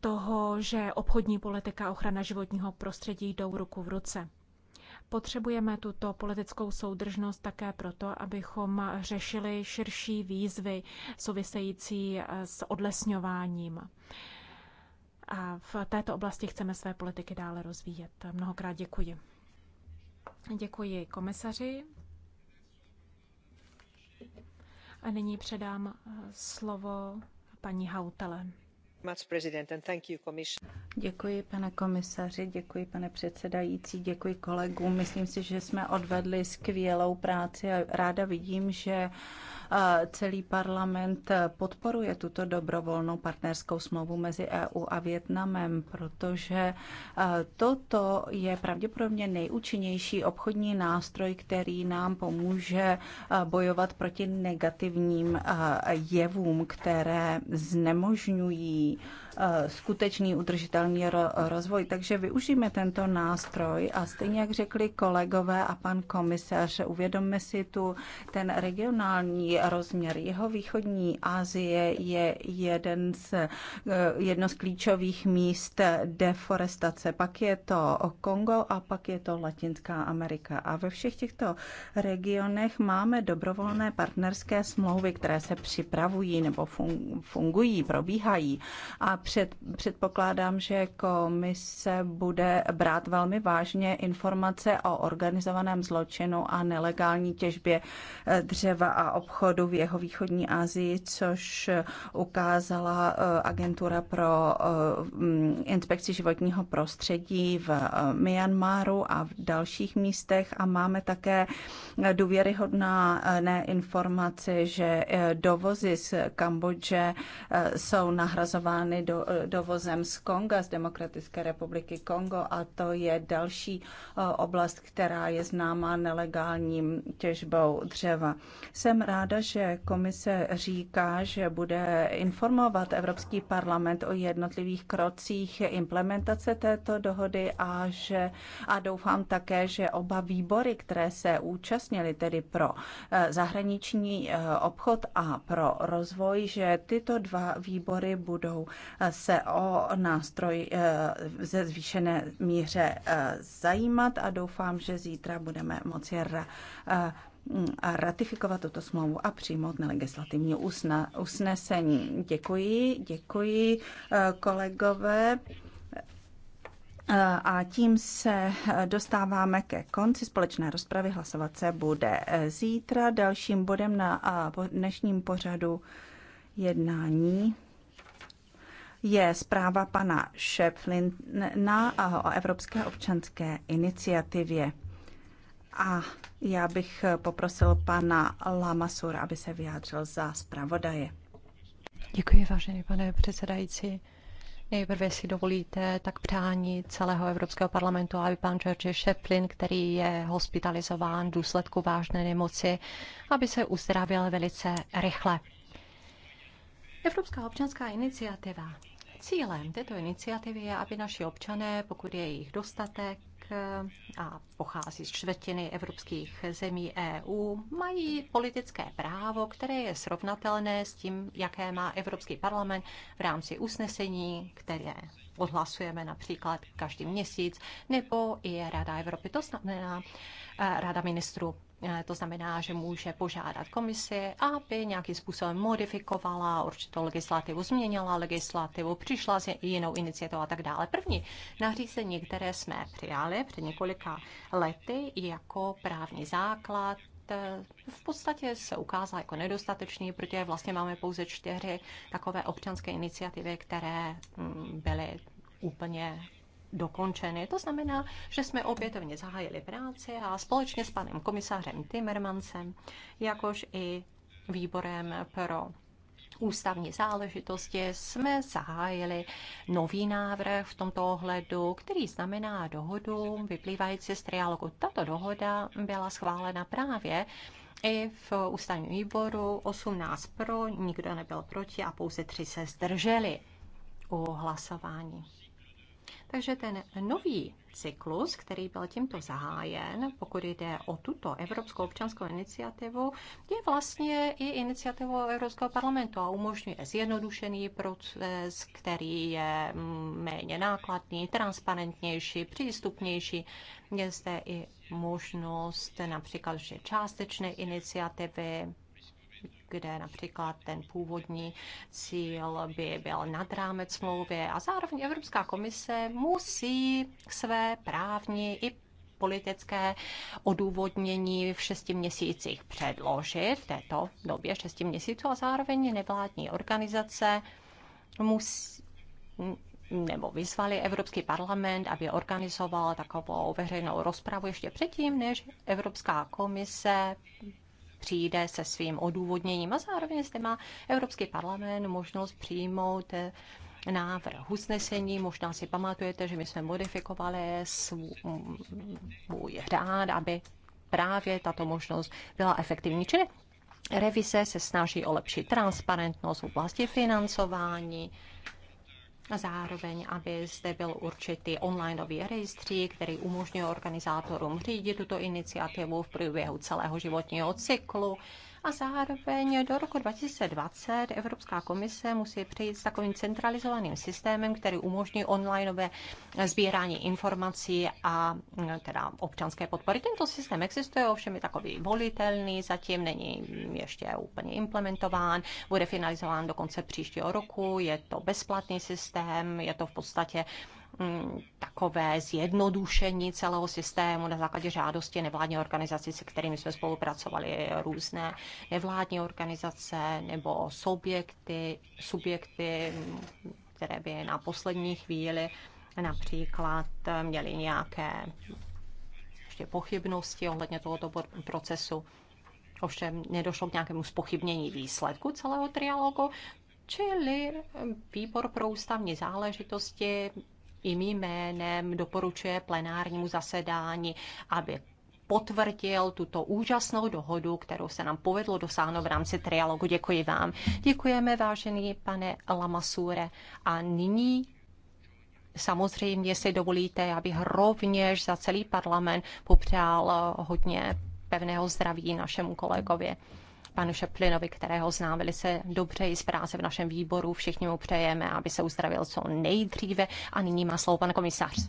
toho, že obchodní politika a ochrana životního prostředí jdou ruku v ruce. Potřebujeme tuto politickou soudržnost také proto, abychom řešili širší výzvy související eh, s odlesňováním. A v této oblasti chceme své politiky dále rozvíjet. Mnohokrát děkuji. Děkuji komisaři. A nyní předám eh, slovo paní Hautele. Děkuji, pane komisaři, děkuji, pane předsedající, děkuji kolegům. Myslím si, že jsme odvedli skvělou práci a ráda vidím, že Celý parlament podporuje tuto dobrovolnou partnerskou smlouvu mezi EU a Větnamem, protože e, toto je pravděpodobně nejúčinnější obchodní nástroj, který nám pomůže e, bojovat proti negativním e, jevům, které znemožňují Eh, skutečný udržitelný rozvoj. Takže využijeme tento nástroj a stejně jak řekli kolegové a pan komisař, uvědomme si tu ten regionální rozměr. Jeho východní Asie je jeden z, eh, jedno z klíčových míst deforestace. Pak je to Kongo a pak je to Latinská Amerika. A ve všech těchto regionech máme dobrovolné partnerské smlouvy, které se připravují nebo fungují, probíhají. A před, předpokládám, že komise bude brát velmi vážně informace o organizovaném zločinu a nelegální těžbě eh, dřeva a obchodu v jeho východní Asii, což ukázala eh, agentura pro eh, mm, inspekci životního prostředí v Myanmaru a v dalších místech a máme také důvěryhodná informace, že dovozy z Kambodže jsou nahrazovány do, dovozem z Konga, z Demokratické republiky Kongo a to je další eh, oblast, která je známá nelegálním těžbou dřeva. Jsem ráda, že komise říká, že bude informovat Evropský parlament o jednotlivých krocích implementace této dohody a že a doufám také, že oba výbory, které se účastnili, tedy pro eh, zahraniční eh, obchod a pro rozvoj, že tyto dva výbory budou se o nástroj eh, ze zvýšené míře eh, zajímat a doufám, že zítra budeme moci eh, ratifikovat tuto smlouvu a přijmout legislativní usnesení. Děkuji, děkuji kolegové. A tím se dostáváme ke konci společné rozpravy. Hlasovat se bude zítra. Dalším bodem na dnešním pořadu jednání je zpráva pana Šeflina o Evropské občanské iniciativě. A já bych poprosil pana Lamasura, aby se vyjádřil za zpravodaje. Děkuji, vážený pane předsedající. Nejprve si dovolíte tak přání celého Evropského parlamentu, aby pan George Sheplin, který je hospitalizován v důsledku vážné nemoci, aby se uzdravil velice rychle. Evropská občanská iniciativa Cílem této iniciativy je, aby naši občané, pokud je jich dostatek, a pochází z čtvrtiny evropských zemí EU, mají politické právo, které je srovnatelné s tím, jaké má Evropský parlament v rámci usnesení, které odhlasujeme například každý měsíc, nebo i Rada Evropy, to znamená eh, Rada ministrů Eh, to znamená, že může požádat komisi, aby nějakým způsobem modifikovala určitou legislativu, změnila legislativu, přišla s jinou iniciativou a tak dále. První nařízení, které jsme přijali před několika lety jako právní základ, eh, v podstatě se ukázal jako nedostatečný, protože vlastně máme pouze čtyři takové občanské iniciativy, které mm, byly úplně dokončeny. To znamená, že jsme opětovně zahájili práci a společně s panem komisářem Timmermansem, jakož i výborem pro ústavní záležitosti jsme zahájili nový návrh v tomto ohledu, který znamená dohodu vyplývající z triálogu. Tato dohoda byla schválena právě i v ústavním výboru 18 pro, nikdo nebyl proti a pouze tři se zdrželi u hlasování. Takže ten nový cyklus, který byl tímto zahájen, pokud jde o tuto Evropskou občanskou iniciativu, je vlastně i iniciativou Evropského parlamentu a umožňuje zjednodušený proces, který je méně nákladný, transparentnější, přístupnější. Je zde i možnost například že částečné iniciativy kde například ten původní cíl by byl nad rámec smlouvy a zároveň Evropská komise musí své právní i politické odůvodnění v šesti měsících předložit v této době šesti měsíců a zároveň nevládní organizace musí, nebo vyzvali Evropský parlament, aby organizoval takovou veřejnou rozpravu ještě předtím, než Evropská komise přijde se svým odůvodněním a zároveň zde má Evropský parlament možnost přijmout eh, návrh usnesení. Možná si pamatujete, že my jsme modifikovali svůj řád, aby právě tato možnost byla efektivní. Čili revize se snaží o lepší transparentnost v oblasti financování, zároveň, aby zde byl určitý onlineový rejstřík, který umožňuje organizátorům řídit tuto iniciativu v průběhu celého životního cyklu a zároveň do roku 2020 Evropská komise musí přijít s takovým centralizovaným systémem, který umožní onlineové sbírání informací a teda občanské podpory. Tento systém existuje, ovšem je takový volitelný, zatím není ještě úplně implementován, bude finalizován do konce příštího roku, je to bezplatný systém, je to v podstatě Mm, takové zjednodušení celého systému na základě žádosti nevládní organizaci, se kterými jsme spolupracovali, různé nevládní organizace nebo subjekty, subjekty mm, které by na poslední chvíli například měly nějaké ještě pochybnosti ohledně tohoto procesu. Ovšem nedošlo k nějakému spochybnění výsledku celého trialogu, čili výbor pro ústavní záležitosti i mým jménem doporučuje plenárnímu zasedání, aby potvrdil tuto úžasnou dohodu, kterou se nám povedlo dosáhnout v rámci trialogu. Děkuji vám. Děkujeme, vážený pane Lamasure. A nyní samozřejmě, si dovolíte, abych rovněž za celý parlament popřál hodně pevného zdraví našemu kolegovi panu Šeplinovi, kterého znám velice dobře i z práce v našem výboru. Všichni mu přejeme, aby se uzdravil co nejdříve. A nyní má slovo pan komisař.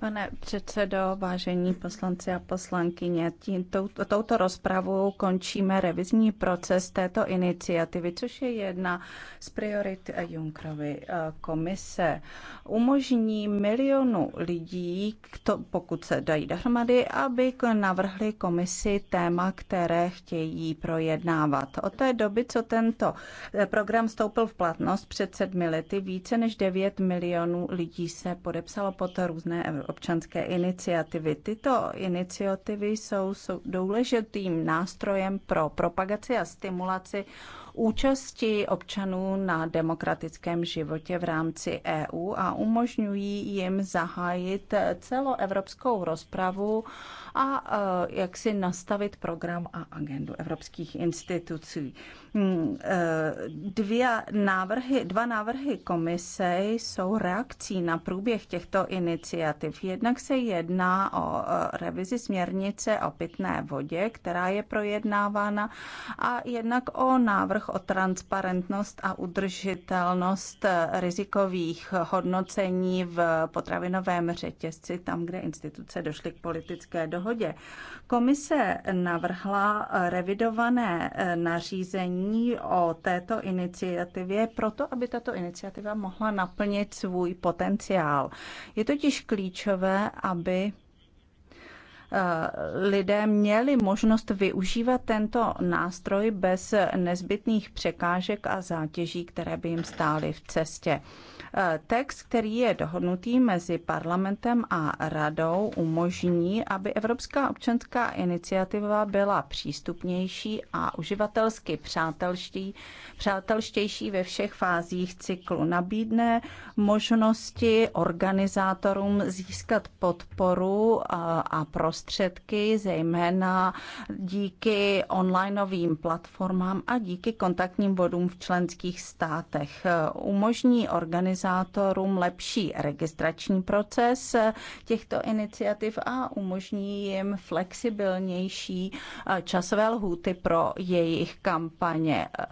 Pane předsedo, vážení poslanci a poslankyně, tím, tou, touto rozpravou končíme revizní proces této iniciativy, což je jedna z priorit Junkrovy eh, komise. Umožní milionu lidí, kto, pokud se dají dohromady, aby navrhli komisi téma, které chtějí projednávat. Od té doby, co tento eh, program vstoupil v platnost před sedmi lety, více než 9 milionů lidí se podepsalo pod různé evropské občanské iniciativy. Tyto iniciativy jsou, jsou důležitým nástrojem pro propagaci a stimulaci účasti občanů na demokratickém životě v rámci EU a umožňují jim zahájit celoevropskou rozpravu a eh, jak si nastavit program a agendu evropských institucí. Hmm, eh, dvě návrhy, dva návrhy komise jsou reakcí na průběh těchto iniciativ. Jednak se jedná o eh, revizi směrnice o pitné vodě, která je projednávána, a jednak o návrh o transparentnost a udržitelnost rizikových hodnocení v potravinovém řetězci, tam, kde instituce došly k politické dohodě dohodě. Komise navrhla revidované eh, nařízení o této iniciativě proto, aby tato iniciativa mohla naplnit svůj potenciál. Je totiž klíčové, aby Eh, lidé měli možnost využívat tento nástroj bez nezbytných překážek a zátěží, které by jim stály v cestě. Eh, text, který je dohodnutý mezi parlamentem a radou, umožní, aby Evropská občanská iniciativa byla přístupnější a uživatelsky přátelštější ve všech fázích cyklu. Nabídne možnosti organizátorům získat podporu eh, a, a prostředí prostředky, zejména díky onlineovým platformám a díky kontaktním bodům v členských státech. Umožní organizátorům lepší registrační proces těchto iniciativ a umožní jim flexibilnější eh, časové lhůty pro jejich kampaně. Eh,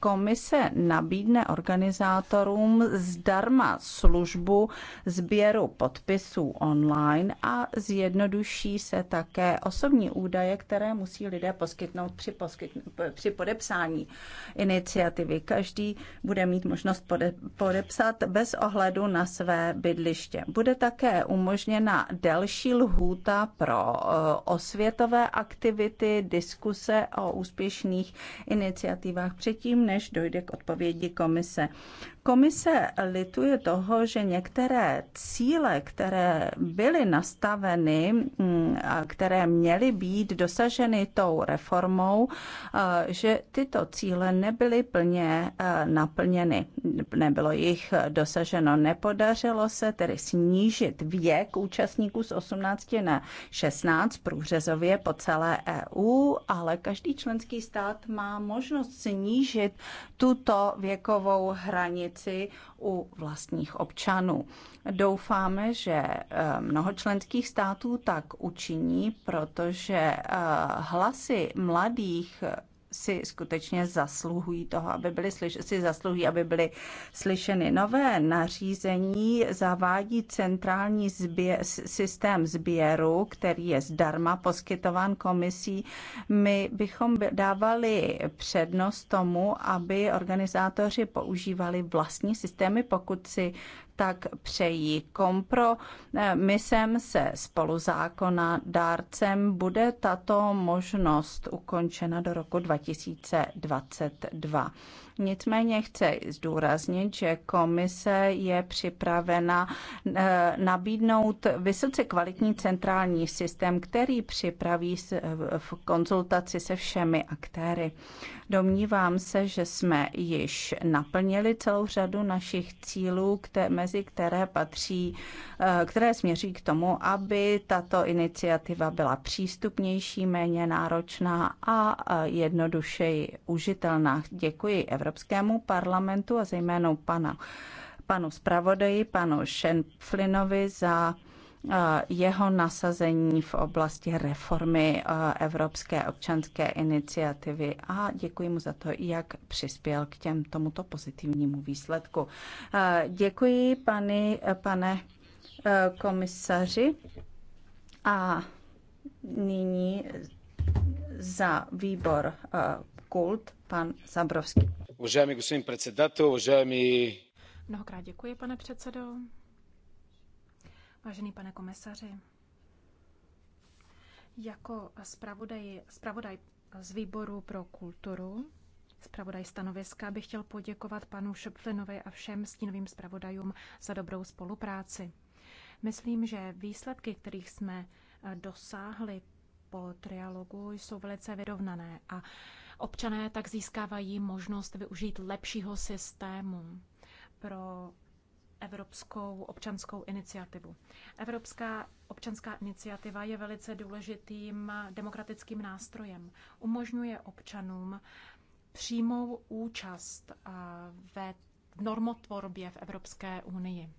komise nabídne organizátorům zdarma službu sběru podpisů online a zjednoduší se se také osobní údaje, které musí lidé poskytnout při, poskytn- při podepsání iniciativy. Každý bude mít možnost pode- podepsat bez ohledu na své bydliště. Bude také umožněna delší lhůta pro eh, osvětové aktivity, diskuse o úspěšných iniciativách předtím, než dojde k odpovědi komise. Komise lituje toho, že některé cíle, které byly nastaveny mm, a které měly být dosaženy tou reformou, e, že tyto cíle nebyly plně e, naplněny. Nebylo jich dosaženo. Nepodařilo se tedy snížit věk účastníků z 18 na 16 průřezově po celé EU, ale každý členský stát má možnost snížit tuto věkovou hranici pozici u vlastních občanů. Doufáme, že eh, mnoho členských států tak učiní, protože eh, hlasy mladých si skutečně zasluhují toho, aby byly slyšeny, si zasluhují, aby byly slyšeny. Nové nařízení zavádí centrální sběr, systém sběru, který je zdarma poskytován komisí. My bychom dávali přednost tomu, aby organizátoři používali vlastní systémy, pokud si tak přejí kompro. Myslím se spoluzákona dárcem bude tato možnost ukončena do roku 2022. Nicméně chci zdůraznit, že komise je připravena eh, nabídnout vysoce kvalitní centrální systém, který připraví eh, v konzultaci se všemi aktéry. Domnívám se, že jsme již naplnili celou řadu našich cílů, které, mezi které patří, eh, které směří k tomu, aby tato iniciativa byla přístupnější, méně náročná a jednodušeji užitelná. Děkuji Evropě Evropskému parlamentu a zejména pana, panu zpravodaji, panu Šenflinovi za eh, jeho nasazení v oblasti reformy eh, Evropské občanské iniciativy a děkuji mu za to, jak přispěl k těm, tomuto pozitivnímu výsledku. Eh, děkuji, pani, pane komisaři. A nyní za výbor kult pan Zabrovský. Уважаеми господин председател, уважаеми... Mnohokrát děkuji, pane předsedo. Vážený pane komisaři, jako zpravodaj, zpravodaj z výboru pro kulturu, zpravodaj stanoviska, bych chtěl poděkovat panu Šopflinovi a všem stínovým zpravodajům za dobrou spolupráci. Myslím, že výsledky, kterých jsme eh, dosáhli po trialogu, jsou velice vyrovnané a Občané tak získávají možnost využít lepšího systému pro Evropskou občanskou iniciativu. Evropská občanská iniciativa je velice důležitým demokratickým nástrojem. Umožňuje občanům přímou účast ve normotvorbě v Evropské unii.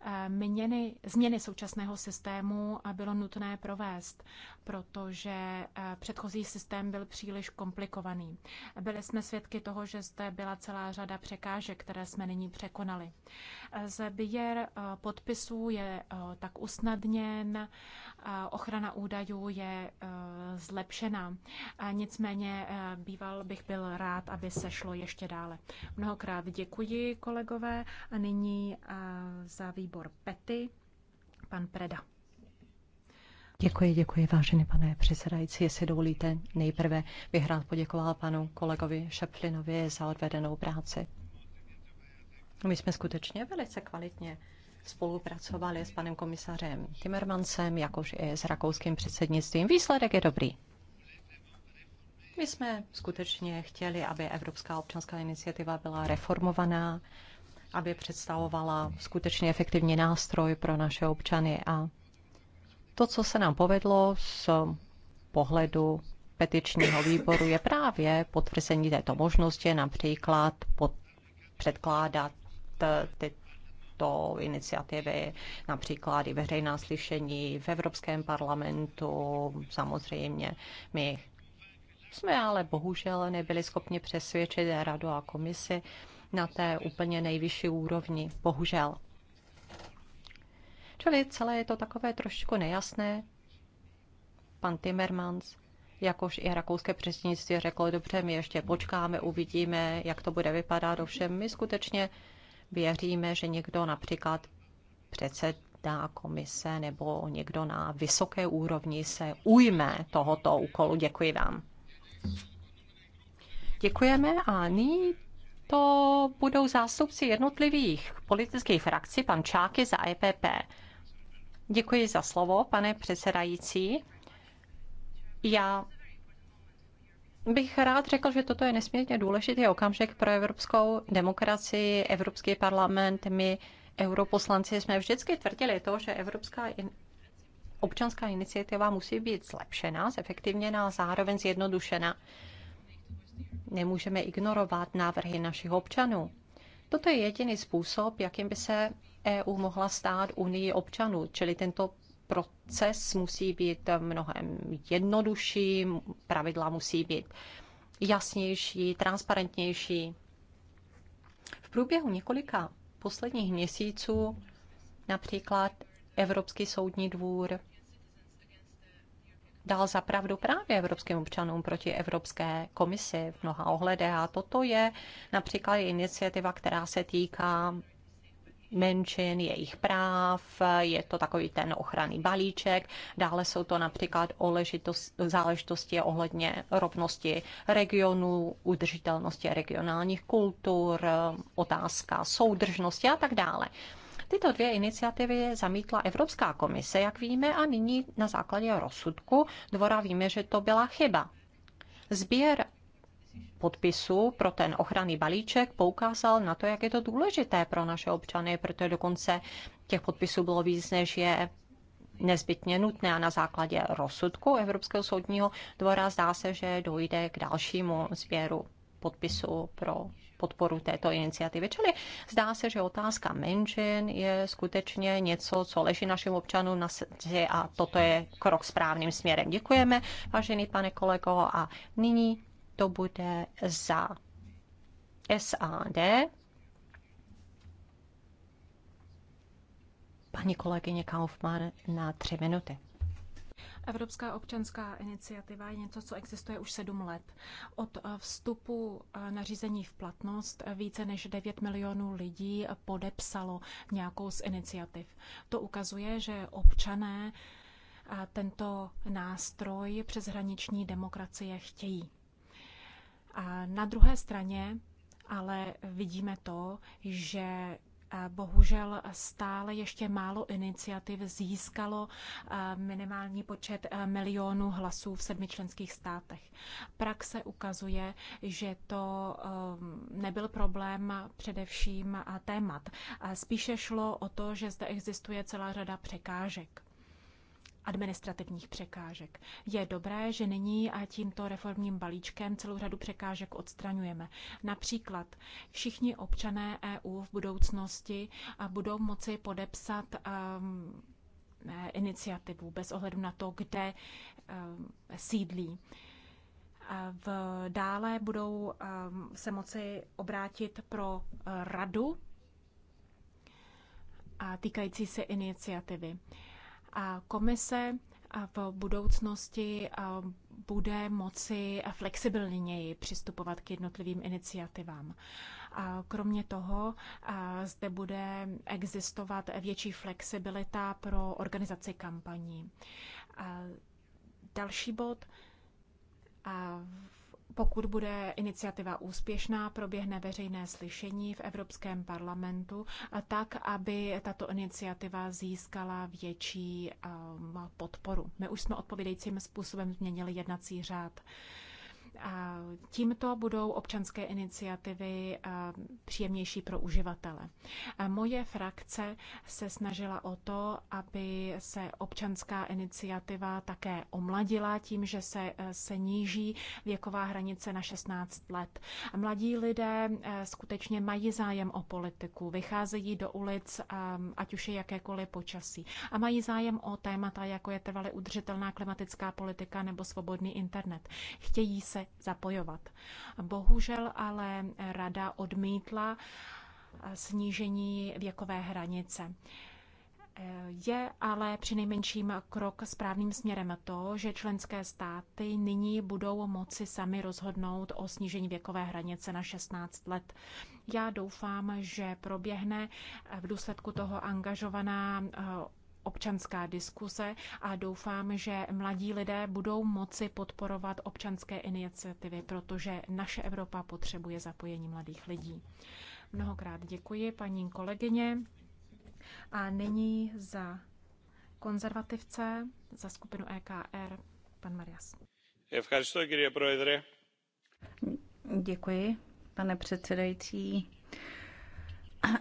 Eh, měny, změny současného systému bylo nutné provést, protože eh, předchozí systém byl příliš komplikovaný. Byli jsme svědky toho, že zde byla celá řada překážek, které jsme nyní překonali. Sběr eh, podpisů je eh, tak usnadněn, eh, ochrana údajů je zlepšena. Nicméně býval bych byl rád, aby se šlo ještě dále. Mnohokrát děkuji, kolegové. A nyní za výbor PETY pan Preda. Děkuji, děkuji, vážený pane předsedající. Jestli dovolíte, nejprve bych rád poděkoval panu kolegovi Šeplinovi za odvedenou práci. My jsme skutečně velice kvalitně spolupracovali s panem komisařem Timmermansem, jakož i s rakouským předsednictvím. Výsledek je dobrý. My jsme skutečně chtěli, aby Evropská občanská iniciativa byla reformovaná, aby představovala skutečně efektivní nástroj pro naše občany. A to, co se nám povedlo z pohledu petičního výboru, je právě potvrzení této možnosti, například pod předkládat Eh, ty to iniciativy, například i veřejná slyšení v Evropském parlamentu, samozřejmě my jsme ale bohužel nebyli schopni přesvědčit radu a komisi na té úplně nejvyšší úrovni, bohužel. Čili celé je to takové trošku nejasné. Pan Timmermans, jakož i rakouské předsednictví řekl dobře, my ještě počkáme, uvidíme, jak to bude vypadat. Ovšem, my skutečně věříme, že někdo například předsedá komise nebo někdo na vysoké úrovni se ujme tohoto úkolu. Děkuji vám. Děkujeme a nyní to budou zástupci jednotlivých politických frakcí, pan Čáky za EPP. Děkuji za slovo, pane předsedající. Já bych rád řekl, že toto je nesmírně důležitý okamžik pro evropskou demokracii, Evropský parlament. My, europoslanci, jsme vždycky tvrdili to, že Evropská in občanská iniciativa musí být zlepšena, zefektivněna a zároveň zjednodušena. Nemůžeme ignorovat návrhy našich občanů. Toto je jediný způsob, jakým by se EU mohla stát unii občanů, čili tento proces musí být mnohem jednodušší, pravidla musí být jasnější, transparentnější. V průběhu několika posledních měsíců například Evropský soudní dvůr dal zapravdu právě evropským občanům proti Evropské komisi v mnoha ohledech. A toto je například iniciativa, která se týká menšin, jejich práv, je to takový ten ochranný balíček. Dále jsou to například záležitosti ohledně rovnosti regionů, udržitelnosti regionálních kultur, otázka soudržnosti a tak dále. Tyto dvě iniciativy zamítla Evropská komise, jak víme, a nyní na základě rozsudku dvora víme, že to byla chyba. Sběr podpisů pro ten ochranný balíček poukázal na to, jak je to důležité pro naše občany, protože dokonce těch podpisů bylo víc, než je nezbytně nutné a na základě rozsudku Evropského soudního dvora zdá se, že dojde k dalšímu sběru podpisů pro podporu této iniciativy. Čili zdá se, že otázka menšin je skutečně něco, co leží našim občanům na srdci a toto je krok správným směrem. Děkujeme, vážený pane kolego, a nyní to bude za SAD. Paní kolegyně Kaufmann na tři minuty. Evropská občanská iniciativa je něco, co existuje už sedm let. Od eh, vstupu eh, nařízení v platnost více než 9 milionů lidí podepsalo nějakou z iniciativ. To ukazuje, že občané eh, tento nástroj přeshraniční demokracie chtějí. Na druhé straně ale vidíme to, že eh, bohužel stále ještě málo iniciativ získalo eh, minimální počet eh, milionů hlasů v sedmi členských státech. Praxe ukazuje, že to nebyl problém především témat. Spíše šlo o to, že zde existuje celá řada překážek administrativních překážek. Je dobré, že nyní a tímto reformním balíčkem celou řadu překážek odstraňujeme. Například všichni občané EU v budoucnosti budou moci podepsat um, e, iniciativu bez ohledu na to, kde um, sídlí. V, dále budou um, se moci obrátit pro uh, radu a týkající se iniciativy komise v budoucnosti bude moci flexibilněji přistupovat k jednotlivým iniciativám. A kromě toho zde bude existovat větší flexibilita pro organizaci kampaní. A další bod. A pokud bude iniciativa úspěšná, proběhne veřejné slyšení v Evropském parlamentu, tak aby tato iniciativa získala větší um, podporu. My už jsme odpovědejícím způsobem změnili jednací řád. Tímto budou občanské iniciativy příjemnější pro uživatele. Moje frakce se snažila o to, aby se občanská iniciativa také omladila tím, že se e, níží věková hranice na 16 let. Mladí lidé e, skutečně mají zájem o politiku, vycházejí do ulic, ať už je jakékoliv počasí, a mají zájem o témata, jako je trvale udržitelná klimatická politika nebo svobodný internet. Chtějí se se zapojovat. Bohužel ale rada odmítla eh, snížení věkové hranice. Eh, je ale při nejmenším krok správným směrem to, že členské státy nyní budou moci sami rozhodnout o snížení věkové hranice na 16 let. Já doufám, že proběhne v důsledku toho angažovaná eh, občanská diskuse a doufám, že mladí lidé budou moci podporovat občanské iniciativy, protože naše Evropa potřebuje zapojení mladých lidí. Mnohokrát děkuji paní kolegyně a nyní za konzervativce, za skupinu EKR, pan Marias. Děkuji, pane předsedající.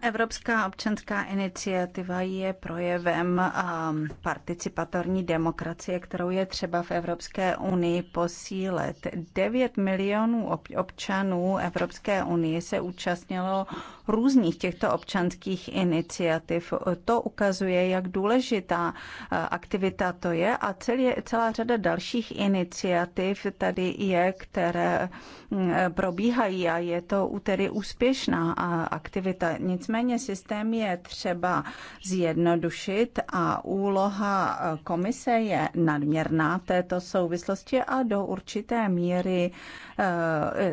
Evropská občanská iniciativa je projevem um, participatorní demokracie, kterou je třeba v Evropské unii posílet. 9 milionů občanů Evropské unie se účastnilo různých těchto občanských iniciativ. To ukazuje, jak důležitá eh, aktivita to je a celý, celá řada dalších iniciativ tady je, které mm, eh, probíhají a je to tedy úspěšná aktivita. Nicméně systém je třeba zjednodušit a úloha eh, komise je nadměrná této souvislosti a do určité míry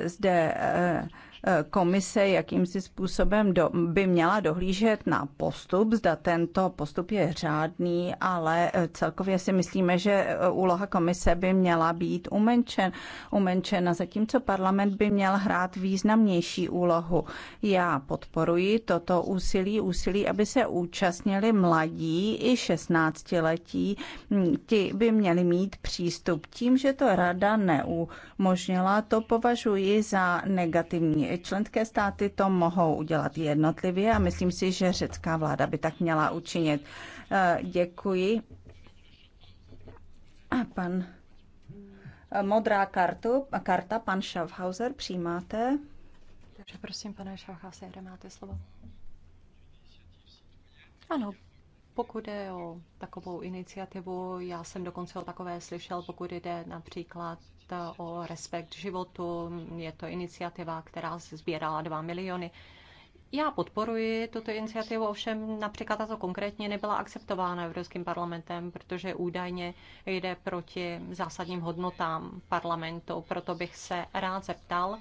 zde komise jakýmsi způsobem do, by měla dohlížet na postup, zda tento postup je řádný, ale eh, celkově si myslíme, že eh, úloha komise by měla být umenčen, umenčena, zatímco parlament by měl hrát významnější úlohu. Já podporuji toto úsilí, úsilí, aby se účastnili mladí i 16-letí. Hm, ti by měli mít přístup. Tím, že to rada neumožnila, to považuji za negativní Členské státy to mohou udělat jednotlivě a myslím si, že řecká vláda by tak měla učinit. Eh, děkuji. A pan eh, modrá kartu, karta, pan Schaffhauser, přijímáte? Takže prosím, pane Schaffhauser, máte slovo. Ano, pokud je o takovou iniciativu, já jsem dokonce o takové slyšel, pokud jde například o respekt životu, je to iniciativa, která sbírala 2 miliony. Já podporuji tuto iniciativu, ovšem například tato konkrétně nebyla akceptována Evropským parlamentem, protože údajně jde proti zásadním hodnotám parlamentu. Proto bych se rád zeptal,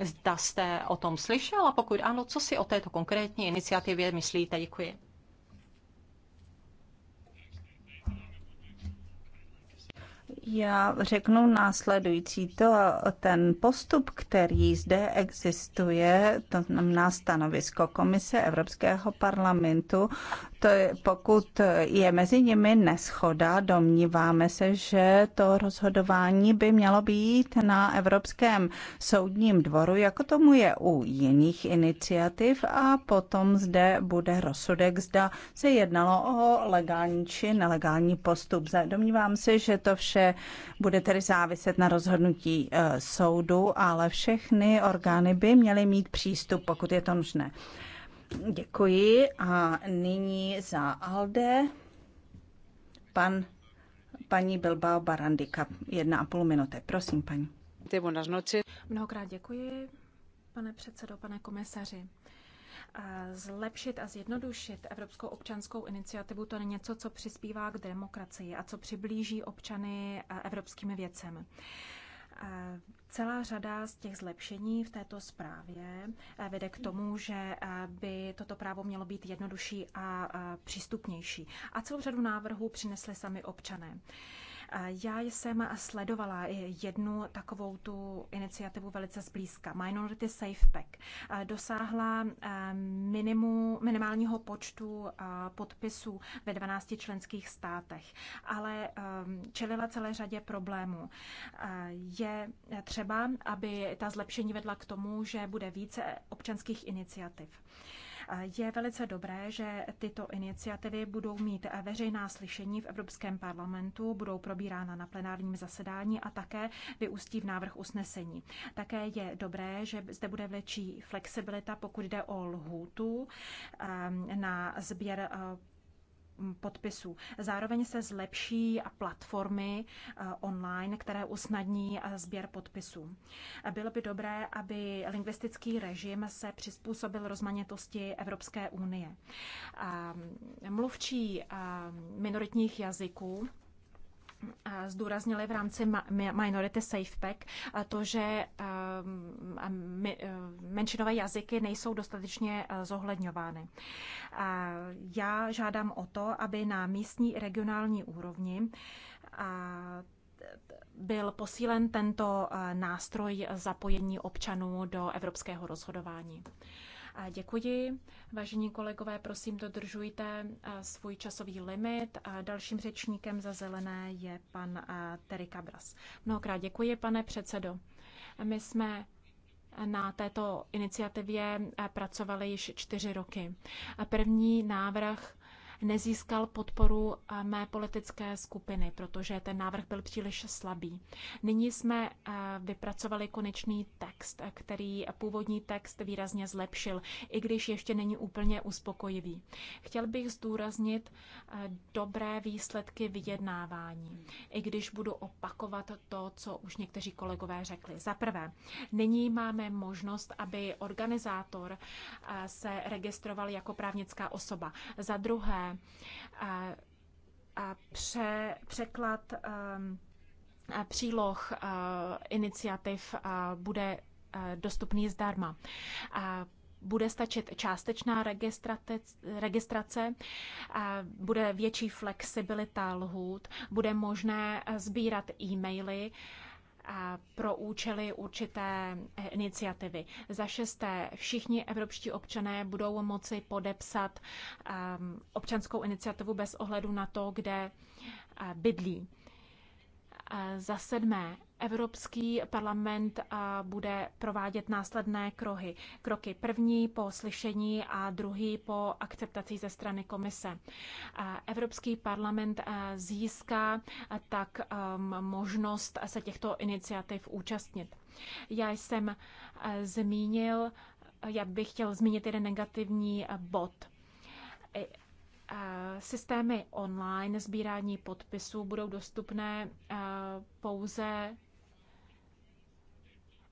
zda jste o tom slyšel a pokud ano, co si o této konkrétní iniciativě myslíte. Děkuji. Já řeknu následující. To, ten postup, který zde existuje, to znamená stanovisko Komise Evropského parlamentu, to je, pokud je mezi nimi neschoda, domníváme se, že to rozhodování by mělo být na Evropském soudním dvoru, jako tomu je u jiných iniciativ a potom zde bude rozsudek, zda se jednalo o legální či nelegální postup. Domnívám se, že to vše bude, tedy záviset na rozhodnutí e, soudu, ale všechny orgány by měly mít přístup, pokud je to možné. Děkuji a nyní za Alde pan, paní Bilbao Barandika. Jedna a půl minuty. Prosím, paní. Mnohokrát děkuji, pane předsedo, pane komisaři zlepšit a zjednodušit Evropskou občanskou iniciativu, to je něco, co přispívá k demokracii a co přiblíží občany evropským věcem. Celá řada z těch zlepšení v této zprávě eh, vede k tomu, že eh, by toto právo mělo být jednodušší a eh, přístupnější. A celou řadu návrhů přinesly sami občané. Já jsem sledovala jednu takovou tu iniciativu velice zblízka. Minority Safe Pack dosáhla eh, minimu, minimálního počtu eh, podpisů ve 12 členských státech, ale eh, čelila celé řadě problémů. Je třeba, aby ta zlepšení vedla k tomu, že bude více občanských iniciativ. Je velice dobré, že tyto iniciativy budou mít veřejná slyšení v Evropském parlamentu, budou probírána na plenárním zasedání a také vyústí v návrh usnesení. Také je dobré, že zde bude větší flexibilita, pokud jde o lhůtu ehm, na sběr Mm, podpisů. Zároveň se zlepší platformy eh, online, které usnadní eh, sběr podpisů. Bylo by dobré, aby lingvistický režim se přizpůsobil rozmanitosti Evropské unie. Ehm, mluvčí ehm, minoritních jazyků zdůraznili v rámci Minority Safe Pack to, že ehm, e, menšinové jazyky nejsou dostatečně e, zohledňovány. Já žádám o to, aby na místní regionální úrovni byl posílen tento e, nástroj zapojení občanů do evropského rozhodování děkuji. Vážení kolegové, prosím, dodržujte eh, svůj časový limit. A dalším řečníkem za zelené je pan eh, Terry Cabras. Mnohokrát děkuji, pane předsedo. My jsme na této iniciativě eh, pracovali již čtyři roky. a První návrh nezískal podporu eh, mé politické skupiny, protože ten návrh byl příliš slabý. Nyní jsme eh, vypracovali konečný text, eh, který původní text výrazně zlepšil, i když ještě není úplně uspokojivý. Chtěl bych zdůraznit dobré výsledky vyjednávání, i když budu opakovat to, co už někteří kolegové řekli. Za prvé, nyní máme možnost, aby organizátor se registroval jako právnická osoba. Za druhé, a, A pře, překlad um, příloh uh, iniciativ uh, bude uh, dostupný zdarma. Bude stačit částečná registrace, bude větší flexibilita lhůt, bude možné sbírat e-maily, pro účely určité iniciativy. Za šesté, všichni evropští občané budou moci podepsat um, občanskou iniciativu bez ohledu na to, kde uh, bydlí. Za sedmé, Evropský parlament bude provádět následné krohy, kroky. První po slyšení a druhý po akceptaci ze strany komise. Evropský parlament získá tak um, možnost se těchto iniciativ účastnit. Já jsem zmínil, já bych chtěl zmínit jeden negativní bod Eh, systémy online sbírání podpisů budou dostupné eh, pouze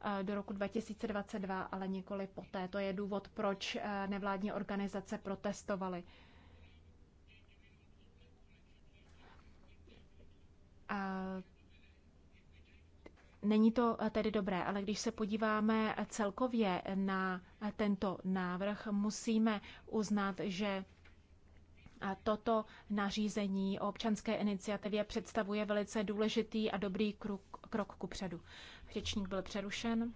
eh, do roku 2022, ale nikoli poté. To je důvod, proč nevládní organizace protestovaly. Není to tedy dobré, ale když se podíváme celkově na tento návrh, musíme uznat, že toto nařízení o občanské iniciativě představuje velice důležitý a dobrý krok, krok ku předu. Řečník byl přerušen.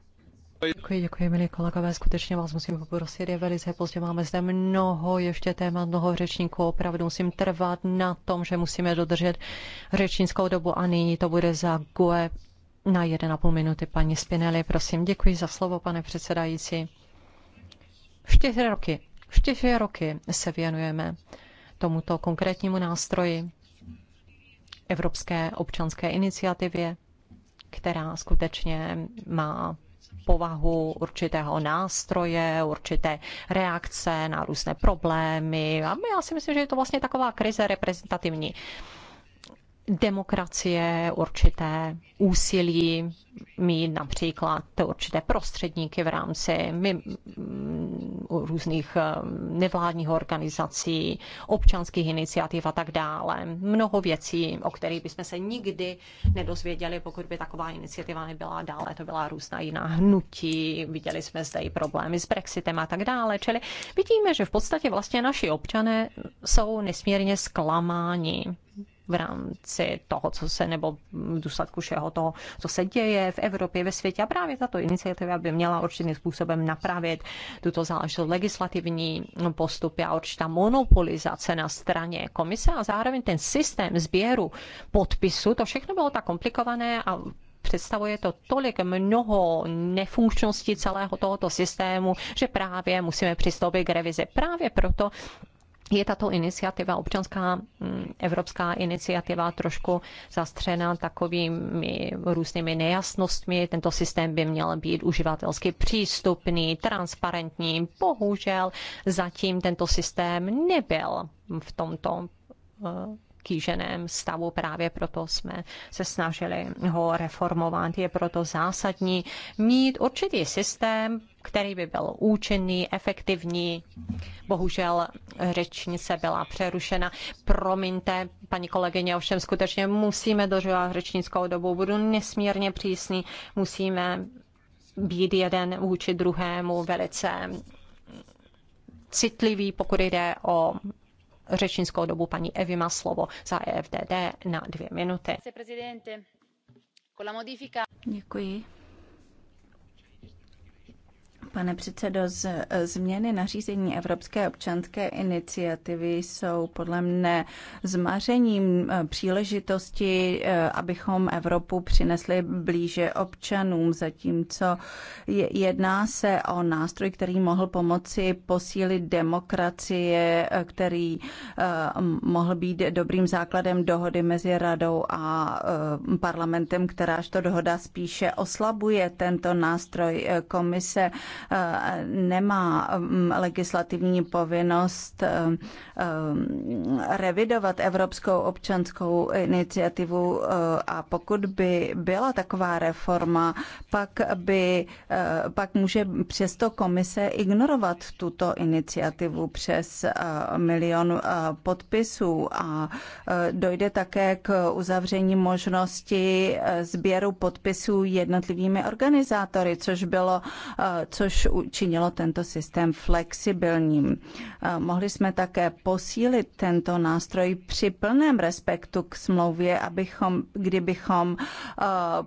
Děkuji, děkuji, milí kolegové. Skutečně vás musím poprosit, je velice pozdě. Máme zde mnoho ještě témat, mnoho řečníků. Opravdu musím trvat na tom, že musíme dodržet řečnickou dobu a nyní to bude za GUE na 1,5 minuty. Paní Spinelli, prosím, děkuji za slovo, pane předsedající. Čtyři roky, čtyři roky se věnujeme tomuto konkrétnímu nástroji, Evropské občanské iniciativě, která skutečně má povahu určitého nástroje, určité reakce na různé problémy. A já si myslím, že je to vlastně taková krize reprezentativní demokracie, určité úsilí mít například určité prostředníky v rámci různých eh, nevládních organizací, občanských iniciativ a tak dále. Mnoho věcí, o kterých bychom se nikdy nedozvěděli, pokud by taková iniciativa nebyla dále. To byla různá jiná hnutí, viděli jsme zde i problémy s Brexitem a tak dále. Čili vidíme, že v podstatě vlastně naši občané jsou nesmírně zklamáni v rámci toho, co se nebo v důsledku všeho toho, co se děje v Evropě, ve světě. A právě tato iniciativa by měla určitým způsobem napravit tuto záležitost legislativní postupy a určitá monopolizace na straně komise a zároveň ten systém sběru podpisu, to všechno bylo tak komplikované a představuje to tolik mnoho nefunkčností celého tohoto systému, že právě musíme přistoupit k revizi. Právě proto je tato iniciativa, občanská mm, evropská iniciativa, trošku zastřena takovými různými nejasnostmi. Tento systém by měl být uživatelsky přístupný, transparentní. Bohužel zatím tento systém nebyl v tomto eh, potíženém stavu. Právě proto jsme se snažili ho reformovat. Je proto zásadní mít určitý systém, který by byl účinný, efektivní. Bohužel řečnice byla přerušena. Promiňte, paní kolegyně, ovšem skutečně musíme dožívat řečnickou dobu. Budu nesmírně přísný. Musíme být jeden vůči druhému velice citlivý, pokud jde o řečnickou dobu paní Evy má slovo za EFDD na dvě minuty. Děkuji. Pane předsedo, z, e, změny nařízení Evropské občanské iniciativy jsou podle mne zmařením e, příležitosti, e, abychom Evropu přinesli blíže občanům, zatímco jedná se o nástroj, který mohl pomoci posílit demokracie, který mohl být dobrým základem dohody mezi radou a parlamentem, kteráž to dohoda spíše oslabuje tento nástroj komise Eh, nemá mm, legislativní povinnost eh, eh, revidovat Evropskou občanskou iniciativu a pokud by byla taková reforma, pak by, pak může přesto komise ignorovat tuto iniciativu přes milion podpisů a dojde také k uzavření možnosti sběru podpisů jednotlivými organizátory, což bylo, což což učinilo tento systém flexibilním. Mohli jsme také posílit tento nástroj při plném respektu k smlouvě, abychom, kdybychom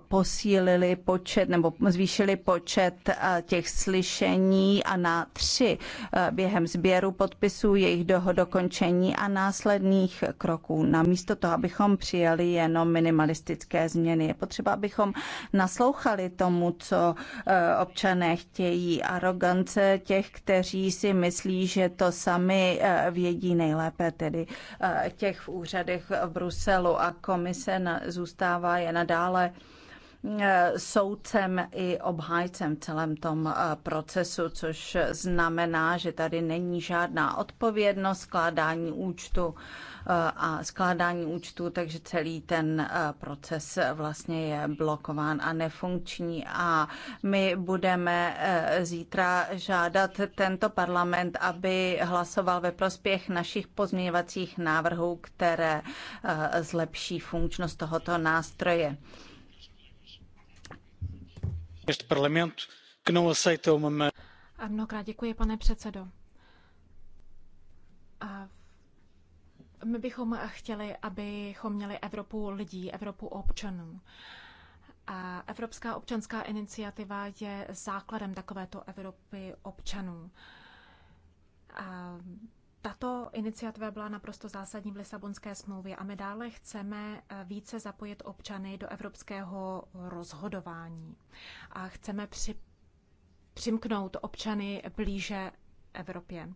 posílili počet nebo zvýšili počet těch slyšení a na tři během sběru podpisů, jejich dokončení a následných kroků. Namísto toho, abychom přijali jenom minimalistické změny, je potřeba, abychom naslouchali tomu, co občané chtějí arogance těch, kteří si myslí, že to sami eh, vědí nejlépe, tedy eh, těch v úřadech v Bruselu a komise zůstává je nadále E, soudcem i obhájcem v celém tom e, procesu, což znamená, že tady není žádná odpovědnost skládání účtu e, a skládání účtu, takže celý ten proces vlastně je blokován a nefunkční a my budeme zítra žádat tento parlament, aby hlasoval ve prospěch našich pozměňovacích návrhů, které zlepší funkčnost tohoto nástroje. A mnohokrát děkuji, pane předsedo. A my bychom chtěli, abychom měli Evropu lidí, Evropu občanů. A Evropská občanská iniciativa je základem takovéto Evropy občanů. A tato iniciativa byla naprosto zásadní v Lisabonské smlouvě a my dále chceme eh, více zapojit občany do evropského rozhodování a chceme při, přimknout občany blíže Evropě.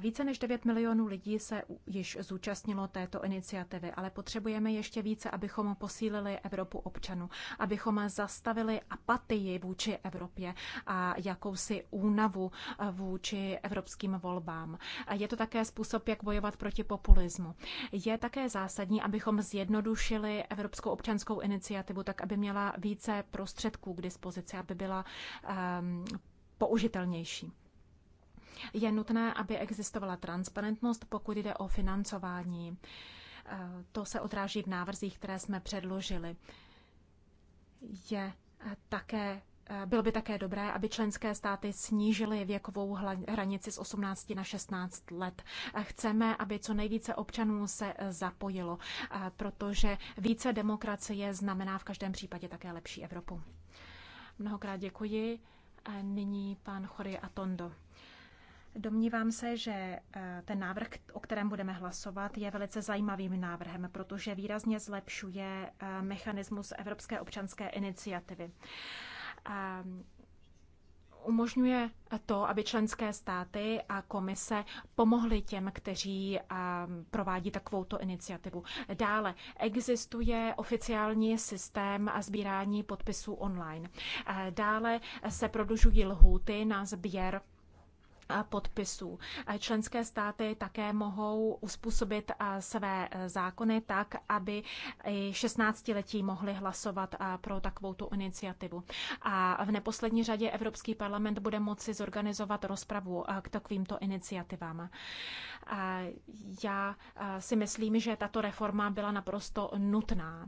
Více než 9 milionů lidí se již zúčastnilo této iniciativy, ale potřebujeme ještě více, abychom posílili Evropu občanů, abychom zastavili apatii vůči Evropě a jakousi únavu vůči evropským volbám. Je to také způsob, jak bojovat proti populismu. Je také zásadní, abychom zjednodušili Evropskou občanskou iniciativu tak, aby měla více prostředků k dispozici, aby byla um, použitelnější. Je nutné, aby existovala transparentnost, pokud jde o financování. E, to se odráží v návrzích, které jsme předložili. Je e, také e, bylo by také dobré, aby členské státy snížily věkovou hranici z 18 na 16 let. Chceme, aby co nejvíce občanů se zapojilo, protože více demokracie znamená v každém případě také lepší Evropu. Mnohokrát děkuji. Nyní pan Chory Atondo. Domnívám se, že eh, ten návrh, o kterém budeme hlasovat, je velice zajímavým návrhem, protože výrazně zlepšuje eh, mechanismus Evropské občanské iniciativy. Eh, umožňuje to, aby členské státy a komise pomohly těm, kteří provádí takovouto iniciativu. Dále existuje oficiální systém a sbírání podpisů online. Dále se prodlužují lhůty na sběr podpisů. Členské státy také mohou uspůsobit své e, zákony tak, aby 16-letí mohli hlasovat pro takovou tu iniciativu. A v neposlední řadě Evropský parlament bude moci zorganizovat rozpravu k takovýmto iniciativám. Já si myslím, že tato reforma byla naprosto nutná.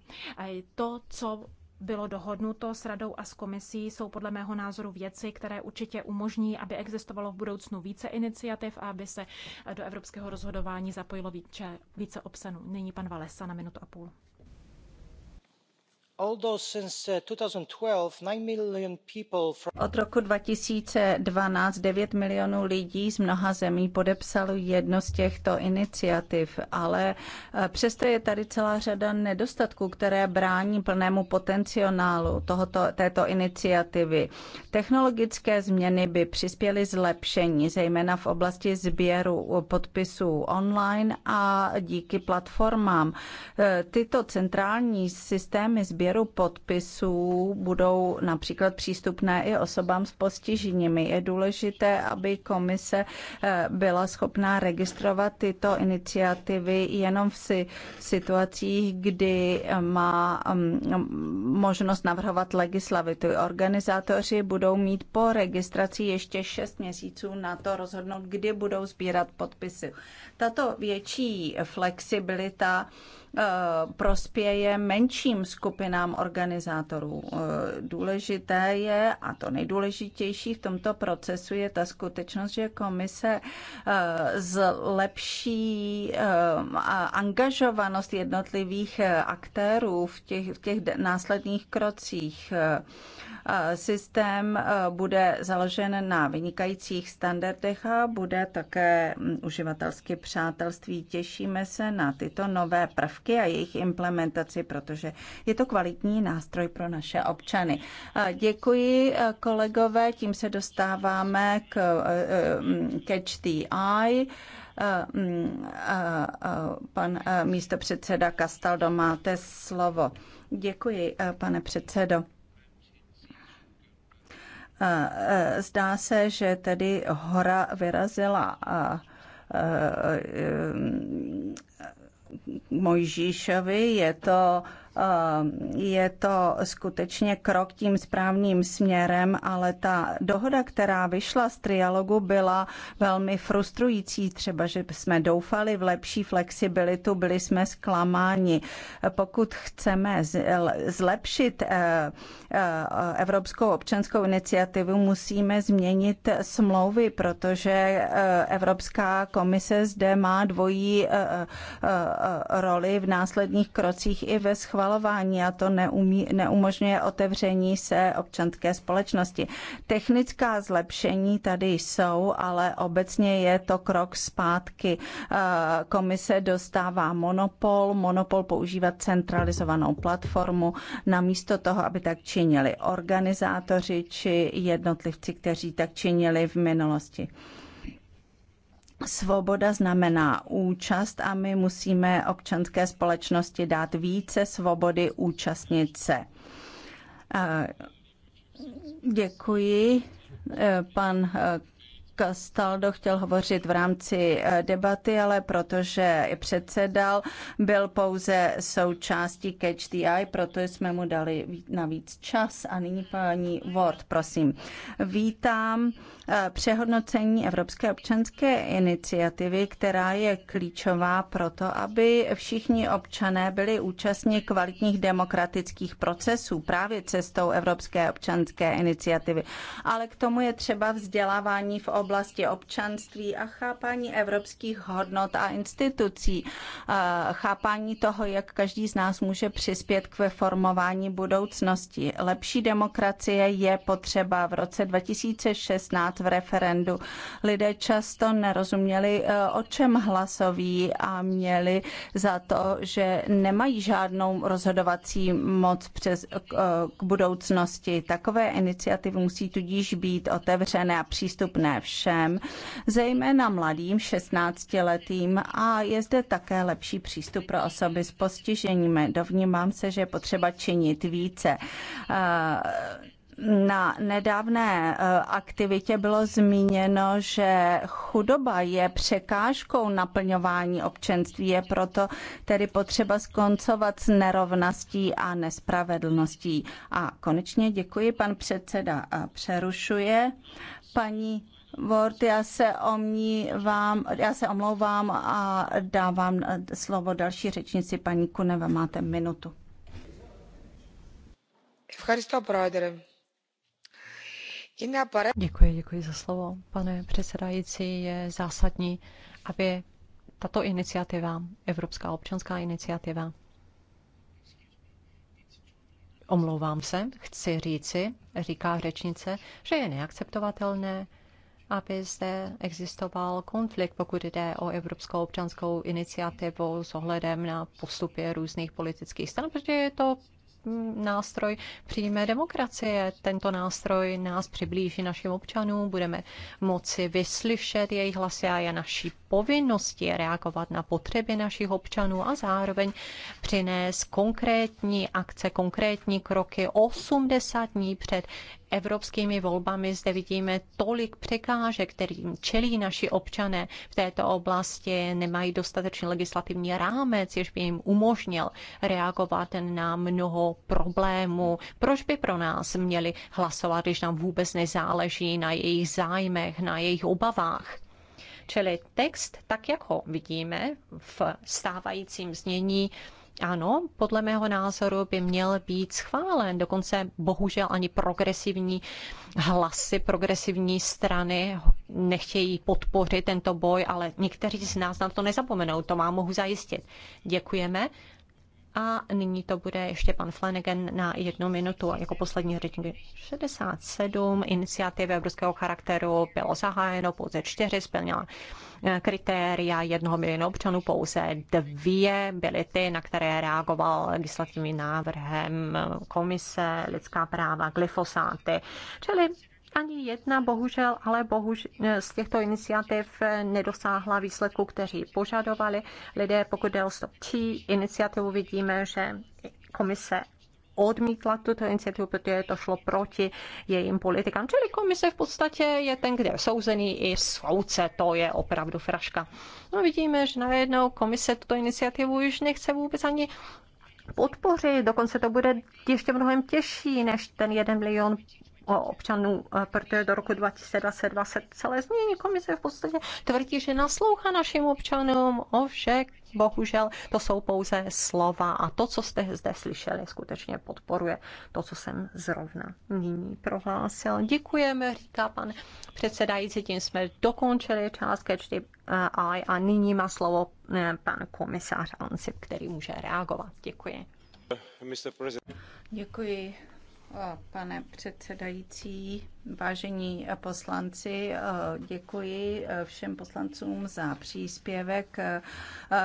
To, co bylo dohodnuto s radou a s komisí, jsou podle mého názoru věci, které určitě umožní, aby existovalo v budoucnu více iniciativ a aby se do evropského rozhodování zapojilo více, více obsanů. Nyní pan Valesa na minutu a půl. Uh, Od roku 2012 nine milionů lidí z mnoha zemí podepsalo jedno z těchto iniciativ, ale eh, přesto je tady celá řada nedostatků, které brání plnému potenciálu této iniciativy. Technologické změny by přispěly zlepšení, zejména v oblasti sběru podpisů online a díky platformám. Eh, tyto centrální systémy sběru sběru podpisů budou například přístupné i osobám s postiženími. Je důležité, aby komise eh, byla schopná registrovat tyto iniciativy jenom v situacích, kdy eh, má mm, možnost navrhovat legislativu. Organizátoři budou mít po registraci ještě 6 měsíců na to rozhodnout, kdy budou sbírat podpisy. Tato větší flexibilita Eh, prospěje menším skupinám organizátorů. Eh, důležité je, a to nejdůležitější v tomto procesu je ta skutečnost, že komise eh, zlepší angažovanost jednotlivých aktérů v těch, v těch následných krocích Systém e, bude založen na vynikajících standardech a bude také uživatelsky přátelství. Těšíme se na tyto nové prvky a jejich implementaci, protože je to kvalitní nástroj pro naše občany. Děkuji e, kolegové, tím se dostáváme k e, Catch the Eye pan místopředseda Kastaldo, máte slovo. Děkuji, pane předsedo. E, zdá se, že tedy hora vyrazila a e, e, Mojžíšovi je to Eh, je to skutečně krok tím správným směrem, ale ta dohoda, která vyšla z trialogu, byla velmi frustrující. Třeba, že jsme doufali v lepší flexibilitu, byli jsme zklamáni. Pokud chceme zlepšit eh, eh, Evropskou občanskou iniciativu, musíme změnit smlouvy, protože Evropská komise zde má dvojí roli v následných krocích i ve schválení schvalování a to neumí, neumožňuje otevření se občanské společnosti. Technická zlepšení tady jsou, ale obecně je to krok zpátky. Eh, komise dostává monopol, monopol používat centralizovanou platformu, namísto toho, aby tak činili organizátoři či jednotlivci, kteří tak činili v minulosti. Svoboda znamená účast a my musíme občanské společnosti dát více svobody účastnit se. Děkuji. E, pan e, Castaldo chtěl hovořit v rámci e, debaty, ale protože předsedal, byl pouze součástí Catch the Eye, proto jsme mu dali navíc čas. A nyní paní Ward, prosím. Vítám přehodnocení Evropské občanské iniciativy, která je klíčová pro to, aby všichni občané byli účastní kvalitních demokratických procesů právě cestou Evropské občanské iniciativy. Ale k tomu je třeba vzdělávání v oblasti občanství a chápání evropských hodnot a institucí, chápání toho, jak každý z nás může přispět k formování budoucnosti. Lepší demokracie je potřeba. V roce 2016 konat v referendu. Lidé často nerozuměli, eh, o čem hlasoví a měli za to, že nemají žádnou rozhodovací moc přes, eh, k budoucnosti. Takové iniciativy musí tudíž být otevřené a přístupné všem, zejména mladým 16-letým a je zde také lepší přístup pro osoby s postižením. Dovnímám se, že je potřeba činit více. Uh na nedávné eh, aktivitě bylo zmíněno, že chudoba je překážkou naplňování občanství, je proto tedy potřeba skoncovat s nerovností a nespravedlností. A konečně děkuji, pan předseda eh, přerušuje. Paní Word, já se, omnívám, já se omlouvám a dávám eh, slovo další řečnici, paní Kuneva, máte minutu. Ευχαριστώ, Děkuji, děkuji za slovo. Pane předsedající, je zásadní, aby tato iniciativa, Evropská občanská iniciativa, omlouvám se, chci říci, říká řečnice, že je neakceptovatelné, aby zde existoval konflikt, pokud jde o Evropskou občanskou iniciativu s ohledem na postupy různých politických stran, protože je to nástroj přijme demokracie. Tento nástroj nás přiblíží našim občanům, budeme moci vyslyšet jejich hlasy a je naší povinnosti reagovat na potřeby našich občanů a zároveň přinést konkrétní akce, konkrétní kroky 80 dní před evropskými volbami zde vidíme tolik překážek, kterým čelí naši občané v této oblasti, nemají dostatečný legislativní rámec, jež by jim umožnil reagovat na mnoho problémů. Proč by pro nás měli hlasovat, když nám vůbec nezáleží na jejich zájmech, na jejich obavách? Čili text, tak jak ho vidíme v stávajícím znění, ano, podle mého názoru by měl být schválen. Dokonce bohužel ani progresivní hlasy, progresivní strany nechtějí podpořit tento boj, ale někteří z nás na to nezapomenou, to vám mohu zajistit. Děkujeme. A nyní to bude ještě pan Flanagan na jednu minutu jako poslední řečník. 67 iniciativy evropského charakteru bylo zahájeno, pouze čtyři splnila eh, kritéria jednoho milionu občanů, pouze dvě byly ty, na které reagoval legislativním návrhem komise lidská práva, glyfosáty. Čili ani jedna bohužel, ale bohužel eh, z těchto iniciativ eh, nedosáhla výsledku, kteří požadovali. Lidé, pokud jde o stop iniciativu, vidíme, že komise odmítla tuto iniciativu, protože to šlo proti jejím politikám. Čili komise v podstatě je ten, kde je souzený i souce, to je opravdu fraška. No vidíme, že najednou komise tuto iniciativu už nechce vůbec ani podpořit, dokonce to bude ještě mnohem těžší než ten jeden milion občanů, eh, protože do roku 2022 se celé změní. Komise v podstatě tvrdí, že naslouchá našim občanům, ovšem bohužel to jsou pouze slova a to, co jste zde slyšeli, skutečně podporuje to, co jsem zrovna nyní prohlásil. Děkujeme, říká pan předsedající, tím jsme dokončili část kečty eh, a, a nyní má slovo eh, pan komisář Ansip, který může reagovat. Děkuji. Děkuji, pane předsedající. Vážení poslanci, děkuji všem poslancům za příspěvek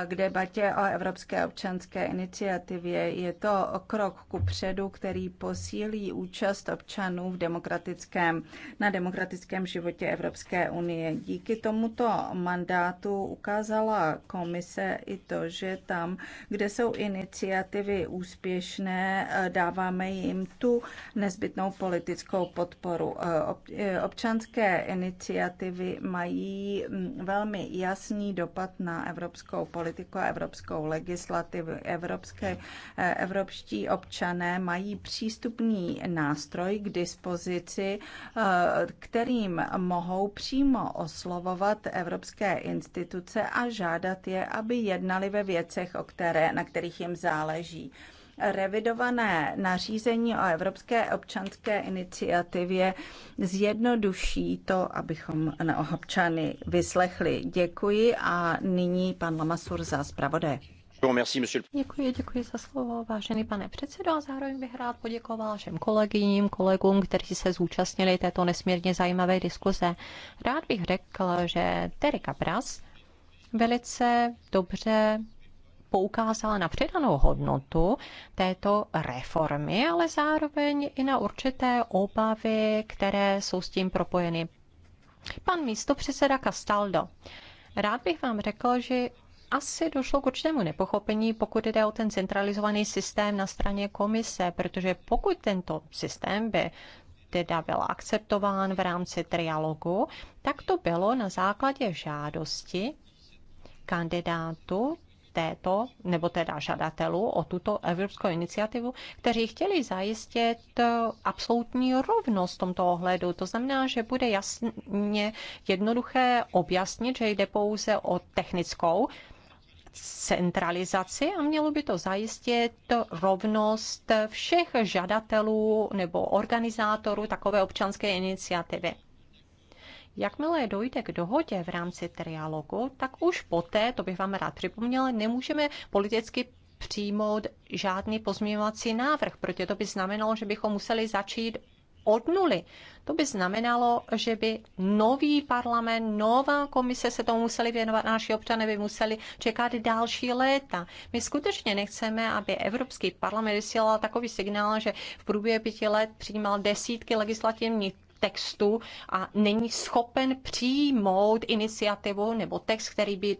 k debatě o Evropské občanské iniciativě. Je to krok ku předu, který posílí účast občanů v demokratickém, na demokratickém životě Evropské unie. Díky tomuto mandátu ukázala komise i to, že tam, kde jsou iniciativy úspěšné, dáváme jim tu nezbytnou politickou podporu. Eh, eh, občanské iniciativy mají mm, velmi jasný dopad na evropskou politiku a evropskou legislativu. Evropské, eh, evropští občané mají přístupný nástroj k dispozici, kterým mohou přímo oslovovat evropské instituce a žádat je, aby jednali ve věcech, o které, na kterých jim záleží revidované nařízení o Evropské občanské iniciativě zjednoduší to, abychom na občany vyslechli. Děkuji a nyní pan Lamasur za zpravodaj. Děkuji, děkuji za slovo, vážený pane předsedo. A zároveň bych rád poděkoval všem kolegyním, kolegům, kteří se zúčastnili této nesmírně zajímavé diskuze. Rád bych řekl, že Terry Capras velice dobře poukázala na přidanou hodnotu této reformy, ale zároveň i na určité obavy, které jsou s tím propojeny. Pan místo předseda Castaldo, rád bych vám řekl, že asi došlo k určitému nepochopení, pokud jde o ten centralizovaný systém na straně komise, protože pokud tento systém by teda byl akceptován v rámci trialogu, tak to bylo na základě žádosti kandidátu této, nebo teda žadatelů o tuto evropskou iniciativu, kteří chtěli zajistit eh, absolutní rovnost v tomto ohledu. To znamená, že bude jasně jednoduché objasnit, že jde pouze o technickou centralizaci a mělo by to zajistit rovnost všech žadatelů nebo organizátorů takové občanské iniciativy. Jakmile dojde k dohodě v rámci trialogu, tak už poté, to bych vám rád připomněla, nemůžeme politicky přijmout žádný pozměňovací návrh, protože to by znamenalo, že bychom museli začít od nuly. To by znamenalo, že by nový parlament, nová komise se tomu museli věnovat, naši občané by museli čekat další léta. My skutečně nechceme, aby Evropský parlament vysílal takový signál, že v průběhu pěti let přijímal desítky legislativních textu a není schopen přijmout iniciativu nebo text, který by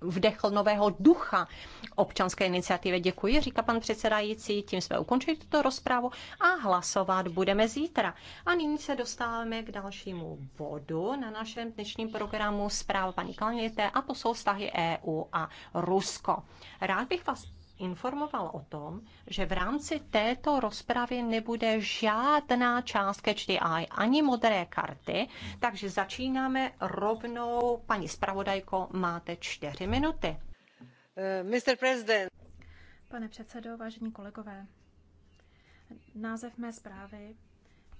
vdechl nového ducha občanské iniciativy. Děkuji, říká pan předsedající, tím jsme ukončili tuto rozprávu a hlasovat budeme zítra. A nyní se dostáváme k dalšímu bodu na našem dnešním programu zpráva paní Kalněte a to jsou vztahy EU a Rusko. Rád bych vás informoval o tom, že v rámci této rozpravy nebude žádná část ke HDI ani modré karty, takže začínáme rovnou. Paní zpravodajko, máte čtyři minuty. Eh, Mr. President. Pane předsedo, vážení kolegové, název mé zprávy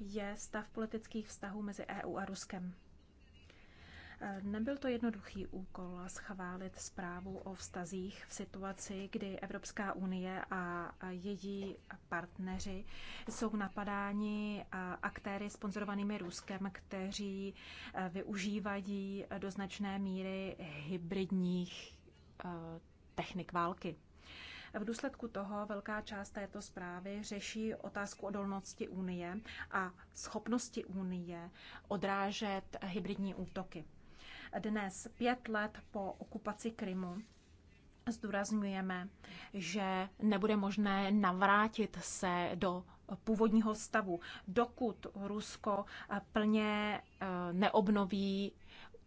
je stav politických vztahů mezi EU a Ruskem. Nebyl to jednoduchý úkol schválit zprávu o vztazích v situaci, kdy Evropská unie a její partneři jsou napadáni aktéry sponzorovanými Ruskem, kteří eh, využívají do značné míry hybridních eh, technik války. V důsledku toho velká část této zprávy řeší otázku odolnosti Unie a schopnosti Unie odrážet hybridní útoky. Dnes, pět let po okupaci Krymu, zdůrazňujeme, že nebude možné navrátit se do původního stavu, dokud Rusko plně eh, neobnoví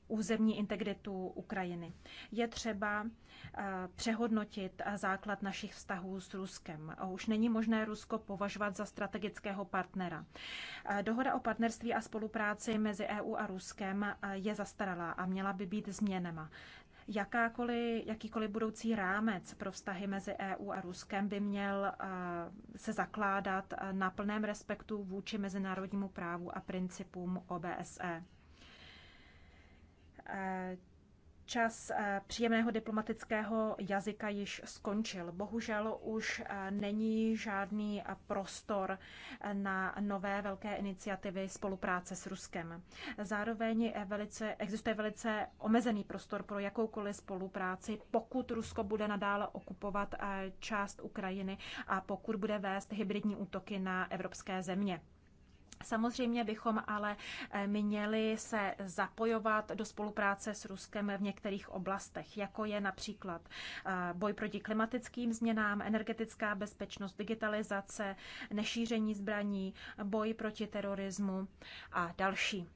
územní integritu Ukrajiny. Je třeba eh, přehodnotit eh, základ našich vztahů s Ruskem. Už není možné Rusko považovat za strategického partnera. Eh, dohoda o partnerství a spolupráci mezi EU a Ruskem je zastaralá a měla by být změnama. Jakákoliv, jakýkoliv budoucí rámec pro vztahy mezi EU a Ruskem by měl se zakládat na plném respektu vůči mezinárodnímu právu a principům OBSE. Eh, čas eh, příjemného diplomatického jazyka již skončil. Bohužel už eh, není žádný prostor na nové velké iniciativy spolupráce s Ruskem. Zároveň velice, existuje velice omezený prostor pro jakoukoliv spolupráci, pokud Rusko bude nadále okupovat část Ukrajiny a pokud bude vést hybridní útoky na evropské země. Samozřejmě bychom ale eh, měli se zapojovat do spolupráce s Ruskem v některých oblastech, jako je například eh, boj proti klimatickým změnám, energetická bezpečnost, digitalizace, nešíření zbraní, boj proti terorismu a další.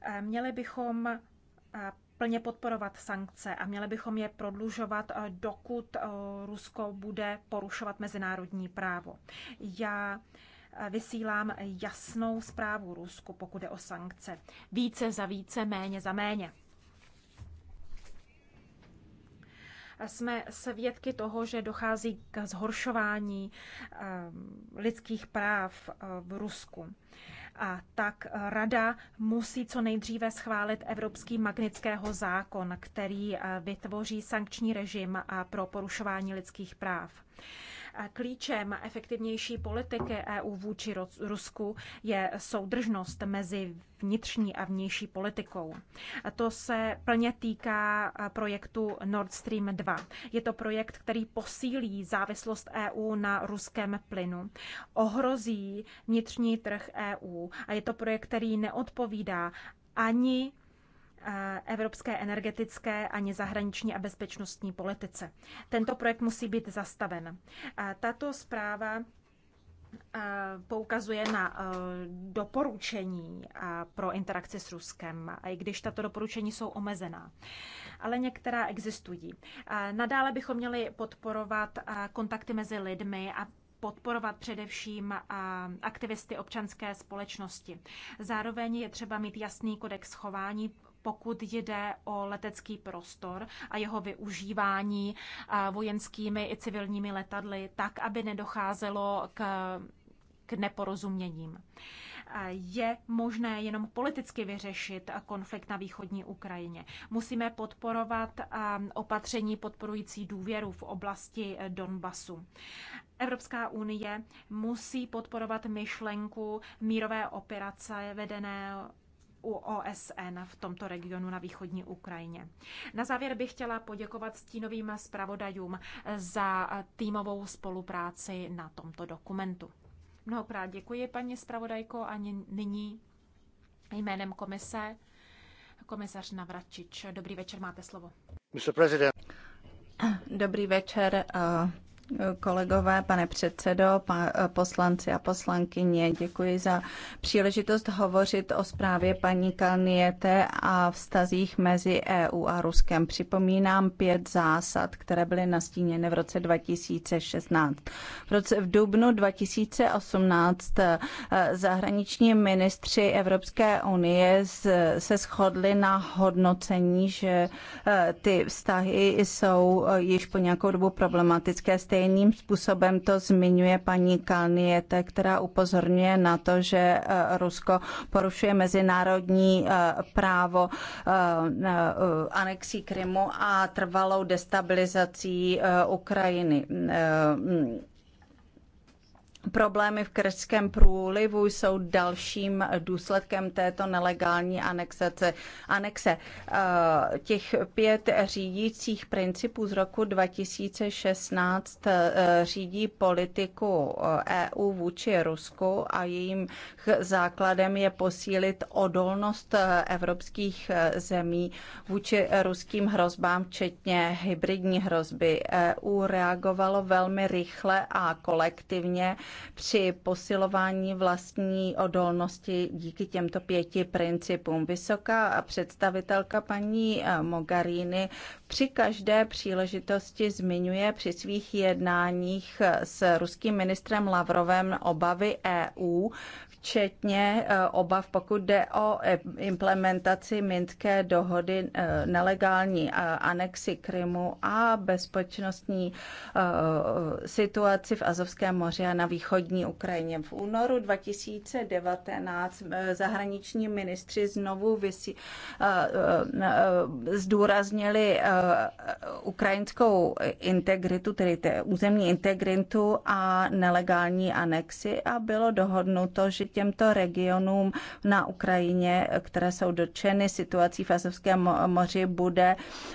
Eh, měli bychom plně podporovat sankce a měli bychom je prodlužovat, dokud Rusko bude porušovat mezinárodní právo. Já vysílám jasnou zprávu Rusku, pokud je o sankce. Více za více, méně za méně. jsme svědky toho, že dochází k zhoršování ehm, lidských práv eh, v Rusku. A tak rada musí co nejdříve schválit Evropský magnického zákon, který eh, vytvoří sankční režim pro porušování lidských práv. Klíčem efektivnější politiky EU vůči Rusku je soudržnost mezi vnitřní a vnější politikou. To se plně týká projektu Nord Stream 2. Je to projekt, který posílí závislost EU na ruském plynu, ohrozí vnitřní trh EU a je to projekt, který neodpovídá ani Eh, evropské energetické ani zahraniční a bezpečnostní politice. Tento projekt musí být zastaven. Eh, tato zpráva eh, poukazuje na doporučení pro interakci s Ruskem, i když tato doporučení jsou omezená. Ale některá existují. Nadále bychom měli podporovat kontakty mezi lidmi a podporovat především aktivisty občanské společnosti. Zároveň je třeba mít jasný kodex chování pokud jde o letecký prostor a jeho využívání vojenskými i civilními letadly, tak, aby nedocházelo k, k neporozuměním. Je možné jenom politicky vyřešit konflikt na východní Ukrajině. Musíme podporovat opatření podporující důvěru v oblasti e, Donbasu. Evropská unie musí podporovat myšlenku mírové operace vedené u OSN v tomto regionu na východní Ukrajině. Na závěr bych chtěla poděkovat stínovým zpravodajům za týmovou spolupráci na tomto dokumentu. Mnohokrát děkuji, paní zpravodajko, a nyní jménem komise komisař Navračič. Dobrý večer, máte slovo. Dobrý večer, eh, Kolegové, pane předsedo, poslanci a poslankyně, děkuji za příležitost hovořit o zprávě paní Kalniete a vztazích mezi EU a Ruskem. Připomínám pět zásad, které byly nastíněny v roce 2016. V, roce, v dubnu 2018 eh, zahraniční ministři Evropské unie se shodli na hodnocení, že eh, ty vztahy jsou eh, již po nějakou dobu problematické. Stejně stejným způsobem to zmiňuje paní Kalniete, která upozorňuje na to, že eh, Rusko porušuje mezinárodní eh, právo eh, anexí Krymu a trvalou destabilizací Ukrajiny. Problémy v Kerském průlivu jsou dalším důsledkem této nelegální anexace. anexe. Eh, těch pět řídících principů z roku 2016 eh, řídí politiku EU eh, e vůči Rusku a jejím základem je posílit odolnost evropských zemí vůči ruským hrozbám, včetně hybridní hrozby. EU reagovalo velmi rychle a kolektivně při posilování vlastní odolnosti díky těmto pěti principům. Vysoká představitelka paní eh, Mogaríny při každé příležitosti zmiňuje při svých jednáních eh, s ruským ministrem Lavrovem obavy EU včetně eh, obav, pokud jde o eh, implementaci Minské dohody, eh, nelegální anexi Krymu a bezpečnostní situaci v Azovském moři a na východní Ukrajině. V únoru 2019 zahraniční ministři znovu vysí, zdůraznili ukrajinskou integritu, tedy územní integritu a nelegální anexi a bylo dohodnuto, že těmto regionům na Ukrajině, které jsou dotčeny situací v Azovském moři, bude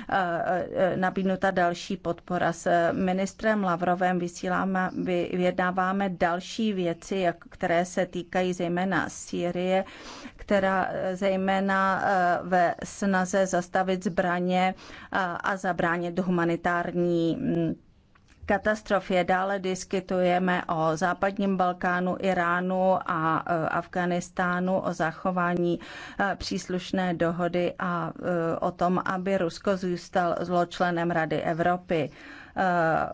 eh, eh, nabídnuta další podpora. S ministrem Lavrovem vysíláme, vyjednáváme další věci, které se týkají zejména Sýrie, která eh, zejména ve snaze zastavit zbraně a zabránit humanitární mm, katastrofě. Dále diskutujeme o západním Balkánu, Iránu a e, Afganistánu, o zachování e, příslušné dohody a e, o tom, aby Rusko zůstal zločlenem Rady Evropy. Eh,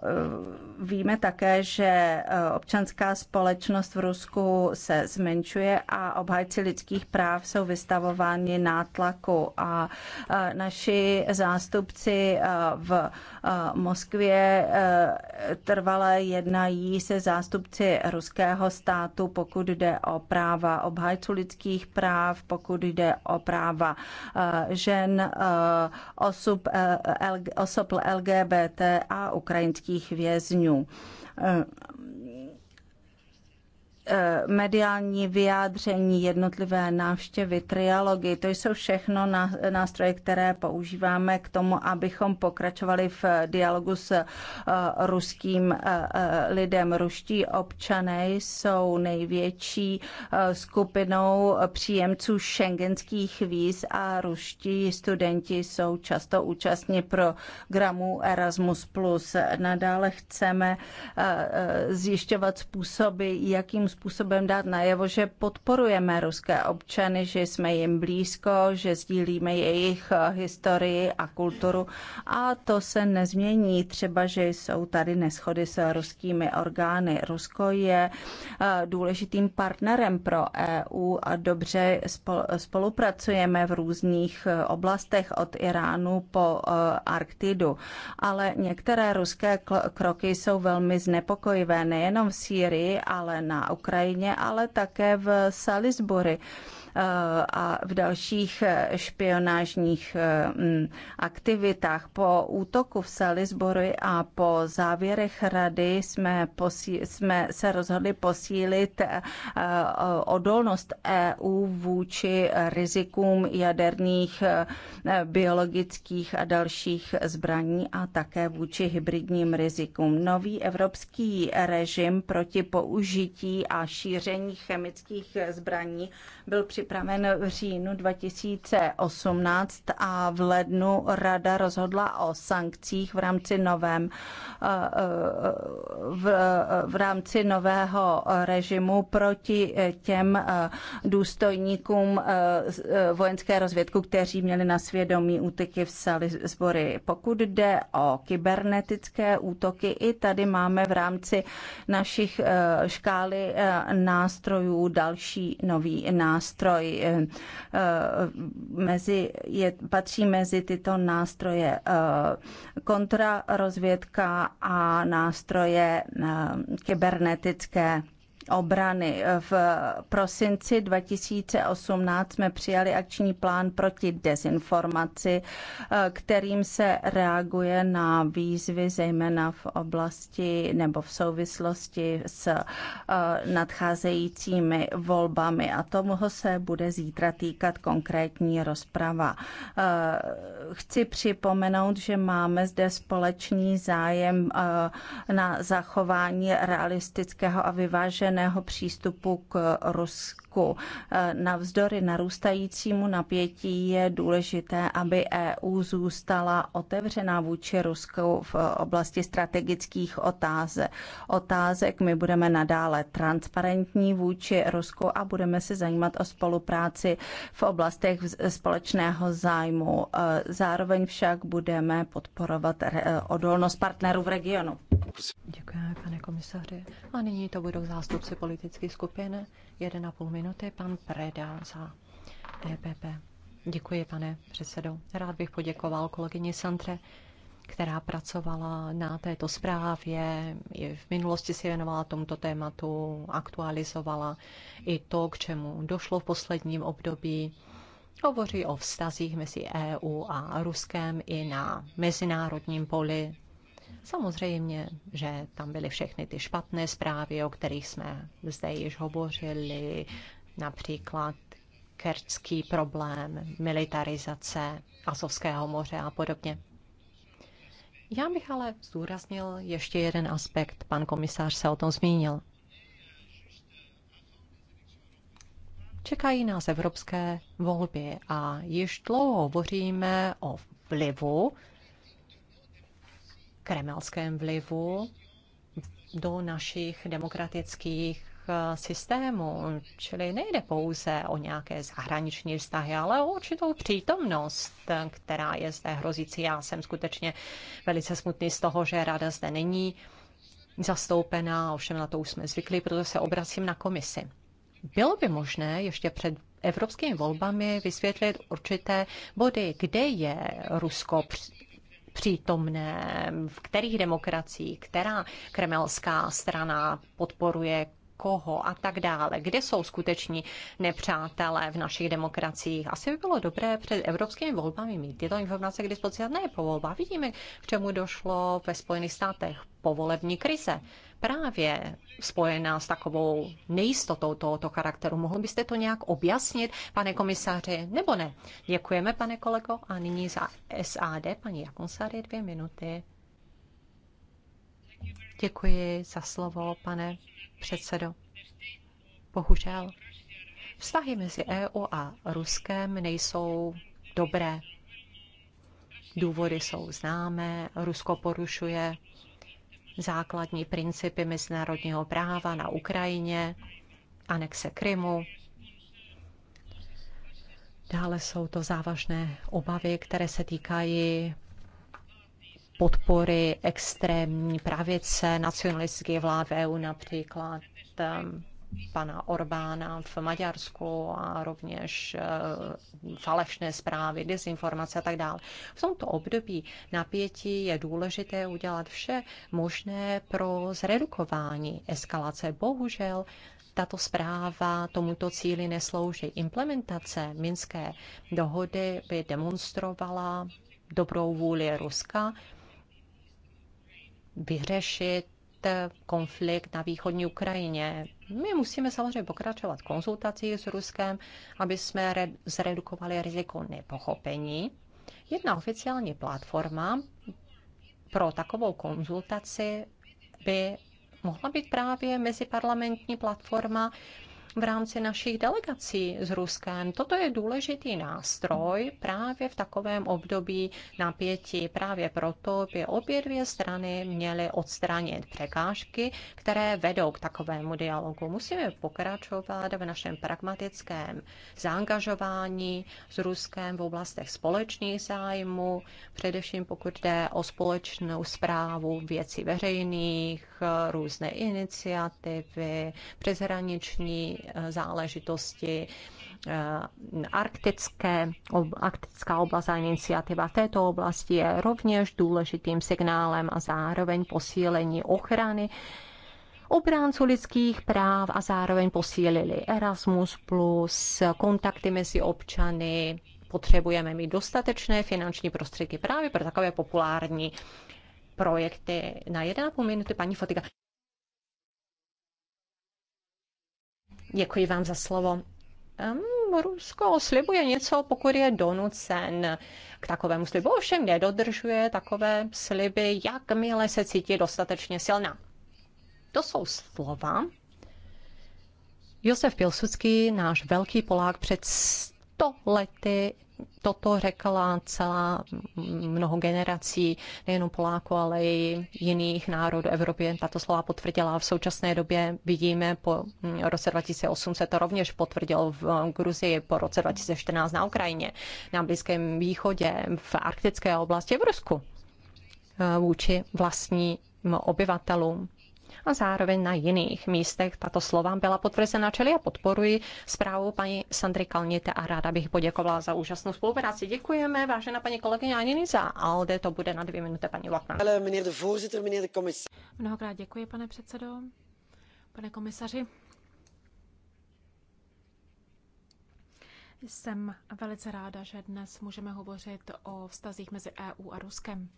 víme také, že eh, občanská společnost v Rusku se zmenšuje a obhajci lidských práv jsou vystavováni nátlaku a eh, naši zástupci v Moskvě trvale jednají se zástupci ruského státu, pokud jde o práva obhajců lidských práv, pokud jde o práva žen, osob, osob LGBT a ukrajinských vězňů Eh, mediální vyjádření, jednotlivé návštěvy, trialogy, to jsou všechno nástroje, které používáme k tomu, abychom pokračovali v dialogu s eh, ruským eh, lidem. Ruští občané jsou největší skupinou příjemců šengenských víz a ruští studenti jsou často účastní programu Erasmus+. Nadále chceme zjišťovat způsoby, jakým způsobem způsobem dát najevo, že podporujeme ruské občany, že jsme jim blízko, že sdílíme jejich eh, historii a kulturu a to se nezmění. Třeba, že jsou tady neschody s ruskými orgány. Rusko je eh, důležitým partnerem pro EU a dobře spolupracujeme v různých eh, oblastech od Iránu po Arktidu. Ale některé ruské kroky jsou velmi znepokojivé nejenom v Sýrii, ale na Ukrajině, ale také v Salisbury. Eh, a v dalších eh, špionážních eh, mm, aktivitách. Po útoku v Salisbury a po závěrech rady jsme, posí, jsme se rozhodli posílit odolnost EU vůči rizikům jaderných, biologických a dalších zbraní a také vůči hybridním rizikům. Nový evropský režim proti použití a šíření chemických zbraní byl při připraven v říjnu 2018 a v lednu rada rozhodla o sankcích v rámci novém eh, eh, v, eh, v rámci nového režimu proti těm důstojníkům vojenské rozvědku, kteří měli na svědomí útyky v Salisbury. Pokud jde o kybernetické útoky, i tady máme v rámci našich škály nástrojů další nový nástroj nástroj eh, eh, mezi, je, patří mezi tyto nástroje eh, kontrarozvědka a nástroje kybernetické obrany. V prosinci 2018 jsme přijali akční plán proti dezinformaci, eh, kterým se reaguje na výzvy zejména v oblasti nebo v souvislosti s eh, nadcházejícími volbami a tomuho se bude zítra týkat konkrétní rozprava. Eh, chci připomenout, že máme zde společný zájem na zachování realistického a vyváženého rovného přístupu k Rusku prvku. Eh, navzdory narůstajícímu napětí je důležité, aby EU zůstala otevřená vůči Rusku v oblasti strategických otázek. Otázek my budeme nadále transparentní vůči Rusku a budeme se zajímat o spolupráci v oblastech společného zájmu. Eh, zároveň však budeme podporovat eh, odolnost partnerů v regionu. Děkujeme, pane komisaři. A nyní to budou zástupci politických skupin. 1,5 minuty pan Preda za EPP. Děkuji, pane předsedo. Rád bych poděkoval kolegyni Santre, která pracovala na této zprávě. I v minulosti se věnovala tomuto tématu, aktualizovala i to, k čemu došlo v posledním období. Hovoří o vztazích mezi EU a Ruskem i na mezinárodním poli. Samozřejmě, že tam byly všechny ty špatné zprávy, o kterých jsme zde již hovořili, například kerčský problém, militarizace Azovského moře a podobně. Já bych ale zdůraznil ještě jeden aspekt. Pan komisář se o tom zmínil. Čekají nás evropské volby a již dlouho hovoříme o vlivu kremelském vlivu do našich demokratických eh, systémů. Čili nejde pouze o nějaké zahraniční vztahy, ale o určitou přítomnost, která je zde hrozící. Já jsem skutečně velice smutný z toho, že rada zde není zastoupená, ovšem na to už jsme zvyklí, proto se obracím na komisi. Bylo by možné ještě před evropskými volbami vysvětlit určité body, kde je Rusko přítomné, v kterých demokraciích, která kremelská strana podporuje koho a tak dále. Kde jsou skuteční nepřátelé v našich demokraciích? Asi by bylo dobré před evropskými volbami mít tyto informace k dispozici, ne po volbách. Vidíme, k čemu došlo ve Spojených státech povolební krize. Právě spojená s takovou nejistotou tohoto charakteru. Mohl byste to nějak objasnit, pane komisaři, nebo ne? Děkujeme, pane kolego. A nyní za SAD, paní Jakonsary, dvě minuty. Děkuji za slovo, pane předsedo. Bohužel. Vztahy mezi EU a Ruskem nejsou dobré. Důvody jsou známé, Rusko porušuje základní principy mezinárodního práva na Ukrajině, anexe Krymu. Dále jsou to závažné obavy, které se týkají podpory extrémní pravice, nacionalistické vlád v EU například pana Orbána v Maďarsku a rovněž eh, falešné zprávy, dezinformace a tak dále. V tomto období napětí je důležité udělat vše možné pro zredukování eskalace. Bohužel tato zpráva tomuto cíli neslouží. Implementace Minské dohody by demonstrovala dobrou vůli Ruska, vyřešit eh, konflikt na východní Ukrajině. My musíme samozřejmě pokračovat v konzultacích s Ruskem, aby jsme zredukovali riziko nepochopení. Jedna oficiální platforma pro takovou konzultaci by mohla být právě meziparlamentní platforma v rámci našich delegací s Ruskem. Toto je důležitý nástroj právě v takovém období napětí. Právě proto by obě dvě strany měly odstranit překážky, které vedou k takovému dialogu. Musíme pokračovat v našem pragmatickém zaangažování s Ruskem v oblastech společných zájmů, především pokud jde o společnou zprávu věcí veřejných, různé iniciativy, přeshraniční Eh, záležitosti, eh, arktické, arktická oblast a iniciativa v této oblasti je rovněž důležitým signálem a zároveň posílení ochrany obránců lidských práv a zároveň posílili Erasmus+, plus kontakty mezi občany, potřebujeme mít dostatečné finanční prostředky právě pro takové populární projekty. Na 1,5 minuty paní Fotika. Děkuji vám za slovo. Rusko slibuje něco, pokud je donucen k takovému slibu. Ovšem nedodržuje takové sliby, jakmile se cítí dostatečně silná. To jsou slova. Josef Pilsudský, náš velký Polák před sto lety toto řekla celá mnoho generací, nejenom Poláků, ale i jiných národů Evropy. Tato slova potvrdila v současné době. Vidíme, po roce 2008 se to rovněž potvrdilo v Gruzii, po roce 2014 na Ukrajině, na Blízkém východě, v arktické oblasti, v Rusku eh, vůči vlastní obyvatelům a zároveň na jiných místech tato slova byla potvrzena, čili a podporuji zprávu paní Sandry Kalnite a ráda bych poděkovala za úžasnou spolupráci. Děkujeme, vážená paní kolegyně Aniny za ALDE, to bude na dvě minuty paní Lachman. Mnohokrát děkuji, pane předsedo. Pane komisaři, Jsem velice ráda, že dnes můžeme hovořit o vztazích mezi EU a Ruskem.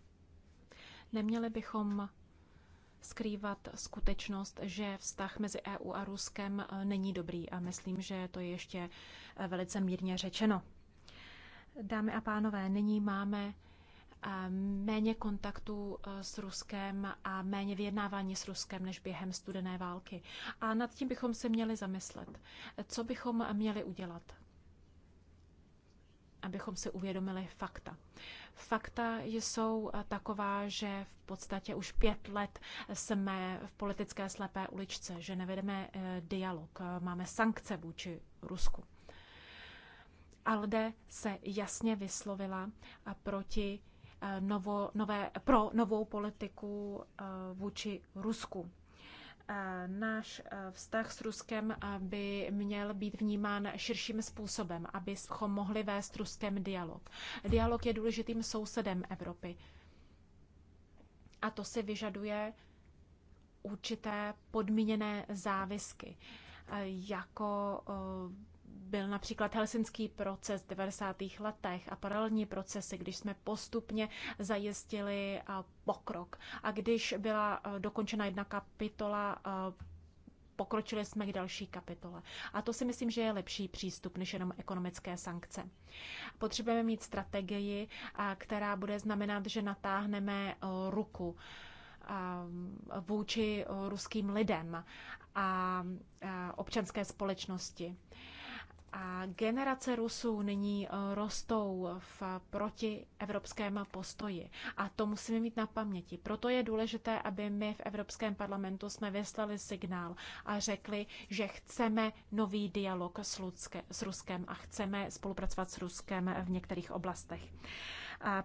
Neměli bychom skrývat skutečnost, že vztah mezi EU a Ruskem eh, není dobrý a myslím, že to je ještě eh, velice mírně řečeno. Dámy a pánové, nyní máme eh, méně kontaktu s Ruskem a méně vyjednávání s Ruskem než během studené války. A nad tím bychom se měli zamyslet. Co bychom měli udělat? Abychom si uvědomili fakta. Fakta jsou eh, taková, že v podstatě už pět let jsme v politické slepé uličce, že nevedeme eh, dialog, máme sankce vůči Rusku. Alde se jasně vyslovila eh, proti novo, nové, pro novou politiku vůči Rusku náš e, vztah s Ruskem e, by měl být vnímán širším způsobem, abychom mohli vést Ruskem dialog. Dialog je důležitým sousedem Evropy. A to si vyžaduje určité podmíněné závisky, e, jako byl například helsinský proces v 90. letech a paralelní procesy, když jsme postupně zajistili eh, pokrok. A když byla eh, dokončena jedna kapitola, eh, pokročili jsme k další kapitole. A to si myslím, že je lepší přístup než jenom ekonomické sankce. Potřebujeme mít strategii, která bude znamenat, že natáhneme ruku vůči ruským lidem a občanské společnosti. A generace Rusů nyní eh, rostou v proti evropském postoji. A to musíme mít na paměti. Proto je důležité, aby my v Evropském parlamentu jsme vyslali signál a řekli, že chceme nový dialog s, Lucke, s Ruskem a chceme spolupracovat s Ruskem v některých oblastech.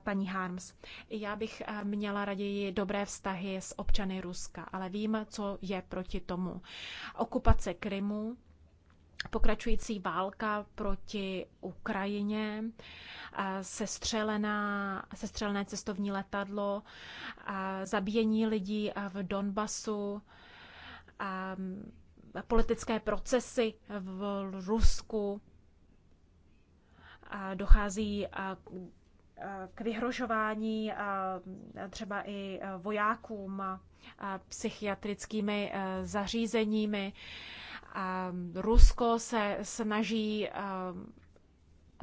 Paní Harms, já bych eh, měla raději dobré vztahy s občany Ruska, ale vím, co je proti tomu. Okupace Krymu, pokračující válka proti Ukrajině, sestřelená, sestřelené cestovní letadlo, zabíjení lidí v Donbasu, politické procesy v Rusku, dochází k vyhrožování třeba i vojákům, psychiatrickými e, zařízeními, Rusko se snaží eh,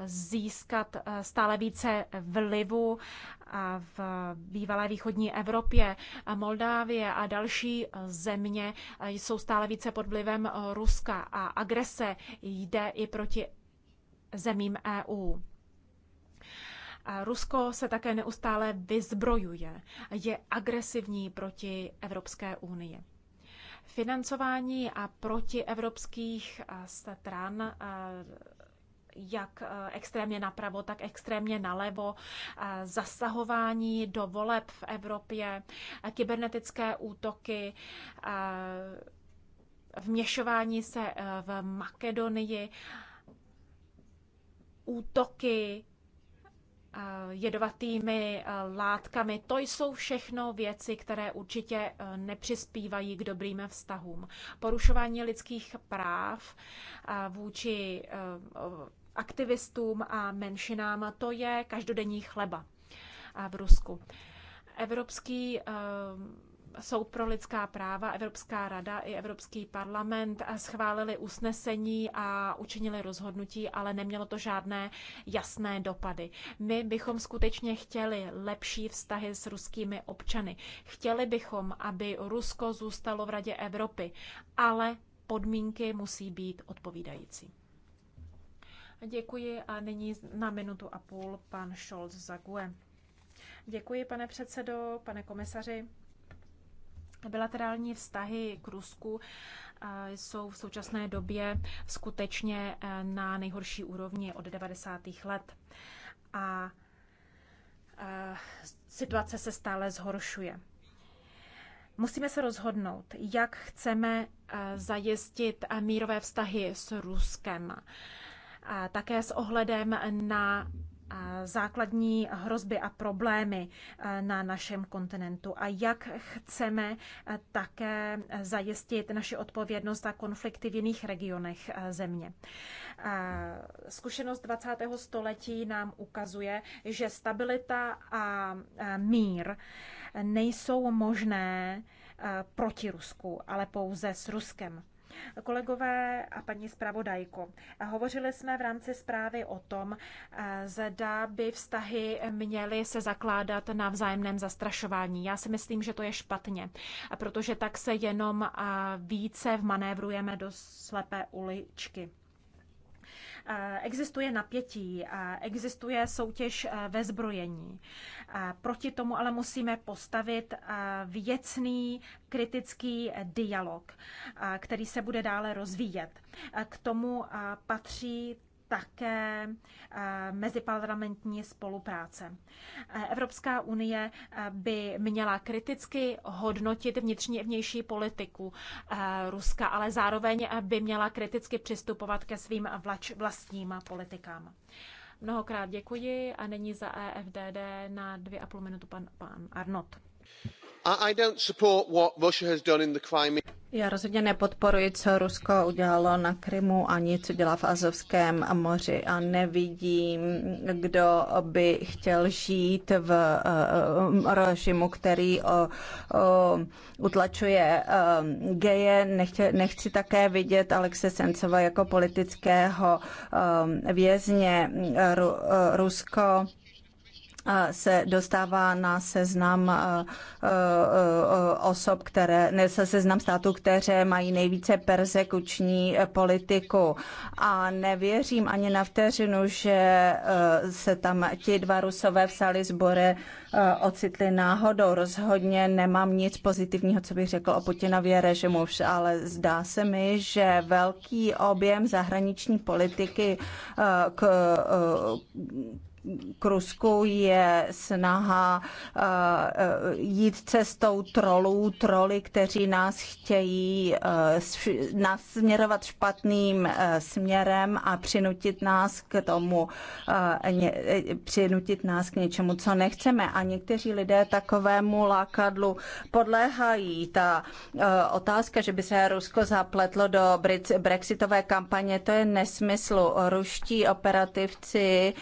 získat eh, stále více vlivu eh, v bývalé východní Evropě. Moldávie a další země jsou stále více pod vlivem Ruska a agrese jde i proti zemím EU. Rusko se také neustále vyzbrojuje, je agresivní proti Evropské unii. Financování a protievropských eh, stran eh, jak eh, extrémně napravo, tak extrémně nalevo, zasahování do voleb v Evropě, kybernetické útoky, vměšování se v Makedonii, útoky Eh, jedovatými eh, látkami. To jsou všechno věci, které určitě eh, nepřispívají k dobrým vztahům. Porušování lidských práv vůči aktivistům a menšinám, to je každodenní chleba v Rusku. Evropský Soud pro lidská práva, Evropská rada i Evropský parlament schválili usnesení a učinili rozhodnutí, ale nemělo to žádné jasné dopady. My bychom skutečně chtěli lepší vztahy s ruskými občany. Chtěli bychom, aby Rusko zůstalo v Radě Evropy, ale podmínky musí být odpovídající. Děkuji a nyní na minutu a půl pan Scholz Zague. Děkuji, pane předsedo, pane komisaři. Bilaterální vztahy k Rusku jsou v současné době skutečně e, na nejhorší úrovni od 90. let. A e, situace se stále zhoršuje. Musíme se rozhodnout, jak chceme e, zajistit mírové vztahy s Ruskem, také s ohledem na základní hrozby a problémy eh, na našem kontinentu a jak chceme eh, také zajistit naši odpovědnost a konflikty v jiných regionech eh, země. Zkušenost 20. století nám ukazuje, že stabilita a mír nejsou možné proti Rusku, ale pouze s Ruskem. Kolegové a paní zpravodajko, hovořili jsme v rámci zprávy o tom, eh, zda by vztahy měly se zakládat na vzájemném zastrašování. Já si myslím, že to je špatně, protože tak se jenom eh, více vmanévrujeme do slepé uličky. Eh, existuje napětí, eh, existuje soutěž eh, ve zbrojení. Proti tomu ale musíme postavit věcný kritický dialog, který se bude dále rozvíjet. K tomu patří také eh, meziparlamentní spolupráce. Eh, Evropská unie eh, by měla kriticky hodnotit vnitřní a vnější politiku Ruska, ale zároveň by měla kriticky přistupovat ke svým vlastním politikám. Mnohokrát děkuji a není za EFDD na dvě a půl minutu pan, pan Arnott. Já rozhodně nepodporuji, co Rusko udělalo na Krymu ani co dělá v Azovském moři a nevidím, kdo by chtěl žít v eh, režimu, který eh, eh, utlačuje geje. Nechci, nechci také vidět Alexe Sencova jako politického vězně. Rusko se dostává na seznam eh, eh, eh, osob, které, ne se seznam států, které mají nejvíce persekuční politiku. A nevěřím ani na vteřinu, že se tam ti dva rusové v Salisbury ocitli náhodou. Rozhodně nemám nic pozitivního, co bych řekl o Putinově režimu, ale zdá se mi, že velký objem zahraniční politiky k, k Rusku je snaha eh, eh, jít cestou trolů, troly, kteří nás chtějí eh, nás směrovat špatným směrem a přinutit nás k tomu, přinutit nás k něčemu, co nechceme. A někteří lidé takovému lákadlu podléhají. Ta otázka, že by se Rusko zapletlo do brexitové kampaně, to je nesmysl. Ruští operativci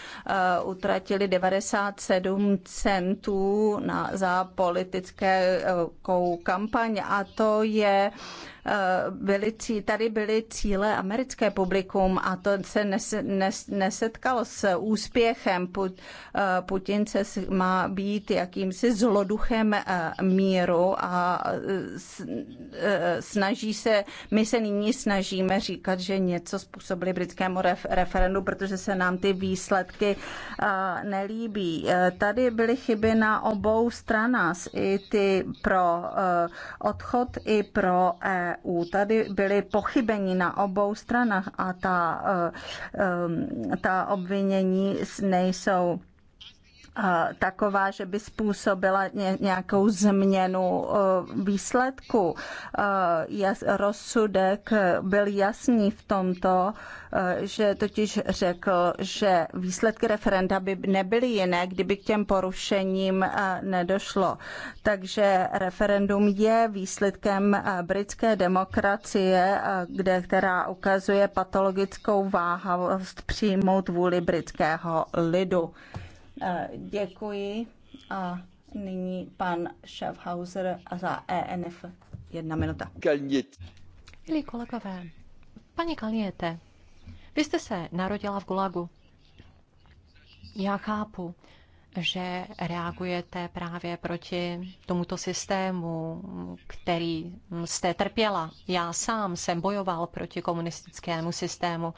utratili 97 centů na, za politickou kampaň a to je Eh, byly, tady byly cíle americké publikum a to se nes, nes, nesetkalo s úspěchem. Put, eh, Putin se má být jakýmsi zloduchem eh, míru a snaží se, my se nyní snažíme říkat, že něco způsobili britskému ref, referendu, protože se nám ty výsledky nelíbí. Tady byly chyby na obou stranách, i ty pro odchod, i pro EU EU. Tady byly pochybení na obou stranách a ta, e, e, ta obvinění nejsou taková, že by způsobila nějakou změnu výsledku. Rozsudek byl jasný v tomto, že totiž řekl, že výsledky referenda by nebyly jiné, kdyby k těm porušením nedošlo. Takže referendum je výsledkem britské demokracie, kde, která ukazuje patologickou váhavost přijmout vůli britského lidu. Eh, děkuji a nyní pan Schaffhauser za ENF. Jedna minuta. Kalnět. Milí kolegové, paní Kalněte, vy jste se narodila v Gulagu. Já chápu, že reagujete právě proti tomuto systému, který jste trpěla. Já sám jsem bojoval proti komunistickému systému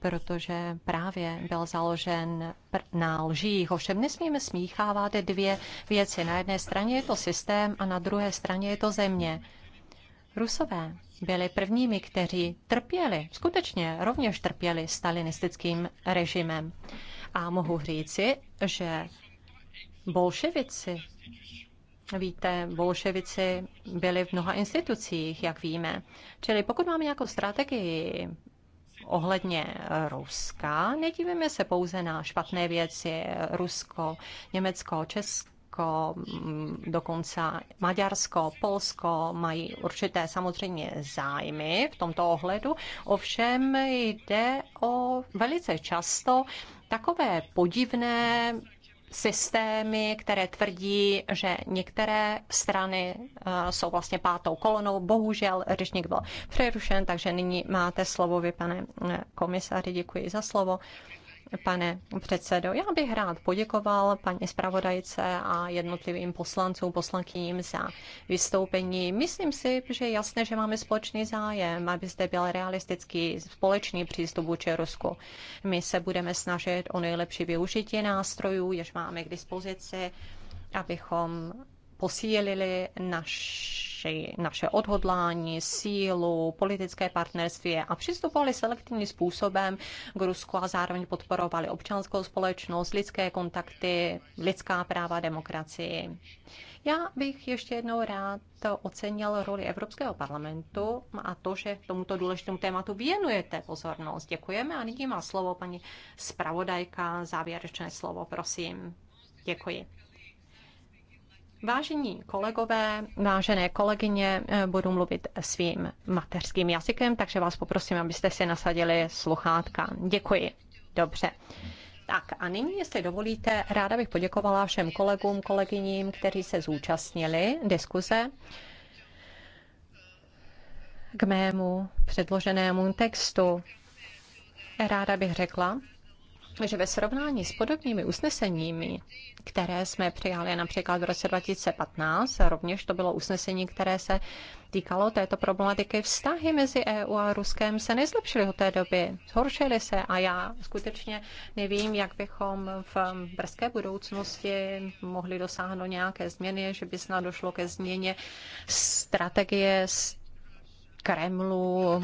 protože právě byl založen na lžích. Ovšem nesmíme smíchávat dvě věci. Na jedné straně je to systém a na druhé straně je to země. Rusové byli prvními, kteří trpěli, skutečně rovněž trpěli stalinistickým režimem. A mohu říci, že bolševici, víte, bolševici byli v mnoha institucích, jak víme. Čili pokud máme nějakou strategii ohledně eh, Ruska. Nedívíme se pouze na špatné věci, eh, Rusko, Německo, Česko, mm, dokonce Maďarsko, Polsko mají určité samozřejmě zájmy v tomto ohledu, ovšem jde o velice často takové podivné systémy, které tvrdí, že některé strany eh, jsou vlastně pátou kolonou. Bohužel řečník byl přerušen, takže nyní máte slovo vy, pane eh, komisaři. Děkuji za slovo pane předsedo. Já bych rád poděkoval paní zpravodajce a jednotlivým poslancům, poslankyním za vystoupení. Myslím si, že je jasné, že máme společný zájem, aby zde byl realistický společný přístup vůči Rusku. My se budeme snažit o nejlepší využití nástrojů, jež máme k dispozici, abychom posílili naš naši, naše odhodlání, sílu, politické partnerství a přistupovali selektivním způsobem k Rusku a zároveň podporovali občanskou společnost, lidské kontakty, lidská práva, demokracii. Já bych ještě jednou rád ocenil roli Evropského parlamentu a to, že tomuto důležitému tématu věnujete pozornost. Děkujeme a nyní má slovo paní zpravodajka, závěrečné slovo, prosím. Děkuji. Vážení kolegové, vážené kolegyně, eh, budu mluvit svým mateřským jazykem, takže vás poprosím, abyste si nasadili sluchátka. Děkuji. Dobře. Tak a nyní, jestli dovolíte, ráda bych poděkovala všem kolegům, kolegyním, kteří se zúčastnili diskuze k mému předloženému textu. Ráda bych řekla, že ve srovnání s podobnými usneseními, které jsme přijali například v roce 2015, rovněž to bylo usnesení, které se týkalo této problematiky, vztahy mezi EU a Ruskem se nezlepšily od té doby, zhoršily se a já skutečně nevím, jak bychom v brzké budoucnosti mohli dosáhnout nějaké změny, že by snad došlo ke změně strategie Kremlu,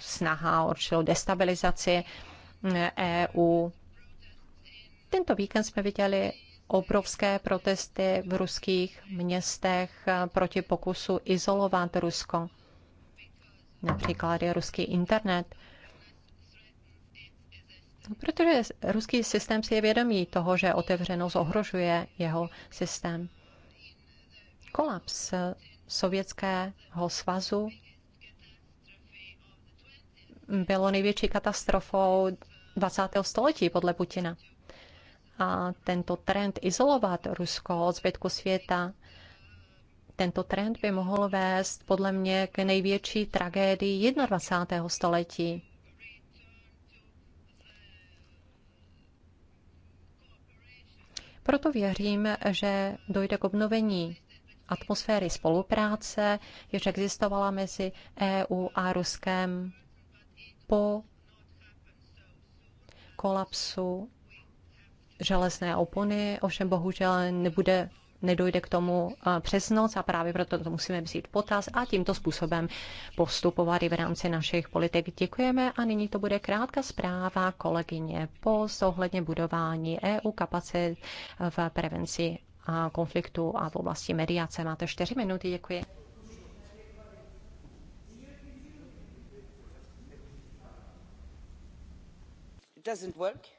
snaha o destabilizaci EU tento víkend jsme viděli obrovské protesty v ruských městech proti pokusu izolovat Rusko. Například je ruský internet. Protože ruský systém si je vědomí toho, že otevřenost ohrožuje jeho systém. Kolaps Sovětského svazu bylo největší katastrofou 20. století podle Putina a tento trend izolovat Rusko od zbytku světa, tento trend by mohl vést podle mě k největší tragédii 21. století. Proto věřím, že dojde k obnovení atmosféry spolupráce, jež existovala mezi EU a Ruskem po kolapsu železné opony, ovšem bohužel nebude nedojde k tomu eh, přes noc a právě proto to musíme vzít potaz a tímto způsobem postupovat i v rámci našich politik. Děkujeme a nyní to bude krátká zpráva kolegyně po ohledně budování EU kapacit v prevenci eh, konfliktu a v oblasti mediace. Máte čtyři minuty, děkuji. doesn't work.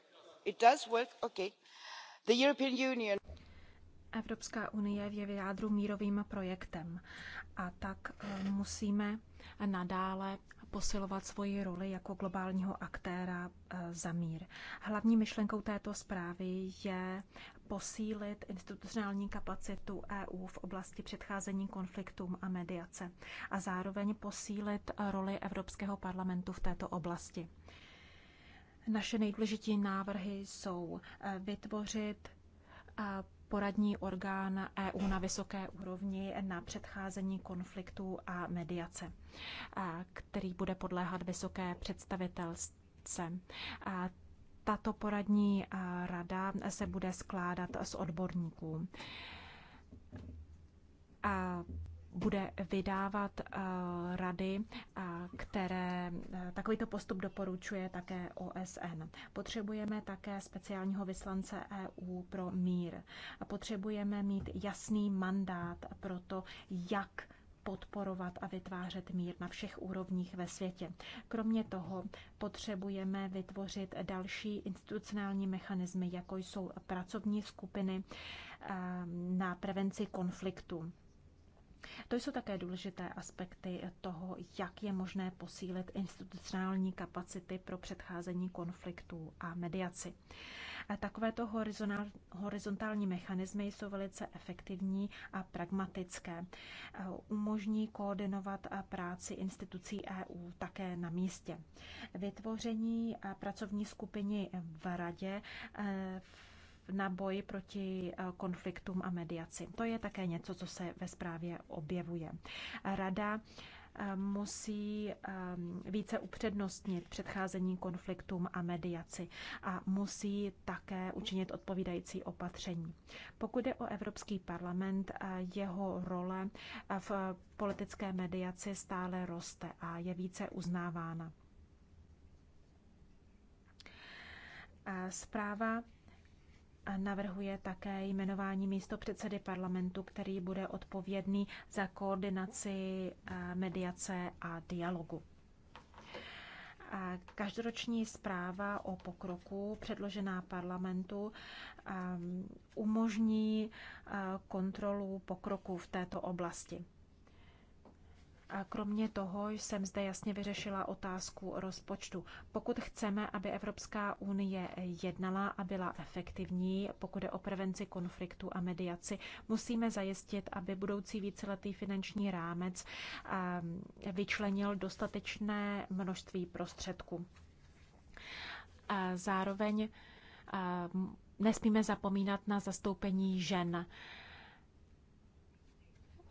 Evropská unie je v jádru mírovým projektem a tak eh, musíme nadále posilovat svoji roli jako globálního aktéra eh, za mír. Hlavní myšlenkou této zprávy je posílit institucionální kapacitu EU v oblasti předcházení konfliktům a mediace a zároveň posílit roli Evropského parlamentu v této oblasti. Naše nejdůležitější návrhy jsou eh, vytvořit eh, poradní orgán EU na vysoké úrovni na předcházení konfliktů a mediace, eh, který bude podléhat vysoké představitelce. Tato poradní rada se bude skládat z odborníků bude vydávat eh, rady, které eh, takovýto postup doporučuje také OSN. Potřebujeme také speciálního vyslance EU pro mír. Potřebujeme mít jasný mandát pro to, jak podporovat a vytvářet mír na všech úrovních ve světě. Kromě toho potřebujeme vytvořit další institucionální mechanismy, jako jsou pracovní skupiny eh, na prevenci konfliktu. To jsou také důležité aspekty toho, jak je možné posílit institucionální kapacity pro předcházení konfliktů a mediaci. Takovéto horizontální mechanismy jsou velice efektivní a pragmatické. Umožní koordinovat práci institucí EU také na místě. Vytvoření pracovní skupiny v radě v eh, na boj proti eh, konfliktům a mediaci. To je také něco, co se ve zprávě objevuje. Rada eh, musí eh, více upřednostnit předcházení konfliktům a mediaci a musí také učinit odpovídající opatření. Pokud je o Evropský parlament, jeho role v politické mediaci stále roste a je více uznávána. Zpráva navrhuje také jmenování místo předsedy parlamentu, který bude odpovědný za koordinaci eh, mediace a dialogu. Každoroční zpráva o pokroku předložená parlamentu ehm, umožní eh, kontrolu pokroku v této oblasti. A kromě toho jsem zde jasně vyřešila otázku rozpočtu. Pokud chceme, aby Evropská unie jednala a byla efektivní, pokud je o prevenci konfliktu a mediaci, musíme zajistit, aby budoucí víceletý finanční rámec eh, vyčlenil dostatečné množství prostředků. zároveň eh, nesmíme zapomínat na zastoupení žen.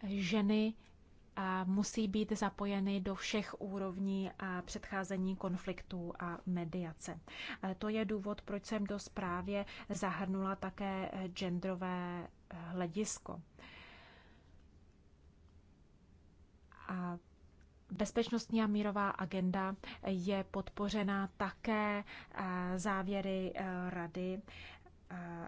Ženy musí být zapojeny do všech úrovní a předcházení konfliktů a mediace. To je důvod, proč jsem do zprávě zahrnula také eh, genderové eh, hledisko. A Bezpečnostní a mírová agenda eh, je podpořena také závěry rady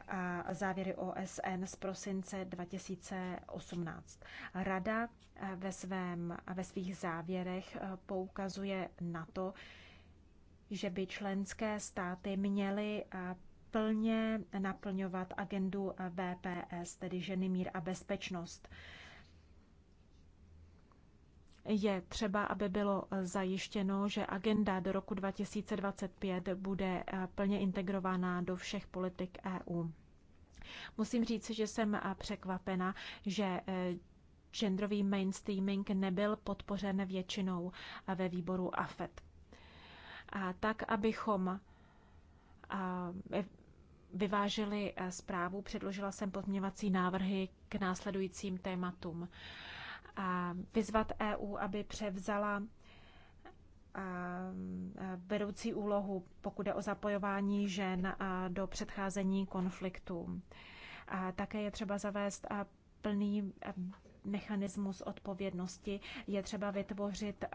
a závěry OSN z prosince 2018. Rada eh, ve, svém, ve svých závěrech eh, poukazuje na to, že by členské státy měly eh, plně naplňovat agendu VPS, tedy ženy, mír a bezpečnost. Je třeba, aby bylo zajištěno, že agenda do roku 2025 bude eh, plně integrována do všech politik EU. Musím říct, že jsem eh, překvapena, že eh, genderový mainstreaming nebyl podpořen většinou ve výboru AFET. A tak, abychom vyvážili zprávu, předložila jsem pozměňovací návrhy k následujícím tématům vyzvat EU, aby převzala vedoucí úlohu, pokud je o zapojování žen do předcházení konfliktů. Také je třeba zavést plný mechanismus odpovědnosti. Je třeba vytvořit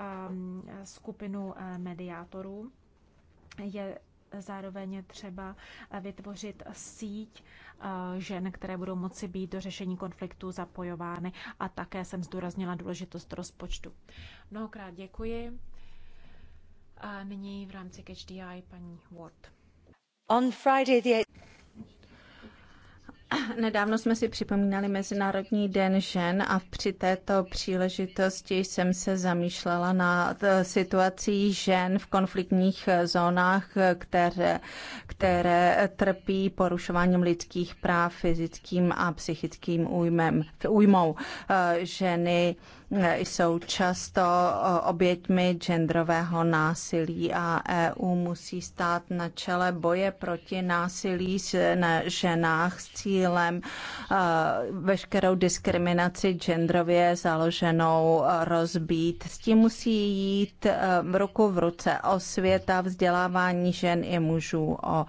skupinu mediátorů. Je zároveň třeba eh, vytvořit síť eh, žen, které budou moci být do řešení konfliktu zapojovány a také jsem zdůraznila důležitost rozpočtu. Mnohokrát děkuji. A nyní v rámci HDI paní Ward. On Friday the... Nedávno jsme si připomínali Mezinárodní den žen a při této příležitosti jsem se zamýšlela na eh, situací žen v konfliktních eh, zónách, které, které trpí porušováním lidských práv, fyzickým a psychickým újmem, újmou. Eh, ženy jsou často oběťmi genderového násilí a EU musí stát na čele boje proti násilí na ženách s cílem e, veškerou diskriminaci genderově založenou e, rozbít. S tím musí jít e, ruku v ruce světa vzdělávání žen i mužů o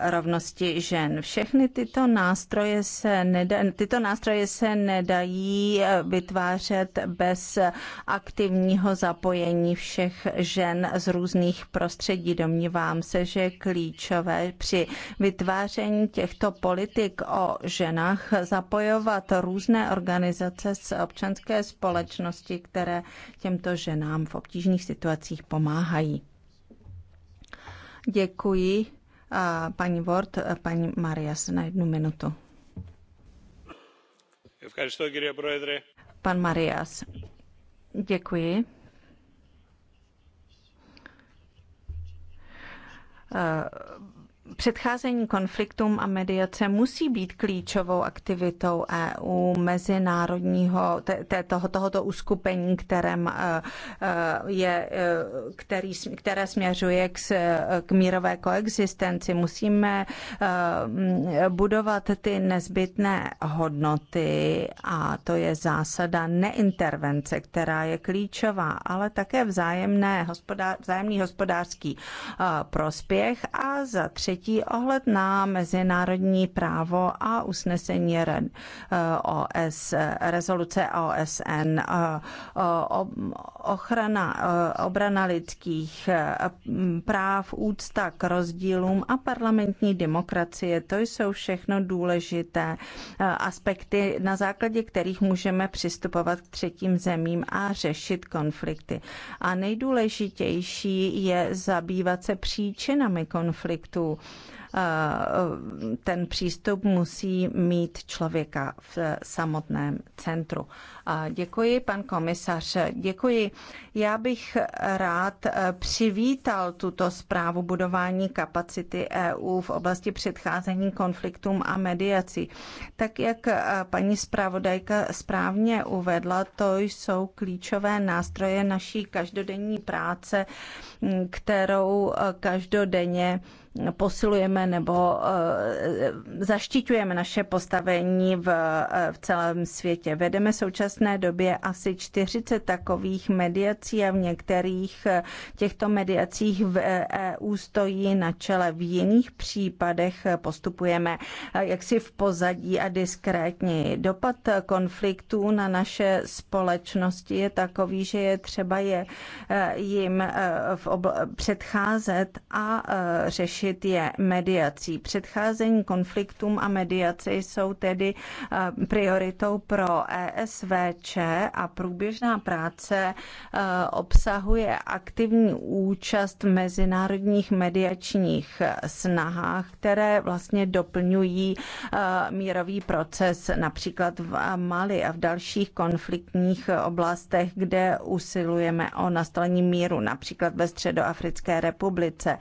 rovnosti žen. Všechny tyto nástroje se, neda, tyto nástroje se nedají vytvářet bez aktivního zapojení všech žen z různých prostředí. Domnívám se, že je klíčové při vytváření těchto politik o ženách zapojovat různé organizace z občanské společnosti, které těmto ženám v obtížných situacích pomáhají. Děkuji. Paní Ward, paní Marias na jednu minutu pan Marias. Děkuji. Uh, Předcházení konfliktům a mediace musí být klíčovou aktivitou EU mezinárodního toho tohoto uskupení, kterém eh, eh, je, eh, který, které směřuje k, k mírové koexistenci. Musíme budovat ty nezbytné hodnoty a to je zásada neintervence, která je klíčová, ale také vzájemné hospodář, vzájemný hospodářský prospěch a za třetí třetí ohled na mezinárodní právo a usnesení eh, OS, rezoluce OSN, eh, ochrana, eh, obrana lidských práv, úcta k rozdílům a parlamentní demokracie. To jsou všechno důležité aspekty, na základě kterých můžeme přistupovat k třetím zemím a řešit konflikty. A nejdůležitější je zabývat se příčinami konfliktů Eh, ten přístup musí mít člověka v samotném centru. Děkuji, pan komisař, děkuji. Já bych rád eh, přivítal tuto zprávu budování kapacity EU v oblasti předcházení konfliktům a mediací. Tak, jak eh, paní zpravodajka správně uvedla, to jsou klíčové nástroje naší každodenní práce, mm, kterou každodenně posilujeme nebo eh, zaštiťujeme naše postavení v, eh, v celém světě. Vedeme v současné době asi 40 takových mediací a v některých eh, těchto mediacích v EU e stojí na čele. V jiných případech postupujeme jaksi v pozadí a diskrétně. Dopad konfliktů na naše společnosti je takový, že je třeba je jim v obl- předcházet a řešit řešit, je mediací. Předcházení konfliktům a mediace jsou tedy eh, prioritou pro ESVČ a průběžná práce eh, obsahuje aktivní účast v mezinárodních mediačních snahách, které vlastně doplňují eh, mírový proces například v Mali a v dalších konfliktních oblastech, kde usilujeme o nastolení míru, například ve Středoafrické republice.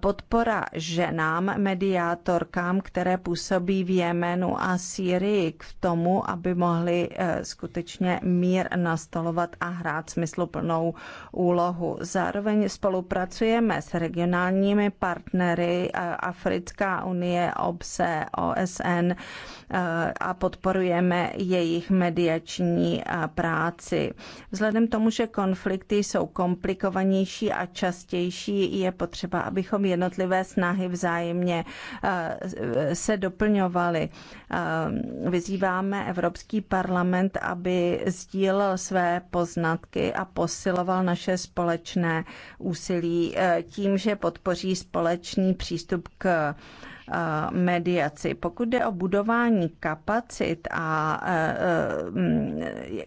Pod podpora ženám, mediátorkám, které působí v Jemenu a Sýrii k tomu, aby mohly eh, skutečně mír nastolovat a hrát smysluplnou úlohu. Zároveň spolupracujeme s regionálními partnery eh, Africká unie, OBSE, OSN, Eh, a podporujeme jejich mediační eh, práci. Vzhledem tomu, že konflikty jsou komplikovanější a častější, je potřeba, abychom jednotlivé snahy vzájemně eh, se doplňovaly. Vyzýváme Evropský parlament, aby sdílel své poznatky a posiloval naše společné úsilí tím, že podpoří společný přístup k Eh, mediaci. Pokud jde o budování kapacit a eh, eh, mm,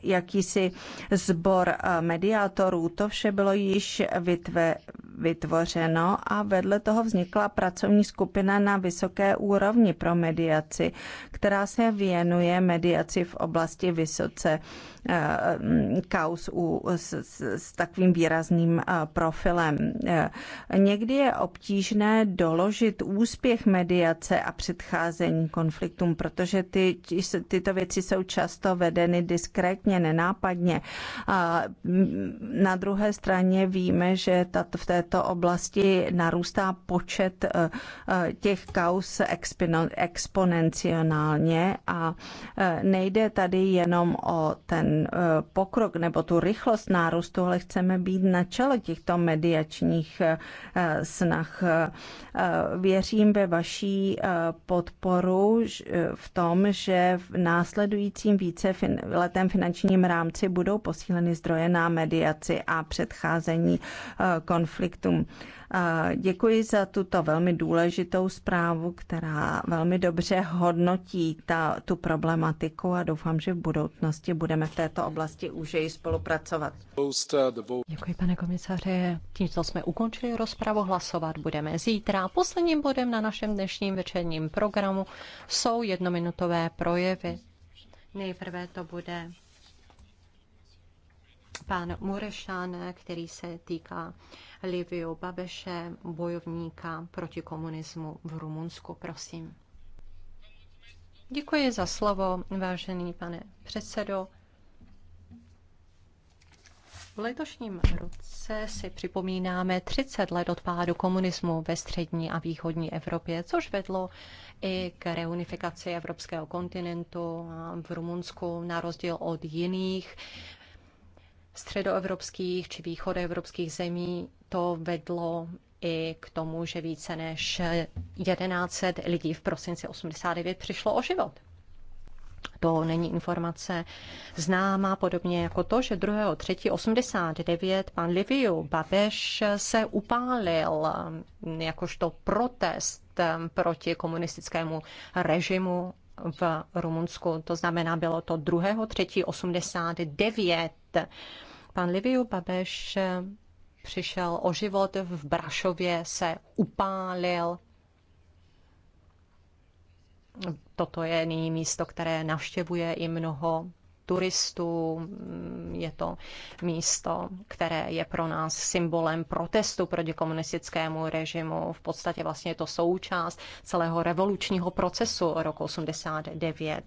jakýsi sbor mediátorů, to vše bylo již vytve, vytvořeno a vedle toho vznikla pracovní skupina na vysoké úrovni pro mediaci, která se věnuje mediaci v oblasti vysoce mm, kaus u, s, s, s takovým výrazným profilem. Někdy je obtížné doložit úspěch mediaci, mediace a předcházení konfliktům, protože ty, tyto věci jsou často vedeny diskrétně, nenápadně. A mm, na druhé straně víme, že tato, v této oblasti narůstá počet e, e, těch kaus exponenciálně a e, nejde tady jenom o ten pokrok nebo tu rychlost nárůstu, ale chceme být na čele těchto mediačních snah. Věřím ve vaší větší eh, podporu eh, v tom, že v následujícím více letem finančním rámci budou posíleny zdroje na mediaci a předcházení eh, konfliktům. Děkuji za tuto velmi důležitou zprávu, která velmi dobře hodnotí ta, tu problematiku a doufám, že v budoucnosti budeme v této oblasti už i spolupracovat. Děkuji, pane komisaře. Tímto jsme ukončili rozpravu, hlasovat budeme zítra. Posledním bodem na našem dnešním večerním programu jsou jednominutové projevy. Nejprve to bude pan Murešan, který se týká Livio Babeše, bojovníka proti komunismu v Rumunsku. Prosím. Děkuji za slovo, vážený pane předsedo. V letošním roce si připomínáme 30 let od pádu komunismu ve střední a východní Evropě, což vedlo i k reunifikaci evropského kontinentu v Rumunsku na rozdíl od jiných středoevropských či východoevropských zemí to vedlo i k tomu, že více než 1100 lidí v prosinci 89 přišlo o život. To není informace známá, podobně jako to, že 2.3.89 pan Liviu Babeš se upálil jakožto protest proti komunistickému režimu v Rumunsku. To znamená, bylo to 2.3.89 89 Pan Liviu Babeš přišel o život v Brašově, se upálil. Toto je nyní místo, které navštěvuje i mnoho turistů. Je to místo, které je pro nás symbolem protestu proti komunistickému režimu. V podstatě vlastně je to součást celého revolučního procesu roku 89.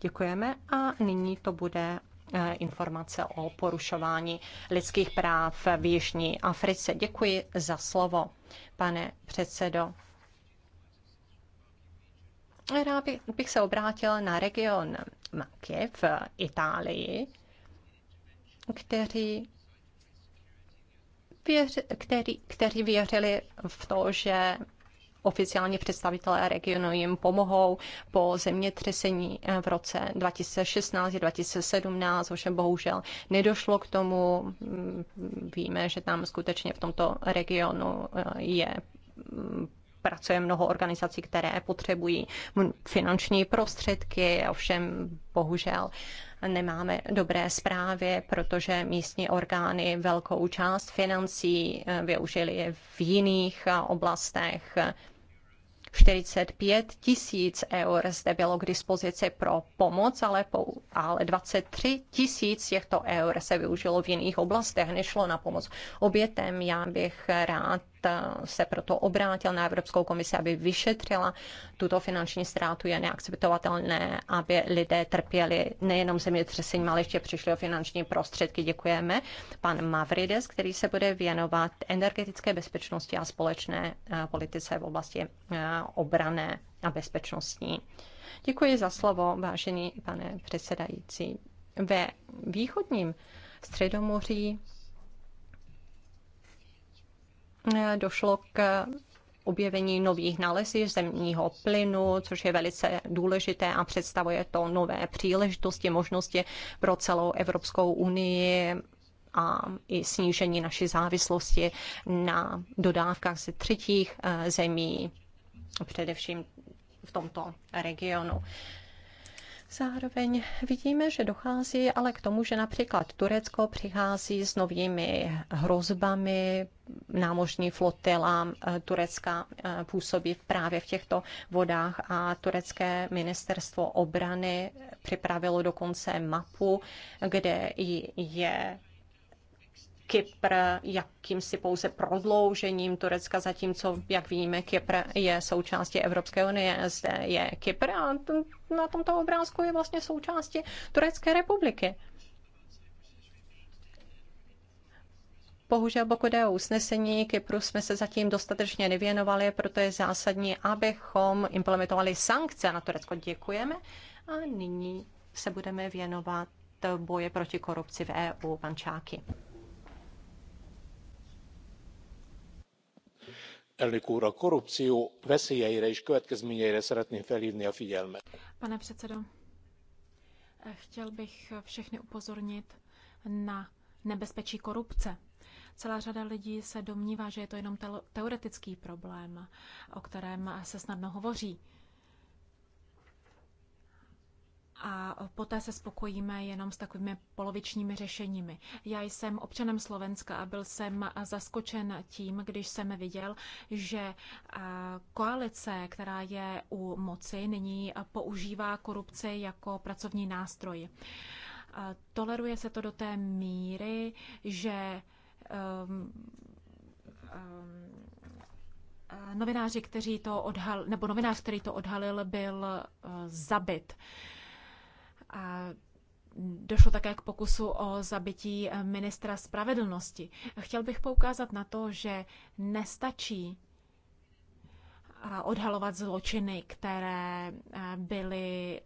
Děkujeme a nyní to bude Eh, informace o porušování lidských práv v Jižní Africe. Děkuji za slovo, pane předsedo. Rád bych se obrátil na region Makie v Itálii, který věř, který, kteří věřili v to, že oficiálně představitelé regionu jim pomohou po zemětřesení eh, v roce 2016-2017, ovšem bohužel nedošlo k tomu. Mm, víme, že tam skutečně v tomto regionu eh, je mm, pracuje mnoho organizací, které potřebují finanční prostředky, ovšem bohužel nemáme dobré zprávy, protože místní orgány velkou část financí eh, využili v jiných oblastech 45 tisíc eur zde bylo k dispozici pro pomoc, ale, po, ale 23 tisíc těchto eur se využilo v jiných oblastech, nešlo na pomoc obětem. Já bych rád se proto obrátil na Evropskou komisi, aby vyšetřila tuto finanční ztrátu. Je neakceptovatelné, aby lidé trpěli nejenom zemětřesení, ale ještě přišli o finanční prostředky. Děkujeme. Pan Mavrides, který se bude věnovat energetické bezpečnosti a společné eh, politice v oblasti eh, obrané a bezpečnostní. Děkuji za slovo, vážený pane předsedající. Ve východním středomoří došlo k objevení nových nalezí zemního plynu, což je velice důležité a představuje to nové příležitosti, možnosti pro celou Evropskou unii a i snížení naší závislosti na dodávkách ze třetích eh, zemí, především v tomto regionu. Zároveň vidíme, že dochází ale k tomu, že například Turecko přichází s novými hrozbami, námořní flotila eh, Turecka eh, působí právě v těchto vodách a turecké ministerstvo obrany připravilo dokonce mapu, kde je Kypr jakýmsi pouze prodloužením Turecka, zatímco, jak víme, Kypr je součástí Evropské unie, zde je Kypr a na tomto obrázku je vlastně součástí Turecké republiky. Bohužel, pokud je o usnesení Kypru, jsme se zatím dostatečně nevěnovali, proto je zásadní, abychom implementovali sankce na Turecko. Děkujeme. A nyní se budeme věnovat boje proti korupci v EU. Pan Čáky. pane předsedo chtěl bych všechny upozornit na nebezpečí korupce. Celá řada lidí se domnívá, že je to jenom teoretický problém, o kterém se snadno hovoří a poté se spokojíme jenom s takovými polovičními řešeními. Já jsem občanem Slovenska a byl jsem zaskočen tím, když jsem viděl, že koalice, která je u moci, nyní používá korupci jako pracovní nástroj. Toleruje se to do té míry, že um, um, novináři, kteří to odhal, nebo novinář, který to odhalil, byl uh, zabit. Uh, Došlo také k pokusu o zabití eh, ministra spravedlnosti. Chtěl bych poukázat na to, že nestačí eh, odhalovat zločiny, které eh, byly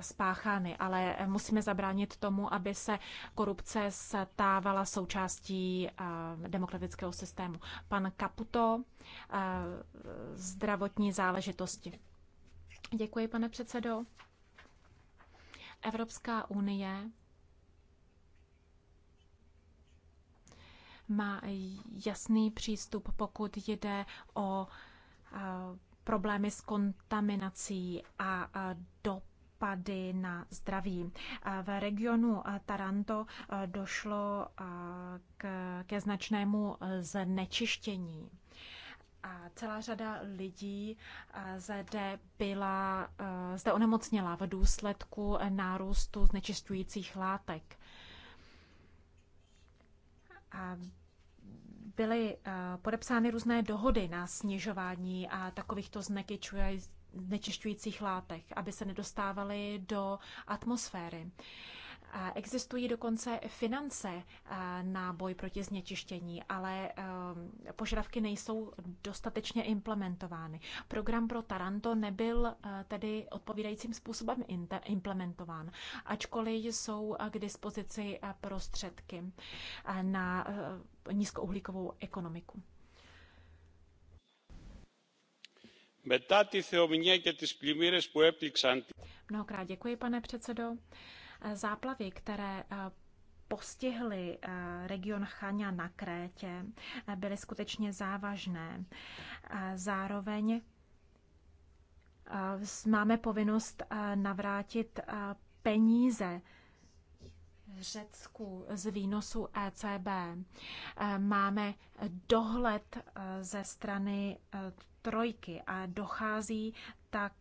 spáchány, ale musíme zabránit tomu, aby se korupce stávala součástí demokratického systému. Pan Kaputo, zdravotní záležitosti. Děkuji, pane předsedo. Evropská unie má jasný přístup, pokud jde o problémy s kontaminací a dopady na zdraví. V regionu Taranto došlo ke značnému znečištění. A celá řada lidí zde byla, zde onemocněla v důsledku nárůstu znečišťujících látek. A byly podepsány různé dohody na snižování a takovýchto znečišťujících látek, aby se nedostávaly do atmosféry. Existují dokonce finance na boj proti znečištění, ale e, požadavky nejsou dostatečně implementovány. Program pro Taranto nebyl e, tedy odpovídajícím způsobem implementován, ačkoliv jsou e, k dispozici prostředky na nízkouhlíkovou ekonomiku. Mnohokrát děkuji, pane předsedo. Záplavy, které eh, postihly eh, region Chania na Krétě, eh, byly skutečně závažné. Zároveň máme povinnost navrátit peníze Řecku z výnosu ECB. Máme dohled ze strany trojky a dochází tak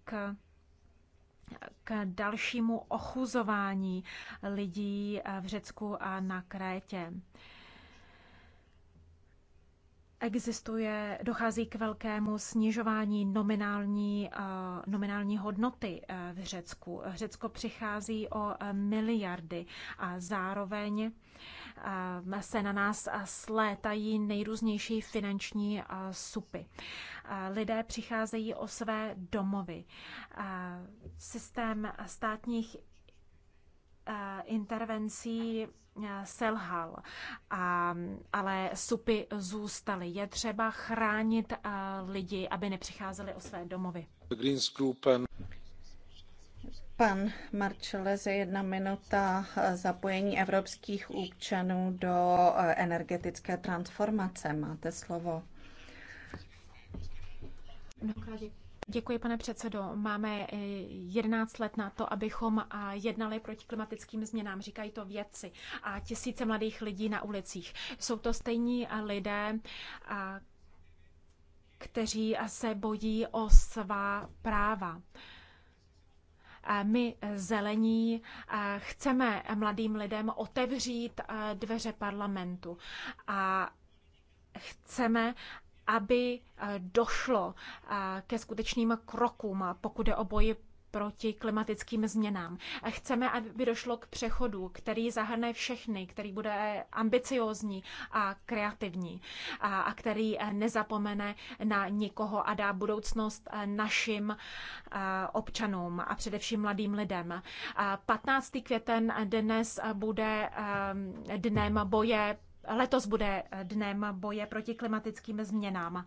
k dalšímu ochuzování lidí eh, v Řecku a na Krétě existuje, dochází k velkému snižování nominální, eh, nominální hodnoty eh, v Řecku. Řecko přichází o eh, miliardy a zároveň se na nás slétají nejrůznější finanční supy. Lidé přicházejí o své domovy. Systém státních Eh, intervencí eh, selhal, a, ale supy zůstaly. Je třeba chránit eh, lidi, aby nepřicházeli o své domovy. Pan Marčeleze, jedna minuta zapojení evropských občanů do energetické transformace. Máte slovo. Mnohokrát děkuji. Děkuji, pane předsedo. Máme 11 eh, let na to, abychom eh, jednali proti klimatickým změnám, říkají to vědci. A tisíce mladých lidí na ulicích. Jsou to stejní eh, lidé, kteří se bojí o svá práva my zelení chceme mladým lidem otevřít dveře parlamentu a chceme, aby eh, došlo eh, ke skutečným krokům, pokud je o boji proti klimatickým změnám. Eh, chceme, aby došlo k přechodu, který zahrne všechny, který bude ambiciózní a kreativní a, a který nezapomene na nikoho a dá budoucnost našim občanům a především mladým lidem. 15. květen dnes bude dnem boje letos bude eh, dnem boje proti klimatickým změnám.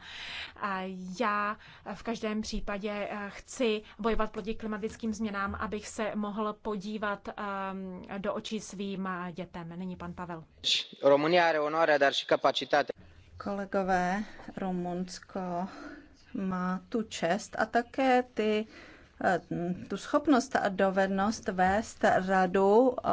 Já v každém případě eh, chci bojovat proti klimatickým změnám, abych se mohl podívat ehm, do očí svým eh, dětem. Není pan Pavel. Romunia are onoarea, dar și capacitate. Kolegové, Rumunsko má tu čest a také ty Eh, tu schopnost a dovednost vést radu eh,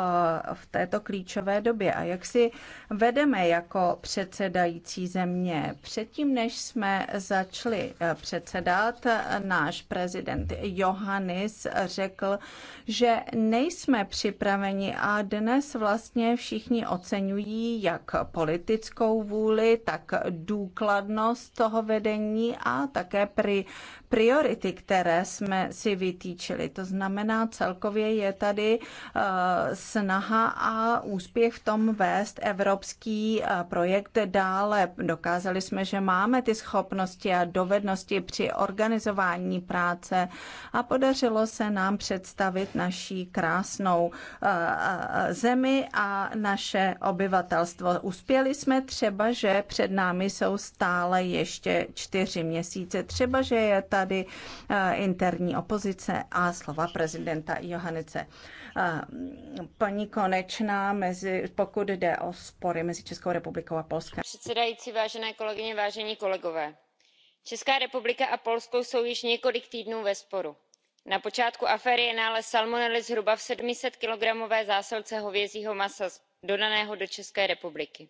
v této klíčové době a jak si vedeme jako předsedající země. Předtím, než jsme začali eh, předsedat, náš prezident Johannes řekl, že nejsme připraveni a dnes vlastně všichni oceňují jak politickou vůli, tak důkladnost toho vedení a také pri priority, které jsme si vytýčili. To znamená, celkově je tady eh, snaha a úspěch v tom vést evropský eh, projekt dále. Dokázali jsme, že máme ty schopnosti a dovednosti při organizování práce a podařilo se nám představit naší krásnou eh, zemi a naše obyvatelstvo. Uspěli jsme třeba, že před námi jsou stále ještě čtyři měsíce, třeba, že je ta tady eh, interní opozice a slova prezidenta Johanice. Eh, paní Konečná, mezi, pokud jde o spory mezi Českou republikou a Polskem. Předsedající, vážené kolegyně, vážení kolegové. Česká republika a Polsko jsou již několik týdnů ve sporu. Na počátku aféry je nález salmonely zhruba v 700 kilogramové zásilce hovězího masa dodaného do České republiky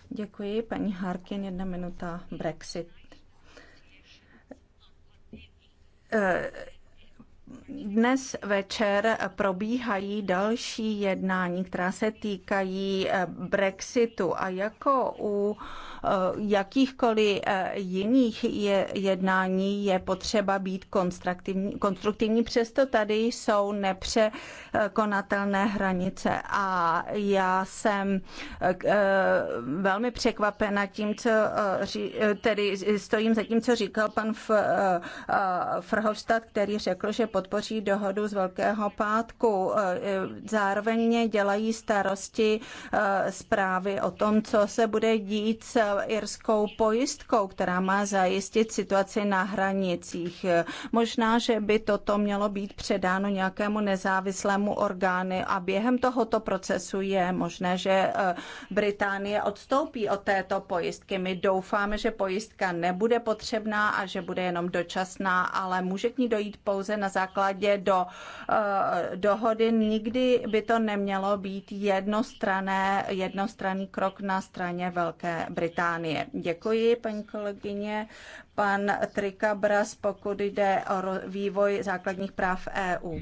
Děkuji, paní Harkin, jedna minuta Brexit. Eh, dnes večer probíhají další jednání, která se týkají eh, Brexitu a jako u eh, jakýchkoliv eh, jiných je, jednání je potřeba být konstruktivní, konstruktivní, přesto tady jsou nepřekonatelné hranice a já jsem velmi překvapena tím, co tedy stojím za tím, co říkal pan Frhovstad, který řekl, že potřeba podpoří dohodu z Velkého pátku. Zároveň mě dělají starosti eh, zprávy o tom, co se bude dít s irskou pojistkou, která má zajistit situaci na hranicích. Možná, že by toto mělo být předáno nějakému nezávislému orgánu a během tohoto procesu je možné, že eh, Británie odstoupí od této pojistky. My doufáme, že pojistka nebude potřebná a že bude jenom dočasná, ale může k ní dojít pouze na základě základě do eh, dohody. Nikdy by to nemělo být jednostrané, jednostranný krok na straně Velké Británie. Děkuji, paní kolegyně. Pan Trikabras, pokud jde o vývoj základních práv EU.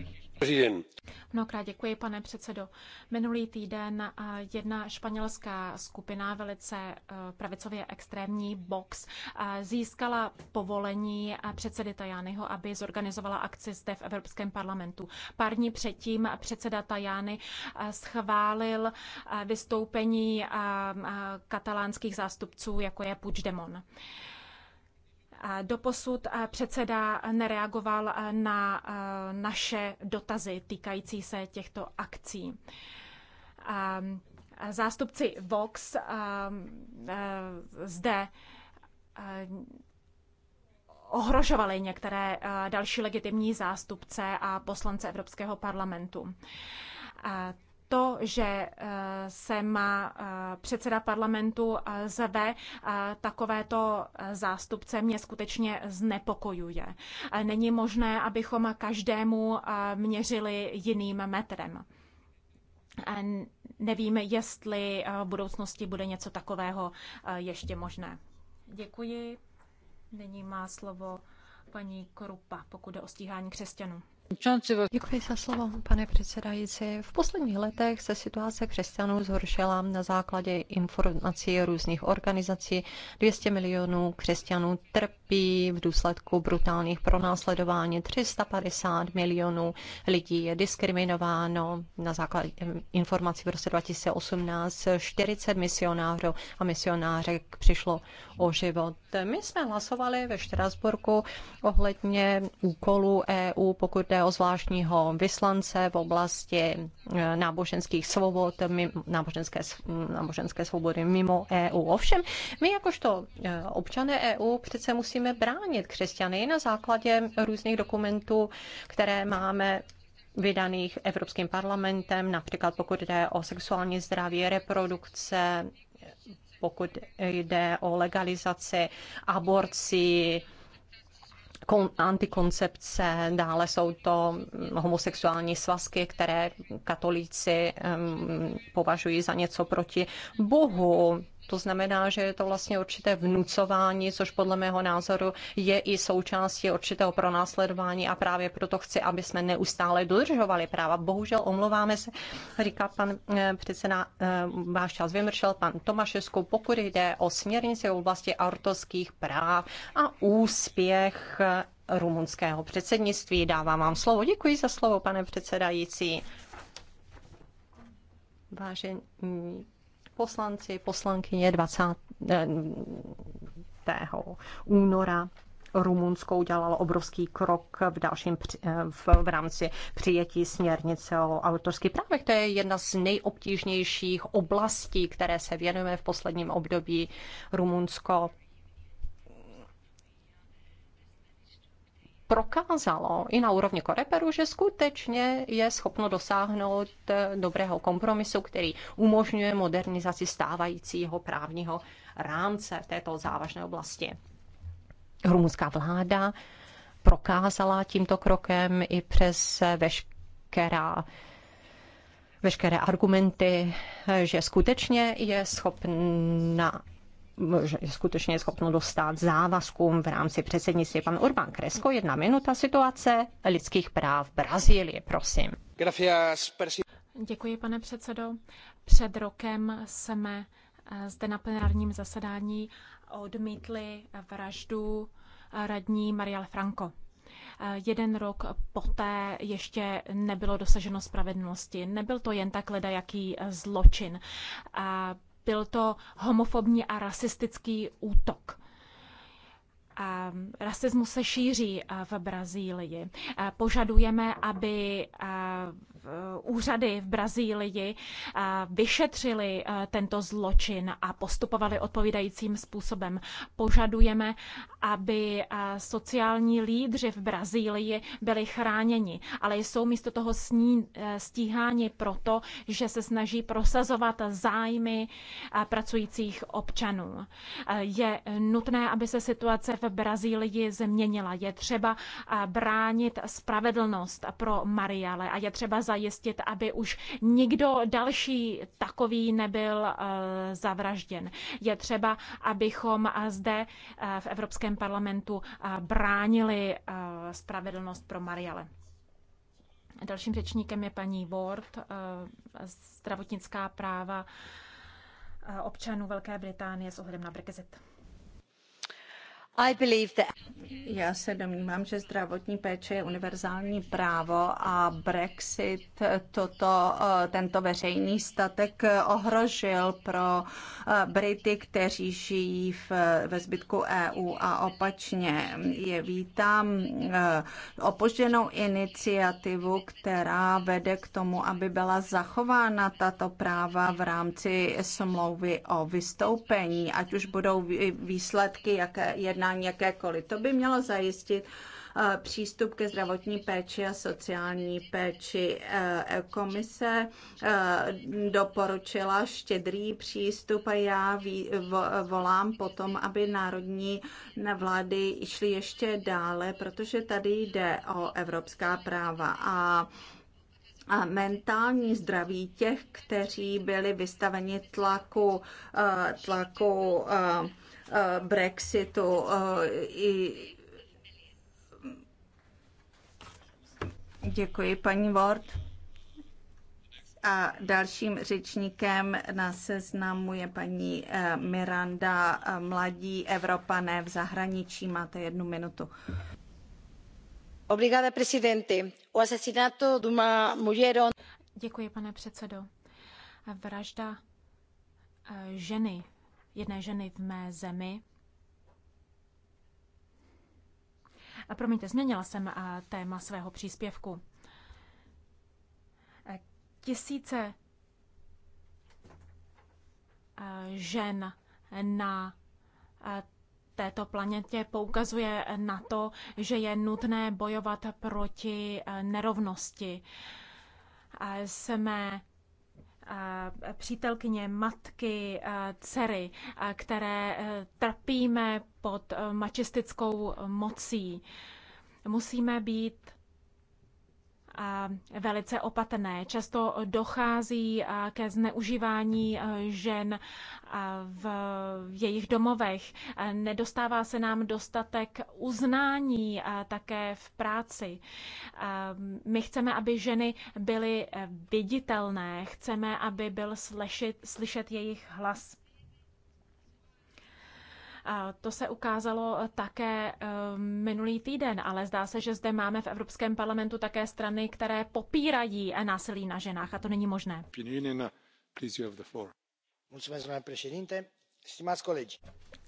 Mnohokrát děkuji, pane předsedo. Minulý týden eh, jedna španělská skupina, velice eh, pravicově extrémní Box, eh, získala povolení předsedy Tajányho, aby zorganizovala akci zde v Evropském parlamentu. Pár dní předtím předseda Tajány schválil vystoupení katalánských zástupců, jako je Puigdemont. Doposud eh, předseda nereagoval eh, na eh, naše dotazy týkající se těchto akcí. Ehm, zástupci Vox ehm, zde ohrožovali některé další legitimní zástupce a poslance Evropského parlamentu to, že eh, se má eh, předseda parlamentu eh, zve takovéto zástupce, mě skutečně znepokojuje. Není možné, abychom každému měřili jiným metrem. Nevím, jestli v budoucnosti bude něco takového ještě možné. Děkuji. Nyní má slovo paní Korupa, pokud jde o stíhání křesťanů pane předsedající. V posledních letech se situace křesťanů zhoršila na základě informací různých organizací. 200 milionů křesťanů trpí v důsledku brutálních pronásledování. 350 milionů lidí je diskriminováno na základě informací v roce 2018. 40 misionářů a misionářek přišlo o život. My jsme hlasovali ve Štrasburku ohledně úkolů EU, pokud jde o zvláštního vyslance v oblasti eh, náboženských svobod, náboženské, náboženské svobody mimo EU. Ovšem, my jakožto eh, občané EU přece musíme bránit křesťany na základě různých dokumentů, které máme vydaných Evropským parlamentem, například pokud jde o sexuální zdraví, reprodukce, pokud jde o legalizaci aborcí, kon, antikoncepce, dále jsou to mm, homosexuální svazky, které katolíci um, považují za něco proti Bohu, to znamená, že je to vlastně určité vnucování, což podle mého názoru je i součástí určitého pronásledování a právě proto chci, aby jsme neustále dodržovali práva. Bohužel omlouváme se, říká pan eh, předseda, eh, váš čas vymršel, pan Tomašesku, pokud jde o směrnici v oblasti autorských práv a úspěch eh, rumunského předsednictví. Dávám vám slovo. Děkuji za slovo, pane předsedající. Vážení poslanci, poslankyně 20. února Rumunsko udělalo obrovský krok v dalším eh, v, v rámci přijetí směrnice o autorských právech. To je jedna z nejobtížnějších oblastí, které se věnujeme v posledním období. Rumunsko prokázalo i na úrovni Koreperu, že skutečně je schopno dosáhnout eh, dobrého kompromisu, který umožňuje modernizaci stávajícího právního rámce v této závažné oblasti. Rumunská vláda prokázala tímto krokem i přes eh, veškerá veškeré argumenty, eh, že skutečně je schopna skutečně je schopno dostat závazkům v rámci předsednictví. Pan Urban Kresko, jedna minuta situace lidských práv v Brazílii, prosím. Děkuji, pane předsedo. Před rokem jsme eh, zde na plenárním zasedání odmítli vraždu eh, radní Marielle Franco. Eh, jeden rok poté ještě nebylo dosaženo spravedlnosti. Nebyl to jen tak leda jaký zločin byl to homofobní a rasistický útok. A rasismus se šíří v Brazílii. Požadujeme, aby Eh, úřady v Brazílii eh, vyšetřili eh, tento zločin a postupovali odpovídajícím způsobem. Požadujeme, aby sociální lídři v Brazílii byli chráněni, ale jsou místo toho sní, stíháni proto, že se snaží prosazovat zájmy pracujících občanů. Je nutné, aby se situace v Brazílii změnila. Je třeba bránit spravedlnost pro Mariale a je třeba zajistit, aby už nikdo další takový nebyl eh, zavražděn. Je třeba, abychom eh, zde eh, v Evropském parlamentu bránili spravedlnost pro Mariale. Dalším řečníkem je paní Ward, zdravotnická práva občanů Velké Británie s ohledem na Brexit. Já se domnívám, že zdravotní péče je univerzální právo a Brexit toto, eh, tento veřejný statek ohrožil pro eh, Brity, kteří žijí v, ve zbytku EU a opačně. Je vítám eh, opožděnou iniciativu, která vede k tomu, aby byla zachována tato práva v rámci smlouvy o vystoupení, ať už budou výsledky jaké jedná sociální jakékoliv. To by mělo zajistit eh, přístup ke zdravotní péči a sociální péči. Eh, komise eh, doporučila štědrý přístup a já volám potom, aby národní vlády šly ještě dále, protože tady jde o evropská práva a a mentální zdraví těch, kteří byli vystaveni tlaku, tlaku Eh, Brexitu eh, i Děkuji, paní Ward. A dalším řečníkem na seznamu je paní eh, Miranda Mladí Evropané v zahraničí. Máte jednu minutu. Obrigada, presidente. O asesinato de uma mulher... Děkuji, pane předsedo. Vražda ženy jedné ženy v mé zemi. A promiňte, změnila jsem téma svého příspěvku. E, tisíce e, žen na e, této planetě poukazuje na to, že je nutné bojovat proti nerovnosti. Jsme přítelkyně, matky, dcery, které e, trpíme pod e, mačistickou mocí. Musíme být velice opatrné. Často dochází ke zneužívání žen v jejich domovech. Nedostává se nám dostatek uznání také v práci. My chceme, aby ženy byly e, viditelné, chceme, aby byl slyšet, slyšet jejich hlas. To se ukázalo také eh, minulý týden, ale zdá se, že zde máme v Evropském parlamentu také strany, které popírají násilí na ženách a to není možné. Uh,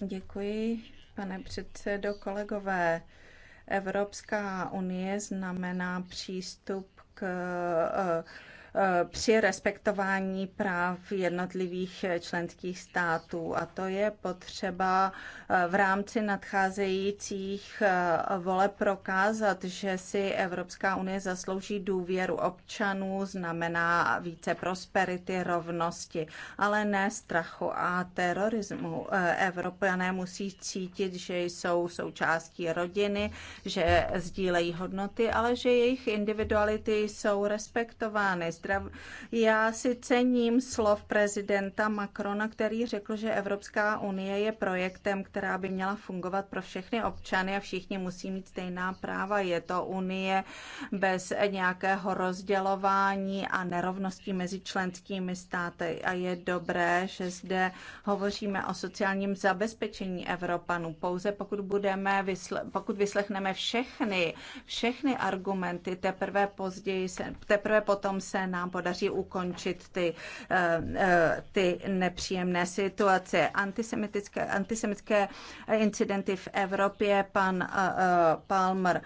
Děkuji, pane předsedo, kolegové. Evropská unie znamená přístup k eh, Eh, při respektování práv jednotlivých členských států. A to je potřeba eh, v rámci nadcházejících eh, vole prokázat, že si Evropská unie zaslouží důvěru občanů, znamená více prosperity, rovnosti, ale ne strachu a terorismu. Evropané musí cítit, že jsou součástí rodiny, že sdílejí hodnoty, ale že jejich individuality jsou respektovány zdrav. Já si cením slov prezidenta Macrona, který řekl, že Evropská unie je projektem, která by měla fungovat pro všechny občany a všichni musí mít stejná práva. Je to unie bez nějakého rozdělování a nerovností mezi členskými státy. A je dobré, že zde hovoříme o sociálním zabezpečení Evropanů. Pouze pokud budeme, vysle, pokud vyslechneme všechny, všechny argumenty, teprve později se, teprve potom se nám podaří ukončit ty, eh, eh, ty nepříjemné situace. Antisemitické, antisemitské incidenty v Evropě, pan eh, Palmer,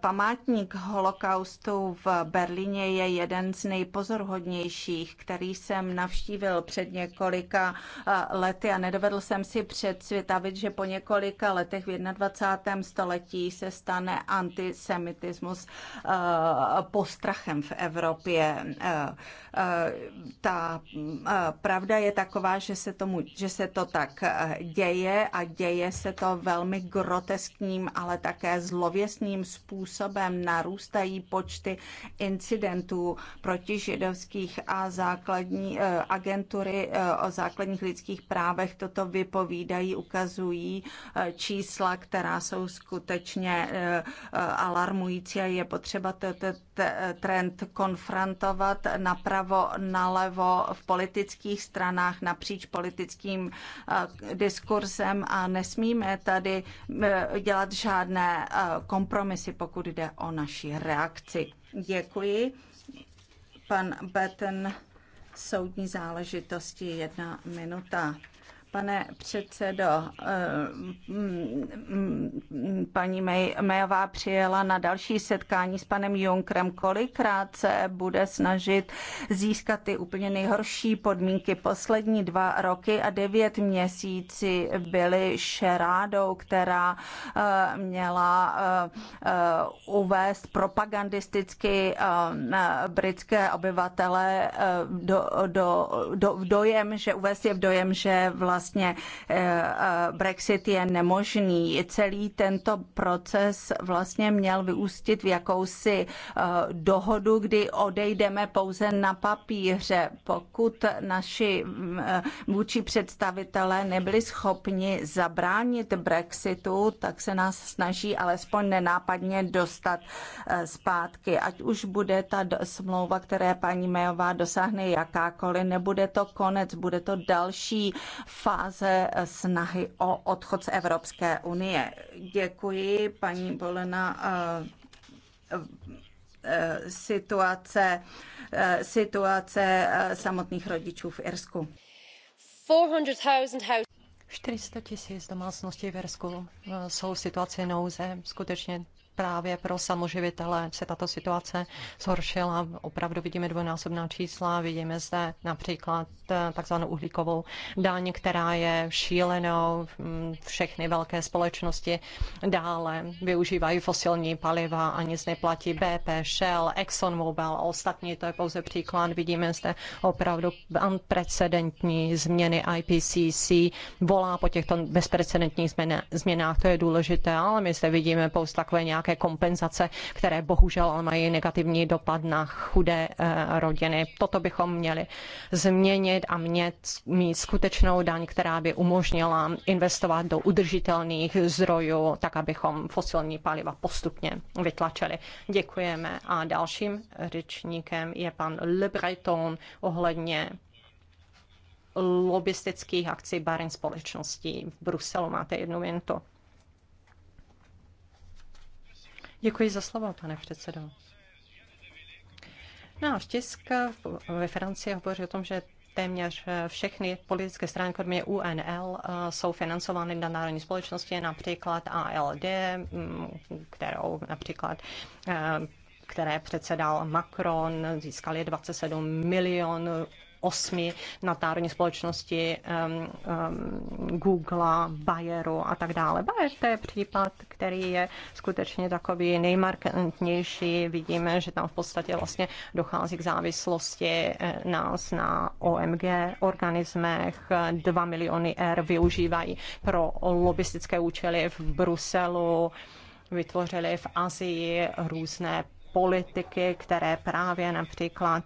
památník holokaustu v Berlíně je jeden z nejpozorhodnějších, který jsem navštívil před několika lety a nedovedl jsem si předsvětavit, že po několika letech v 21. století se stane antisemitismus postavený strachem v Evropě. Eh, eh, ta eh, pravda je taková, že se, tomu, že se to tak děje a děje se to velmi groteskním, ale také zlověsným způsobem. Narůstají počty incidentů proti židovských a základní agentury o základních lidských právech toto vypovídají, ukazují čísla, která jsou skutečně alarmující a je potřeba trend konfrontovat napravo, nalevo v politických stranách napříč politickým eh, diskursem a nesmíme tady eh, dělat žádné eh, kompromisy, pokud jde o naši reakci. Děkuji. Pan Betten, soudní záležitosti, jedna minuta. Pane předsedo, eh, mm, mm, paní Mejová přijela na další setkání s panem Junkrem. Kolikrát se bude snažit získat ty úplně nejhorší podmínky? Poslední dva roky a devět měsíci byly šerádou, která eh, měla eh, uvést propagandisticky britské obyvatele do, do, do, dojem, že uvést je v dojem, že vlastně vlastně eh, eh, Brexit je nemožný. Celý tento proces vlastně měl vyústit v jakousi eh, dohodu, kdy odejdeme pouze na papíře, pokud naši mm, vůči představitelé nebyli schopni zabránit Brexitu, tak se nás snaží alespoň nenápadně dostat zpátky. Ať už bude ta smlouva, které paní Mejová dosáhne jakákoliv, nebude to konec, bude to další fáze snahy o odchod z Evropské unie. Děkuji, paní Bolena situace, situace samotných rodičů v Irsku. 400 tisíc domácností v Irsku eh, jsou v situaci nouze. Skutečně právě pro samoživitele se tato situace zhoršila. Opravdu vidíme dvojnásobná čísla, vidíme zde například eh, takzvanou uhlíkovou daň, která je šílenou. Všechny velké společnosti dále využívají fosilní paliva a z neplatí. BP, Shell, ExxonMobil a ostatní, to je pouze příklad. Vidíme zde opravdu unprecedentní změny IPCC, volá po těchto bezprecedentních změnách, to je důležité, ale my zde vidíme pouze takové nějaké nějaké kompenzace, které bohužel mají negativní dopad na chudé eh, rodiny. Toto bychom měli změnit a mět, mít skutečnou daň, která by umožnila investovat do udržitelných zdrojů, tak abychom fosilní paliva postupně vytlačili. Děkujeme a dalším řečníkem je pan Le Breton ohledně lobistických akcí barin společností v Bruselu. Máte jednu minutu. Děkuji za slovo, pane předsedo. v tisk ve Francii hovoří o tom, že téměř všechny politické strany, kromě UNL, jsou financovány na národní společnosti, například ALD, kterou například eh, které předsedal Macron, získali 27 milionů osmi nadnárodní společnosti um, um, Google, Bayeru a tak dále. Bayer to je případ, který je skutečně takový nejmarkantnější. Vidíme, že tam v podstatě vlastně dochází k závislosti eh, nás na OMG organismech. 2 miliony R využívají pro lobistické účely v Bruselu vytvořili v Asii různé politiky, které právě například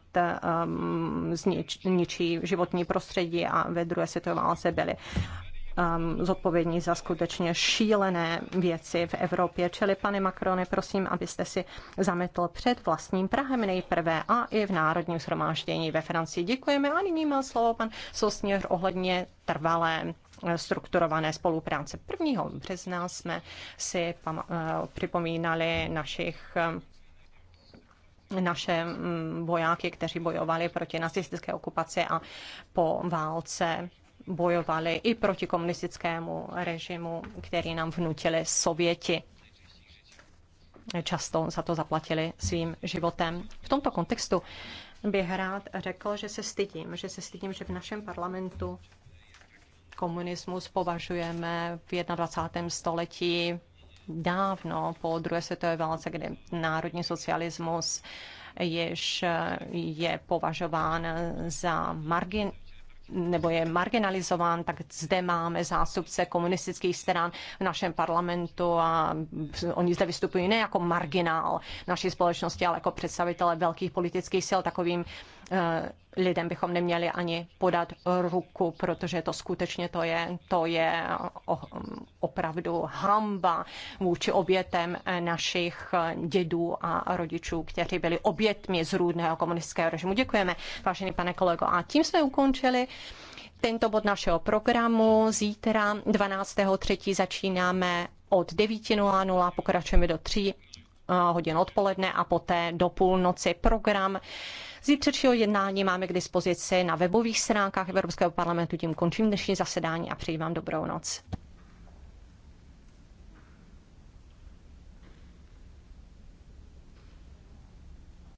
um, znič, ničí životní prostředí a ve druhé světové válce byly um, zodpovědní za skutečně šílené věci v Evropě. Čili, pane Macrone, prosím, abyste si zametl před vlastním Prahem nejprve a i v Národním shromáždění ve Francii. Děkujeme a nyní má slovo pan Sosněr ohledně trvalé eh, strukturované spolupráce. 1. března jsme si eh, připomínali našich eh, naše mm, vojáky, kteří bojovali proti nacistické okupaci a po válce bojovali i proti komunistickému režimu, který nám vnutili Sověti. Často za to zaplatili svým životem. V tomto kontextu bych rád řekl, že se stydím, že se stydím, že v našem parlamentu komunismus považujeme v 21. století dávno po druhé světové válce, kdy národní socialismus jež eh, je považován za margin, nebo je marginalizován, tak zde máme zástupce komunistických stran v našem parlamentu a oni zde vystupují ne jako marginál naší společnosti, ale jako představitele velkých politických sil. Takovým Eh, lidem bychom neměli ani podat ruku, protože to skutečně to je, to je eh, oh, opravdu hamba vůči obětem eh, našich dědů a rodičů, kteří byli obětmi zrůdného komunistického režimu. Děkujeme, vážený pane kolego. A tím jsme ukončili tento bod našeho programu. Zítra 12.3. začínáme od 9.00, pokračujeme do 3 hodin odpoledne a poté do půlnoci program Zítřejšího jednání máme k dispozici na webových stránkách Evropského parlamentu. Tím končím dnešní zasedání a přeji vám dobrou noc.